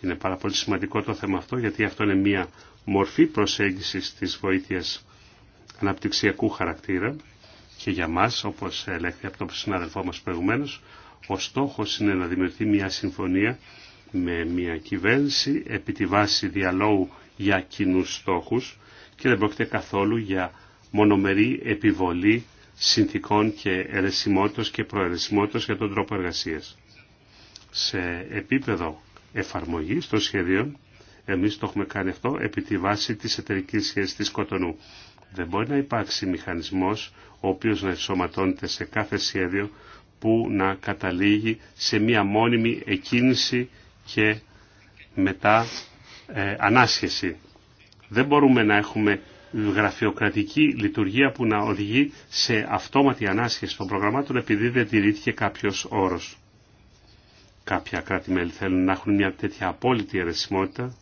Είναι πάρα πολύ σημαντικό το θέμα αυτό γιατί αυτό είναι μια μορφή προσέγγισης της βοήθειας αναπτυξιακού χαρακτήρα και για μας, όπως ελέγχθη από τον συνάδελφό μας προηγουμένως, ο στόχος είναι να δημιουργηθεί μια συμφωνία με μια κυβέρνηση επί τη βάση διαλόγου για κοινού στόχους και δεν πρόκειται καθόλου για μονομερή επιβολή συνθήκων και ερεσιμότητας και προερεσιμότητας για τον τρόπο εργασίας. Σε επίπεδο εφαρμογής των σχεδίων εμείς το έχουμε κάνει αυτό επί τη βάση της εταιρικής σχέσης της Κοτονού. Δεν μπορεί να υπάρξει μηχανισμός ο οποίος να ενσωματώνεται σε κάθε σχέδιο που να καταλήγει σε μία μόνιμη εκκίνηση και μετά ε, ανάσχεση. Δεν μπορούμε να έχουμε γραφειοκρατική λειτουργία που να οδηγεί σε αυτόματη ανάσχεση των προγραμμάτων επειδή δεν τηρήθηκε κάποιος όρος. Κάποια κράτη-μέλη θέλουν να έχουν μια τέτοια απόλυτη αιρεσιμότητα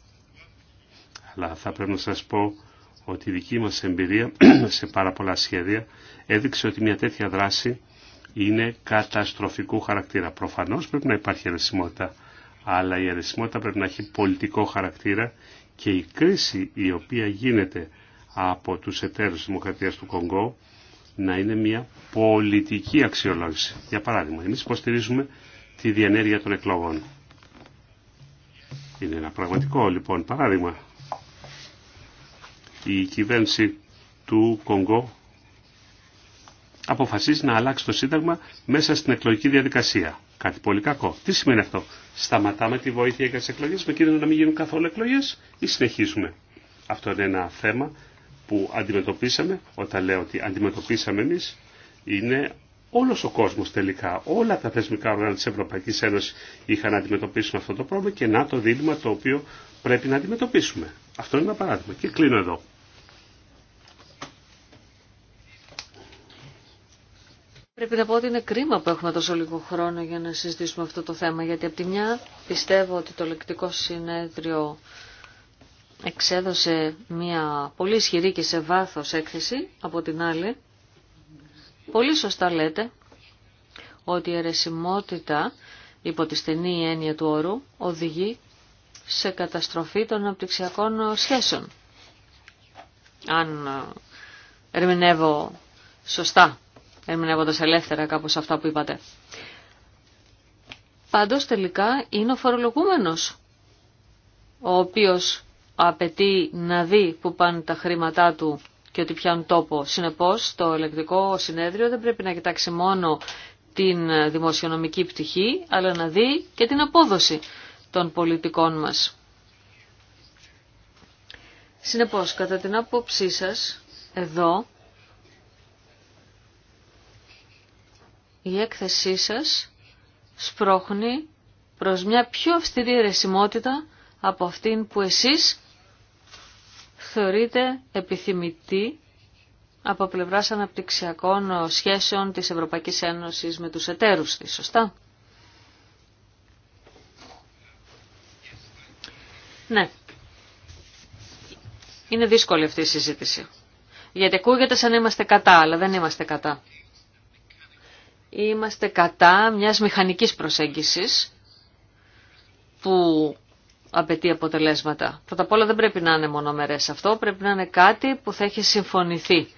αλλά θα πρέπει να σας πω ότι η δική μας εμπειρία σε πάρα πολλά σχέδια έδειξε ότι μια τέτοια δράση είναι καταστροφικού χαρακτήρα. Προφανώς πρέπει να υπάρχει αιρεσιμότητα, αλλά η αιρεσιμότητα πρέπει να έχει πολιτικό χαρακτήρα και η κρίση η οποία γίνεται από τους εταίρους της Δημοκρατίας του Κονγκό να είναι μια πολιτική αξιολόγηση. Για παράδειγμα, εμείς υποστηρίζουμε τη διενέργεια των εκλογών. Είναι ένα πραγματικό λοιπόν παράδειγμα η κυβέρνηση του Κονγκό αποφασίζει να αλλάξει το Σύνταγμα μέσα στην εκλογική διαδικασία. Κάτι πολύ κακό. Τι σημαίνει αυτό. Σταματάμε τη βοήθεια για τι εκλογέ με κίνδυνο να μην γίνουν καθόλου εκλογέ ή συνεχίζουμε. Αυτό είναι ένα θέμα που αντιμετωπίσαμε. Όταν λέω ότι αντιμετωπίσαμε εμεί, είναι όλο ο κόσμο τελικά. Όλα τα θεσμικά όργανα τη Ευρωπαϊκή Ένωση είχαν να αντιμετωπίσουν αυτό το πρόβλημα και να το δίλημα το οποίο πρέπει να αντιμετωπίσουμε. Αυτό είναι ένα παράδειγμα. Και κλείνω εδώ. Πρέπει να πω ότι είναι κρίμα που έχουμε τόσο λίγο χρόνο για να συζητήσουμε αυτό το θέμα, γιατί από τη μια πιστεύω ότι το λεκτικό συνέδριο εξέδωσε μια πολύ ισχυρή και σε βάθος έκθεση, από την άλλη, πολύ σωστά λέτε ότι η αιρεσιμότητα υπό τη στενή έννοια του όρου οδηγεί σε καταστροφή των αναπτυξιακών σχέσεων. Αν ε, ερμηνεύω σωστά ερμηνεύοντας ελεύθερα κάπως αυτά που είπατε. Πάντως τελικά είναι ο φορολογούμενος, ο οποίος απαιτεί να δει που πάνε τα χρήματά του και ότι πιάνουν τόπο. Συνεπώς το ελεκτικό συνέδριο δεν πρέπει να κοιτάξει μόνο την δημοσιονομική πτυχή, αλλά να δει και την απόδοση των πολιτικών μας. Συνεπώς, κατά την άποψή σας, εδώ η έκθεσή σας σπρώχνει προς μια πιο αυστηρή ρεσιμότητα από αυτήν που εσείς θεωρείτε επιθυμητή από πλευράς αναπτυξιακών σχέσεων της Ευρωπαϊκής Ένωσης με τους εταίρους της, σωστά. Ναι. Είναι δύσκολη αυτή η συζήτηση. Γιατί ακούγεται σαν είμαστε κατά, αλλά δεν είμαστε κατά είμαστε κατά μιας μηχανικής προσέγγισης που απαιτεί αποτελέσματα. Πρώτα απ' όλα δεν πρέπει να είναι μονομερές αυτό, πρέπει να είναι κάτι που θα έχει συμφωνηθεί.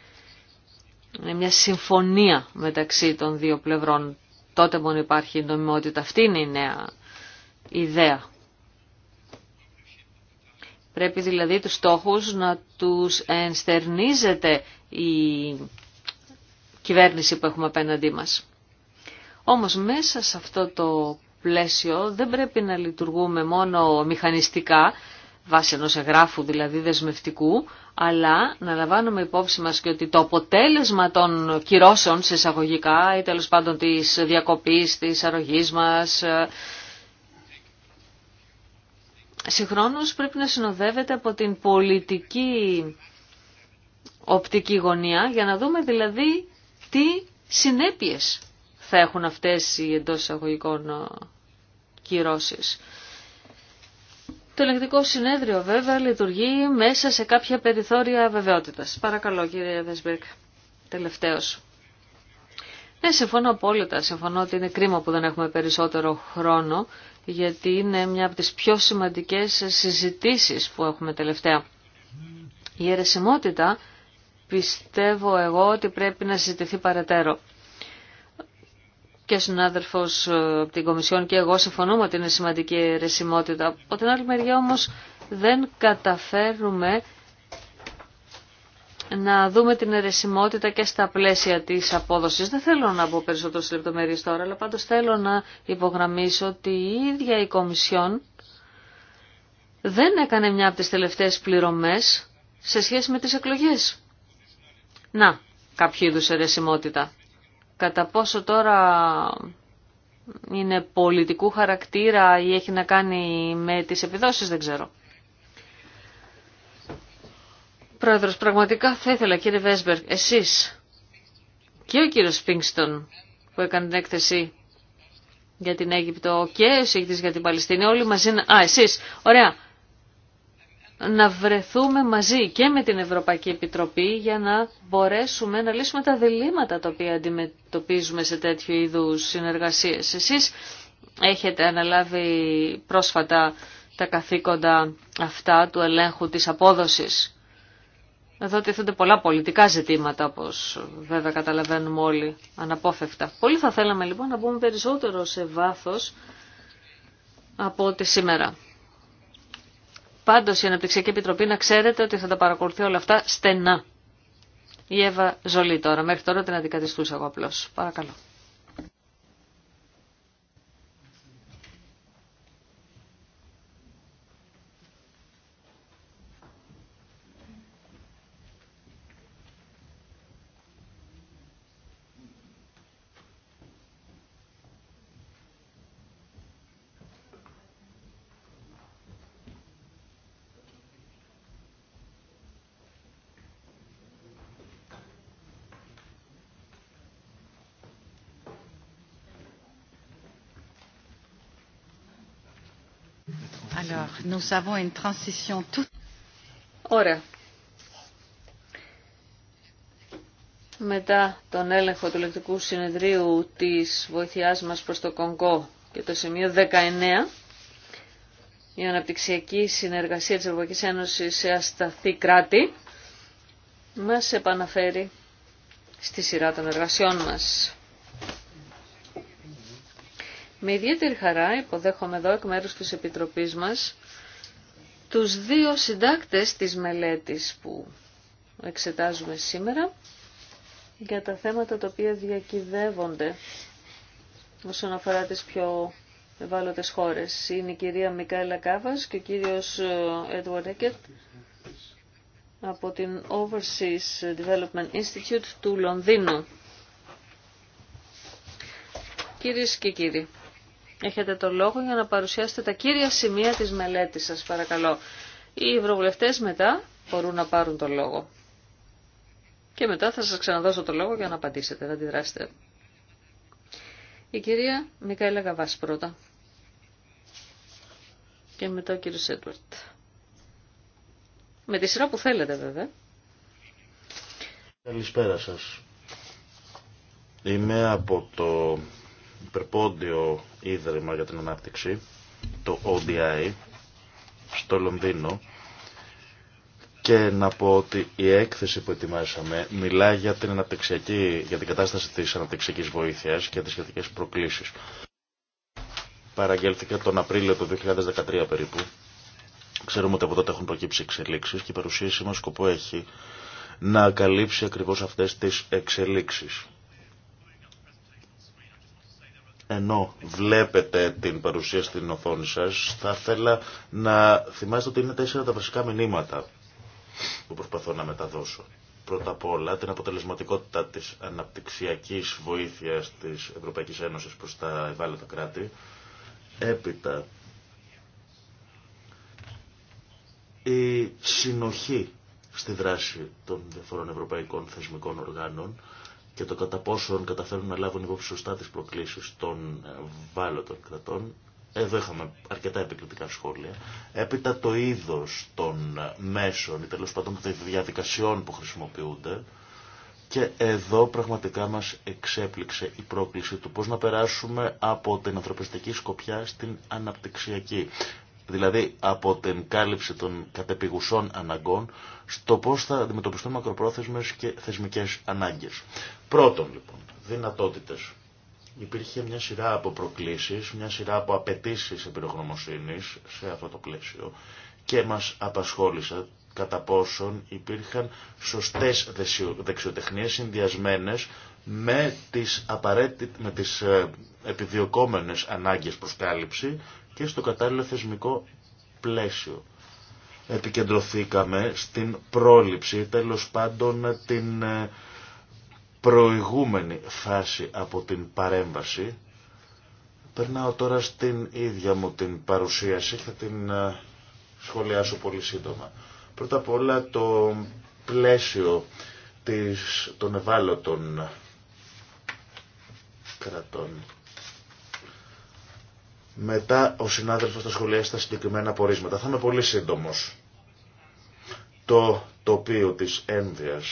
Είναι μια συμφωνία μεταξύ των δύο πλευρών. Τότε μόνο υπάρχει η νομιμότητα. Αυτή είναι η νέα ιδέα. Πρέπει δηλαδή τους στόχους να τους ενστερνίζεται η κυβέρνηση που έχουμε απέναντί μας. Όμως μέσα σε αυτό το πλαίσιο δεν πρέπει να λειτουργούμε μόνο μηχανιστικά, βάσει ενός εγγράφου δηλαδή δεσμευτικού, αλλά να λαμβάνουμε υπόψη μας και ότι το αποτέλεσμα των κυρώσεων σε εισαγωγικά ή τέλο πάντων της διακοπής, της αρρωγής μας, ε, συγχρόνως πρέπει να συνοδεύεται από την πολιτική οπτική γωνία για να δούμε δηλαδή τι συνέπειες θα έχουν αυτές οι εντό εισαγωγικών ε, κυρώσεις. Το ελεγκτικό συνέδριο βέβαια λειτουργεί μέσα σε κάποια περιθώρια βεβαιότητας. Παρακαλώ κύριε Βεσμπερκ, τελευταίος. Ναι, συμφωνώ απόλυτα. Συμφωνώ ότι είναι κρίμα που δεν έχουμε περισσότερο χρόνο, γιατί είναι μια από τις πιο σημαντικές συζητήσεις που έχουμε τελευταία. Η αιρεσιμότητα πιστεύω εγώ ότι πρέπει να συζητηθεί παρατέρω και ο ε, από την Κομισιόν και εγώ συμφωνούμε ότι είναι σημαντική αιρεσιμότητα. Από την άλλη μεριά όμω δεν καταφέρουμε να δούμε την αιρεσιμότητα και στα πλαίσια της απόδοσης. Δεν θέλω να μπω περισσότερες λεπτομέρειες τώρα, αλλά πάντως θέλω να υπογραμμίσω ότι η ίδια η Κομισιόν δεν έκανε μια από τις τελευταίες πληρωμές σε σχέση με τις εκλογές. Να, κάποιο είδου αιρεσιμότητα. Κατά πόσο τώρα είναι πολιτικού χαρακτήρα ή έχει να κάνει με τις επιδόσεις δεν ξέρω. Πρόεδρος, πραγματικά θα ήθελα κύριε Βέσμπερ, εσείς και ο κύριος Σπίγκστον που έκανε την έκθεση για την Αίγυπτο και εσείς για την Παλαιστίνη, όλοι μαζί... Α, εσείς, ωραία να βρεθούμε μαζί και με την Ευρωπαϊκή Επιτροπή για να μπορέσουμε να λύσουμε τα διλήμματα τα οποία αντιμετωπίζουμε σε τέτοιου είδους συνεργασίες. Εσείς έχετε αναλάβει πρόσφατα τα καθήκοντα αυτά του ελέγχου της απόδοσης. Εδώ τίθενται πολλά πολιτικά ζητήματα, όπως βέβαια καταλαβαίνουμε όλοι αναπόφευκτα. Πολύ θα θέλαμε λοιπόν να μπούμε περισσότερο σε βάθος από ό,τι σήμερα. Πάντως η Αναπτυξιακή Επιτροπή να ξέρετε ότι θα τα παρακολουθεί όλα αυτά στενά. Η Εύα Ζολή τώρα. Μέχρι τώρα την αντικαθιστούσα εγώ απλώς. Παρακαλώ. nous avons une transition toute... Ωραία. Μετά τον έλεγχο του λεκτικού συνεδρίου της βοηθειάς μας προς το Κονγκό και το σημείο 19, η αναπτυξιακή συνεργασία της Ευρωπαϊκής Ένωσης σε ασταθή κράτη, μας επαναφέρει στη σειρά των εργασιών μας. Με ιδιαίτερη χαρά υποδέχομαι εδώ εκ μέρους της Επιτροπής μας τους δύο συντάκτες της μελέτης που εξετάζουμε σήμερα για τα θέματα τα οποία διακυδεύονται όσον αφορά τις πιο ευάλωτες χώρες. Είναι η κυρία Μικάελα Κάβας και ο κύριος ε, Edward από την Overseas Development Institute του Λονδίνου. Κυρίες και κύριοι, Έχετε το λόγο για να παρουσιάσετε τα κύρια σημεία της μελέτης σας, παρακαλώ. Οι ευρωβουλευτές μετά μπορούν να πάρουν το λόγο. Και μετά θα σας ξαναδώσω το λόγο για να απαντήσετε, να αντιδράσετε. Η κυρία Μικαέλα Γαβάς πρώτα. Και μετά ο κύριος Έντουαρτ. Με τη σειρά που θέλετε βέβαια. Καλησπέρα σας. Είμαι από το υπερπόντιο ίδρυμα για την ανάπτυξη, το ODI, στο Λονδίνο, και να πω ότι η έκθεση που ετοιμάσαμε μιλά για την, για την κατάσταση της αναπτυξιακής βοήθειας και τις σχετικές προκλήσεις. Παραγγέλθηκε τον Απρίλιο του 2013 περίπου. Ξέρουμε ότι από τότε έχουν προκύψει εξελίξεις και η παρουσίαση μας σκοπό έχει να καλύψει ακριβώς αυτές τις εξελίξεις ενώ βλέπετε την παρουσία στην οθόνη σας, θα ήθελα να θυμάστε ότι είναι τέσσερα τα βασικά μηνύματα που προσπαθώ να μεταδώσω. Πρώτα απ' όλα την αποτελεσματικότητα της αναπτυξιακής βοήθειας της Ευρωπαϊκής Ένωσης προς τα ευάλωτα κράτη. Έπειτα η συνοχή στη δράση των διαφορών ευρωπαϊκών θεσμικών οργάνων και το κατά πόσον καταφέρνουν να λάβουν υπόψη σωστά τις προκλήσεις των βάλωτων ε, κρατών. Εδώ είχαμε αρκετά επικριτικά σχόλια. Έπειτα το είδος των ε, μέσων ή τέλος πάντων των διαδικασιών που χρησιμοποιούνται και εδώ πραγματικά μας εξέπληξε η τελο παντων των διαδικασιων που χρησιμοποιουνται και εδω πραγματικα μας εξεπληξε η προκληση του πώς να περάσουμε από την ανθρωπιστική σκοπιά στην αναπτυξιακή δηλαδή από την κάλυψη των κατεπηγουσών αναγκών, στο πώς θα αντιμετωπιστούν μακροπρόθεσμες και θεσμικές ανάγκες. Πρώτον, λοιπόν, δυνατότητες. Υπήρχε μια σειρά από προκλήσεις, μια σειρά από απαιτήσει εμπειρογνωμοσύνης σε αυτό το πλαίσιο και μας απασχόλησε κατά πόσον υπήρχαν σωστές δεξιοτεχνίες συνδυασμένες με τις, απαραίτητε, με τις ε, επιδιωκόμενες ανάγκες προσκάλυψη και στο κατάλληλο θεσμικό πλαίσιο. Επικεντρωθήκαμε στην πρόληψη, τέλος πάντων την ε, προηγούμενη φάση από την παρέμβαση. Περνάω τώρα στην ίδια μου την παρουσίαση, θα την ε, σχολιάσω πολύ σύντομα. Πρώτα απ' όλα το πλαίσιο της, των ευάλωτων κρατών. Μετά ο συνάδελφος θα σχολιάσει τα συγκεκριμένα πορίσματα. Θα είμαι πολύ σύντομος. Το τοπίο της ένδυας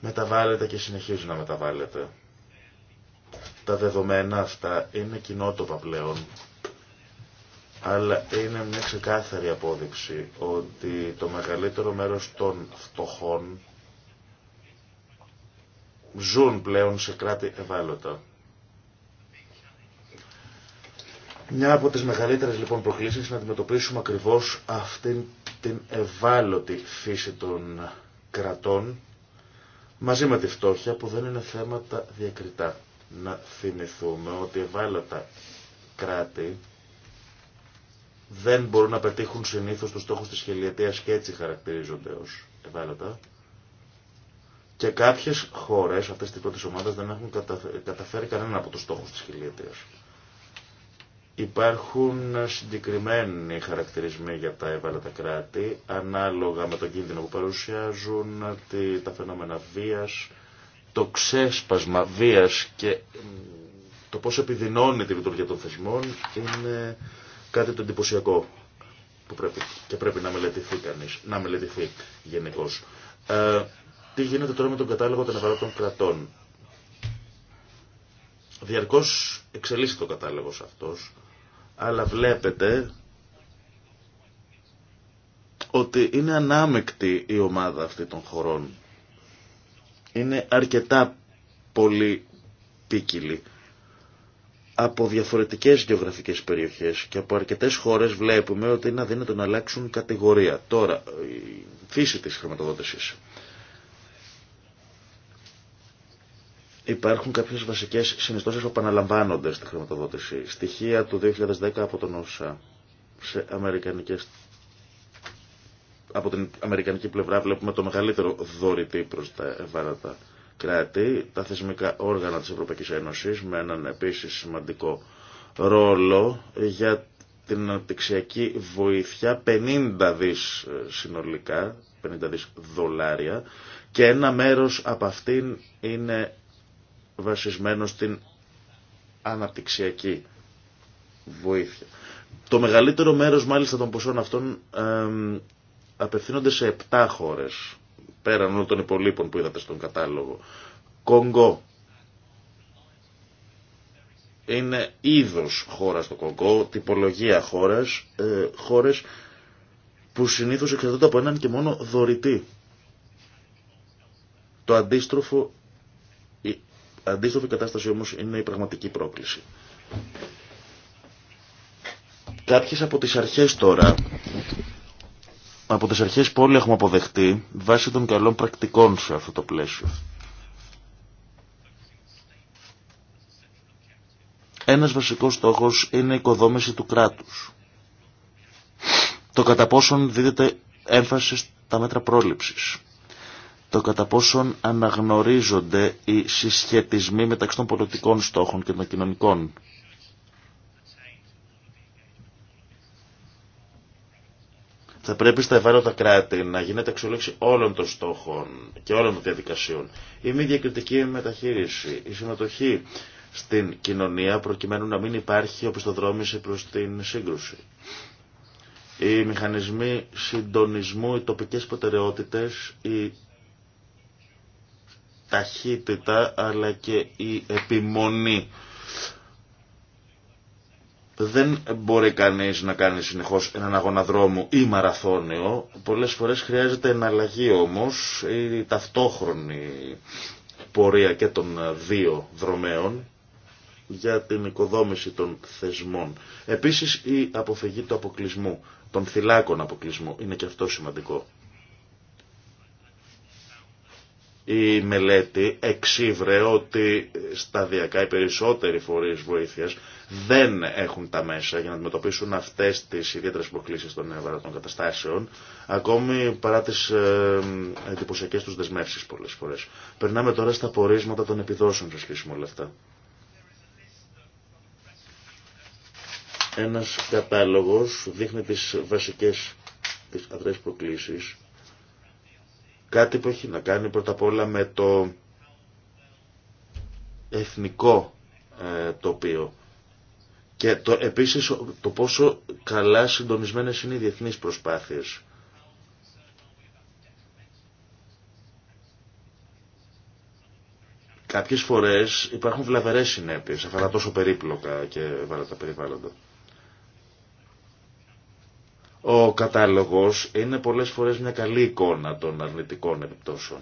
μεταβάλλεται και συνεχίζει να μεταβάλλεται. Τα δεδομένα αυτά είναι κοινότοπα πλέον. Αλλά είναι μια ξεκάθαρη απόδειξη ότι το μεγαλύτερο μέρος των φτωχών ζουν πλέον σε κράτη ευάλωτα. Μια από τις μεγαλύτερες λοιπόν προκλήσεις είναι να αντιμετωπίσουμε ακριβώς αυτήν την ευάλωτη φύση των κρατών μαζί με τη φτώχεια που δεν είναι θέματα διακριτά. Να θυμηθούμε ότι ευάλωτα κράτη δεν μπορούν να πετύχουν συνήθως τους στόχους της χιλιετίας και έτσι χαρακτηρίζονται ως ευάλωτα. Και κάποιες χώρες αυτές της πρώτης ομάδας δεν έχουν καταφέρει κανένα από τους στόχους της χιλιετίας. Υπάρχουν συγκεκριμένοι χαρακτηρισμοί για τα ευάλωτα κράτη, ανάλογα με τον κίνδυνο που παρουσιάζουν, τα φαινόμενα βίας, το ξέσπασμα βίας και το πώς επιδεινώνει τη λειτουργία των θεσμών είναι κάτι το εντυπωσιακό που πρέπει, και πρέπει να μελετηθεί κανείς, να μελετηθεί γενικώ. Ε, τι γίνεται τώρα με τον κατάλογο των ευαλωτών κρατών. Διαρκώς εξελίσσεται ο κατάλογος αυτός αλλά βλέπετε ότι είναι ανάμεκτη η ομάδα αυτή των χωρών. Είναι αρκετά πολύ πίκυλη. Από διαφορετικές γεωγραφικές περιοχές και από αρκετές χώρες βλέπουμε ότι είναι αδύνατο να αλλάξουν κατηγορία. Τώρα, η φύση της χρηματοδότησης. Υπάρχουν κάποιες βασικές συνιστώσεις που επαναλαμβάνονται στη χρηματοδότηση. Στοιχεία του 2010 από τον ΩΣΑ σε αμερικανικές από την αμερικανική πλευρά βλέπουμε το μεγαλύτερο δωρητή προς τα ευάλωτα κράτη, τα θεσμικά όργανα της Ευρωπαϊκής Ένωσης με έναν επίσης σημαντικό ρόλο για την αναπτυξιακή βοήθεια 50 δις ε, συνολικά, 50 δις δολάρια και ένα μέρος από αυτήν είναι βασισμένο στην αναπτυξιακή βοήθεια. Το μεγαλύτερο μέρος μάλιστα των ποσών αυτών απευθύνονται σε 7 χώρες, πέραν όλων των υπολείπων που είδατε στον κατάλογο. Κονγκό. Είναι είδος χώρα στο Κονγκό, τυπολογία χώρας, ε, χώρες που συνήθως εξαρτώνται από έναν και μόνο δωρητή. Το αντίστροφο Αντίστοιχη κατάσταση όμως είναι η πραγματική πρόκληση. Κάποιες από τις αρχές τώρα, από τις αρχές που όλοι έχουμε αποδεχτεί, βάσει των καλών πρακτικών σε αυτό το πλαίσιο. Ένας βασικός στόχος είναι η οικοδόμηση του κράτους. Το κατά πόσον δίδεται έμφαση στα μέτρα πρόληψης το κατά πόσον αναγνωρίζονται οι συσχετισμοί μεταξύ των πολιτικών στόχων και των κοινωνικών. Θα πρέπει στα ευάλωτα κράτη να γίνεται αξιολόγηση όλων των στόχων και όλων των διαδικασιών. Η μη διακριτική μεταχείριση, η συμμετοχή στην κοινωνία προκειμένου να μην υπάρχει οπισθοδρόμηση προς την σύγκρουση. Οι μηχανισμοί συντονισμού, οι τοπικές προτεραιότητες, οι ταχύτητα αλλά και η επιμονή. Δεν μπορεί κανείς να κάνει συνεχώς έναν αγώνα δρόμου ή μαραθώνιο. Πολλές φορές χρειάζεται εναλλαγή όμως ή ταυτόχρονη πορεία και των δύο δρομέων για την οικοδόμηση των θεσμών. Επίσης η αποφυγή του αποκλεισμού, των θυλάκων αποκλεισμού είναι και αυτό σημαντικό. Η μελέτη εξήβρε ότι σταδιακά οι περισσότεροι φορείς βοήθειας δεν έχουν τα μέσα για να αντιμετωπίσουν αυτές τις ιδιαίτερες προκλήσεις των ευαρατών καταστάσεων, ακόμη παρά τις ε, εντυπωσιακές τους δεσμεύσεις πολλές φορές. Περνάμε τώρα στα πορίσματα των επιδόσεων σε σχέση με όλα αυτά. Ένας κατάλογος δείχνει τις βασικές τις προκλήσεις Κάτι που έχει να κάνει πρώτα απ' όλα με το εθνικό ε, τοπίο. Και το, επίσης το πόσο καλά συντονισμένες είναι οι διεθνείς προσπάθειες. Κάποιες φορές υπάρχουν βλαβερές συνέπειες, αφαρά τόσο περίπλοκα και βάλα τα περιβάλλοντα. Ο κατάλογος είναι πολλές φορές μια καλή εικόνα των αρνητικών επιπτώσεων.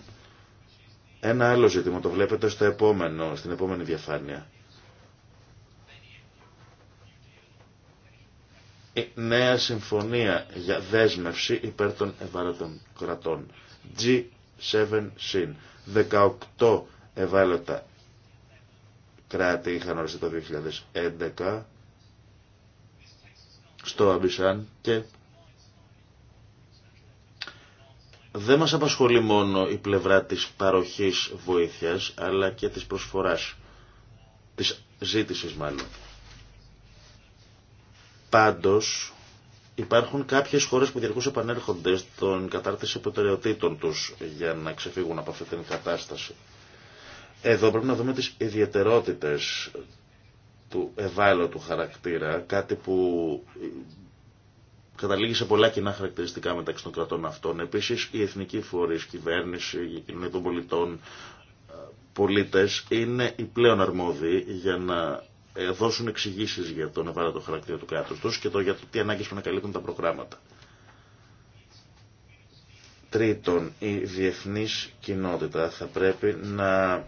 Ένα άλλο ζήτημα το βλέπετε στο επόμενο, στην επόμενη διαφάνεια. Η νέα συμφωνία για δέσμευση υπέρ των ευάλωτων κρατών. G7 G7-SIN. 18 ευάλωτα κράτη είχαν οριστεί το 2011 στο Αμπισάν και δεν μας απασχολεί μόνο η πλευρά της παροχής βοήθειας, αλλά και της προσφοράς, της ζήτησης μάλλον. Πάντως, υπάρχουν κάποιες χώρες που διαρκώς επανέρχονται στον κατάρτιση προτεραιοτήτων τους για να ξεφύγουν από αυτή την κατάσταση. Εδώ πρέπει να δούμε τις ιδιαιτερότητες του ευάλωτου χαρακτήρα, κάτι που καταλήγει σε πολλά κοινά χαρακτηριστικά μεταξύ των κρατών αυτών. Επίσης, οι εθνικοί φορείς, κυβέρνηση, η κοινωνία των πολιτών, ε, πολίτες είναι οι πλέον αρμόδιοι για να ε, δώσουν εξηγήσει για τον ευάλωτο χαρακτήρα του κράτους τους και το για το τι ανάγκες που να καλύπτουν τα προγράμματα. Τρίτον, η διεθνής κοινότητα θα πρέπει να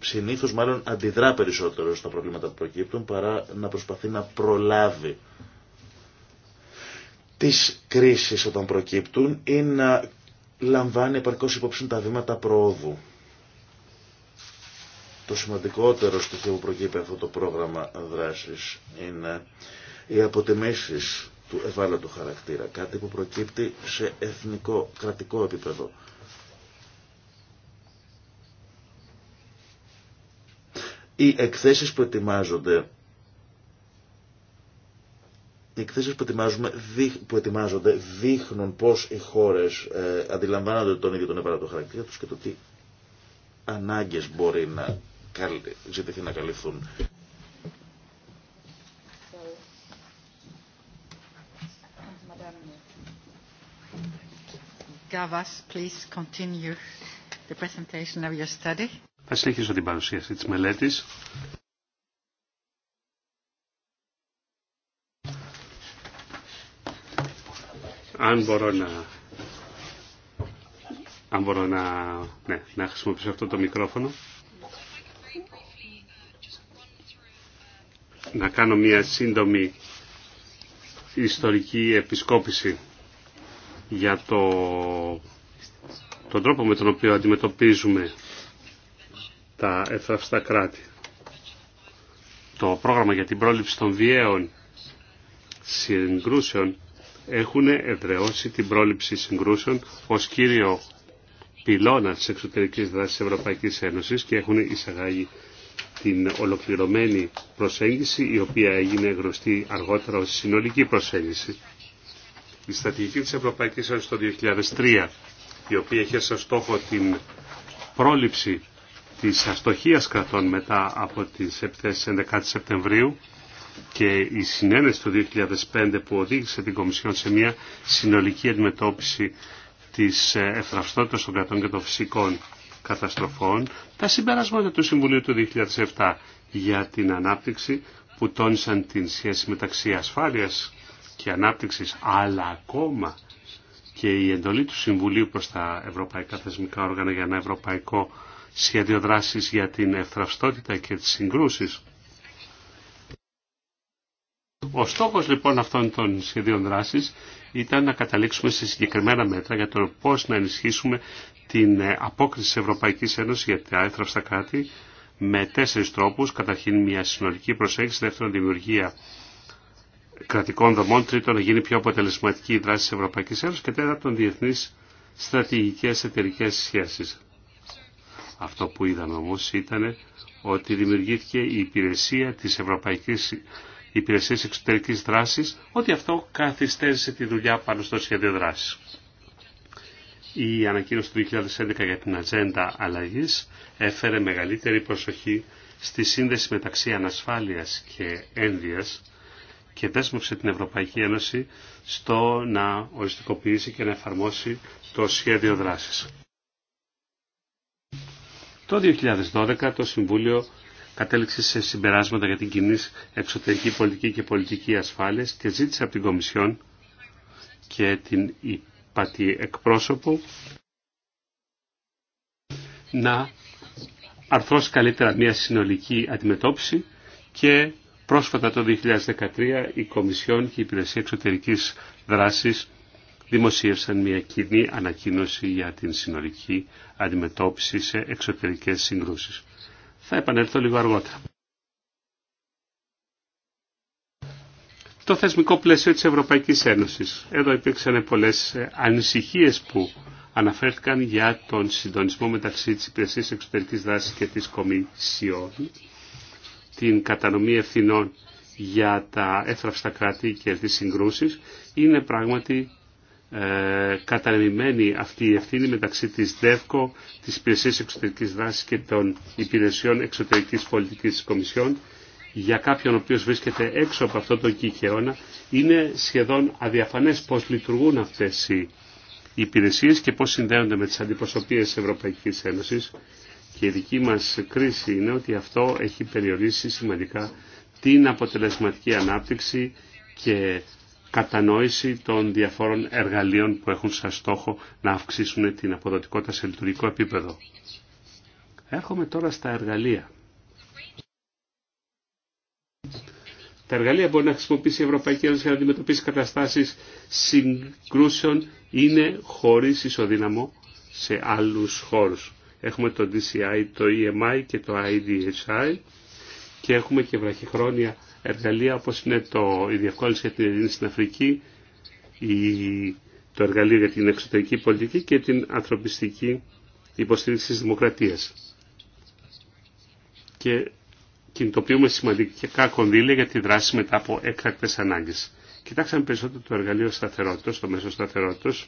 συνήθως μάλλον αντιδρά περισσότερο στα προβλήματα που προκύπτουν παρά να προσπαθεί να προλάβει τις κρίσεις όταν προκύπτουν ή να λαμβάνει επαρκώς υπόψη τα βήματα προόδου. Το σημαντικότερο στοιχείο που προκύπτει αυτό το πρόγραμμα δράσης είναι οι αποτιμήσεις του ευάλωτου χαρακτήρα, κάτι που προκύπτει σε εθνικό, κρατικό επίπεδο. Οι εκθέσεις που ετοιμάζονται οι εκθέσεις που, που ετοιμάζονται δείχνουν πώς οι χώρες ε, αντιλαμβάνονται τον ίδιο τον επανατοχαρακτήρα χαρακτήρα τους και το τι ανάγκες μπορεί να ζητηθεί να καλυφθούν. Θα συνεχίσω την παρουσίαση της μελέτης. αν μπορώ να... Αν μπορώ να, ναι, να χρησιμοποιήσω αυτό το μικρόφωνο. Να κάνω μια σύντομη ιστορική επισκόπηση για το, τον τρόπο με τον οποίο αντιμετωπίζουμε τα εφραυστά κράτη. Το πρόγραμμα για την πρόληψη των βιαίων συγκρούσεων έχουν εδραιώσει την πρόληψη συγκρούσεων ως κύριο πυλώνα της εξωτερικής δράσης της Ευρωπαϊκής Ένωσης και έχουν εισαγάγει την ολοκληρωμένη προσέγγιση η οποία έγινε γνωστή αργότερα ως συνολική προσέγγιση. Η στρατηγική της Ευρωπαϊκής Ένωσης το 2003 η οποία είχε σαν στόχο την πρόληψη της αστοχίας κρατών μετά από τις επιθέσεις 11 Σεπτεμβρίου και η συνένεση του 2005 που οδήγησε την Κομισιόν σε μια συνολική αντιμετώπιση της ε, ευθραυστότητας των κρατών και των φυσικών καταστροφών, τα συμπεράσματα του Συμβουλίου του 2007 για την ανάπτυξη που τόνισαν την σχέση μεταξύ ασφάλειας και ανάπτυξης, αλλά ακόμα και η εντολή του Συμβουλίου προς τα ευρωπαϊκά θεσμικά όργανα για ένα ευρωπαϊκό σχέδιο δράσης για την ευθραυστότητα και τις συγκρούσεις ο στόχος λοιπόν αυτών των σχεδίων δράσης ήταν να καταλήξουμε σε συγκεκριμένα μέτρα για το πώς να ενισχύσουμε την ε, απόκριση της Ευρωπαϊκής Ένωσης για τα έθραυστα κράτη με τέσσερις τρόπους. Καταρχήν μια συνολική προσέγγιση, δεύτερον δημιουργία κρατικών δομών, τρίτον να γίνει πιο αποτελεσματική η δράση της Ευρωπαϊκής Ένωσης και τέταρτον διεθνείς στρατηγικές εταιρικέ σχέσεις. Αυτό που είδαμε όμως ήταν ότι δημιουργήθηκε η υπηρεσία της Ευρωπαϊκής υπηρεσίες εξωτερικής δράσης, ότι αυτό καθυστέρησε τη δουλειά πάνω στο σχέδιο δράσης. Η ανακοίνωση του 2011 για την ατζέντα αλλαγής έφερε μεγαλύτερη προσοχή στη σύνδεση μεταξύ ανασφάλειας και ένδυας και δέσμευσε την Ευρωπαϊκή Ένωση στο να οριστικοποιήσει και να εφαρμόσει το σχέδιο δράσης. Το 2012 το Συμβούλιο κατέληξε σε συμπεράσματα για την κοινή εξωτερική πολιτική και πολιτική ασφάλεια και ζήτησε από την Κομισιόν και την υπατή εκπρόσωπο να αρθρώσει καλύτερα μια συνολική αντιμετώπιση και πρόσφατα το 2013 η Κομισιόν και η Υπηρεσία Εξωτερικής Δράσης δημοσίευσαν μια κοινή ανακοίνωση για την συνολική αντιμετώπιση σε εξωτερικές συγκρούσεις. Θα επανέλθω λίγο αργότερα. Το θεσμικό πλαίσιο της Ευρωπαϊκής Ένωσης. Εδώ υπήρξαν πολλές ε, ανησυχίες που αναφέρθηκαν για τον συντονισμό μεταξύ της υπηρεσίας εξωτερικής δράσης και της Κομισιόν, την κατανομή ευθυνών για τα έθραυστα κράτη και τις συγκρούσεις, είναι πράγματι ε, αυτή η ευθύνη μεταξύ της ΔΕΒΚΟ, της Υπηρεσίας Εξωτερικής Δράσης και των Υπηρεσιών Εξωτερικής Πολιτικής της για κάποιον ο οποίος βρίσκεται έξω από αυτό το κυκαιώνα είναι σχεδόν αδιαφανές πώς λειτουργούν αυτές οι υπηρεσίες και πώς συνδέονται με τις αντιπροσωπείες της Ευρωπαϊκής Ένωσης και η δική μας κρίση είναι ότι αυτό έχει περιορίσει σημαντικά την αποτελεσματική ανάπτυξη και κατανόηση των διαφόρων εργαλείων που έχουν σαν στόχο να αυξήσουν την αποδοτικότητα σε λειτουργικό επίπεδο. Έρχομαι τώρα στα εργαλεία. Τα εργαλεία μπορεί να χρησιμοποιήσει η Ευρωπαϊκή Ένωση για να αντιμετωπίσει καταστάσεις συγκρούσεων είναι χωρίς ισοδύναμο σε άλλους χώρους. Έχουμε το DCI, το EMI και το IDHI και έχουμε και βραχυχρόνια εργαλεία όπως είναι το, η διευκόλυνση για την ειρήνη στην Αφρική, η, το εργαλείο για την εξωτερική πολιτική και την ανθρωπιστική υποστήριξη της δημοκρατίας. Και κινητοποιούμε σημαντικά κονδύλια για τη δράση μετά από έκτακτες ανάγκες. Κοιτάξαμε περισσότερο το εργαλείο σταθερότητας, το μέσο σταθερότητας.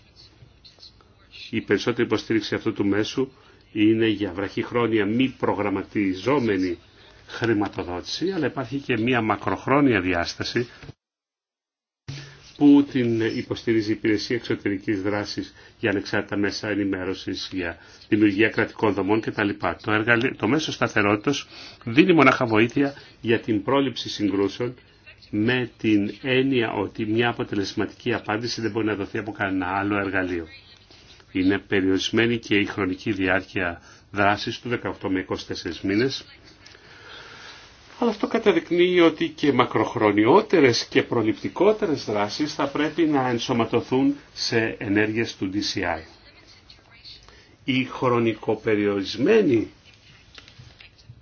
Η περισσότερη υποστήριξη αυτού του μέσου είναι για χρόνια μη προγραμματιζόμενη χρηματοδότηση, αλλά υπάρχει και μία μακροχρόνια διάσταση που την υποστηρίζει η Υπηρεσία Εξωτερική Δράση για ανεξάρτητα μέσα ενημέρωση, για δημιουργία κρατικών δομών κτλ. Το, το μέσο σταθερότητα δίνει μονάχα βοήθεια για την πρόληψη συγκρούσεων με την έννοια ότι μια αποτελεσματική απάντηση δεν μπορεί να δοθεί από κανένα άλλο εργαλείο. Είναι περιορισμένη και η χρονική διάρκεια δράσης του 18 με 24 μήνες αλλά αυτό καταδεικνύει ότι και μακροχρονιότερες και προληπτικότερες δράσεις θα πρέπει να ενσωματωθούν σε ενέργειες του DCI. Η χρονικοπεριορισμένη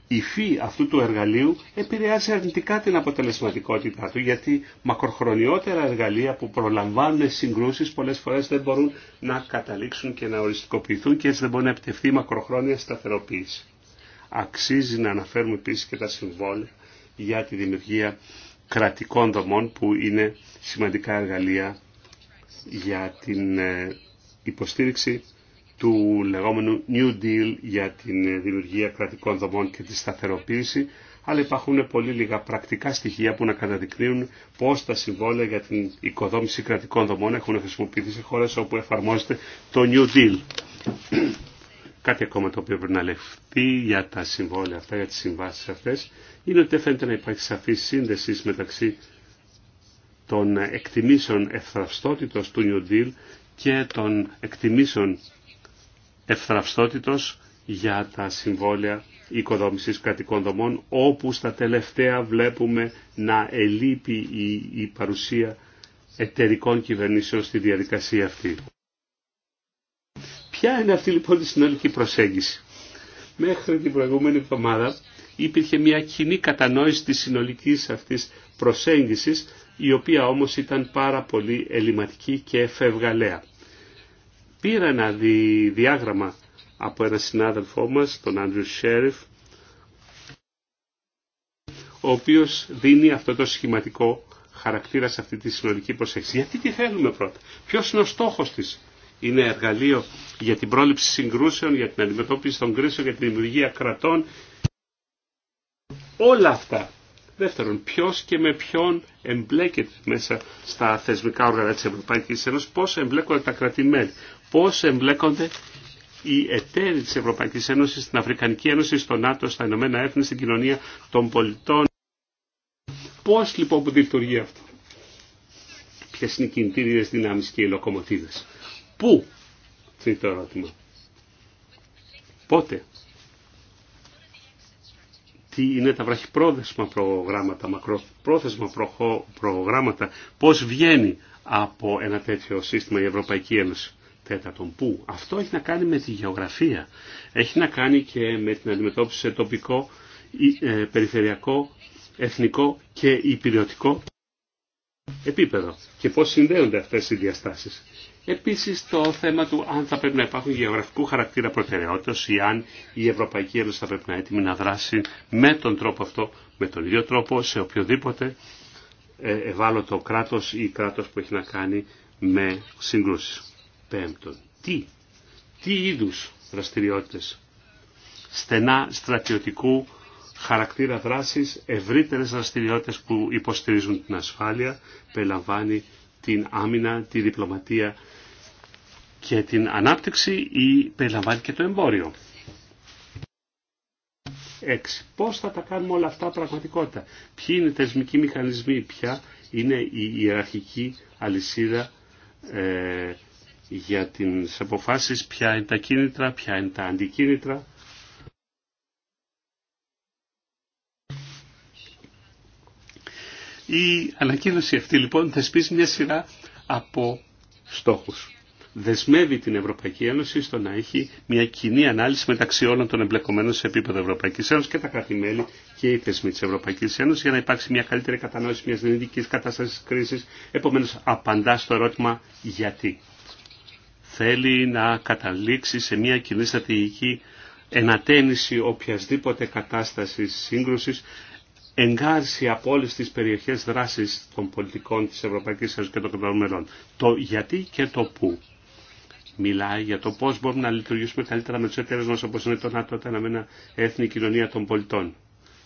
υφή αυτού του εργαλείου επηρεάζει αρνητικά την αποτελεσματικότητά του, γιατί μακροχρονιότερα εργαλεία που προλαμβάνουν συγκρούσεις πολλές φορές δεν μπορούν να καταλήξουν και να οριστικοποιηθούν και έτσι δεν μπορεί να επιτευχθεί μακροχρόνια σταθεροποίηση. Αξίζει να αναφέρουμε επίσης και τα συμβόλαια για τη δημιουργία κρατικών δομών που είναι σημαντικά εργαλεία για την ε, υποστήριξη του λεγόμενου New Deal για την ε, δημιουργία κρατικών δομών και τη σταθεροποίηση, αλλά υπάρχουν πολύ λίγα πρακτικά στοιχεία που να καταδεικνύουν πώς τα συμβόλαια για την οικοδόμηση κρατικών δομών έχουν χρησιμοποιηθεί σε χώρες όπου εφαρμόζεται το New Deal. Κάτι ακόμα το οποίο πρέπει να λεφτεί για τα συμβόλαια αυτά, για τις συμβάσεις αυτές, είναι ότι δεν φαίνεται να υπάρχει σαφή σύνδεση μεταξύ των εκτιμήσεων ευθραυστότητος του New Deal και των εκτιμήσεων ευθραυστότητος για τα συμβόλαια οικοδόμησης κρατικών δομών, όπου στα τελευταία βλέπουμε να ελείπει η, η παρουσία εταιρικών κυβερνήσεων στη διαδικασία αυτή. Ποια είναι αυτή λοιπόν η συνολική προσέγγιση. Μέχρι την προηγούμενη εβδομάδα υπήρχε μια κοινή κατανόηση της συνολικής αυτής προσέγγισης, η οποία όμως ήταν πάρα πολύ ελληματική και φευγαλαία. Πήρα ένα διάγραμμα από ένα συνάδελφό μας, τον Άντριου Σέριφ, ο οποίος δίνει αυτό το σχηματικό χαρακτήρα σε αυτή τη συνολική προσέγγιση. Γιατί τι θέλουμε πρώτα, ποιος είναι ο στόχος της είναι εργαλείο για την πρόληψη συγκρούσεων, για την αντιμετώπιση των κρίσεων, για την δημιουργία κρατών. Όλα αυτά. Δεύτερον, ποιο και με ποιον εμπλέκεται μέσα στα θεσμικά όργανα τη Ευρωπαϊκή Ένωση, πώ εμπλέκονται τα κρατημέλη, πώ εμπλέκονται οι εταίροι τη Ευρωπαϊκή Ένωση στην Αφρικανική Ένωση, στο ΝΑΤΟ, στα Ηνωμένα Έθνη, στην κοινωνία των πολιτών. Πώ λοιπόν που λειτουργεί αυτό, ποιε είναι οι κινητήριε δυνάμει και οι λοκομοτίδες. Πού, το ερώτημα. Πότε. Τι είναι τα βραχυπρόθεσμα προγράμματα, μακροπρόθεσμα προγράμματα, πώς βγαίνει από ένα τέτοιο σύστημα η Ευρωπαϊκή Ένωση. Τέταρτον, πού. Αυτό έχει να κάνει με τη γεωγραφία. Έχει να κάνει και με την αντιμετώπιση σε τοπικό, ε, περιφερειακό, εθνικό και υπηρετικό επίπεδο. Και πώς συνδέονται αυτές οι διαστάσεις. Επίσης το θέμα του αν θα πρέπει να υπάρχουν γεωγραφικού χαρακτήρα προτεραιότητας ή αν η Ευρωπαϊκή Ένωση θα πρέπει να έτοιμη να δράσει με τον τρόπο αυτό, με τον ίδιο τρόπο σε οποιοδήποτε ε, ευάλωτο κράτος ή κράτος που έχει να κάνει με συγκρούσεις. Πέμπτον, τι, τι είδους δραστηριότητες στενά στρατιωτικού χαρακτήρα δράσης, ευρύτερες δραστηριότητες που υποστηρίζουν την ασφάλεια, περιλαμβάνει την άμυνα, τη διπλωματία, και την ανάπτυξη ή περιλαμβάνει και το εμπόριο. 6. Πώς θα τα κάνουμε όλα αυτά πραγματικότητα. Ποιοι είναι οι θεσμικοί μηχανισμοί, ποια είναι η ιεραρχική αλυσίδα ε, για τις αποφάσεις, ποια είναι τα κίνητρα, ποια είναι τα αντικίνητρα. Η ανακοίνωση αυτή λοιπόν θεσπίζει μια σειρά από στόχους δεσμεύει την Ευρωπαϊκή Ένωση στο να έχει μια κοινή ανάλυση μεταξύ όλων των εμπλεκομένων σε επίπεδο Ευρωπαϊκή Ένωση και τα κράτη-μέλη και οι θεσμοί τη Ευρωπαϊκή Ένωση για να υπάρξει μια καλύτερη κατανόηση μια δυνητική κατάσταση κρίση. Επομένω, απαντά στο ερώτημα γιατί. Θέλει να καταλήξει σε μια κοινή στρατηγική ενατένιση οποιασδήποτε κατάσταση σύγκρουση εγκάρση από όλε τι περιοχέ δράση των πολιτικών τη Ευρωπαϊκή Ένωση και των κρατών μελών. Το γιατί και το πού μιλάει για το πώ μπορούμε να λειτουργήσουμε καλύτερα με του εταίρε μα όπω είναι το ΝΑΤΟ, τα Ηνωμένα Έθνη Κοινωνία των Πολιτών.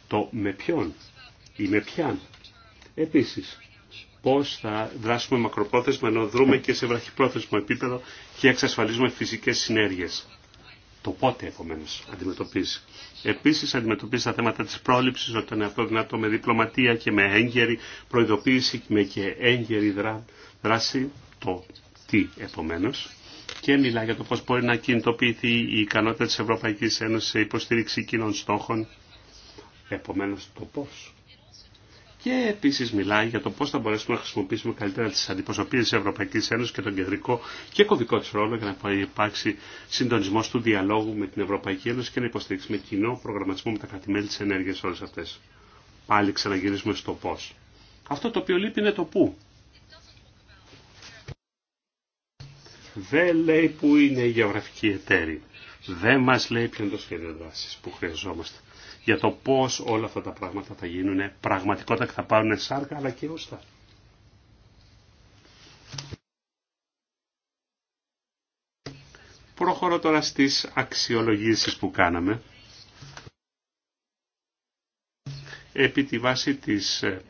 Το με ποιον ή με ποιαν. Επίση, πώ θα δράσουμε μακροπρόθεσμα ενώ δρούμε και σε βραχυπρόθεσμο επίπεδο και εξασφαλίζουμε φυσικέ συνέργειε. Το πότε επομένω αντιμετωπίζει. Επίση, αντιμετωπίζει τα θέματα τη πρόληψη, όταν είναι αυτό δυνατό με διπλωματία και με έγκαιρη προειδοποίηση και με και έγκαιρη δράση. Το τι επομένω και μιλά για το πώς μπορεί να κινητοποιηθεί η ικανότητα της Ευρωπαϊκής Ένωσης σε υποστήριξη κοινών στόχων. Επομένως το πώς. Και επίσης μιλάει για το πώς θα μπορέσουμε να χρησιμοποιήσουμε καλύτερα τις αντιπροσωπείες της Ευρωπαϊκής Ένωσης και τον κεντρικό και κωδικό της ρόλο για να υπάρξει συντονισμός του διαλόγου με την Ευρωπαϊκή Ένωση και να υποστηρίξουμε κοινό προγραμματισμό με τα κρατημέλη της ενέργειας όλες αυτές. Πάλι ξαναγυρίζουμε στο πώς. Αυτό το οποίο λείπει είναι το πού. δεν λέει πού είναι η γεωγραφική εταιρία, Δεν μας λέει ποιο είναι το σχέδιο δράσης που χρειαζόμαστε. Για το πώς όλα αυτά τα πράγματα θα γίνουν πραγματικότητα και θα πάρουν σάρκα αλλά και ούστα. Προχωρώ τώρα στις αξιολογήσεις που κάναμε. Επί τη βάση της ε,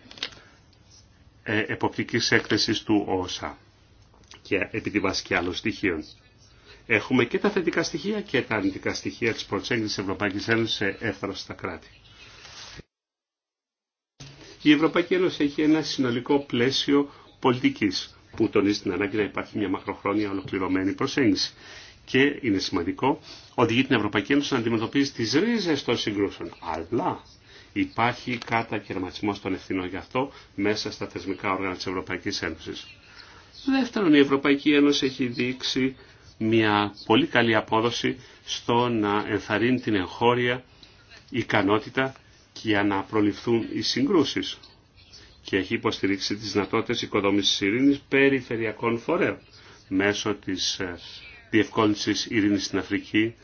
ε, εποπτικής έκθεσης του ΩΣΑ και επί τη βάση και άλλων στοιχείων. Έχουμε και τα θετικά στοιχεία και τα αρνητικά στοιχεία της προσέγγισης της Ευρωπαϊκής Ένωσης έφταναν στα κράτη. Η Ευρωπαϊκή Ένωση έχει ένα συνολικό πλαίσιο πολιτικής που τονίζει την ανάγκη να υπάρχει μια μακροχρόνια ολοκληρωμένη προσέγγιση. Και είναι σημαντικό, οδηγεί την Ευρωπαϊκή Ένωση να αντιμετωπίζει τις ρίζες των συγκρούσεων. Αλλά υπάρχει κατακαιρματισμός των ευθυνών γι' αυτό μέσα στα θεσμικά όργανα της Ευρωπαϊκής Ένωσης. Δεύτερον, η Ευρωπαϊκή Ένωση έχει δείξει μια πολύ καλή απόδοση στο να ενθαρρύνει την εγχώρια ικανότητα για να προληφθούν οι συγκρούσεις και έχει υποστηρίξει τις δυνατότητες οικοδόμησης ειρήνης περιφερειακών φορέων μέσω της ε, διευκόλυνσης ειρήνης στην Αφρική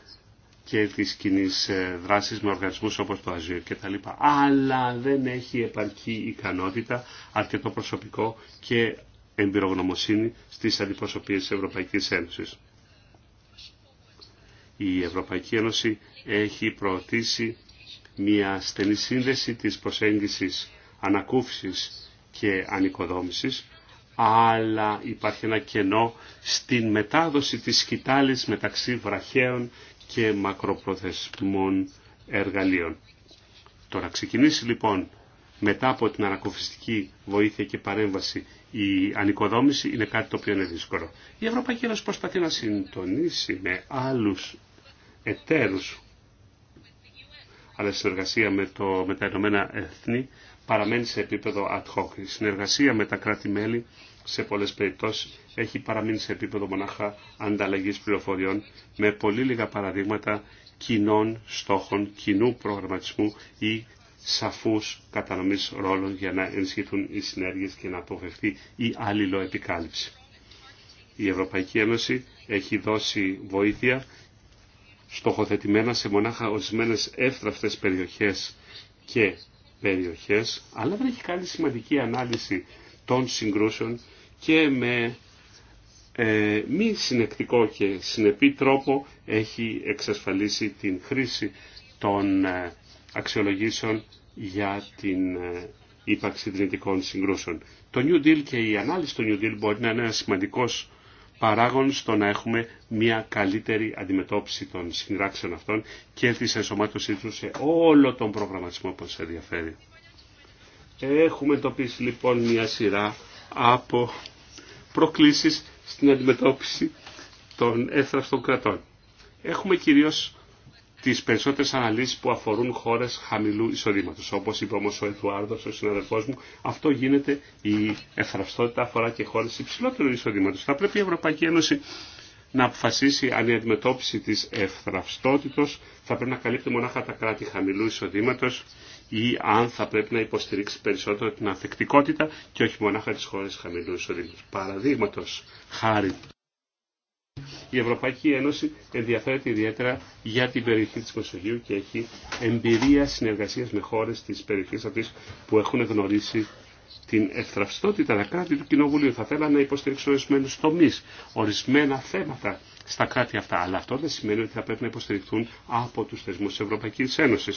και της κοινή ε, δράσης με οργανισμούς όπως το Αζίρ και τα Αλλά δεν έχει επαρκή ικανότητα, αρκετό προσωπικό και εμπειρογνωμοσύνη στις αντιπροσωπείες της Ευρωπαϊκής Ένωσης. Η Ευρωπαϊκή Ένωση έχει προωθήσει μια στενή σύνδεση της προσέγγισης ανακούφισης και ανοικοδόμησης, αλλά υπάρχει ένα κενό στην μετάδοση της σκητάλης μεταξύ βραχαίων και μακροπροθεσμών εργαλείων. Το ξεκινήσει λοιπόν μετά από την ανακουφιστική βοήθεια και παρέμβαση η ανοικοδόμηση είναι κάτι το οποίο είναι δύσκολο. Η Ευρωπαϊκή Ένωση προσπαθεί να συντονίσει με άλλους εταίρους αλλά η συνεργασία με, το, με τα Ηνωμένα Έθνη παραμένει σε επίπεδο ad hoc. Η συνεργασία με τα κράτη-μέλη σε πολλές περιπτώσεις έχει παραμείνει σε επίπεδο μονάχα ανταλλαγής πληροφοριών με πολύ λίγα παραδείγματα κοινών στόχων, κοινού προγραμματισμού ή σαφούς κατανομής ρόλων για να ενισχυθούν οι συνέργειες και να αποφευθεί η αλληλοεπικάλυψη. Η Ευρωπαϊκή Ένωση έχει δώσει βοήθεια στοχοθετημένα σε μονάχα ορισμένε εύθραυτες περιοχές και περιοχές, αλλά δεν έχει κάνει σημαντική ανάλυση των συγκρούσεων και με ε, μη συνεκτικό και συνεπή τρόπο έχει εξασφαλίσει την χρήση των ε, αξιολογήσεων για την ε, ύπαρξη δυνητικών συγκρούσεων. Το New Deal και η ανάλυση του New Deal μπορεί να είναι ένα σημαντικό παράγον στο να έχουμε μια καλύτερη αντιμετώπιση των συγκράξεων αυτών και τη ενσωμάτωσή του σε όλο τον προγραμματισμό που σας ενδιαφέρει. Έχουμε εντοπίσει λοιπόν μια σειρά από προκλήσεις στην αντιμετώπιση των έθραυστων κρατών. Έχουμε κυρίως τι περισσότερε αναλύσει που αφορούν χώρε χαμηλού εισοδήματο. Όπω είπε όμω ο Εδουάρδος, ο συναδέλφό μου, αυτό γίνεται, η εφραυστότητα αφορά και χώρε υψηλότερου εισοδήματο. Θα πρέπει η Ευρωπαϊκή Ένωση να αποφασίσει αν η αντιμετώπιση τη εφραυστότητα θα πρέπει να καλύπτει μονάχα τα κράτη χαμηλού εισοδήματο, ή αν θα πρέπει να υποστηρίξει περισσότερο την αφεκτικότητα και όχι μονάχα τι χώρε χαμηλού εισοδήματο. Παραδείγματο χάρη η Ευρωπαϊκή Ένωση ενδιαφέρεται ιδιαίτερα για την περιοχή της Μεσογείου και έχει εμπειρία συνεργασίας με χώρες της περιοχής αυτής που έχουν γνωρίσει την ευθραυστότητα τα κράτη του Κοινοβουλίου. Θα θέλανε να υποστηρίξουν ορισμένου τομεί, ορισμένα θέματα στα κράτη αυτά. Αλλά αυτό δεν σημαίνει ότι θα πρέπει να υποστηριχθούν από του θεσμού τη Ευρωπαϊκή Ένωση.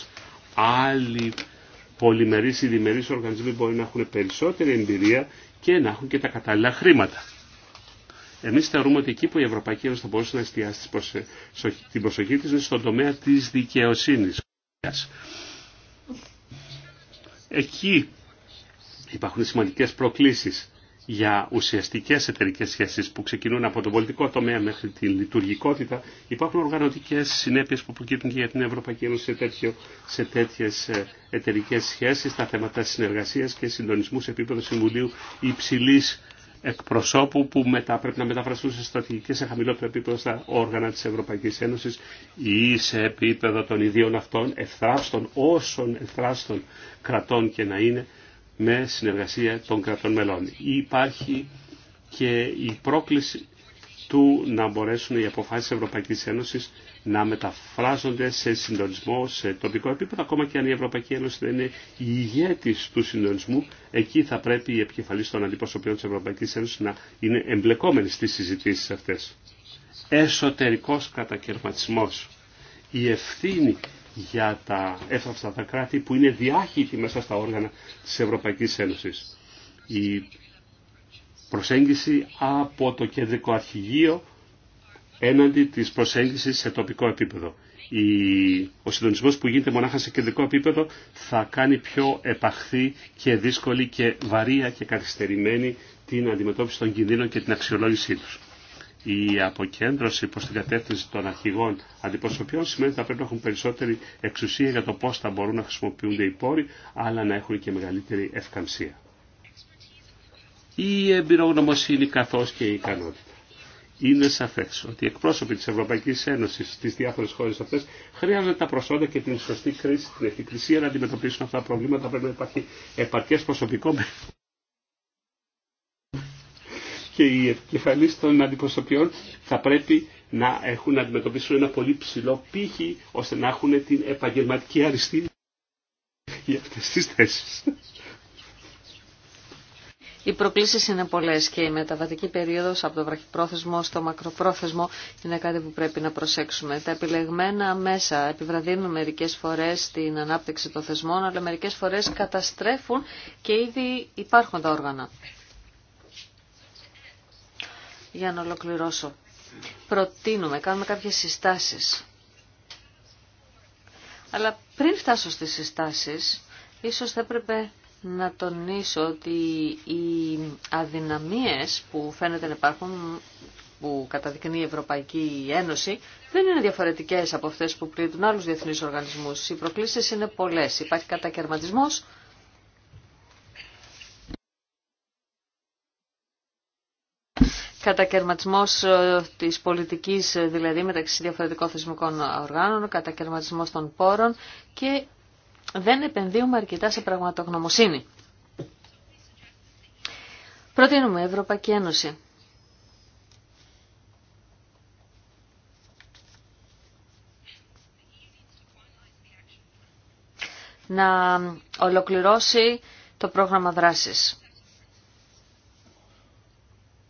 Άλλοι πολυμερεί ή διμερεί οργανισμοί μπορεί να έχουν περισσότερη εμπειρία και να έχουν και τα κατάλληλα χρήματα. Εμεί θεωρούμε ότι εκεί που η Ευρωπαϊκή Ένωση θα μπορούσε να εστιάσει την προσοχή τη είναι στον τομέα της δικαιοσύνης. Εκεί υπάρχουν σημαντικέ προκλήσει για ουσιαστικέ εταιρικέ σχέσει που ξεκινούν από τον πολιτικό τομέα μέχρι την λειτουργικότητα. Υπάρχουν οργανωτικέ συνέπειε που προκύπτουν και για την Ευρωπαϊκή Ένωση σε, τέτοιο, σε τέτοιες ε, εταιρικέ σχέσει, τα θέματα συνεργασία και συντονισμού σε επίπεδο Συμβουλίου υψηλή εκπροσώπου που μετά πρέπει να μεταφραστούν σε στρατηγικέ σε χαμηλότερο επίπεδο στα όργανα τη Ευρωπαϊκή Ένωση ή σε επίπεδο των ιδίων αυτών ευθράστων, όσων ευθράστων κρατών και να είναι, με συνεργασία των κρατών μελών. Υπάρχει και η πρόκληση του να μπορέσουν οι αποφάσει Ευρωπαϊκή Ένωση να μεταφράζονται σε συντονισμό σε τοπικό επίπεδο, ακόμα και αν η Ευρωπαϊκή Ένωση δεν είναι η ηγέτης του συντονισμού, εκεί θα πρέπει η επικεφαλή των αντιπροσωπείων της Ευρωπαϊκής Ένωσης να είναι εμπλεκόμενη στις συζητήσεις αυτές. Εσωτερικός κατακαιρματισμός. Η ευθύνη για τα έφραστα τα κράτη που είναι διάχυτη μέσα στα όργανα της Ευρωπαϊκής Ένωσης. Η προσέγγιση από το κεντρικό αρχηγείο έναντι τη προσέγγιση σε τοπικό επίπεδο. Ο συντονισμός που γίνεται μονάχα σε κεντρικό επίπεδο θα κάνει πιο επαχθή και δύσκολη και βαρία και καθυστερημένη την αντιμετώπιση των κινδύνων και την αξιολόγησή τους. Η αποκέντρωση προς την κατεύθυνση των αρχηγών αντιπροσωπιών σημαίνει ότι θα πρέπει να έχουν περισσότερη εξουσία για το πώς θα μπορούν να χρησιμοποιούνται οι πόροι, αλλά να έχουν και μεγαλύτερη ευκαμψία. Η εμπειρογνωμοσύνη καθώς και η ικανότητα είναι σαφέ ότι οι εκπρόσωποι τη Ευρωπαϊκή Ένωση στι διάφορε χώρε αυτέ χρειάζονται τα προσόντα και την σωστή κρίση, την ευθυκρισία να αντιμετωπίσουν αυτά τα προβλήματα. Πρέπει να υπάρχει επαρκέ προσωπικό και οι επικεφαλεί των αντιπροσωπιών θα πρέπει να έχουν να αντιμετωπίσουν ένα πολύ ψηλό πύχη ώστε να έχουν την επαγγελματική αριστεία για αυτέ τι θέσει. Οι προκλήσεις είναι πολλές και η μεταβατική περίοδος από το βραχυπρόθεσμο στο μακροπρόθεσμο είναι κάτι που πρέπει να προσέξουμε. Τα επιλεγμένα μέσα επιβραδύνουν μερικές φορές την ανάπτυξη των θεσμών, αλλά μερικές φορές καταστρέφουν και ήδη υπάρχουν τα όργανα. Για να ολοκληρώσω. Προτείνουμε, κάνουμε κάποιες συστάσεις. Αλλά πριν φτάσω στις συστάσεις, ίσως θα έπρεπε να τονίσω ότι οι αδυναμίες που φαίνεται να υπάρχουν, που καταδεικνύει η Ευρωπαϊκή Ένωση, δεν είναι διαφορετικές από αυτές που πλήττουν άλλους διεθνείς οργανισμούς. Οι προκλήσεις είναι πολλές. Υπάρχει κατακαιρματισμός, Κατακαιρματισμό ε, της πολιτικής ε, δηλαδή μεταξύ διαφορετικών θεσμικών οργάνων, κατακαιρματισμό των πόρων και δεν επενδύουμε αρκετά σε πραγματογνωμοσύνη. Προτείνουμε Ευρωπαϊκή Ένωση. να ολοκληρώσει το πρόγραμμα δράσης.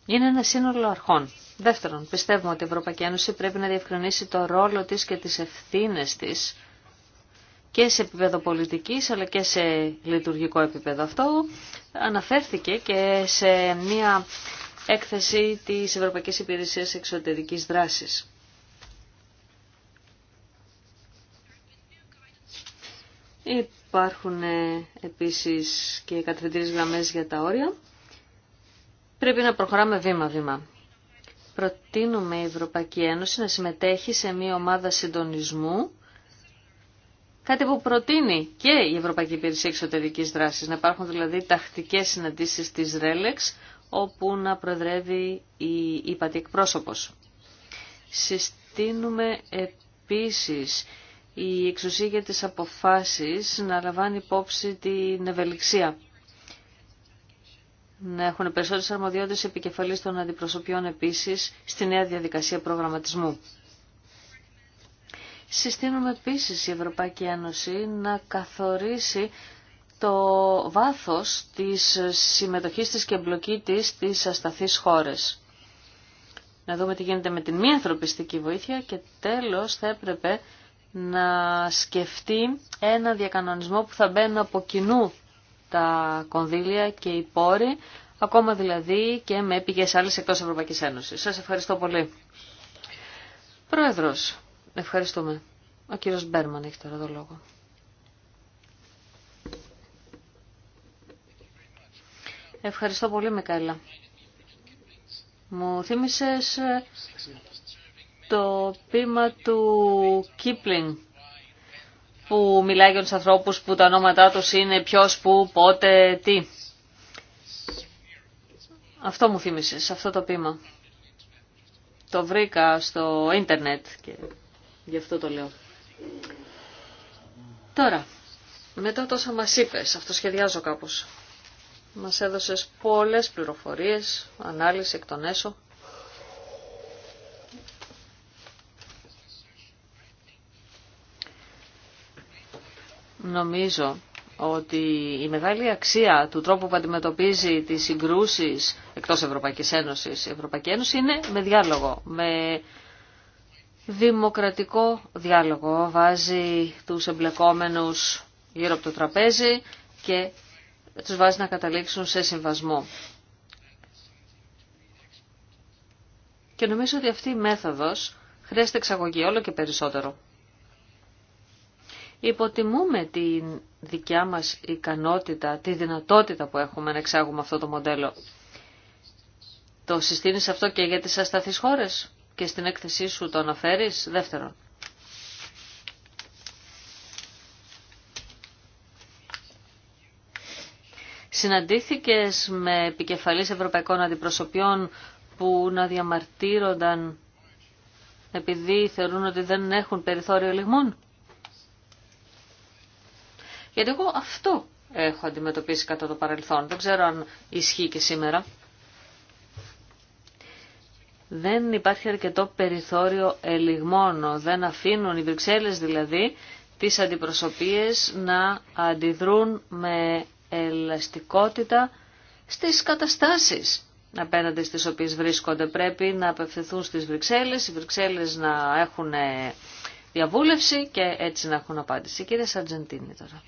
Είναι ένα σύνολο αρχών. Δεύτερον, πιστεύουμε ότι η Ευρωπαϊκή Ένωση πρέπει να διευκρινίσει το ρόλο της και τις ευθύνες της και σε επίπεδο πολιτικής αλλά και σε λειτουργικό επίπεδο. Αυτό αναφέρθηκε και σε μια έκθεση της Ευρωπαϊκής Υπηρεσίας Εξωτερικής Δράσης. Υπάρχουν ε, επίσης και κατευθυντήριες γραμμές για τα όρια. Πρέπει να προχωράμε βήμα-βήμα. Προτείνουμε η Ευρωπαϊκή Ένωση να συμμετέχει σε μια ομάδα συντονισμού Κάτι που προτείνει και η Ευρωπαϊκή Υπηρεσία Εξωτερική δράση, να υπάρχουν δηλαδή τακτικές συναντήσεις τη ΡΕΛΕΞ, όπου να προεδρεύει η υπατή εκπρόσωπο. Συστήνουμε επίσης η εξουσία για αποφάσεις να λαμβάνει υπόψη την ευελιξία. Να έχουν περισσότερε αρμοδιότητε επικεφαλής των αντιπροσωπιών επίση στη νέα διαδικασία προγραμματισμού. Συστήνουμε επίσης η Ευρωπαϊκή Ένωση να καθορίσει το βάθος της συμμετοχής της και εμπλοκή της στις ασταθείς χώρες. Να δούμε τι γίνεται με την μη ανθρωπιστική βοήθεια και τέλος θα έπρεπε να σκεφτεί ένα διακανονισμό που θα μπαίνουν από κοινού τα κονδύλια και οι πόροι, ακόμα δηλαδή και με πηγές άλλες εκτός Ευρωπαϊκής Ένωσης. Σας ευχαριστώ πολύ. Πρόεδρος, Ευχαριστούμε. Ο κύριος Μπέρμαν έχει τώρα το λόγο. Ευχαριστώ πολύ, Μικαέλα. Μου θύμισες ε, το πείμα του Κίπλινγκ που μιλάει για τους ανθρώπους που τα ονόματά τους είναι ποιος, που, πότε, τι. Αυτό μου θύμισες, αυτό το πείμα. Το βρήκα στο ίντερνετ και Γι' αυτό το λέω. Τώρα, μετά τόσα μας είπες, αυτό σχεδιάζω κάπως. Μας έδωσες πολλές πληροφορίες, ανάλυση εκ των έσω. Νομίζω ότι η μεγάλη αξία του τρόπου που αντιμετωπίζει τις συγκρούσεις εκτός Ευρωπαϊκής Ένωσης η Ευρωπαϊκή Ένωση είναι με διάλογο, με δημοκρατικό διάλογο. Βάζει τους εμπλεκόμενους γύρω από το τραπέζι και τους βάζει να καταλήξουν σε συμβασμό. Και νομίζω ότι αυτή η μέθοδος χρειάζεται εξαγωγή όλο και περισσότερο. Υποτιμούμε τη δικιά μας ικανότητα, τη δυνατότητα που έχουμε να εξάγουμε αυτό το μοντέλο. Το συστήνεις αυτό και για τις ασταθείς χώρες και στην έκθεσή σου το αναφέρεις. Δεύτερον. Συναντήθηκες με επικεφαλής ευρωπαϊκών αντιπροσωπιών που να διαμαρτύρονταν επειδή θεωρούν ότι δεν έχουν περιθώριο λιγμών. Γιατί εγώ αυτό έχω αντιμετωπίσει κατά το παρελθόν. Δεν ξέρω αν ισχύει και σήμερα δεν υπάρχει αρκετό περιθώριο ελιγμόνο. δεν αφήνουν οι Βρυξέλλες δηλαδή τις αντιπροσωπείες να αντιδρούν με ελαστικότητα στις καταστάσεις απέναντι στις οποίες βρίσκονται. Πρέπει να απευθυνθούν στις Βρυξέλλες, οι Βρυξέλλες να έχουν διαβούλευση και έτσι να έχουν απάντηση. Κύριε Σαρτζεντίνη τώρα.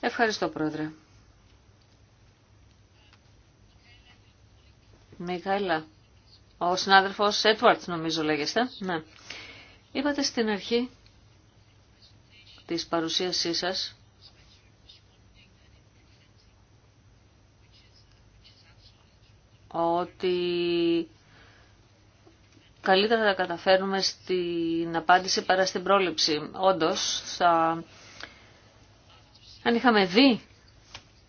Ευχαριστώ Πρόεδρε. Μιχαήλα, ο συνάδελφος Έτουαρτ, νομίζω λέγεστε. Ναι. Είπατε στην αρχή της παρουσίασής σας ότι καλύτερα θα καταφέρουμε στην απάντηση παρά στην πρόληψη. Όντως, θα... αν είχαμε δει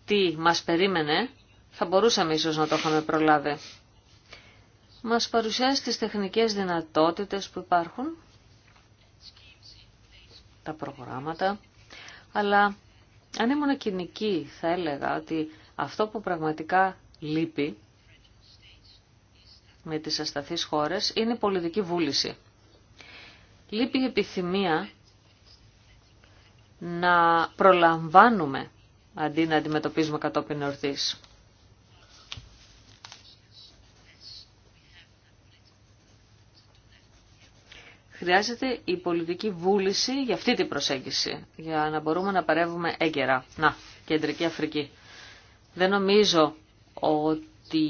τι μας περίμενε, θα μπορούσαμε ίσως να το είχαμε προλάβει μας παρουσιάζει τις τεχνικές δυνατότητες που υπάρχουν, τα προγράμματα, αλλά αν ήμουν κοινική θα έλεγα ότι αυτό που πραγματικά λείπει με τις ασταθείς χώρες είναι η πολιτική βούληση. Λείπει η επιθυμία να προλαμβάνουμε αντί να αντιμετωπίζουμε κατόπιν ορθής. Χρειάζεται η πολιτική βούληση για αυτή την προσέγγιση, για να μπορούμε να παρεύουμε έγκαιρα. Να, Κεντρική Αφρική. Δεν νομίζω ότι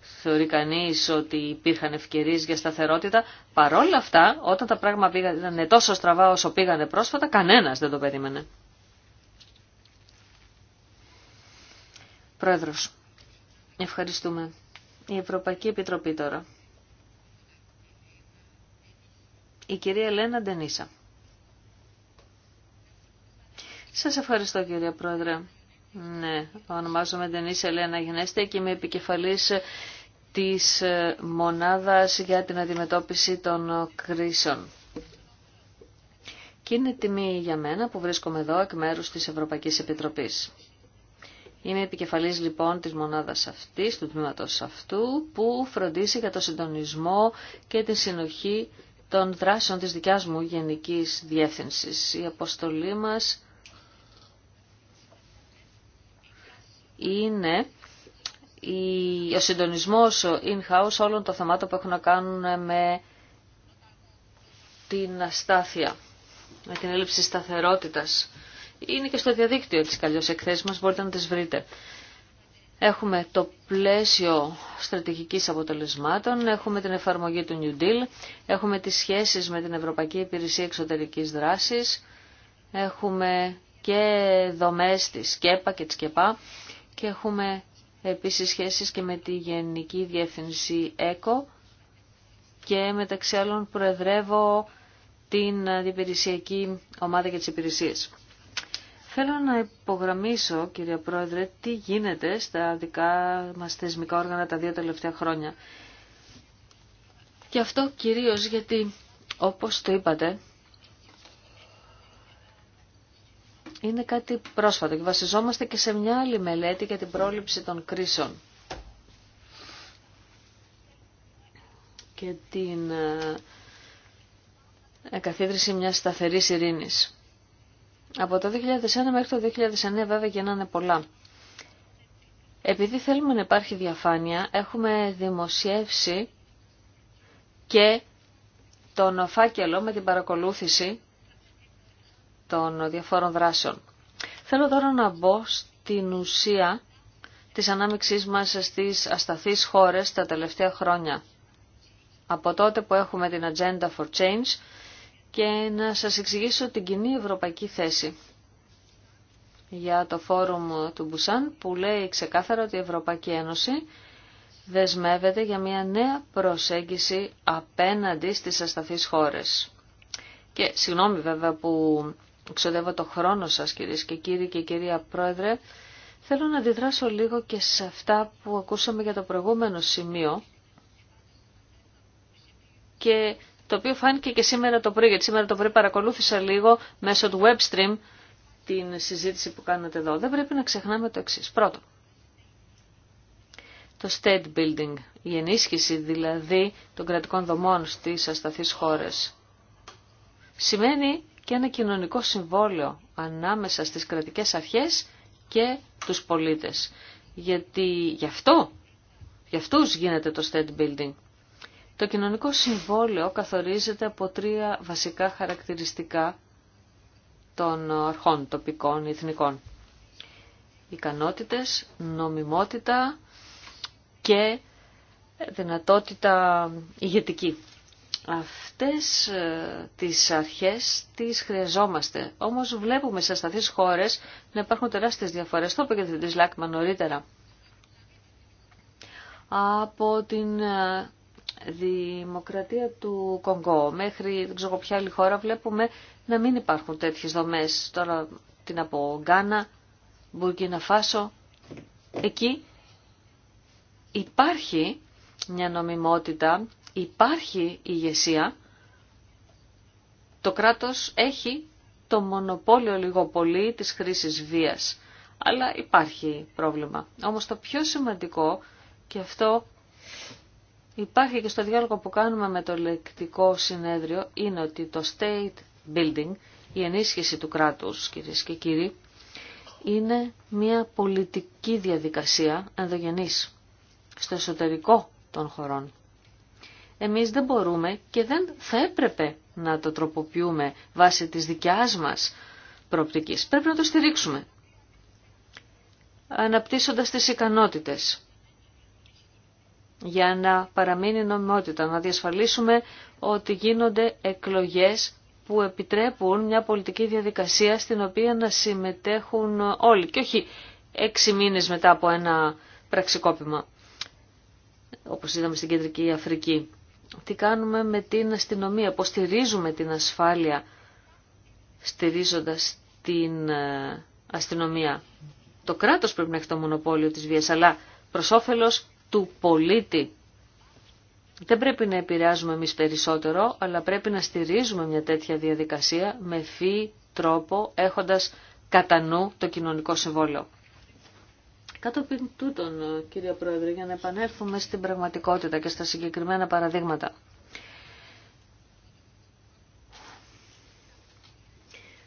θεωρεί κανεί ότι υπήρχαν ευκαιρίε για σταθερότητα. Παρόλα αυτά, όταν τα πράγματα πήγαν τόσο στραβά όσο πήγανε πρόσφατα, κανένα δεν το περίμενε. Πρόεδρος, ευχαριστούμε. Η Ευρωπαϊκή Επιτροπή τώρα η κυρία Ελένα Ντενίσα. Σας ευχαριστώ κυρία Πρόεδρε. Ναι, ονομάζομαι Ντενίσα Ελένα Γινέστη και είμαι επικεφαλής της ε, μονάδας για την αντιμετώπιση των ε, κρίσεων. Και είναι τιμή για μένα που βρίσκομαι εδώ εκ μέρους της Ευρωπαϊκής Επιτροπής. Είμαι επικεφαλής λοιπόν της μονάδας αυτής, του τμήματος αυτού, που φροντίζει για το συντονισμό και την συνοχή των δράσεων της δικιάς μου γενικής διεύθυνσης. Η αποστολή μας είναι ο συντονισμός in-house όλων των θεμάτων που έχουν να κάνουν με την αστάθεια, με την έλλειψη σταθερότητας. Είναι και στο διαδίκτυο της καλλιώς εκθέσεις μας, μπορείτε να τις βρείτε. Έχουμε το πλαίσιο στρατηγικής αποτελεσμάτων, έχουμε την εφαρμογή του New Deal, έχουμε τις σχέσεις με την Ευρωπαϊκή Υπηρεσία Εξωτερικής Δράσης, έχουμε και δομές της ΚΕΠΑ και της ΚΕΠΑ και έχουμε επίσης σχέσεις και με τη Γενική Διεύθυνση ΕΚΟ και μεταξύ άλλων προεδρεύω την Διπηρεσιακή Ομάδα για τις Υπηρεσίες. Θέλω να υπογραμμίσω, κύριε Πρόεδρε, τι γίνεται στα δικά μας θεσμικά όργανα τα δύο τελευταία χρόνια. Και αυτό κυρίως γιατί, όπως το είπατε, είναι κάτι πρόσφατο και βασιζόμαστε και σε μια άλλη μελέτη για την πρόληψη των κρίσεων. και την ε, ε, καθίδρυση μιας σταθερής ειρήνης. Από το 2001 μέχρι το 2009 βέβαια γίνανε πολλά. Επειδή θέλουμε να υπάρχει διαφάνεια, έχουμε δημοσιεύσει και τον φάκελο με την παρακολούθηση των διαφόρων δράσεων. Θέλω τώρα να μπω στην ουσία της ανάμειξής μας στις ασταθείς χώρες τα τελευταία χρόνια. Από τότε που έχουμε την Agenda for Change και να σας εξηγήσω την κοινή ευρωπαϊκή θέση για το φόρουμ του Μπουσάν που λέει ξεκάθαρα ότι η Ευρωπαϊκή Ένωση δεσμεύεται για μια νέα προσέγγιση απέναντι στις ασταθείς χώρες. Και συγγνώμη βέβαια που ξοδεύω το χρόνο σας κυρίες και κύριοι και κυρία Πρόεδρε, θέλω να αντιδράσω λίγο και σε αυτά που ακούσαμε για το προηγούμενο σημείο και το οποίο φάνηκε και σήμερα το πρωί, γιατί σήμερα το πρωί παρακολούθησα λίγο μέσω του webstream την συζήτηση που κάνατε εδώ. Δεν πρέπει να ξεχνάμε το εξή. Πρώτον, το state building, η ενίσχυση δηλαδή των κρατικών δομών στις ασταθείς χώρες, σημαίνει και ένα κοινωνικό συμβόλαιο ανάμεσα στις κρατικές αρχές και τους πολίτες. Γιατί γι' αυτό, γι' αυτούς γίνεται το state building. Το κοινωνικό συμβόλαιο καθορίζεται από τρία βασικά χαρακτηριστικά των αρχών τοπικών, εθνικών. Ικανότητες, νομιμότητα και δυνατότητα ηγετική. Αυτές ε, τις αρχές τις χρειαζόμαστε. Όμως βλέπουμε σε ασταθείς χώρες να υπάρχουν τεράστιες διαφορές. Το είπε και Λάκμα νωρίτερα. Από την ε, δημοκρατία του Κονγκό μέχρι δεν ξέρω ποια άλλη χώρα βλέπουμε να μην υπάρχουν τέτοιες δομές. Τώρα την από Γκάνα, Μπουρκίνα Φάσο. Εκεί υπάρχει μια νομιμότητα, υπάρχει ηγεσία. Το κράτος έχει το μονοπόλιο λίγο πολύ της χρήσης βίας. Αλλά υπάρχει πρόβλημα. Όμως το πιο σημαντικό και αυτό υπάρχει και στο διάλογο που κάνουμε με το λεκτικό συνέδριο είναι ότι το state building, η ενίσχυση του κράτους κυρίες και κύριοι, είναι μια πολιτική διαδικασία ενδογενής στο εσωτερικό των χωρών. Εμείς δεν μπορούμε και δεν θα έπρεπε να το τροποποιούμε βάσει της δικιάς μας προοπτικής. Πρέπει να το στηρίξουμε, αναπτύσσοντας τις ικανότητες για να παραμείνει νομιμότητα, να διασφαλίσουμε ότι γίνονται εκλογές που επιτρέπουν μια πολιτική διαδικασία στην οποία να συμμετέχουν όλοι και όχι έξι μήνες μετά από ένα πραξικόπημα, όπως είδαμε στην Κεντρική Αφρική. Τι κάνουμε με την αστυνομία, πώς στηρίζουμε την ασφάλεια στηρίζοντας την ε, αστυνομία. Το κράτος πρέπει να έχει το μονοπόλιο της βίας, αλλά προς όφελος του πολίτη. Δεν πρέπει να επηρεάζουμε εμείς περισσότερο, αλλά πρέπει να στηρίζουμε μια τέτοια διαδικασία με φύ τρόπο, έχοντας κατά νου το κοινωνικό συμβόλαιο. Κατόπιν τούτον, κύριε Πρόεδρε, για να επανέλθουμε στην πραγματικότητα και στα συγκεκριμένα παραδείγματα.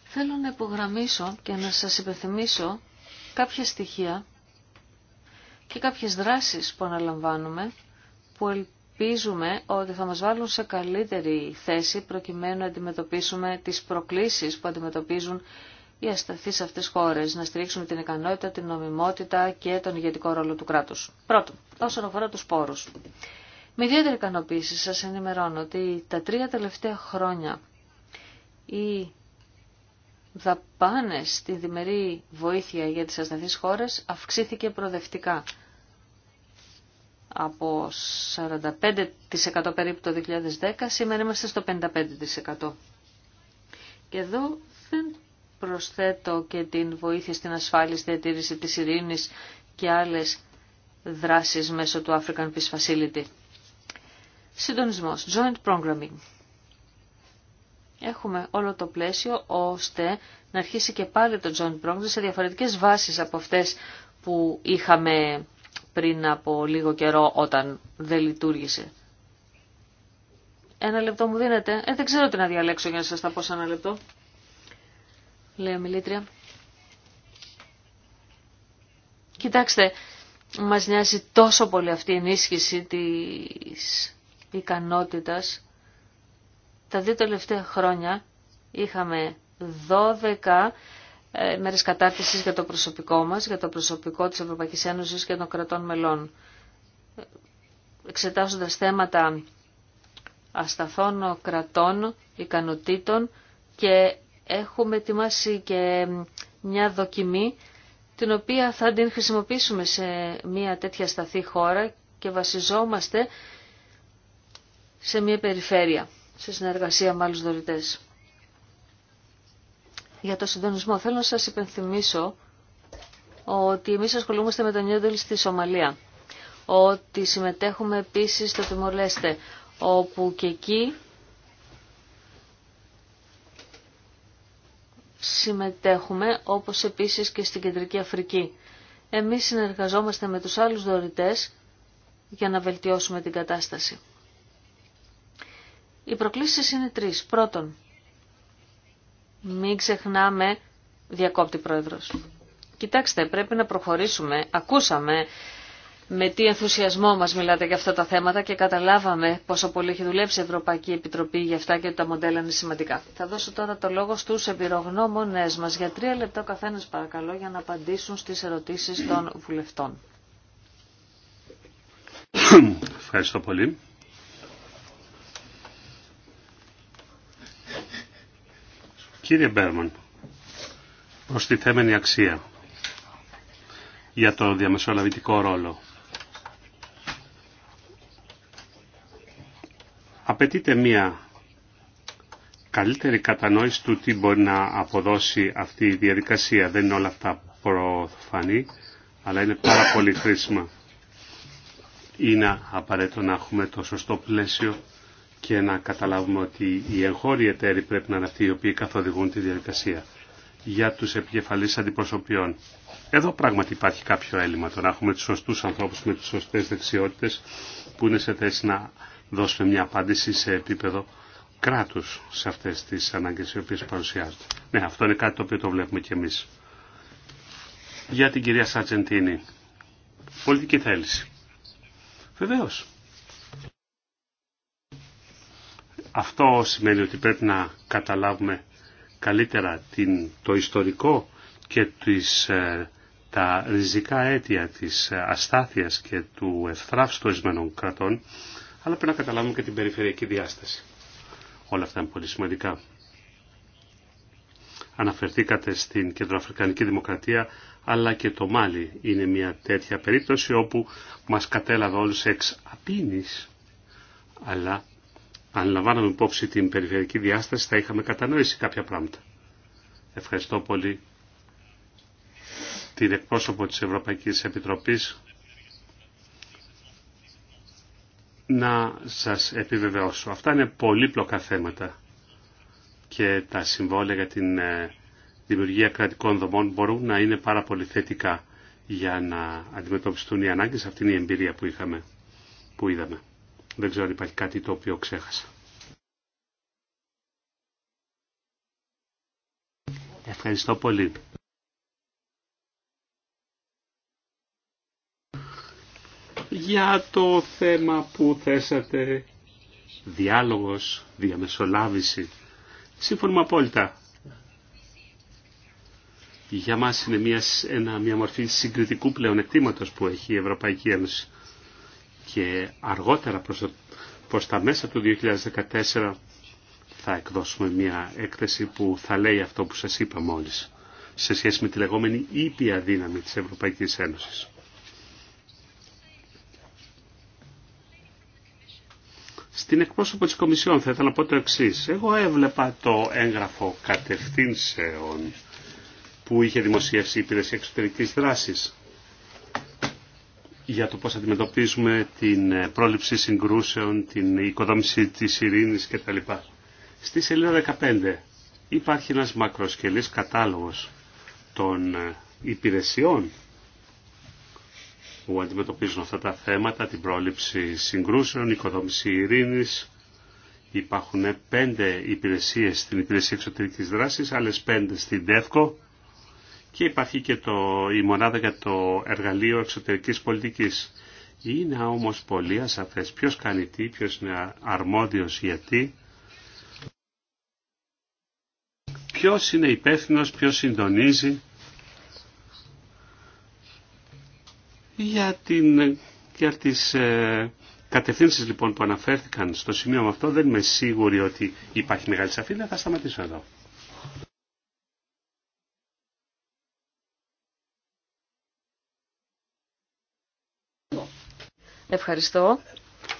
Θέλω να υπογραμμίσω και να σας υπενθυμίσω κάποια στοιχεία και κάποιες δράσεις που αναλαμβάνουμε που ελπίζουμε ότι θα μας βάλουν σε καλύτερη θέση προκειμένου να αντιμετωπίσουμε τις προκλήσεις που αντιμετωπίζουν οι ασταθείς αυτές χώρες, να στηρίξουμε την ικανότητα, την νομιμότητα και τον ηγετικό ρόλο του κράτους. Πρώτον, όσον αφορά τους πόρους. Με ιδιαίτερη ικανοποίηση σας ενημερώνω ότι τα τρία τελευταία χρόνια η δαπάνες στη διμερή βοήθεια για τις ασταθείς χώρες αυξήθηκε προοδευτικά από 45% περίπου το 2010, σήμερα είμαστε στο 55%. Και εδώ δεν προσθέτω και την βοήθεια στην ασφάλεια, στη διατήρηση της ειρήνης και άλλες δράσεις μέσω του African Peace Facility. Συντονισμός, joint programming έχουμε όλο το πλαίσιο ώστε να αρχίσει και πάλι το John Bromley σε διαφορετικές βάσεις από αυτές που είχαμε πριν από λίγο καιρό όταν δεν λειτουργήσε. Ένα λεπτό μου δίνετε. Ε, δεν ξέρω τι να διαλέξω για να σας τα πω σε ένα λεπτό. Λέω μιλήτρια. Κοιτάξτε, μας νοιάζει τόσο πολύ αυτή η ενίσχυση της ικανότητας τα δύο τελευταία χρόνια είχαμε 12 ε, μέρες κατάρτισης για το προσωπικό μας, για το προσωπικό της Ευρωπαϊκής Ένωσης και των κρατών μελών. Εξετάζοντας θέματα ασταθών κρατών, ικανοτήτων και έχουμε ετοιμάσει και μια δοκιμή την οποία θα την χρησιμοποιήσουμε σε μια τέτοια σταθή χώρα και βασιζόμαστε σε μια περιφέρεια σε συνεργασία με άλλους δωρητές. Για το συντονισμό θέλω να σας υπενθυμίσω ότι εμείς ασχολούμαστε με τον Ιόντολ στη Σομαλία, ότι συμμετέχουμε επίσης στο Τιμολέστε, όπου και εκεί συμμετέχουμε, όπως επίσης και στην Κεντρική Αφρική. Εμείς συνεργαζόμαστε με τους άλλους δωρητές για να βελτιώσουμε την κατάσταση. Οι προκλήσεις είναι τρεις. Πρώτον, μην ξεχνάμε, διακόπτη πρόεδρος. Κοιτάξτε, πρέπει να προχωρήσουμε. Ακούσαμε με τι ενθουσιασμό μας μιλάτε για αυτά τα θέματα και καταλάβαμε πόσο πολύ έχει δουλέψει η Ευρωπαϊκή Επιτροπή για αυτά και τα μοντέλα είναι σημαντικά. Θα δώσω τώρα το λόγο στους εμπειρογνώμονε μας για τρία λεπτά καθένας παρακαλώ για να απαντήσουν στις ερωτήσεις των βουλευτών. Ευχαριστώ πολύ. Κύριε Μπέρμαν, θέμενη αξία για το διαμεσολαβητικό ρόλο. Απαιτείται μία καλύτερη κατανόηση του τι μπορεί να αποδώσει αυτή η διαδικασία. Δεν είναι όλα αυτά προφανή, αλλά είναι πάρα πολύ χρήσιμα. Είναι απαραίτητο να έχουμε το σωστό πλαίσιο και να καταλάβουμε ότι οι εγχώροι εταίροι πρέπει να είναι αυτοί οι οποίοι καθοδηγούν τη διαδικασία για τους επικεφαλείς αντιπροσωπιών. Εδώ πράγματι υπάρχει κάποιο έλλειμμα Τώρα έχουμε τους σωστούς ανθρώπους με τις σωστές δεξιότητες που είναι σε θέση να δώσουν μια απάντηση σε επίπεδο κράτους σε αυτές τις ανάγκες οι οποίες παρουσιάζονται. Ναι, αυτό είναι κάτι το οποίο το βλέπουμε και εμείς. Για την κυρία Σατζεντίνη. Πολιτική θέληση. Βεβαίως. Αυτό σημαίνει ότι πρέπει να καταλάβουμε καλύτερα την, το ιστορικό και τις, ε, τα ριζικά αίτια της ε, αστάθειας και του των εισμένων κρατών, αλλά πρέπει να καταλάβουμε και την περιφερειακή διάσταση. Όλα αυτά είναι πολύ σημαντικά. Αναφερθήκατε στην Κεντροαφρικανική Δημοκρατία, αλλά και το Μάλι είναι μια τέτοια περίπτωση όπου μας κατέλαβε όλους εξ απίνης, αλλά αν λαμβάναμε υπόψη την περιφερειακή διάσταση θα είχαμε κατανοήσει κάποια πράγματα. Ευχαριστώ πολύ την εκπρόσωπο της Ευρωπαϊκής Επιτροπής να σας επιβεβαιώσω. Αυτά είναι πολύπλοκα θέματα και τα συμβόλαια για την ε, δημιουργία κρατικών δομών μπορούν να είναι πάρα πολύ θετικά για να αντιμετωπιστούν οι ανάγκες. Αυτή είναι η εμπειρία που είχαμε, που είδαμε. Δεν ξέρω αν υπάρχει κάτι το οποίο ξέχασα. Ευχαριστώ πολύ. Για το θέμα που θέσατε, διάλογος, διαμεσολάβηση, σύμφωνα απόλυτα. Για μας είναι μια, ένα, μια μορφή συγκριτικού πλεονεκτήματος που έχει η Ευρωπαϊκή Ένωση και αργότερα προς, τα μέσα του 2014 θα εκδώσουμε μια έκθεση που θα λέει αυτό που σας είπα μόλις σε σχέση με τη λεγόμενη ήπια δύναμη της Ευρωπαϊκής Ένωσης. Στην εκπρόσωπο της Κομισιόν θα ήθελα να πω το εξή. Εγώ έβλεπα το έγγραφο κατευθύνσεων που είχε δημοσιεύσει η Υπηρεσία Εξωτερικής Δράσης για το πώς αντιμετωπίζουμε την ε, πρόληψη συγκρούσεων, την οικοδόμηση της ειρήνης κτλ. Στη σελίδα 15 υπάρχει ένας μακροσκελής κατάλογος των ε, υπηρεσιών που αντιμετωπίζουν αυτά τα θέματα, την πρόληψη συγκρούσεων, οικοδόμηση ειρήνης. Υπάρχουν πέντε υπηρεσίες στην Υπηρεσία Εξωτερικής Δράσης, άλλες πέντε στην ΤΕΦΚΟ και υπάρχει και το, η μονάδα για το εργαλείο εξωτερικής πολιτικής. Είναι όμως πολύ ασαφές ποιος κάνει τι, ποιος είναι αρμόδιος γιατί, ποιος είναι υπεύθυνο, ποιος συντονίζει για, την, για τις ε, κατευθύνσεις λοιπόν που αναφέρθηκαν στο σημείο αυτό δεν είμαι σίγουροι ότι υπάρχει μεγάλη σαφήνεια, θα σταματήσω εδώ. Ευχαριστώ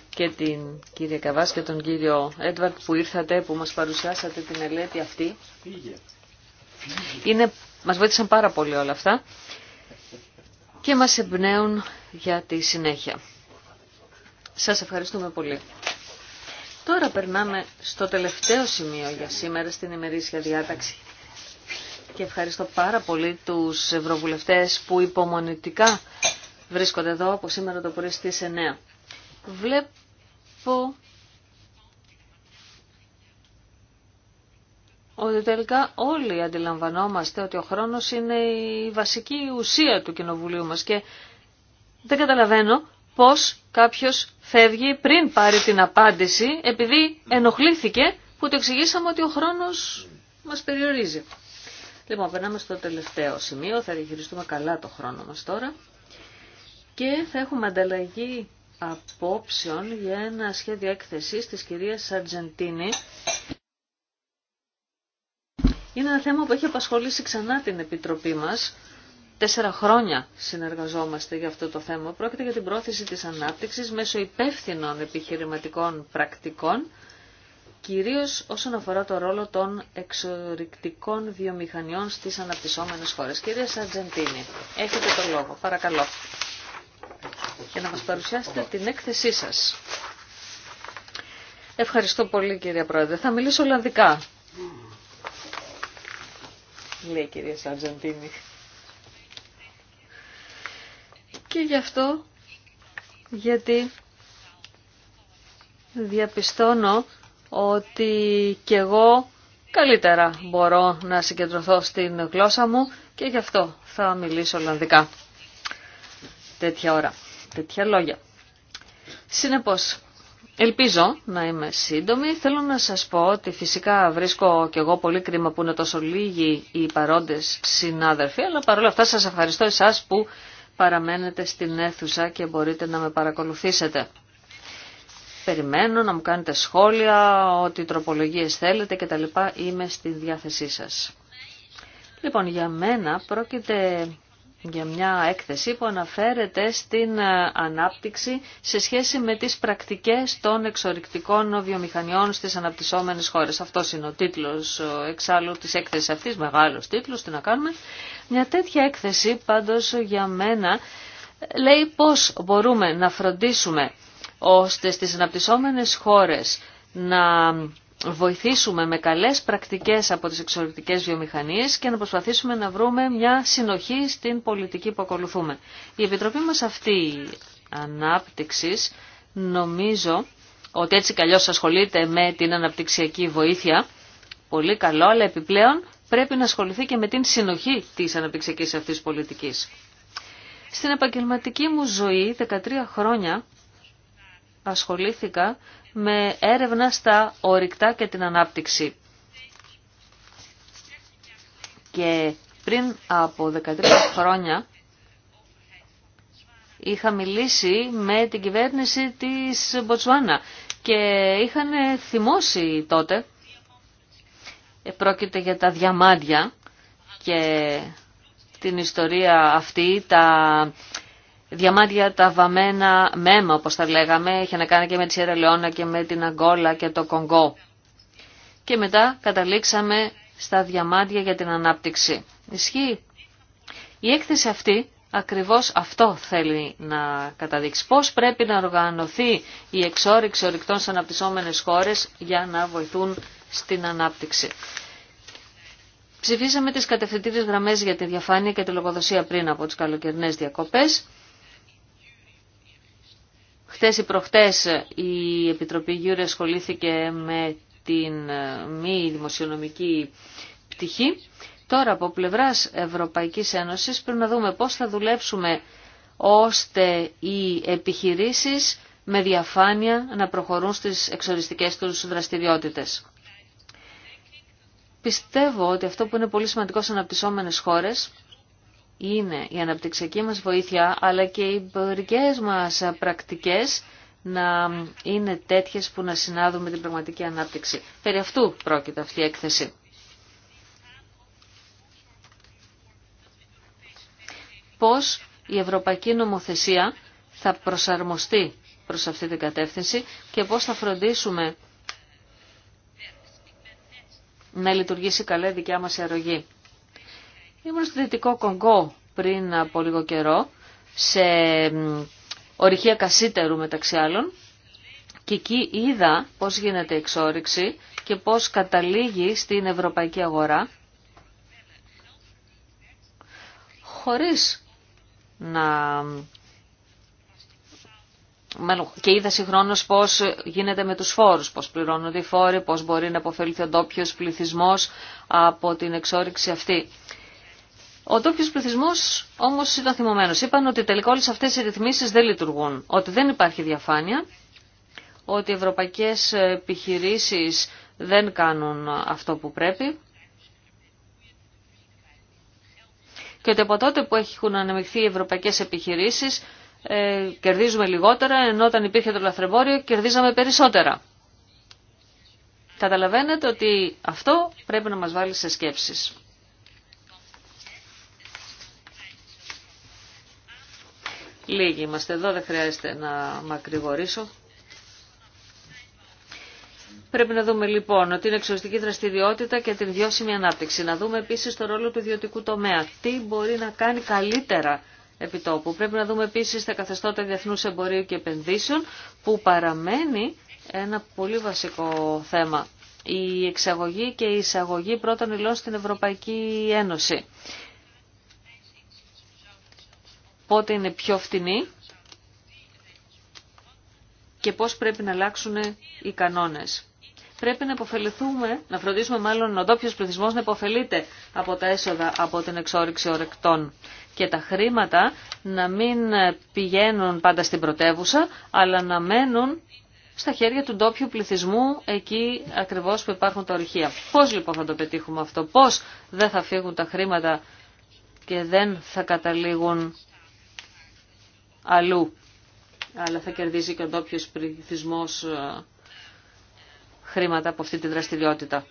και την κυρία Καβάς και τον κύριο Έντβαρτ που ήρθατε, που μας παρουσιάσατε την ελέτη αυτή. Είναι, μας βοήθησαν πάρα πολύ όλα αυτά και μας εμπνέουν για τη συνέχεια. Σας ευχαριστούμε πολύ. Τώρα περνάμε στο τελευταίο σημείο για σήμερα στην ημερήσια διάταξη. Και ευχαριστώ πάρα πολύ τους ευρωβουλευτές που υπομονητικά βρίσκονται εδώ από σήμερα το πρωί στις 9. Βλέπω ότι τελικά όλοι αντιλαμβανόμαστε ότι ο χρόνος είναι η βασική ουσία του κοινοβουλίου μας και δεν καταλαβαίνω πώς κάποιος φεύγει πριν πάρει την απάντηση επειδή ενοχλήθηκε που το εξηγήσαμε ότι ο χρόνος μας περιορίζει. Λοιπόν, περνάμε στο τελευταίο σημείο, θα διαχειριστούμε καλά το χρόνο μας τώρα και θα έχουμε ανταλλαγή απόψεων για ένα σχέδιο έκθεσης της κυρίας Αργεντίνη. Είναι ένα θέμα που έχει απασχολήσει ξανά την Επιτροπή μας. Τέσσερα χρόνια συνεργαζόμαστε για αυτό το θέμα. Πρόκειται για την πρόθεση της ανάπτυξης μέσω υπεύθυνων επιχειρηματικών πρακτικών, κυρίως όσον αφορά το ρόλο των εξορρυκτικών βιομηχανιών στις αναπτυσσόμενες χώρες. Κυρία Σαρτζεντίνη, έχετε το λόγο. Παρακαλώ για να μας παρουσιάσετε την έκθεσή σας. Ευχαριστώ πολύ κυρία Πρόεδρε. Θα μιλήσω Ολλανδικά. Λέει η κυρία Σαρτζαντίνη. Και γι' αυτό, γιατί διαπιστώνω ότι κι εγώ καλύτερα μπορώ να συγκεντρωθώ στην γλώσσα μου και γι' αυτό θα μιλήσω Ολλανδικά τέτοια ώρα τέτοια λόγια. Συνεπώς, ελπίζω να είμαι σύντομη. Θέλω να σας πω ότι φυσικά βρίσκω και εγώ πολύ κρίμα που είναι τόσο λίγοι οι παρόντες συνάδελφοι, αλλά παρόλα αυτά σας ευχαριστώ εσάς που παραμένετε στην αίθουσα και μπορείτε να με παρακολουθήσετε. Περιμένω να μου κάνετε σχόλια, ό,τι τροπολογίες θέλετε κτλ. Είμαι στη διάθεσή σας. Λοιπόν, για μένα πρόκειται για μια έκθεση που αναφέρεται στην ε, ανάπτυξη σε σχέση με τις πρακτικές των εξορρυκτικών βιομηχανιών στις αναπτυσσόμενες χώρες. Αυτό είναι ο τίτλος εξάλλου της έκθεσης αυτής, μεγάλος τίτλος, τι να κάνουμε. Μια τέτοια έκθεση πάντως για μένα λέει πώς μπορούμε να φροντίσουμε ώστε στις αναπτυσσόμενες χώρες να βοηθήσουμε με καλές πρακτικές από τις εξωτερικές βιομηχανίες και να προσπαθήσουμε να βρούμε μια συνοχή στην πολιτική που ακολουθούμε. Η Επιτροπή μας αυτή ανάπτυξης νομίζω ότι έτσι καλώς ασχολείται με την αναπτυξιακή βοήθεια, πολύ καλό, αλλά επιπλέον πρέπει να ασχοληθεί και με την συνοχή της αναπτυξιακής αυτής πολιτικής. Στην επαγγελματική μου ζωή 13 χρόνια ασχολήθηκα με έρευνα στα ορυκτά και την ανάπτυξη. Και πριν από 13 χρόνια είχα μιλήσει με την κυβέρνηση της Μποτσουάνα και είχαν θυμώσει τότε. Πρόκειται για τα διαμάντια και την ιστορία αυτή, τα διαμάντια τα βαμμένα μέμα, όπως τα λέγαμε, είχε να κάνει και με τη Σιέρα Λεώνα και με την Αγκόλα και το Κονγκό. Και μετά καταλήξαμε στα διαμάντια για την ανάπτυξη. Ισχύει. Η έκθεση αυτή ακριβώς αυτό θέλει να καταδείξει. Πώς πρέπει να οργανωθεί η εξόριξη ορυκτών σε αναπτυσσόμενες χώρες για να βοηθούν στην ανάπτυξη. Ψηφίσαμε τις κατευθυντήριες γραμμές για τη διαφάνεια και τη λογοδοσία πριν από τις καλοκαιρινές διακοπές Χτες ή προχτές η Επιτροπή Γιούρη ασχολήθηκε με την ε, μη δημοσιονομική πτυχή. Τώρα από πλευράς Ευρωπαϊκής Ένωσης πρέπει να δούμε πώς θα δουλέψουμε ώστε οι επιχειρήσεις με διαφάνεια να προχωρούν στις εξοριστικές τους δραστηριότητες. Πιστεύω ότι αυτό που είναι πολύ σημαντικό σε αναπτυσσόμενες χώρες είναι η αναπτυξιακή μας βοήθεια, αλλά και οι υπορικέ μας πρακτικές να είναι τέτοιες που να συνάδουν με την πραγματική ανάπτυξη. Περί αυτού πρόκειται αυτή η έκθεση. Πώς η ευρωπαϊκή νομοθεσία θα προσαρμοστεί προς αυτή την κατεύθυνση και πώς θα φροντίσουμε να λειτουργήσει καλά η δικιά μας Ήμουν στο Δυτικό Κονγκό πριν από λίγο καιρό, σε ορυχεία κασίτερου μεταξύ άλλων, και εκεί είδα πώς γίνεται η εξόριξη και πώς καταλήγει στην ευρωπαϊκή αγορά, χωρίς να... Και είδα συγχρόνω πώ γίνεται με του φόρου, πώ πληρώνονται οι φόροι, πώ μπορεί να αποφεληθεί ο ντόπιο πληθυσμό από την εξόριξη αυτή. Ο τόπιο πληθυσμό όμω ήταν θυμωμένο. Είπαν ότι τελικά όλε αυτέ οι ρυθμίσει δεν λειτουργούν, ότι δεν υπάρχει διαφάνεια, ότι οι ευρωπαϊκέ επιχειρήσει δεν κάνουν αυτό που πρέπει και ότι από τότε που έχουν αναμειχθεί οι ευρωπαϊκέ επιχειρήσει ε, κερδίζουμε λιγότερα, ενώ όταν υπήρχε το λαθρεμπόριο κερδίζαμε περισσότερα. Καταλαβαίνετε ότι αυτό πρέπει να μας βάλει σε σκέψεις. Λίγοι είμαστε εδώ, δεν χρειάζεται να μακρηγορήσω. Πρέπει να δούμε λοιπόν την εξωστική δραστηριότητα και την βιώσιμη ανάπτυξη. Να δούμε επίσης το ρόλο του ιδιωτικού τομέα. Τι μπορεί να κάνει καλύτερα επιτόπου. Πρέπει να δούμε επίσης τα καθεστώτα διεθνούς εμπορίου και επενδύσεων που παραμένει ένα πολύ βασικό θέμα. Η εξαγωγή και η εισαγωγή πρώτων υλών στην Ευρωπαϊκή Ένωση πότε είναι πιο φτηνή και πώς πρέπει να αλλάξουν οι κανόνες. Πρέπει να υποφεληθούμε, να φροντίσουμε μάλλον ο ντόπιος πληθυσμό να υποφελείται από τα έσοδα από την εξόριξη ορεκτών και τα χρήματα να μην πηγαίνουν πάντα στην πρωτεύουσα, αλλά να μένουν στα χέρια του ντόπιου πληθυσμού εκεί ακριβώς που υπάρχουν τα ορυχεία. Πώς λοιπόν θα το πετύχουμε αυτό, πώς δεν θα φύγουν τα χρήματα και δεν θα καταλήγουν αλλού. Αλλά θα κερδίζει και ο ντόπιο πληθυσμό ε, χρήματα από αυτή τη δραστηριότητα.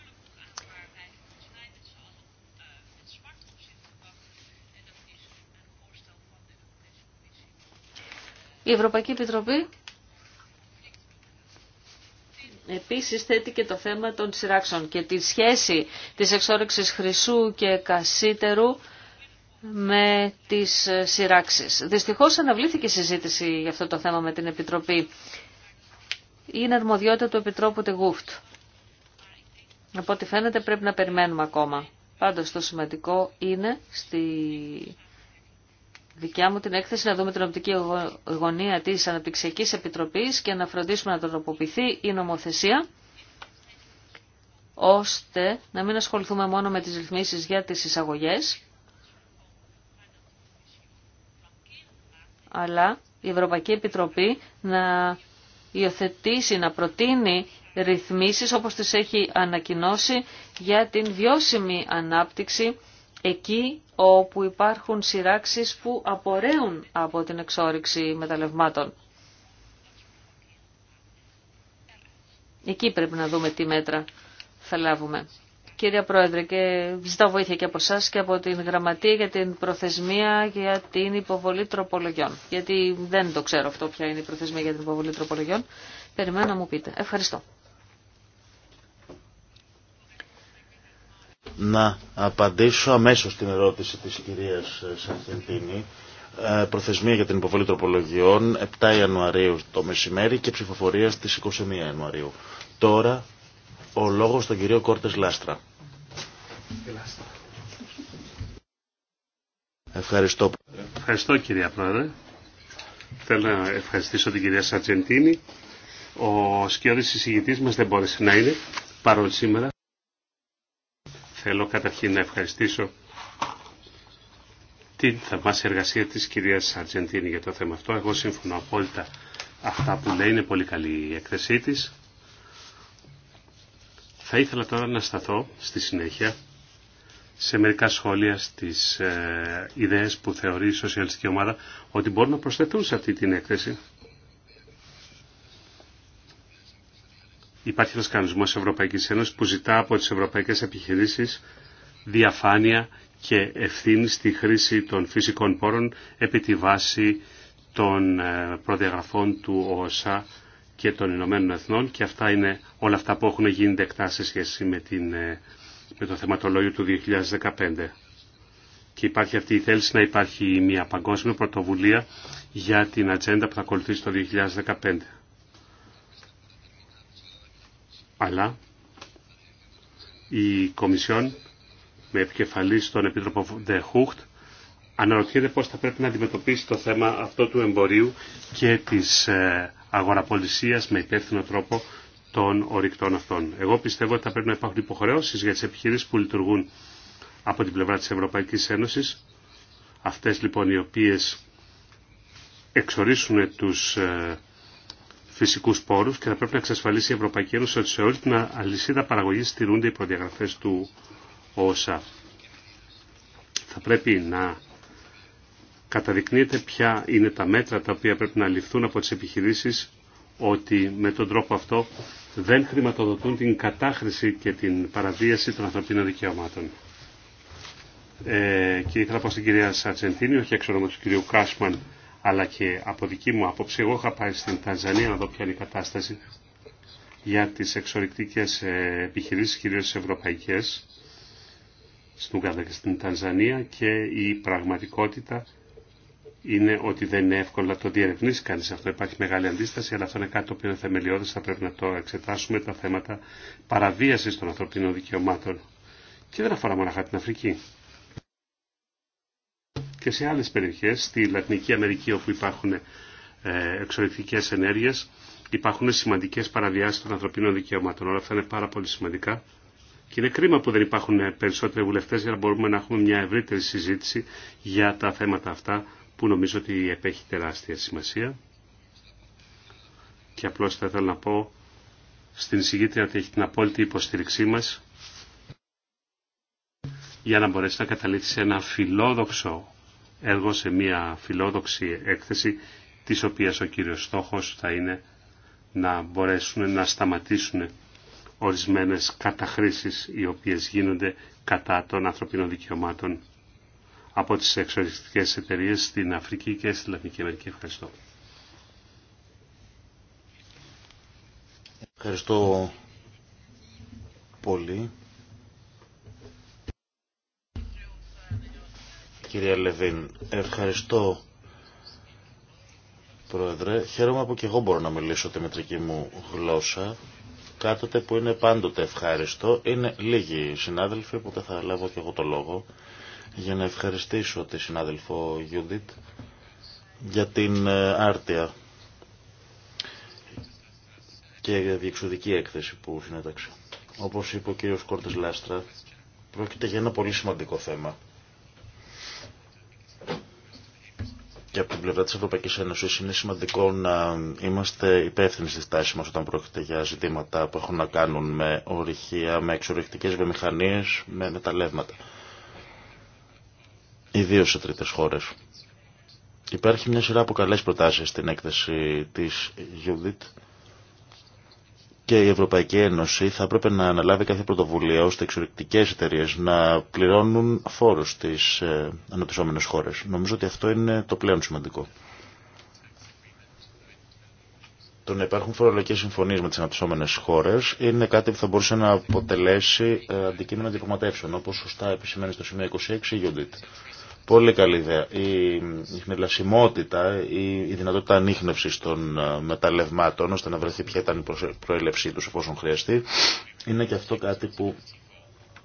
Η Ευρωπαϊκή Επιτροπή επίσης θέτει και το θέμα των σειράξεων και τη σχέση της εξόρυξης χρυσού και κασίτερου με τις σειράξεις. Δυστυχώς αναβλήθηκε η συζήτηση για αυτό το θέμα με την Επιτροπή. Είναι αρμοδιότητα του Επιτρόπου Τεγούφτ. Από ό,τι φαίνεται πρέπει να περιμένουμε ακόμα. Πάντως το σημαντικό είναι στη δικιά μου την έκθεση να δούμε την οπτική γωνία της Αναπτυξιακής Επιτροπής και να φροντίσουμε να τροποποιηθεί η νομοθεσία ώστε να μην ασχοληθούμε μόνο με τις ρυθμίσεις για τις εισαγωγές αλλά η Ευρωπαϊκή Επιτροπή να υιοθετήσει, να προτείνει ρυθμίσεις όπως τις έχει ανακοινώσει για την βιώσιμη ανάπτυξη εκεί όπου υπάρχουν σειράξεις που απορρέουν από την εξόριξη μεταλλευμάτων. Εκεί πρέπει να δούμε τι μέτρα θα λάβουμε. Κύριε Πρόεδρε, και ζητάω βοήθεια και από εσά και από την Γραμματεία για την προθεσμία για την υποβολή τροπολογιών. Γιατί δεν το ξέρω αυτό ποια είναι η προθεσμία για την υποβολή τροπολογιών. Περιμένω να μου πείτε. Ευχαριστώ. Να απαντήσω αμέσως στην ερώτηση της κυρίας Σαρχεντίνη. Ε, προθεσμία για την υποβολή τροπολογιών 7 Ιανουαρίου το μεσημέρι και ψηφοφορία στις 21 Ιανουαρίου. Τώρα ο λόγος στον κύριο Κόρτες Λάστρα. Ευχαριστώ. Ευχαριστώ κυρία Πρόεδρε. Θέλω να ευχαριστήσω την κυρία Σαρτζεντίνη. Ο σκιώδης εισηγητής μας δεν μπόρεσε να είναι παρόν σήμερα. Θέλω καταρχήν να ευχαριστήσω την θαυμάσια εργασία της κυρίας Σαρτζεντίνη για το θέμα αυτό. Εγώ συμφωνώ απόλυτα αυτά που λέει, είναι πολύ καλή η έκθεσή της. Θα ήθελα τώρα να σταθώ στη συνέχεια σε μερικά σχόλια στις ε, ιδέες που θεωρεί η σοσιαλιστική ομάδα ότι μπορούν να προσθετούν σε αυτή την έκθεση. Υπάρχει ένας κανονισμός Ευρωπαϊκής Ένωσης που ζητά από τις ευρωπαϊκές επιχειρήσεις διαφάνεια και ευθύνη στη χρήση των φυσικών πόρων επί τη βάση των ε, προδιαγραφών του ΟΣΑ και των Ηνωμένων Εθνών και αυτά είναι όλα αυτά που έχουν γίνει δεκτά σε σχέση με, την, ε, με το θεματολόγιο του 2015. Και υπάρχει αυτή η θέληση να υπάρχει μια παγκόσμια πρωτοβουλία για την ατζέντα που θα ακολουθήσει το 2015. Αλλά η Κομισιόν με επικεφαλή στον Επίτροπο Χούχτ αναρωτιέται πώς θα πρέπει να αντιμετωπίσει το θέμα αυτό του εμπορίου και της ε, αγοραπολισίας με υπεύθυνο τρόπο των ορυκτών αυτών. Εγώ πιστεύω ότι θα πρέπει να υπάρχουν υποχρεώσει για τι επιχείρησει που λειτουργούν από την πλευρά της Ευρωπαϊκής Ένωσης. Αυτές λοιπόν οι οποίε εξορίσουν τους ε, φυσικούς πόρους και θα πρέπει να εξασφαλίσει η Ευρωπαϊκή Ένωση ότι σε όλη την αλυσίδα παραγωγή στηρούνται οι προδιαγραφέ του ΩΣΑ. Θα πρέπει να καταδεικνύεται ποια είναι τα μέτρα τα οποία πρέπει να ληφθούν από τις επιχειρήσεις ότι με τον τρόπο αυτό δεν χρηματοδοτούν την κατάχρηση και την παραβίαση των ανθρωπίνων δικαιωμάτων. Ε, και ήθελα από στην κυρία Σατζεντίνη όχι εξ του κυρίου Κάσμαν, αλλά και από δική μου άποψη, εγώ είχα πάει στην Τανζανία να δω ποια είναι η κατάσταση για τις εξορρυκτικές ε, επιχειρήσεις, κυρίως ευρωπαϊκές, στην Ουγγάντα και στην Τανζανία και η πραγματικότητα είναι ότι δεν είναι εύκολο να το διερευνήσει κανεί αυτό. Υπάρχει μεγάλη αντίσταση, αλλά αυτό είναι κάτι το οποίο είναι θεμελιώδε. Θα πρέπει να το εξετάσουμε τα θέματα παραβίαση των ανθρωπίνων δικαιωμάτων. Και δεν αφορά μόνο την Αφρική. Και σε άλλε περιοχέ, στη Λατινική Αμερική, όπου υπάρχουν ε, εξορυκτικέ ενέργειε, υπάρχουν σημαντικέ παραβιάσει των ανθρωπίνων δικαιωμάτων. Όλα αυτά είναι πάρα πολύ σημαντικά. Και είναι κρίμα που δεν υπάρχουν ε, περισσότεροι βουλευτέ για να μπορούμε να έχουμε μια ευρύτερη συζήτηση για τα θέματα αυτά που νομίζω ότι επέχει τεράστια σημασία. Και απλώς θα ήθελα να πω στην εισηγήτρια ότι έχει την απόλυτη υποστήριξή μας για να μπορέσει να καταλήξει σε ένα φιλόδοξο έργο, σε μια φιλόδοξη έκθεση της οποίας ο κύριος στόχος θα είναι να μπορέσουν να σταματήσουν ορισμένες καταχρήσεις οι οποίες γίνονται κατά των ανθρωπίνων δικαιωμάτων από τις εξοριστικές εταιρείες στην Αφρική και στη Λατινική Αμερική. Ευχαριστώ. Ευχαριστώ πολύ. Κυρία Λεβίν, ευχαριστώ Πρόεδρε. Χαίρομαι που και εγώ μπορώ να μιλήσω τη μετρική μου γλώσσα. Κάτοτε που είναι πάντοτε ευχάριστο. Είναι λίγοι συνάδελφοι, οπότε θα λάβω και εγώ το λόγο για να ευχαριστήσω τη συνάδελφο Γιούντιτ για την ε, άρτια και διεξοδική έκθεση που συνέταξε. Όπως είπε ο κύριος Κόρτες Λάστρα, πρόκειται για ένα πολύ σημαντικό θέμα. και από την πλευρά τη Ευρωπαϊκή Ένωση είναι σημαντικό να είμαστε υπεύθυνοι στη στάση μας όταν πρόκειται για ζητήματα που έχουν να κάνουν με ορυχεία, με εξορυχτικέ βιομηχανίε, με μεταλλεύματα. Ιδίω σε τρίτε χώρε. Υπάρχει μια σειρά από καλέ προτάσει στην έκθεση τη Judith και η Ευρωπαϊκή Ένωση θα έπρεπε να αναλάβει κάθε πρωτοβουλία ώστε εξορρυκτικές εταιρείε να πληρώνουν φόρου στι ε, χώρε. χώρες. Νομίζω ότι αυτό είναι το πλέον σημαντικό. Το να υπάρχουν φορολογικέ συμφωνίε με τι αναπτυσσόμενε χώρε είναι κάτι που θα μπορούσε να αποτελέσει ε, αντικείμενο διαπραγματεύσεων, όπω σωστά επισημαίνει στο σημείο 26 η Judith. Πολύ καλή ιδέα. Η, η η, η δυνατότητα ανείχνευση των ε, μεταλλευμάτων, ώστε να βρεθεί ποια ήταν η προέλευσή του εφόσον χρειαστεί, είναι και αυτό κάτι που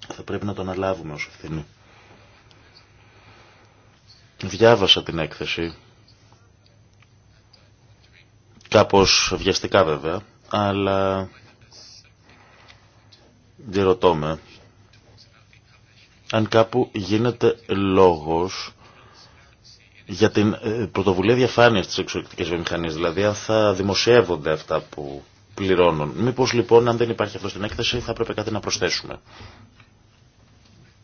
θα πρέπει να το αναλάβουμε ω ευθύνη. Διάβασα την έκθεση, κάπως βιαστικά βέβαια, αλλά διερωτώ με αν κάπου γίνεται λόγος για την ε, πρωτοβουλία διαφάνειας της εξωτερικής βιομηχανίας, δηλαδή αν θα δημοσιεύονται αυτά που πληρώνουν. Μήπως λοιπόν αν δεν υπάρχει αυτό στην έκθεση θα πρέπει κάτι να προσθέσουμε.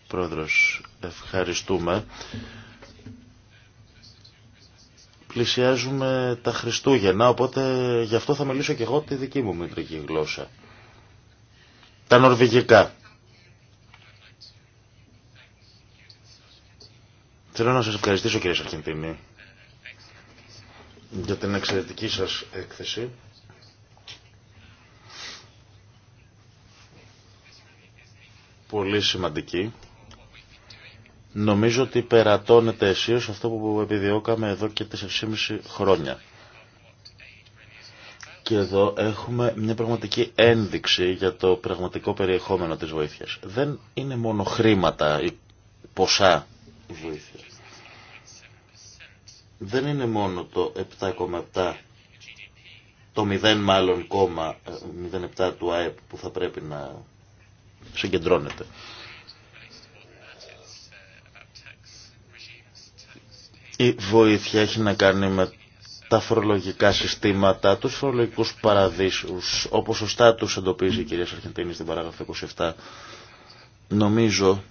Πρόεδρος, ευχαριστούμε. Πλησιάζουμε τα Χριστούγεννα, οπότε γι' αυτό θα μιλήσω και εγώ τη δική μου μητρική γλώσσα. Τα νορβηγικά. Θέλω να σας ευχαριστήσω κύριε Σαρχιντίνη, για την εξαιρετική σας έκθεση. Πολύ σημαντική. Νομίζω ότι περατώνεται αισίως αυτό που επιδιώκαμε εδώ και 4,5 χρόνια. Και εδώ έχουμε μια πραγματική ένδειξη για το πραγματικό περιεχόμενο της βοήθειας. Δεν είναι μόνο χρήματα ή ποσά βοήθειας δεν είναι μόνο το 7,7 το 0 μάλλον κόμμα 0,7 ε, του ΑΕΠ που θα πρέπει να συγκεντρώνεται. Η βοήθεια έχει να κάνει με τα φορολογικά συστήματα, τους φορολογικούς παραδείσους, όπως σωστά τους εντοπίζει η κυρία Σαρχεντίνη στην παράγραφο 27. Νομίζω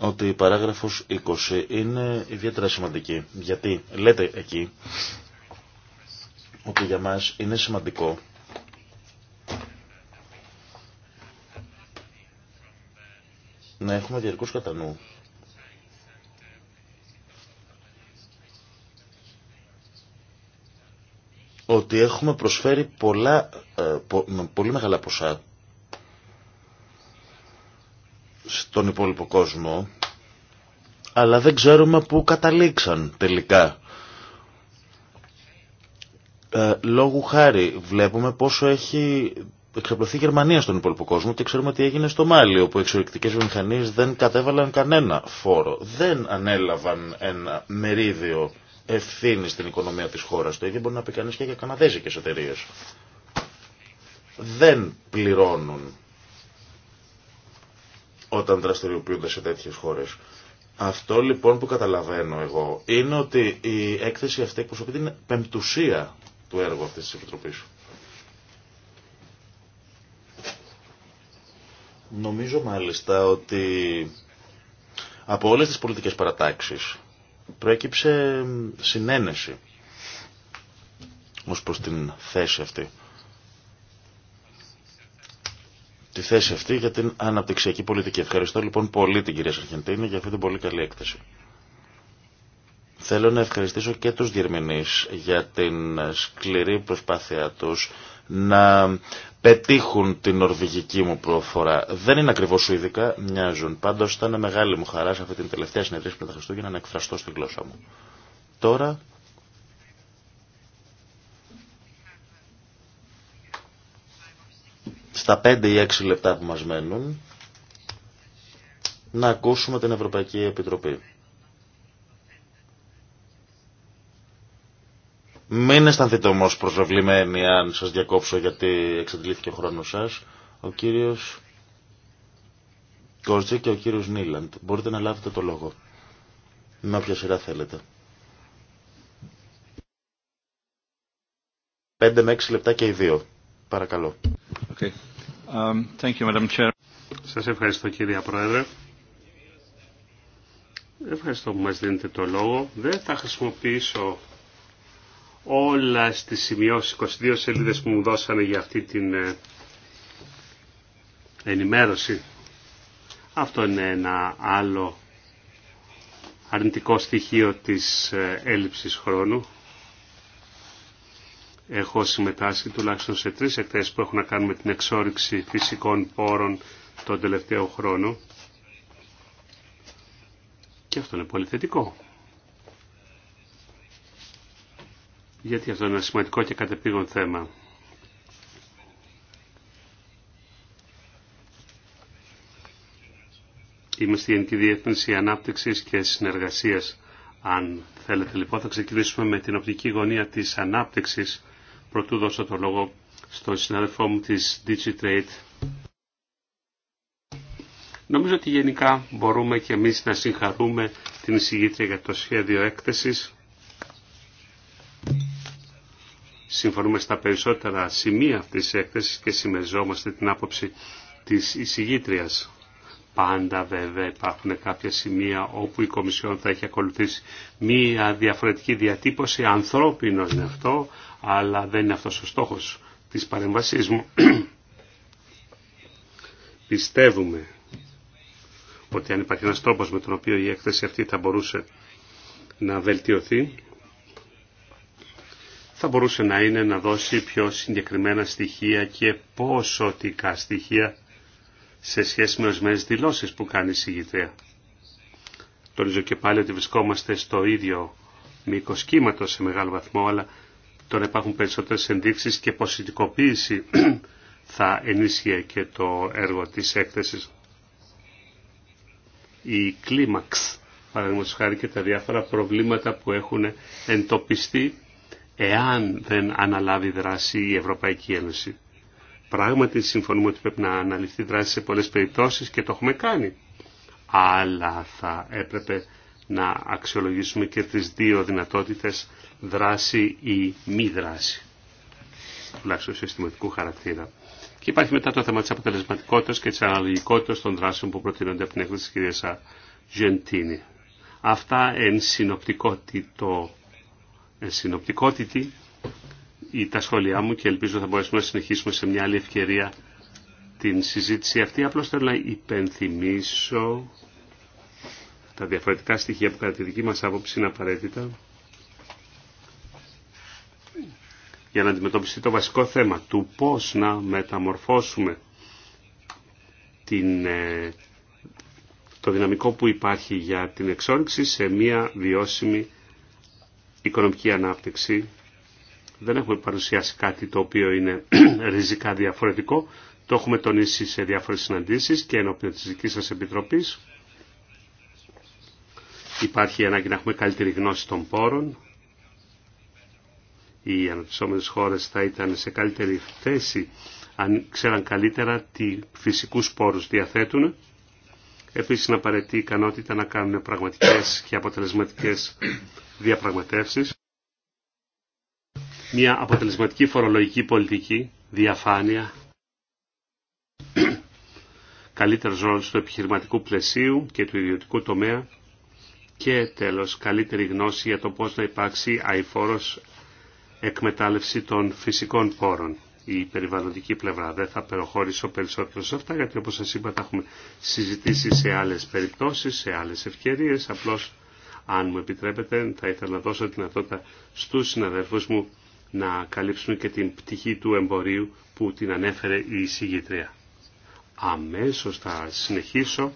ότι η παράγραφος 20 είναι ιδιαίτερα σημαντική. Γιατί λέτε εκεί ότι για μας είναι σημαντικό να έχουμε διαρκώς κατά νου ότι έχουμε προσφέρει πολλά, ε, πολύ μεγάλα ποσά στον υπόλοιπο κόσμο, αλλά δεν ξέρουμε πού καταλήξαν τελικά. Ε, λόγου χάρη βλέπουμε πόσο έχει εξαπλωθεί η Γερμανία στον υπόλοιπο κόσμο και ξέρουμε τι έγινε στο Μάλι, όπου οι εξορρυκτικές μηχανίες δεν κατέβαλαν κανένα φόρο, δεν ανέλαβαν ένα μερίδιο ευθύνη στην οικονομία της χώρας. Το ίδιο μπορεί να πει κανείς και για καναδέζικες εταιρείε. Δεν πληρώνουν όταν δραστηριοποιούνται σε τέτοιες χώρες. Αυτό λοιπόν που καταλαβαίνω εγώ είναι ότι η έκθεση αυτή εκπροσωπεί την πεμπτουσία του έργου αυτής της Επιτροπής. Νομίζω μάλιστα ότι από όλες τις πολιτικές παρατάξεις προέκυψε συνένεση ως προς την θέση αυτή. τη θέση αυτή για την αναπτυξιακή πολιτική. Ευχαριστώ λοιπόν πολύ την κυρία Σαρχεντίνη για αυτή την πολύ καλή έκθεση. Θέλω να ευχαριστήσω και τους διερμηνείς για την σκληρή προσπάθειά τους να πετύχουν την νορβηγική μου προφορά. Δεν είναι ακριβώ σουηδικά, μοιάζουν. Πάντως ήταν μεγάλη μου χαρά σε αυτή την τελευταία συνεδρία πριν τα Χριστούγεννα να εκφραστώ στην γλώσσα μου. Τώρα στα 5 ή 6 λεπτά που μας μένουν να ακούσουμε την Ευρωπαϊκή Επιτροπή. Μην αισθανθείτε όμω προσβεβλημένοι αν σας διακόψω γιατί εξαντλήθηκε ο χρόνος σας. Ο κύριος Κόρτζη και ο κύριος Νίλαντ. Μπορείτε να λάβετε το λόγο. Με όποια σειρά θέλετε. 5 με 6 λεπτά και οι δύο. Παρακαλώ. Um, Σας ευχαριστώ κυρία Πρόεδρε. Ευχαριστώ που μας δίνετε το λόγο. Δεν θα χρησιμοποιήσω όλα στις σημειώσεις 22 σελίδες που μου δώσανε για αυτή την ε, ενημέρωση. Αυτό είναι ένα άλλο αρνητικό στοιχείο της ε, έλλειψης χρόνου. Έχω συμμετάσχει τουλάχιστον σε τρεις εκθέσεις που έχουν να κάνουν με την εξόριξη φυσικών πόρων τον τελευταίο χρόνο. Και αυτό είναι πολύ θετικό. Γιατί αυτό είναι ένα σημαντικό και κατεπήγον θέμα. Είμαι στη Γενική Διεύθυνση Ανάπτυξης και Συνεργασίας. Αν θέλετε λοιπόν θα ξεκινήσουμε με την οπτική γωνία της ανάπτυξης προτού δώσω το λόγο στον συνάδελφό μου της Digitrade. Νομίζω ότι γενικά μπορούμε και εμείς να συγχαρούμε την εισηγήτρια για το σχέδιο έκθεσης. Συμφωνούμε στα περισσότερα σημεία αυτής της έκθεσης και συμμεριζόμαστε την άποψη της εισηγήτριας. Πάντα βέβαια υπάρχουν κάποια σημεία όπου η Κομισιόν θα έχει ακολουθήσει μία διαφορετική διατύπωση. Ανθρώπινο είναι αυτό, αλλά δεν είναι αυτός ο στόχος της παρέμβασής μου. Πιστεύουμε ότι αν υπάρχει ένας τρόπος με τον οποίο η έκθεση αυτή θα μπορούσε να βελτιωθεί, θα μπορούσε να είναι να δώσει πιο συγκεκριμένα στοιχεία και ποσοτικά στοιχεία σε σχέση με ορισμένε δηλώσεις που κάνει η συγγητρία. Τονίζω και πάλι ότι βρισκόμαστε στο ίδιο μήκο κύματο σε μεγάλο βαθμό, αλλά το να υπάρχουν περισσότερες ενδείξεις και ποσοτικοποίηση θα ενίσχυε και το έργο της έκθεσης. Η κλίμαξ, παραδείγματος χάρη και τα διάφορα προβλήματα που έχουν εντοπιστεί εάν δεν αναλάβει δράση η Ευρωπαϊκή Ένωση. Πράγματι συμφωνούμε ότι πρέπει να αναλυθεί δράση σε πολλές περιπτώσεις και το έχουμε κάνει. Αλλά θα έπρεπε να αξιολογήσουμε και τις δύο δυνατότητες δράση ή μη δράση. Τουλάχιστον συστηματικού χαρακτήρα. Και υπάρχει μετά το θέμα τη αποτελεσματικότητα και τη αναλογικότητα των δράσεων που προτείνονται από την έκθεση τη κυρία Γεντίνη. Αυτά εν συνοπτικότητο, εν συνοπτικότητη τα σχόλιά μου και ελπίζω θα μπορέσουμε να συνεχίσουμε σε μια άλλη ευκαιρία την συζήτηση αυτή. Απλώς θέλω να υπενθυμίσω τα διαφορετικά στοιχεία που κατά τη δική μας άποψη είναι απαραίτητα για να αντιμετωπιστεί το βασικό θέμα του πώς να μεταμορφώσουμε την, ε, το δυναμικό που υπάρχει για την εξόρυξη σε μια βιώσιμη οικονομική ανάπτυξη. Δεν έχουμε παρουσιάσει κάτι το οποίο είναι ριζικά διαφορετικό. Το έχουμε τονίσει σε διάφορες συναντήσεις και ενώπιον της δικής σας Επιτροπής. Υπάρχει ανάγκη να έχουμε καλύτερη γνώση των πόρων, οι αναπτυσσόμενες χώρες θα ήταν σε καλύτερη θέση αν ξέραν καλύτερα τι φυσικούς πόρους διαθέτουν. Επίσης, να απαραίτητη η ικανότητα να κάνουν πραγματικές και αποτελεσματικές διαπραγματεύσεις. Μια αποτελεσματική φορολογική πολιτική, διαφάνεια, καλύτερος ρόλος του επιχειρηματικού πλαισίου και του ιδιωτικού τομέα και τέλος καλύτερη γνώση για το πώς να υπάρξει αηφόρος εκμετάλλευση των φυσικών πόρων η περιβαλλοντική πλευρά. Δεν θα προχωρήσω περισσότερο σε αυτά, γιατί όπως σας είπα τα έχουμε συζητήσει σε άλλες περιπτώσεις, σε άλλες ευκαιρίες. Απλώς, αν μου επιτρέπετε, θα ήθελα να δώσω τη δυνατότητα στους συναδέλφους μου να καλύψουν και την πτυχή του εμπορίου που την ανέφερε η εισηγητρία. Αμέσως θα συνεχίσω.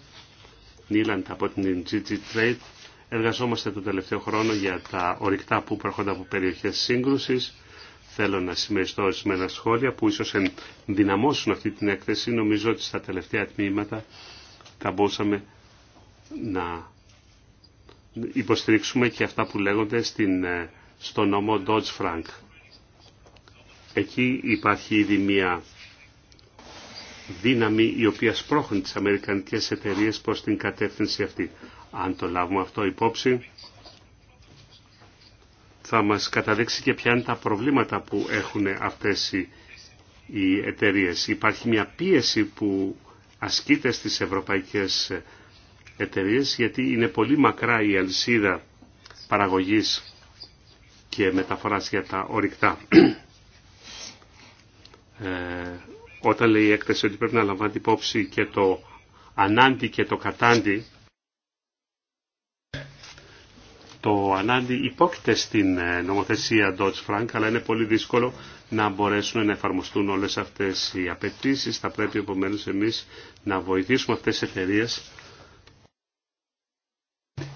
Νίλαντ από την GG Trade Εργαζόμαστε τον τελευταίο χρόνο για τα ορυκτά που προέρχονται από περιοχές σύγκρουσης. Θέλω να συμμεριστώ ορισμένα σχόλια που ίσως ενδυναμώσουν αυτή την έκθεση. Νομίζω ότι στα τελευταία τμήματα θα μπορούσαμε να υποστηρίξουμε και αυτά που λέγονται στην, ε, στο νομο dodge Dodd-Frank. Εκεί υπάρχει ήδη μια δύναμη η οποία σπρώχνει τις αμερικανικές εταιρείες προς την κατεύθυνση αυτή. Αν το λάβουμε αυτό υπόψη, θα μας καταδείξει και ποια είναι τα προβλήματα που έχουν αυτές οι, οι εταιρείε. Υπάρχει μια πίεση που ασκείται στις ευρωπαϊκές εταιρείε γιατί είναι πολύ μακρά η αλυσίδα παραγωγής και μεταφοράς για τα ορυκτά. Ε, όταν λέει η έκθεση ότι πρέπει να λαμβάνει υπόψη και το ανάντι και το κατάντι το ανάντι υπόκειται στην ε, νομοθεσία Dodd-Frank, αλλά είναι πολύ δύσκολο να μπορέσουν να εφαρμοστούν όλες αυτές οι απαιτήσει. Θα πρέπει επομένως εμείς να βοηθήσουμε αυτές τις εταιρείε.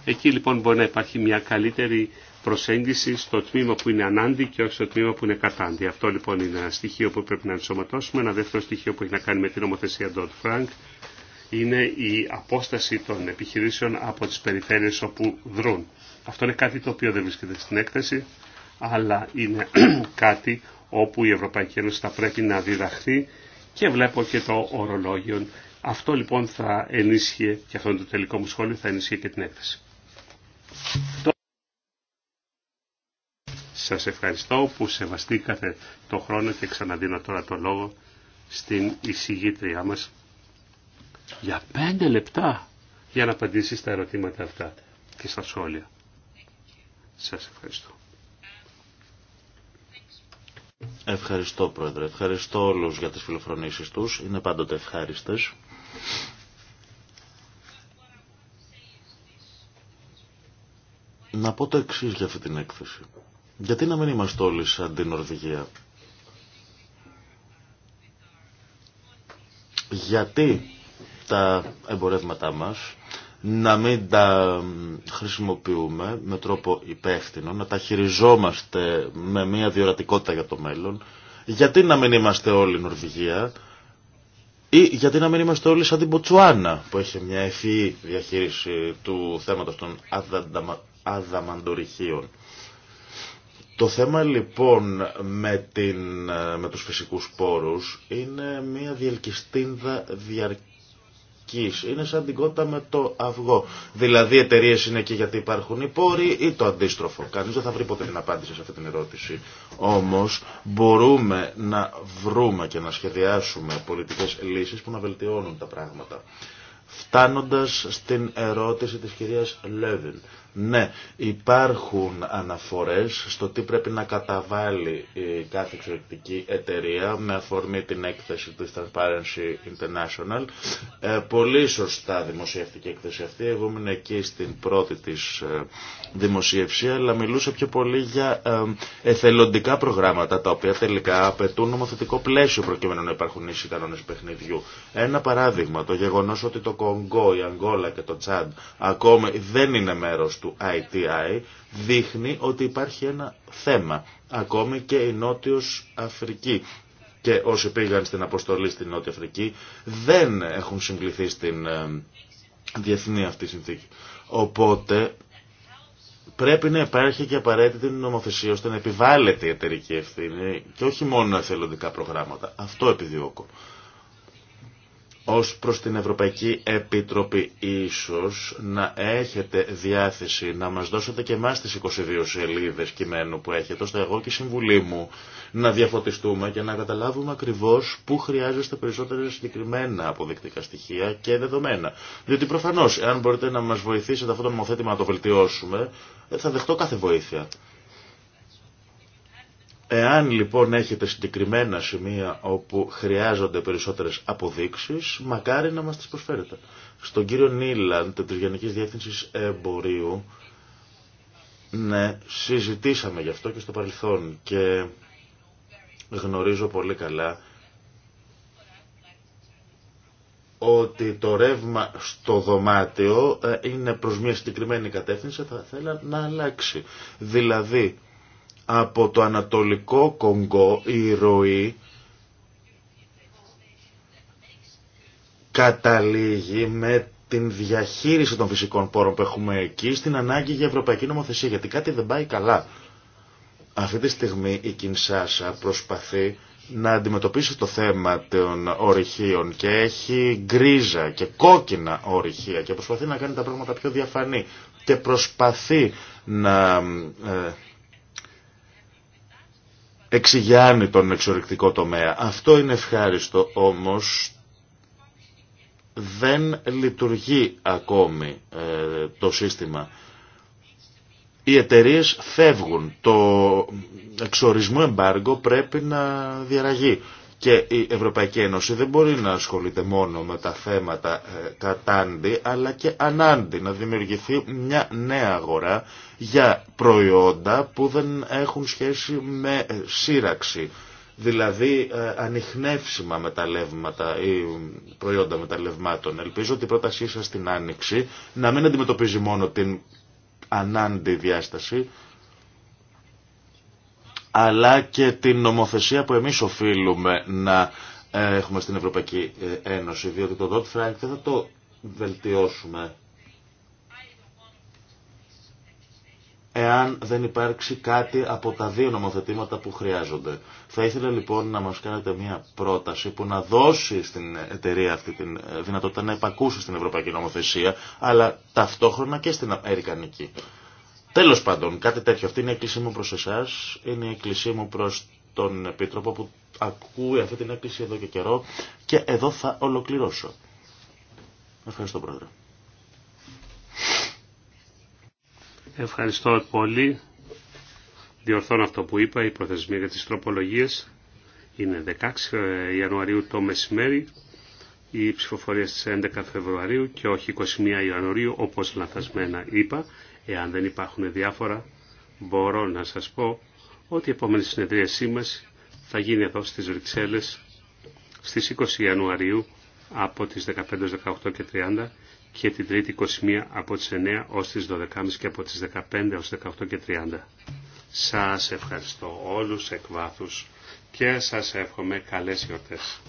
Εκεί λοιπόν μπορεί να υπάρχει μια καλύτερη προσέγγιση στο τμήμα που είναι ανάντι και όχι στο τμήμα που είναι κατάντι. Αυτό λοιπόν είναι ένα στοιχείο που πρέπει να ενσωματώσουμε. Ένα δεύτερο στοιχείο που έχει να κάνει με την νομοθεσία Dodd-Frank είναι η απόσταση των επιχειρήσεων από τις περιφέρειες όπου δρούν. Αυτό είναι κάτι το οποίο δεν βρίσκεται στην έκθεση, αλλά είναι κάτι όπου η Ευρωπαϊκή Ένωση θα πρέπει να διδαχθεί και βλέπω και το ορολόγιο. Αυτό λοιπόν θα ενίσχυε, και αυτό είναι το τελικό μου σχόλιο, θα ενίσχυε και την έκθεση. Σας ευχαριστώ που σεβαστήκατε το χρόνο και ξαναδίνω τώρα το λόγο στην εισηγήτριά μας για πέντε λεπτά για να απαντήσει στα ερωτήματα αυτά και στα σχόλια. Σας ευχαριστώ. Ευχαριστώ Πρόεδρε. Ευχαριστώ όλους για τις φιλοφρονήσεις τους. Είναι πάντοτε ευχάριστες. Να πω το εξή για αυτή την έκθεση. Γιατί να μην είμαστε όλοι σαν την Νορβηγία. Γιατί τα εμπορεύματά μας να μην τα χρησιμοποιούμε με τρόπο υπεύθυνο, να τα χειριζόμαστε με μια διορατικότητα για το μέλλον. Γιατί να μην είμαστε όλοι Νορβηγία ή γιατί να μην είμαστε όλοι σαν την Ποτσουάνα που έχει μια ευφυή διαχείριση του θέματος των αδαμαντορυχίων. Το θέμα λοιπόν με, την, με τους φυσικούς πόρους είναι μια διελκυστίνδα διαρκή είναι σαν την κότα με το αυγό. Δηλαδή οι εταιρείε είναι εκεί γιατί υπάρχουν οι πόροι ή το αντίστροφο. Κανεί δεν θα βρει ποτέ την απάντηση σε αυτή την ερώτηση. Όμω μπορούμε να βρούμε και να σχεδιάσουμε πολιτικέ λύσει που να βελτιώνουν τα πράγματα. Φτάνοντα στην ερώτηση τη κυρία Λέβιν. Ναι, υπάρχουν αναφορές στο τι πρέπει να καταβάλει η κάθε εξωτερική εταιρεία με αφορμή την έκθεση της Transparency International. Ε, πολύ σωστά δημοσιεύτηκε η έκθεση αυτή. Εγώ ήμουν εκεί στην πρώτη της ε, δημοσίευση, αλλά μιλούσα πιο πολύ για ε, εθελοντικά προγράμματα, τα οποία τελικά απαιτούν νομοθετικό πλαίσιο προκειμένου να υπάρχουν ίσοι κανόνες παιχνιδιού. Ένα παράδειγμα, το γεγονός ότι το Κονγκό, η Αγγόλα και το Τσάντ ακόμη δεν είναι μέρος του του ITI δείχνει ότι υπάρχει ένα θέμα. Ακόμη και η Νότιος Αφρική και όσοι πήγαν στην αποστολή στην Νότια Αφρική δεν έχουν συγκληθεί στην ε, διεθνή αυτή συνθήκη. Οπότε πρέπει να υπάρχει και απαραίτητη νομοθεσία ώστε να επιβάλλεται η εταιρική ευθύνη και όχι μόνο εθελοντικά προγράμματα. Αυτό επιδιώκω ως προς την Ευρωπαϊκή Επιτροπή ίσως να έχετε διάθεση να μας δώσετε και εμάς τις 22 σελίδες κειμένου που έχετε ώστε εγώ και η Συμβουλή μου να διαφωτιστούμε και να καταλάβουμε ακριβώς πού χρειάζεστε περισσότερα συγκεκριμένα αποδεικτικά στοιχεία και δεδομένα. Διότι προφανώς, αν μπορείτε να μας βοηθήσετε αυτό το νομοθέτημα να το βελτιώσουμε, ε, θα δεχτώ κάθε βοήθεια. Εάν λοιπόν έχετε συγκεκριμένα σημεία όπου χρειάζονται περισσότερες αποδείξεις, μακάρι να μας τις προσφέρετε. Στον κύριο Νίλαντ της Γενικής Διεύθυνσης Εμπορίου, ναι, συζητήσαμε γι' αυτό και στο παρελθόν και γνωρίζω πολύ καλά ότι το ρεύμα στο δωμάτιο ε, είναι προς μια συγκεκριμένη κατεύθυνση, θα θέλα να αλλάξει. Δηλαδή, από το Ανατολικό Κονγκό η ροή καταλήγει με την διαχείριση των φυσικών πόρων που έχουμε εκεί στην ανάγκη για ευρωπαϊκή νομοθεσία, γιατί κάτι δεν πάει καλά. Αυτή τη στιγμή η Κινσάσα προσπαθεί να αντιμετωπίσει το θέμα των ορυχείων και έχει γκρίζα και κόκκινα ορυχεία και προσπαθεί να κάνει τα πράγματα πιο διαφανή και προσπαθεί να ε, εξηγιάνει τον εξορρυκτικό τομέα. Αυτό είναι ευχάριστο όμως δεν λειτουργεί ακόμη ε, το σύστημα. Οι εταιρείε φεύγουν. Το εξορισμό εμπάργκο πρέπει να διαραγεί. Και η Ευρωπαϊκή Ένωση δεν μπορεί να ασχολείται μόνο με τα θέματα ε, κατάντι, αλλά και ανάντι, να δημιουργηθεί μια νέα αγορά για προϊόντα που δεν έχουν σχέση με ε, σύραξη. Δηλαδή ε, ανιχνεύσιμα μεταλλεύματα ή προϊόντα μεταλλευμάτων. Ελπίζω ότι η πρότασή σας στην Άνοιξη να μην αντιμετωπίζει μόνο την ανάντι διάσταση, αλλά και την νομοθεσία που εμείς οφείλουμε να ε, έχουμε στην Ευρωπαϊκή ε, Ένωση, διότι το Dodd Φράγκ δεν θα το βελτιώσουμε εάν δεν υπάρξει κάτι από τα δύο νομοθετήματα που χρειάζονται. Θα ήθελα λοιπόν να μας κάνετε μια πρόταση που να δώσει στην εταιρεία αυτή τη ε, δυνατότητα να επακούσει στην Ευρωπαϊκή Νομοθεσία, αλλά ταυτόχρονα και στην Αμερικανική. Τέλο πάντων, κάτι τέτοιο. Αυτή είναι η έκκλησή μου προ εσά. είναι η έκκλησή μου προ τον Επίτροπο που ακούει αυτή την έκκληση εδώ και καιρό και εδώ θα ολοκληρώσω. Ευχαριστώ Πρόεδρε. Ευχαριστώ πολύ. Διορθώνω αυτό που είπα, η προθεσμία για τι τροπολογίες είναι 16 Ιανουαρίου το μεσημέρι, η ψηφοφορία στι 11 Φεβρουαρίου και όχι 21 Ιανουαρίου όπω λαθασμένα είπα. Εάν δεν υπάρχουν διάφορα, μπορώ να σας πω ότι η επόμενη συνεδρίασή μας θα γίνει εδώ στις Βρυξέλλες στις 20 Ιανουαρίου από τις 15, 18 και 30 και την Τρίτη 21 από τις 9 ως τις 12.30 και από τις 15 ως 18 και 30. Σας ευχαριστώ όλους εκ βάθους και σας εύχομαι καλές γιορτές.